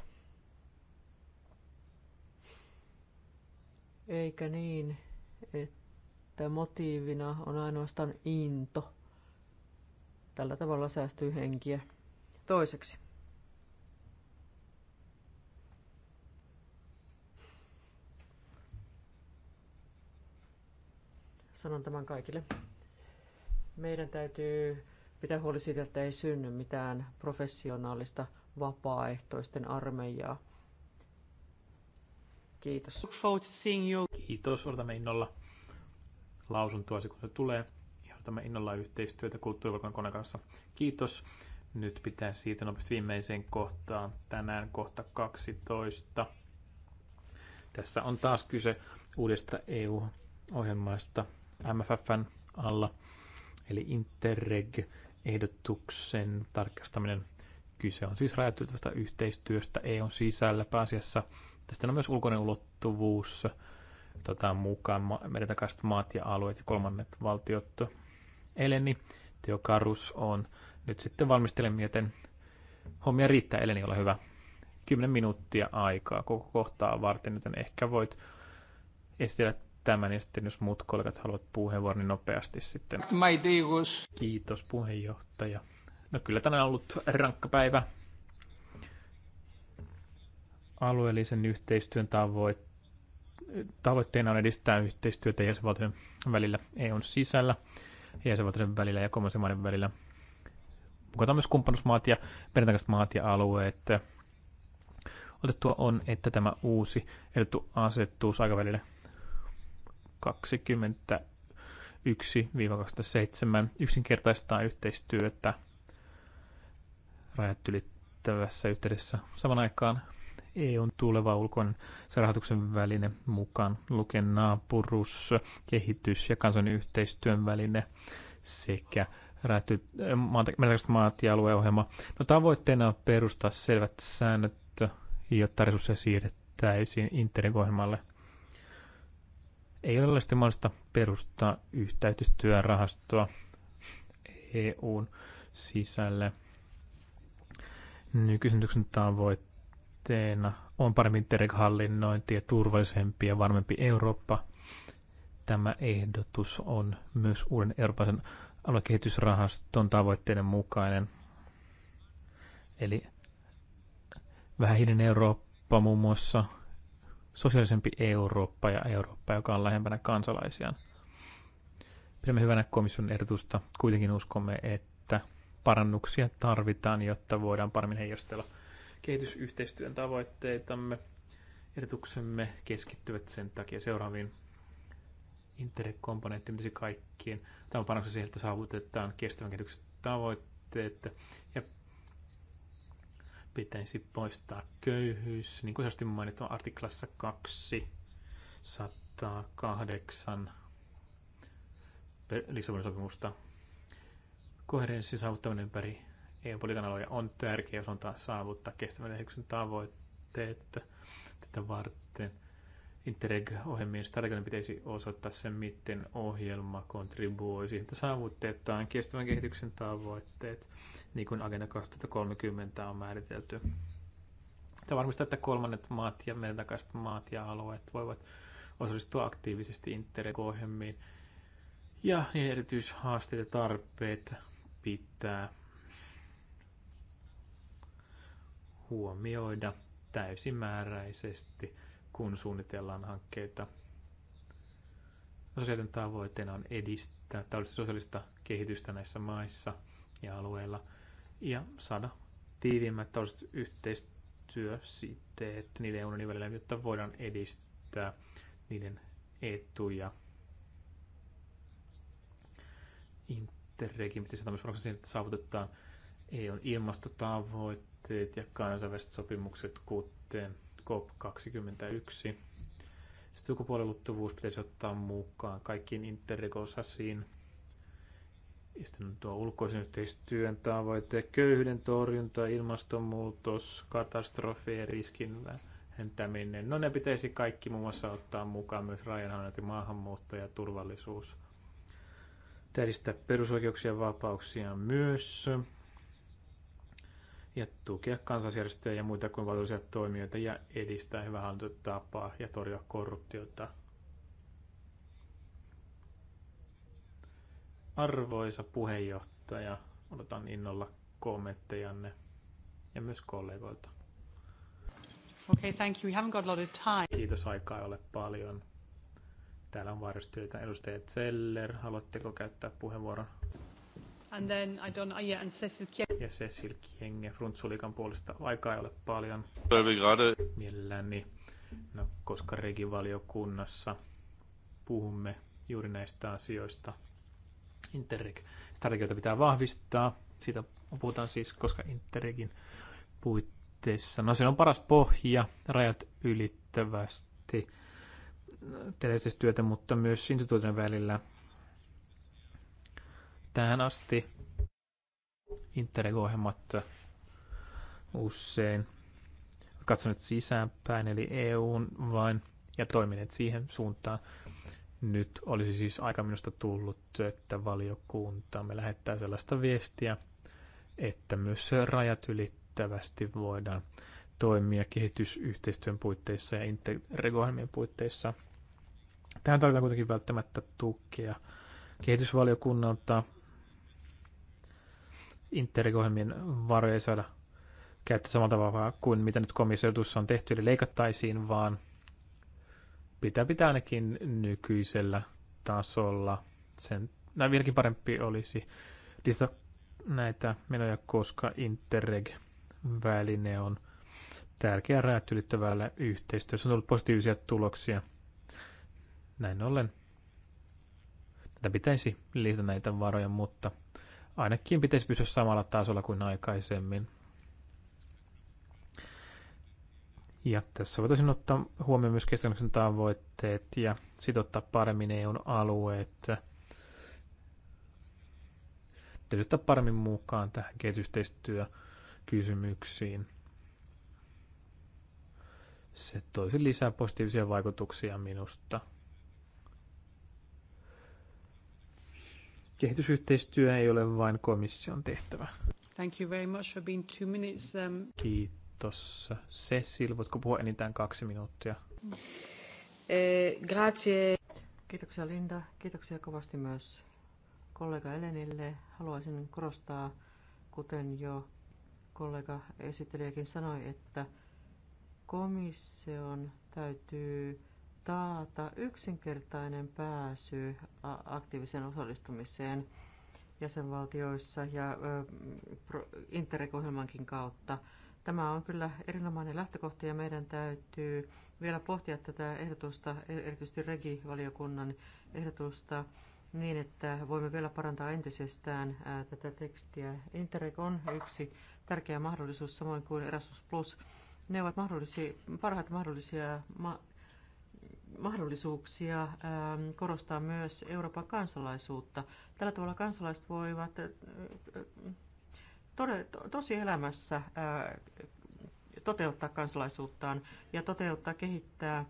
Eikä niin, että motiivina on ainoastaan into. Tällä tavalla säästyy henkiä. Toiseksi. Sanon tämän kaikille. Meidän täytyy pitää huoli siitä, että ei synny mitään professionaalista vapaaehtoisten armeijaa. Kiitos. Kiitos, odotamme innolla lausuntoa, kun se tulee. Ja odotamme innolla yhteistyötä kulttuurivalkoinen koneen kanssa. Kiitos. Nyt pitää siirtyä nopeasti viimeiseen kohtaan. Tänään kohta 12. Tässä on taas kyse uudesta EU-ohjelmasta MFFn alla, eli Interreg-ehdotuksen tarkastaminen. Kyse on siis rajatyltävästä yhteistyöstä EUn sisällä pääasiassa – sitten on myös ulkoinen ulottuvuus, tota, mukaan meidän takaiset maat ja alueet ja kolmannet valtiot. Eleni Teokarus on nyt sitten valmistelemme, joten hommia riittää Eleni, ole hyvä. 10 minuuttia aikaa koko kohtaa varten, joten ehkä voit esitellä tämän ja sitten jos muut kollegat haluat puheenvuoron, niin nopeasti sitten. Kiitos puheenjohtaja. No kyllä tänään on ollut rankka päivä. Alueellisen yhteistyön tavoitteet tavoitteena on edistää yhteistyötä jäsenvaltioiden välillä EUn sisällä, jäsenvaltioiden välillä ja kolmansien maiden välillä. Mukataan myös kumppanusmaat ja perinteiset maat ja alueet. Otettua on, että tämä uusi ehdotettu asetus aikavälille 21-27 yksinkertaistaa yhteistyötä rajat ylittävässä yhteydessä saman aikaan – EUn tuleva ulkon rahoituksen väline mukaan lukien naapurus, kehitys ja kansallinen yhteistyön väline sekä rääty, äh, maat ja alueohjelma. No, tavoitteena on perustaa selvät säännöt, jotta resursseja siirrettäisiin Interreg-ohjelmalle. Ei ole sitten mahdollista perustaa yhtä yhteistyörahastoa EUn sisälle. Nykyisen tavoitteena tavoitteena on paremmin Terek-hallinnointi ja turvallisempi ja varmempi Eurooppa. Tämä ehdotus on myös uuden Euroopan aluekehitysrahaston tavoitteiden mukainen. Eli vähähiilinen Eurooppa muun muassa, sosiaalisempi Eurooppa ja Eurooppa, joka on lähempänä kansalaisiaan. Pidämme hyvänä komission ehdotusta. Kuitenkin uskomme, että parannuksia tarvitaan, jotta voidaan paremmin heijastella – kehitysyhteistyön tavoitteitamme. Ehdotuksemme keskittyvät sen takia seuraaviin interkomponentti, mitä kaikkiin. Tämä on panoksen siihen, että saavutetaan kestävän kehityksen tavoitteet ja pitäisi poistaa köyhyys, niin kuin useasti mainittu artiklassa 208 Lissabonin sopimusta. Koherenssi saavuttaminen ympäri EU-politiikan on tärkeä, jos on taas saavuttaa kestävän kehityksen tavoitteet tätä varten. Interreg-ohjelmien strategian pitäisi osoittaa sen, miten ohjelma kontribuoi siihen, että saavutetaan kestävän kehityksen tavoitteet, niin kuin Agenda 2030 on määritelty. Tämä varmistaa, että kolmannet maat ja meidän takaiset maat ja alueet voivat osallistua aktiivisesti Interreg-ohjelmiin ja niin erityishaasteet ja tarpeet pitää huomioida täysimääräisesti, kun suunnitellaan hankkeita. Sosiaalisen tavoitteena on edistää taloudellista sosiaalista kehitystä näissä maissa ja alueilla ja saada tiiviimmät taloudelliset yhteistyösiteet niiden unionin välillä, jotta voidaan edistää niiden etuja. Interregin pitäisi saada myös että saavutetaan EUn ilmastotavoitteet velvoitteet ja kansainväliset sopimukset, kuten COP21. sukupuoliluttuvuus pitäisi ottaa mukaan kaikkiin interrikosasiin. Sitten on tuo ulkoisen yhteistyön tavoite, köyhyyden torjunta, ilmastonmuutos, katastrofien riskin vähentäminen. No ne pitäisi kaikki muun muassa ottaa mukaan myös ja maahanmuutto ja turvallisuus. Tädistä perusoikeuksia ja vapauksia myös ja tukea kansalaisjärjestöjä ja muita kuin valtuullisia toimijoita ja edistää hyvää hallintotapaa ja torjua korruptiota. Arvoisa puheenjohtaja, odotan innolla kommenttejanne ja myös kollegoilta. Okay, thank you. We haven't got a lot of time. Kiitos, aikaa ei ole paljon. Täällä on varjostyötä. Edustaja Zeller, haluatteko käyttää puheenvuoron? And then, I don't know, yeah, and Cecil Kieng. Ja Cecil Kienge Fruntsulikan puolesta. Aikaa ei ole paljon. Mielelläni. No, koska regivaliokunnassa puhumme juuri näistä asioista. Interreg-strategioita pitää vahvistaa. Siitä puhutaan siis, koska Interregin puitteissa. No se on paras pohja rajat ylittävästi no, tehdä työtä, mutta myös instituutioiden välillä Tähän asti Interreg-ohjelmat usein katsonut katsoneet sisäänpäin, eli EUn vain, ja toimineet siihen suuntaan. Nyt olisi siis aika minusta tullut, että valiokunta me lähettää sellaista viestiä, että myös rajat ylittävästi voidaan toimia kehitysyhteistyön puitteissa ja integrohjelmien puitteissa. Tähän tarvitaan kuitenkin välttämättä tukea kehitysvaliokunnalta, Interikohjelmien varoja ei saada käyttää samalla tavalla kuin mitä nyt komissiotussa on tehty, eli leikattaisiin, vaan pitää pitää ainakin nykyisellä tasolla. Sen, näin vieläkin parempi olisi lisätä näitä menoja, koska Interreg-väline on tärkeä rajat ylittävällä yhteistyössä. On ollut positiivisia tuloksia. Näin ollen tätä pitäisi lisätä näitä varoja, mutta ainakin pitäisi pysyä samalla tasolla kuin aikaisemmin. Ja tässä voitaisiin ottaa huomioon myös kestävyyden tavoitteet ja sitottaa paremmin EUn alueet. Täytyy ottaa paremmin mukaan tähän kehitysyhteistyökysymyksiin. Se toisi lisää positiivisia vaikutuksia minusta. Kehitysyhteistyö ei ole vain komission tehtävä. Thank you very much for being two minutes. Um... Kiitos. Cecil, voitko puhua enintään kaksi minuuttia? Eh, grazie. Kiitoksia Linda. Kiitoksia kovasti myös kollega Elenille. Haluaisin korostaa, kuten jo kollega esittelijäkin sanoi, että komission täytyy taata yksinkertainen pääsy aktiiviseen osallistumiseen jäsenvaltioissa ja Interreg-ohjelmankin kautta. Tämä on kyllä erinomainen lähtökohta ja meidän täytyy vielä pohtia tätä ehdotusta, e-, erityisesti Regi-valiokunnan ehdotusta, niin että voimme vielä parantaa entisestään tätä tekstiä. Interreg on yksi tärkeä mahdollisuus, samoin kuin Erasmus Plus. Ne ovat mahdollisia, parhaita mahdollisia ma- mahdollisuuksia ähm, korostaa myös Euroopan kansalaisuutta. Tällä tavalla kansalaiset voivat äh, tosi elämässä äh, toteuttaa kansalaisuuttaan ja toteuttaa, kehittää äh,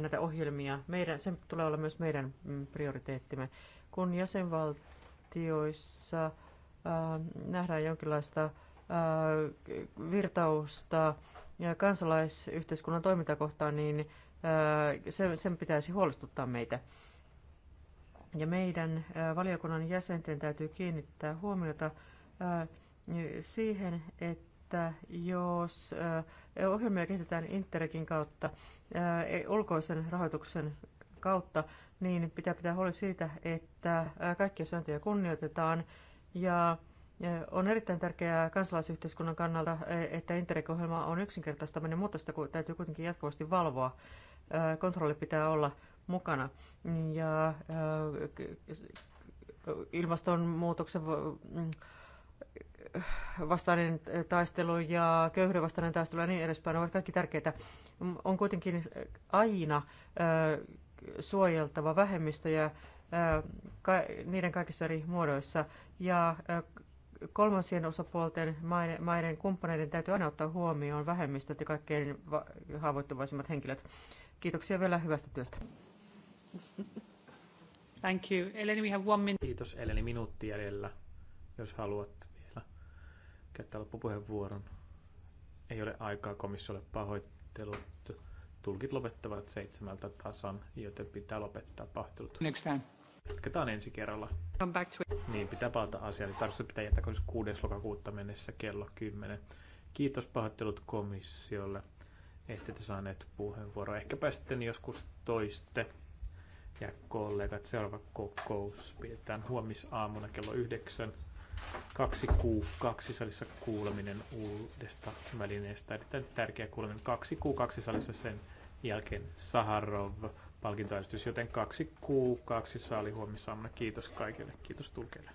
näitä ohjelmia. Meidän, sen tulee olla myös meidän mm, prioriteettimme. Kun jäsenvaltioissa ähm, nähdään jonkinlaista virtausta ja kansalaisyhteiskunnan toimintakohtaan, niin sen, sen pitäisi huolestuttaa meitä. Ja meidän valiokunnan jäsenten täytyy kiinnittää huomiota siihen, että jos ohjelmia kehitetään interekin kautta, e, ulkoisen rahoituksen kautta, niin pitää pitää huoli siitä, että kaikkia sääntöjä kunnioitetaan ja on erittäin tärkeää kansalaisyhteiskunnan kannalta, että Interreg-ohjelma on yksinkertaistaminen, mutta sitä täytyy kuitenkin jatkuvasti valvoa kontrolli pitää olla mukana. Ja ilmastonmuutoksen mm, vastainen taistelu ja köyhyyden vastainen taistelu ja niin edespäin ovat kaikki tärkeitä. On kuitenkin aina suojeltava vähemmistöjä niiden kaikissa eri muodoissa. Ja kolmansien osapuolten maiden, maiden kumppaneiden täytyy aina ottaa huomioon vähemmistöt ja kaikkein haavoittuvaisimmat henkilöt. Kiitoksia vielä hyvästä työstä. Thank you. Eleni, we have one minute. Kiitos Eleni, minuutti jäljellä, jos haluat vielä käyttää loppupuheenvuoron. Ei ole aikaa komissiolle pahoittelut. Tulkit lopettavat seitsemältä tasan, joten pitää lopettaa pahoittelut. Next time. Jatketaan ensi kerralla. Come back to it. Niin, pitää palata asiaan. Niin tarkoitus pitää jättää 6. lokakuuta mennessä kello 10. Kiitos pahoittelut komissiolle ette te saaneet puheenvuoroa. Ehkäpä sitten joskus toiste ja kollegat. Seuraava kokous pidetään huomisaamuna kello 9. 2 Q2 salissa kuuleminen uudesta välineestä. Erittäin tärkeä kuuleminen. 2 Q2 salissa sen jälkeen Saharov palkintoäänestys, joten 2 Q2 saali huomisaamuna. Kiitos kaikille. Kiitos tulkeille.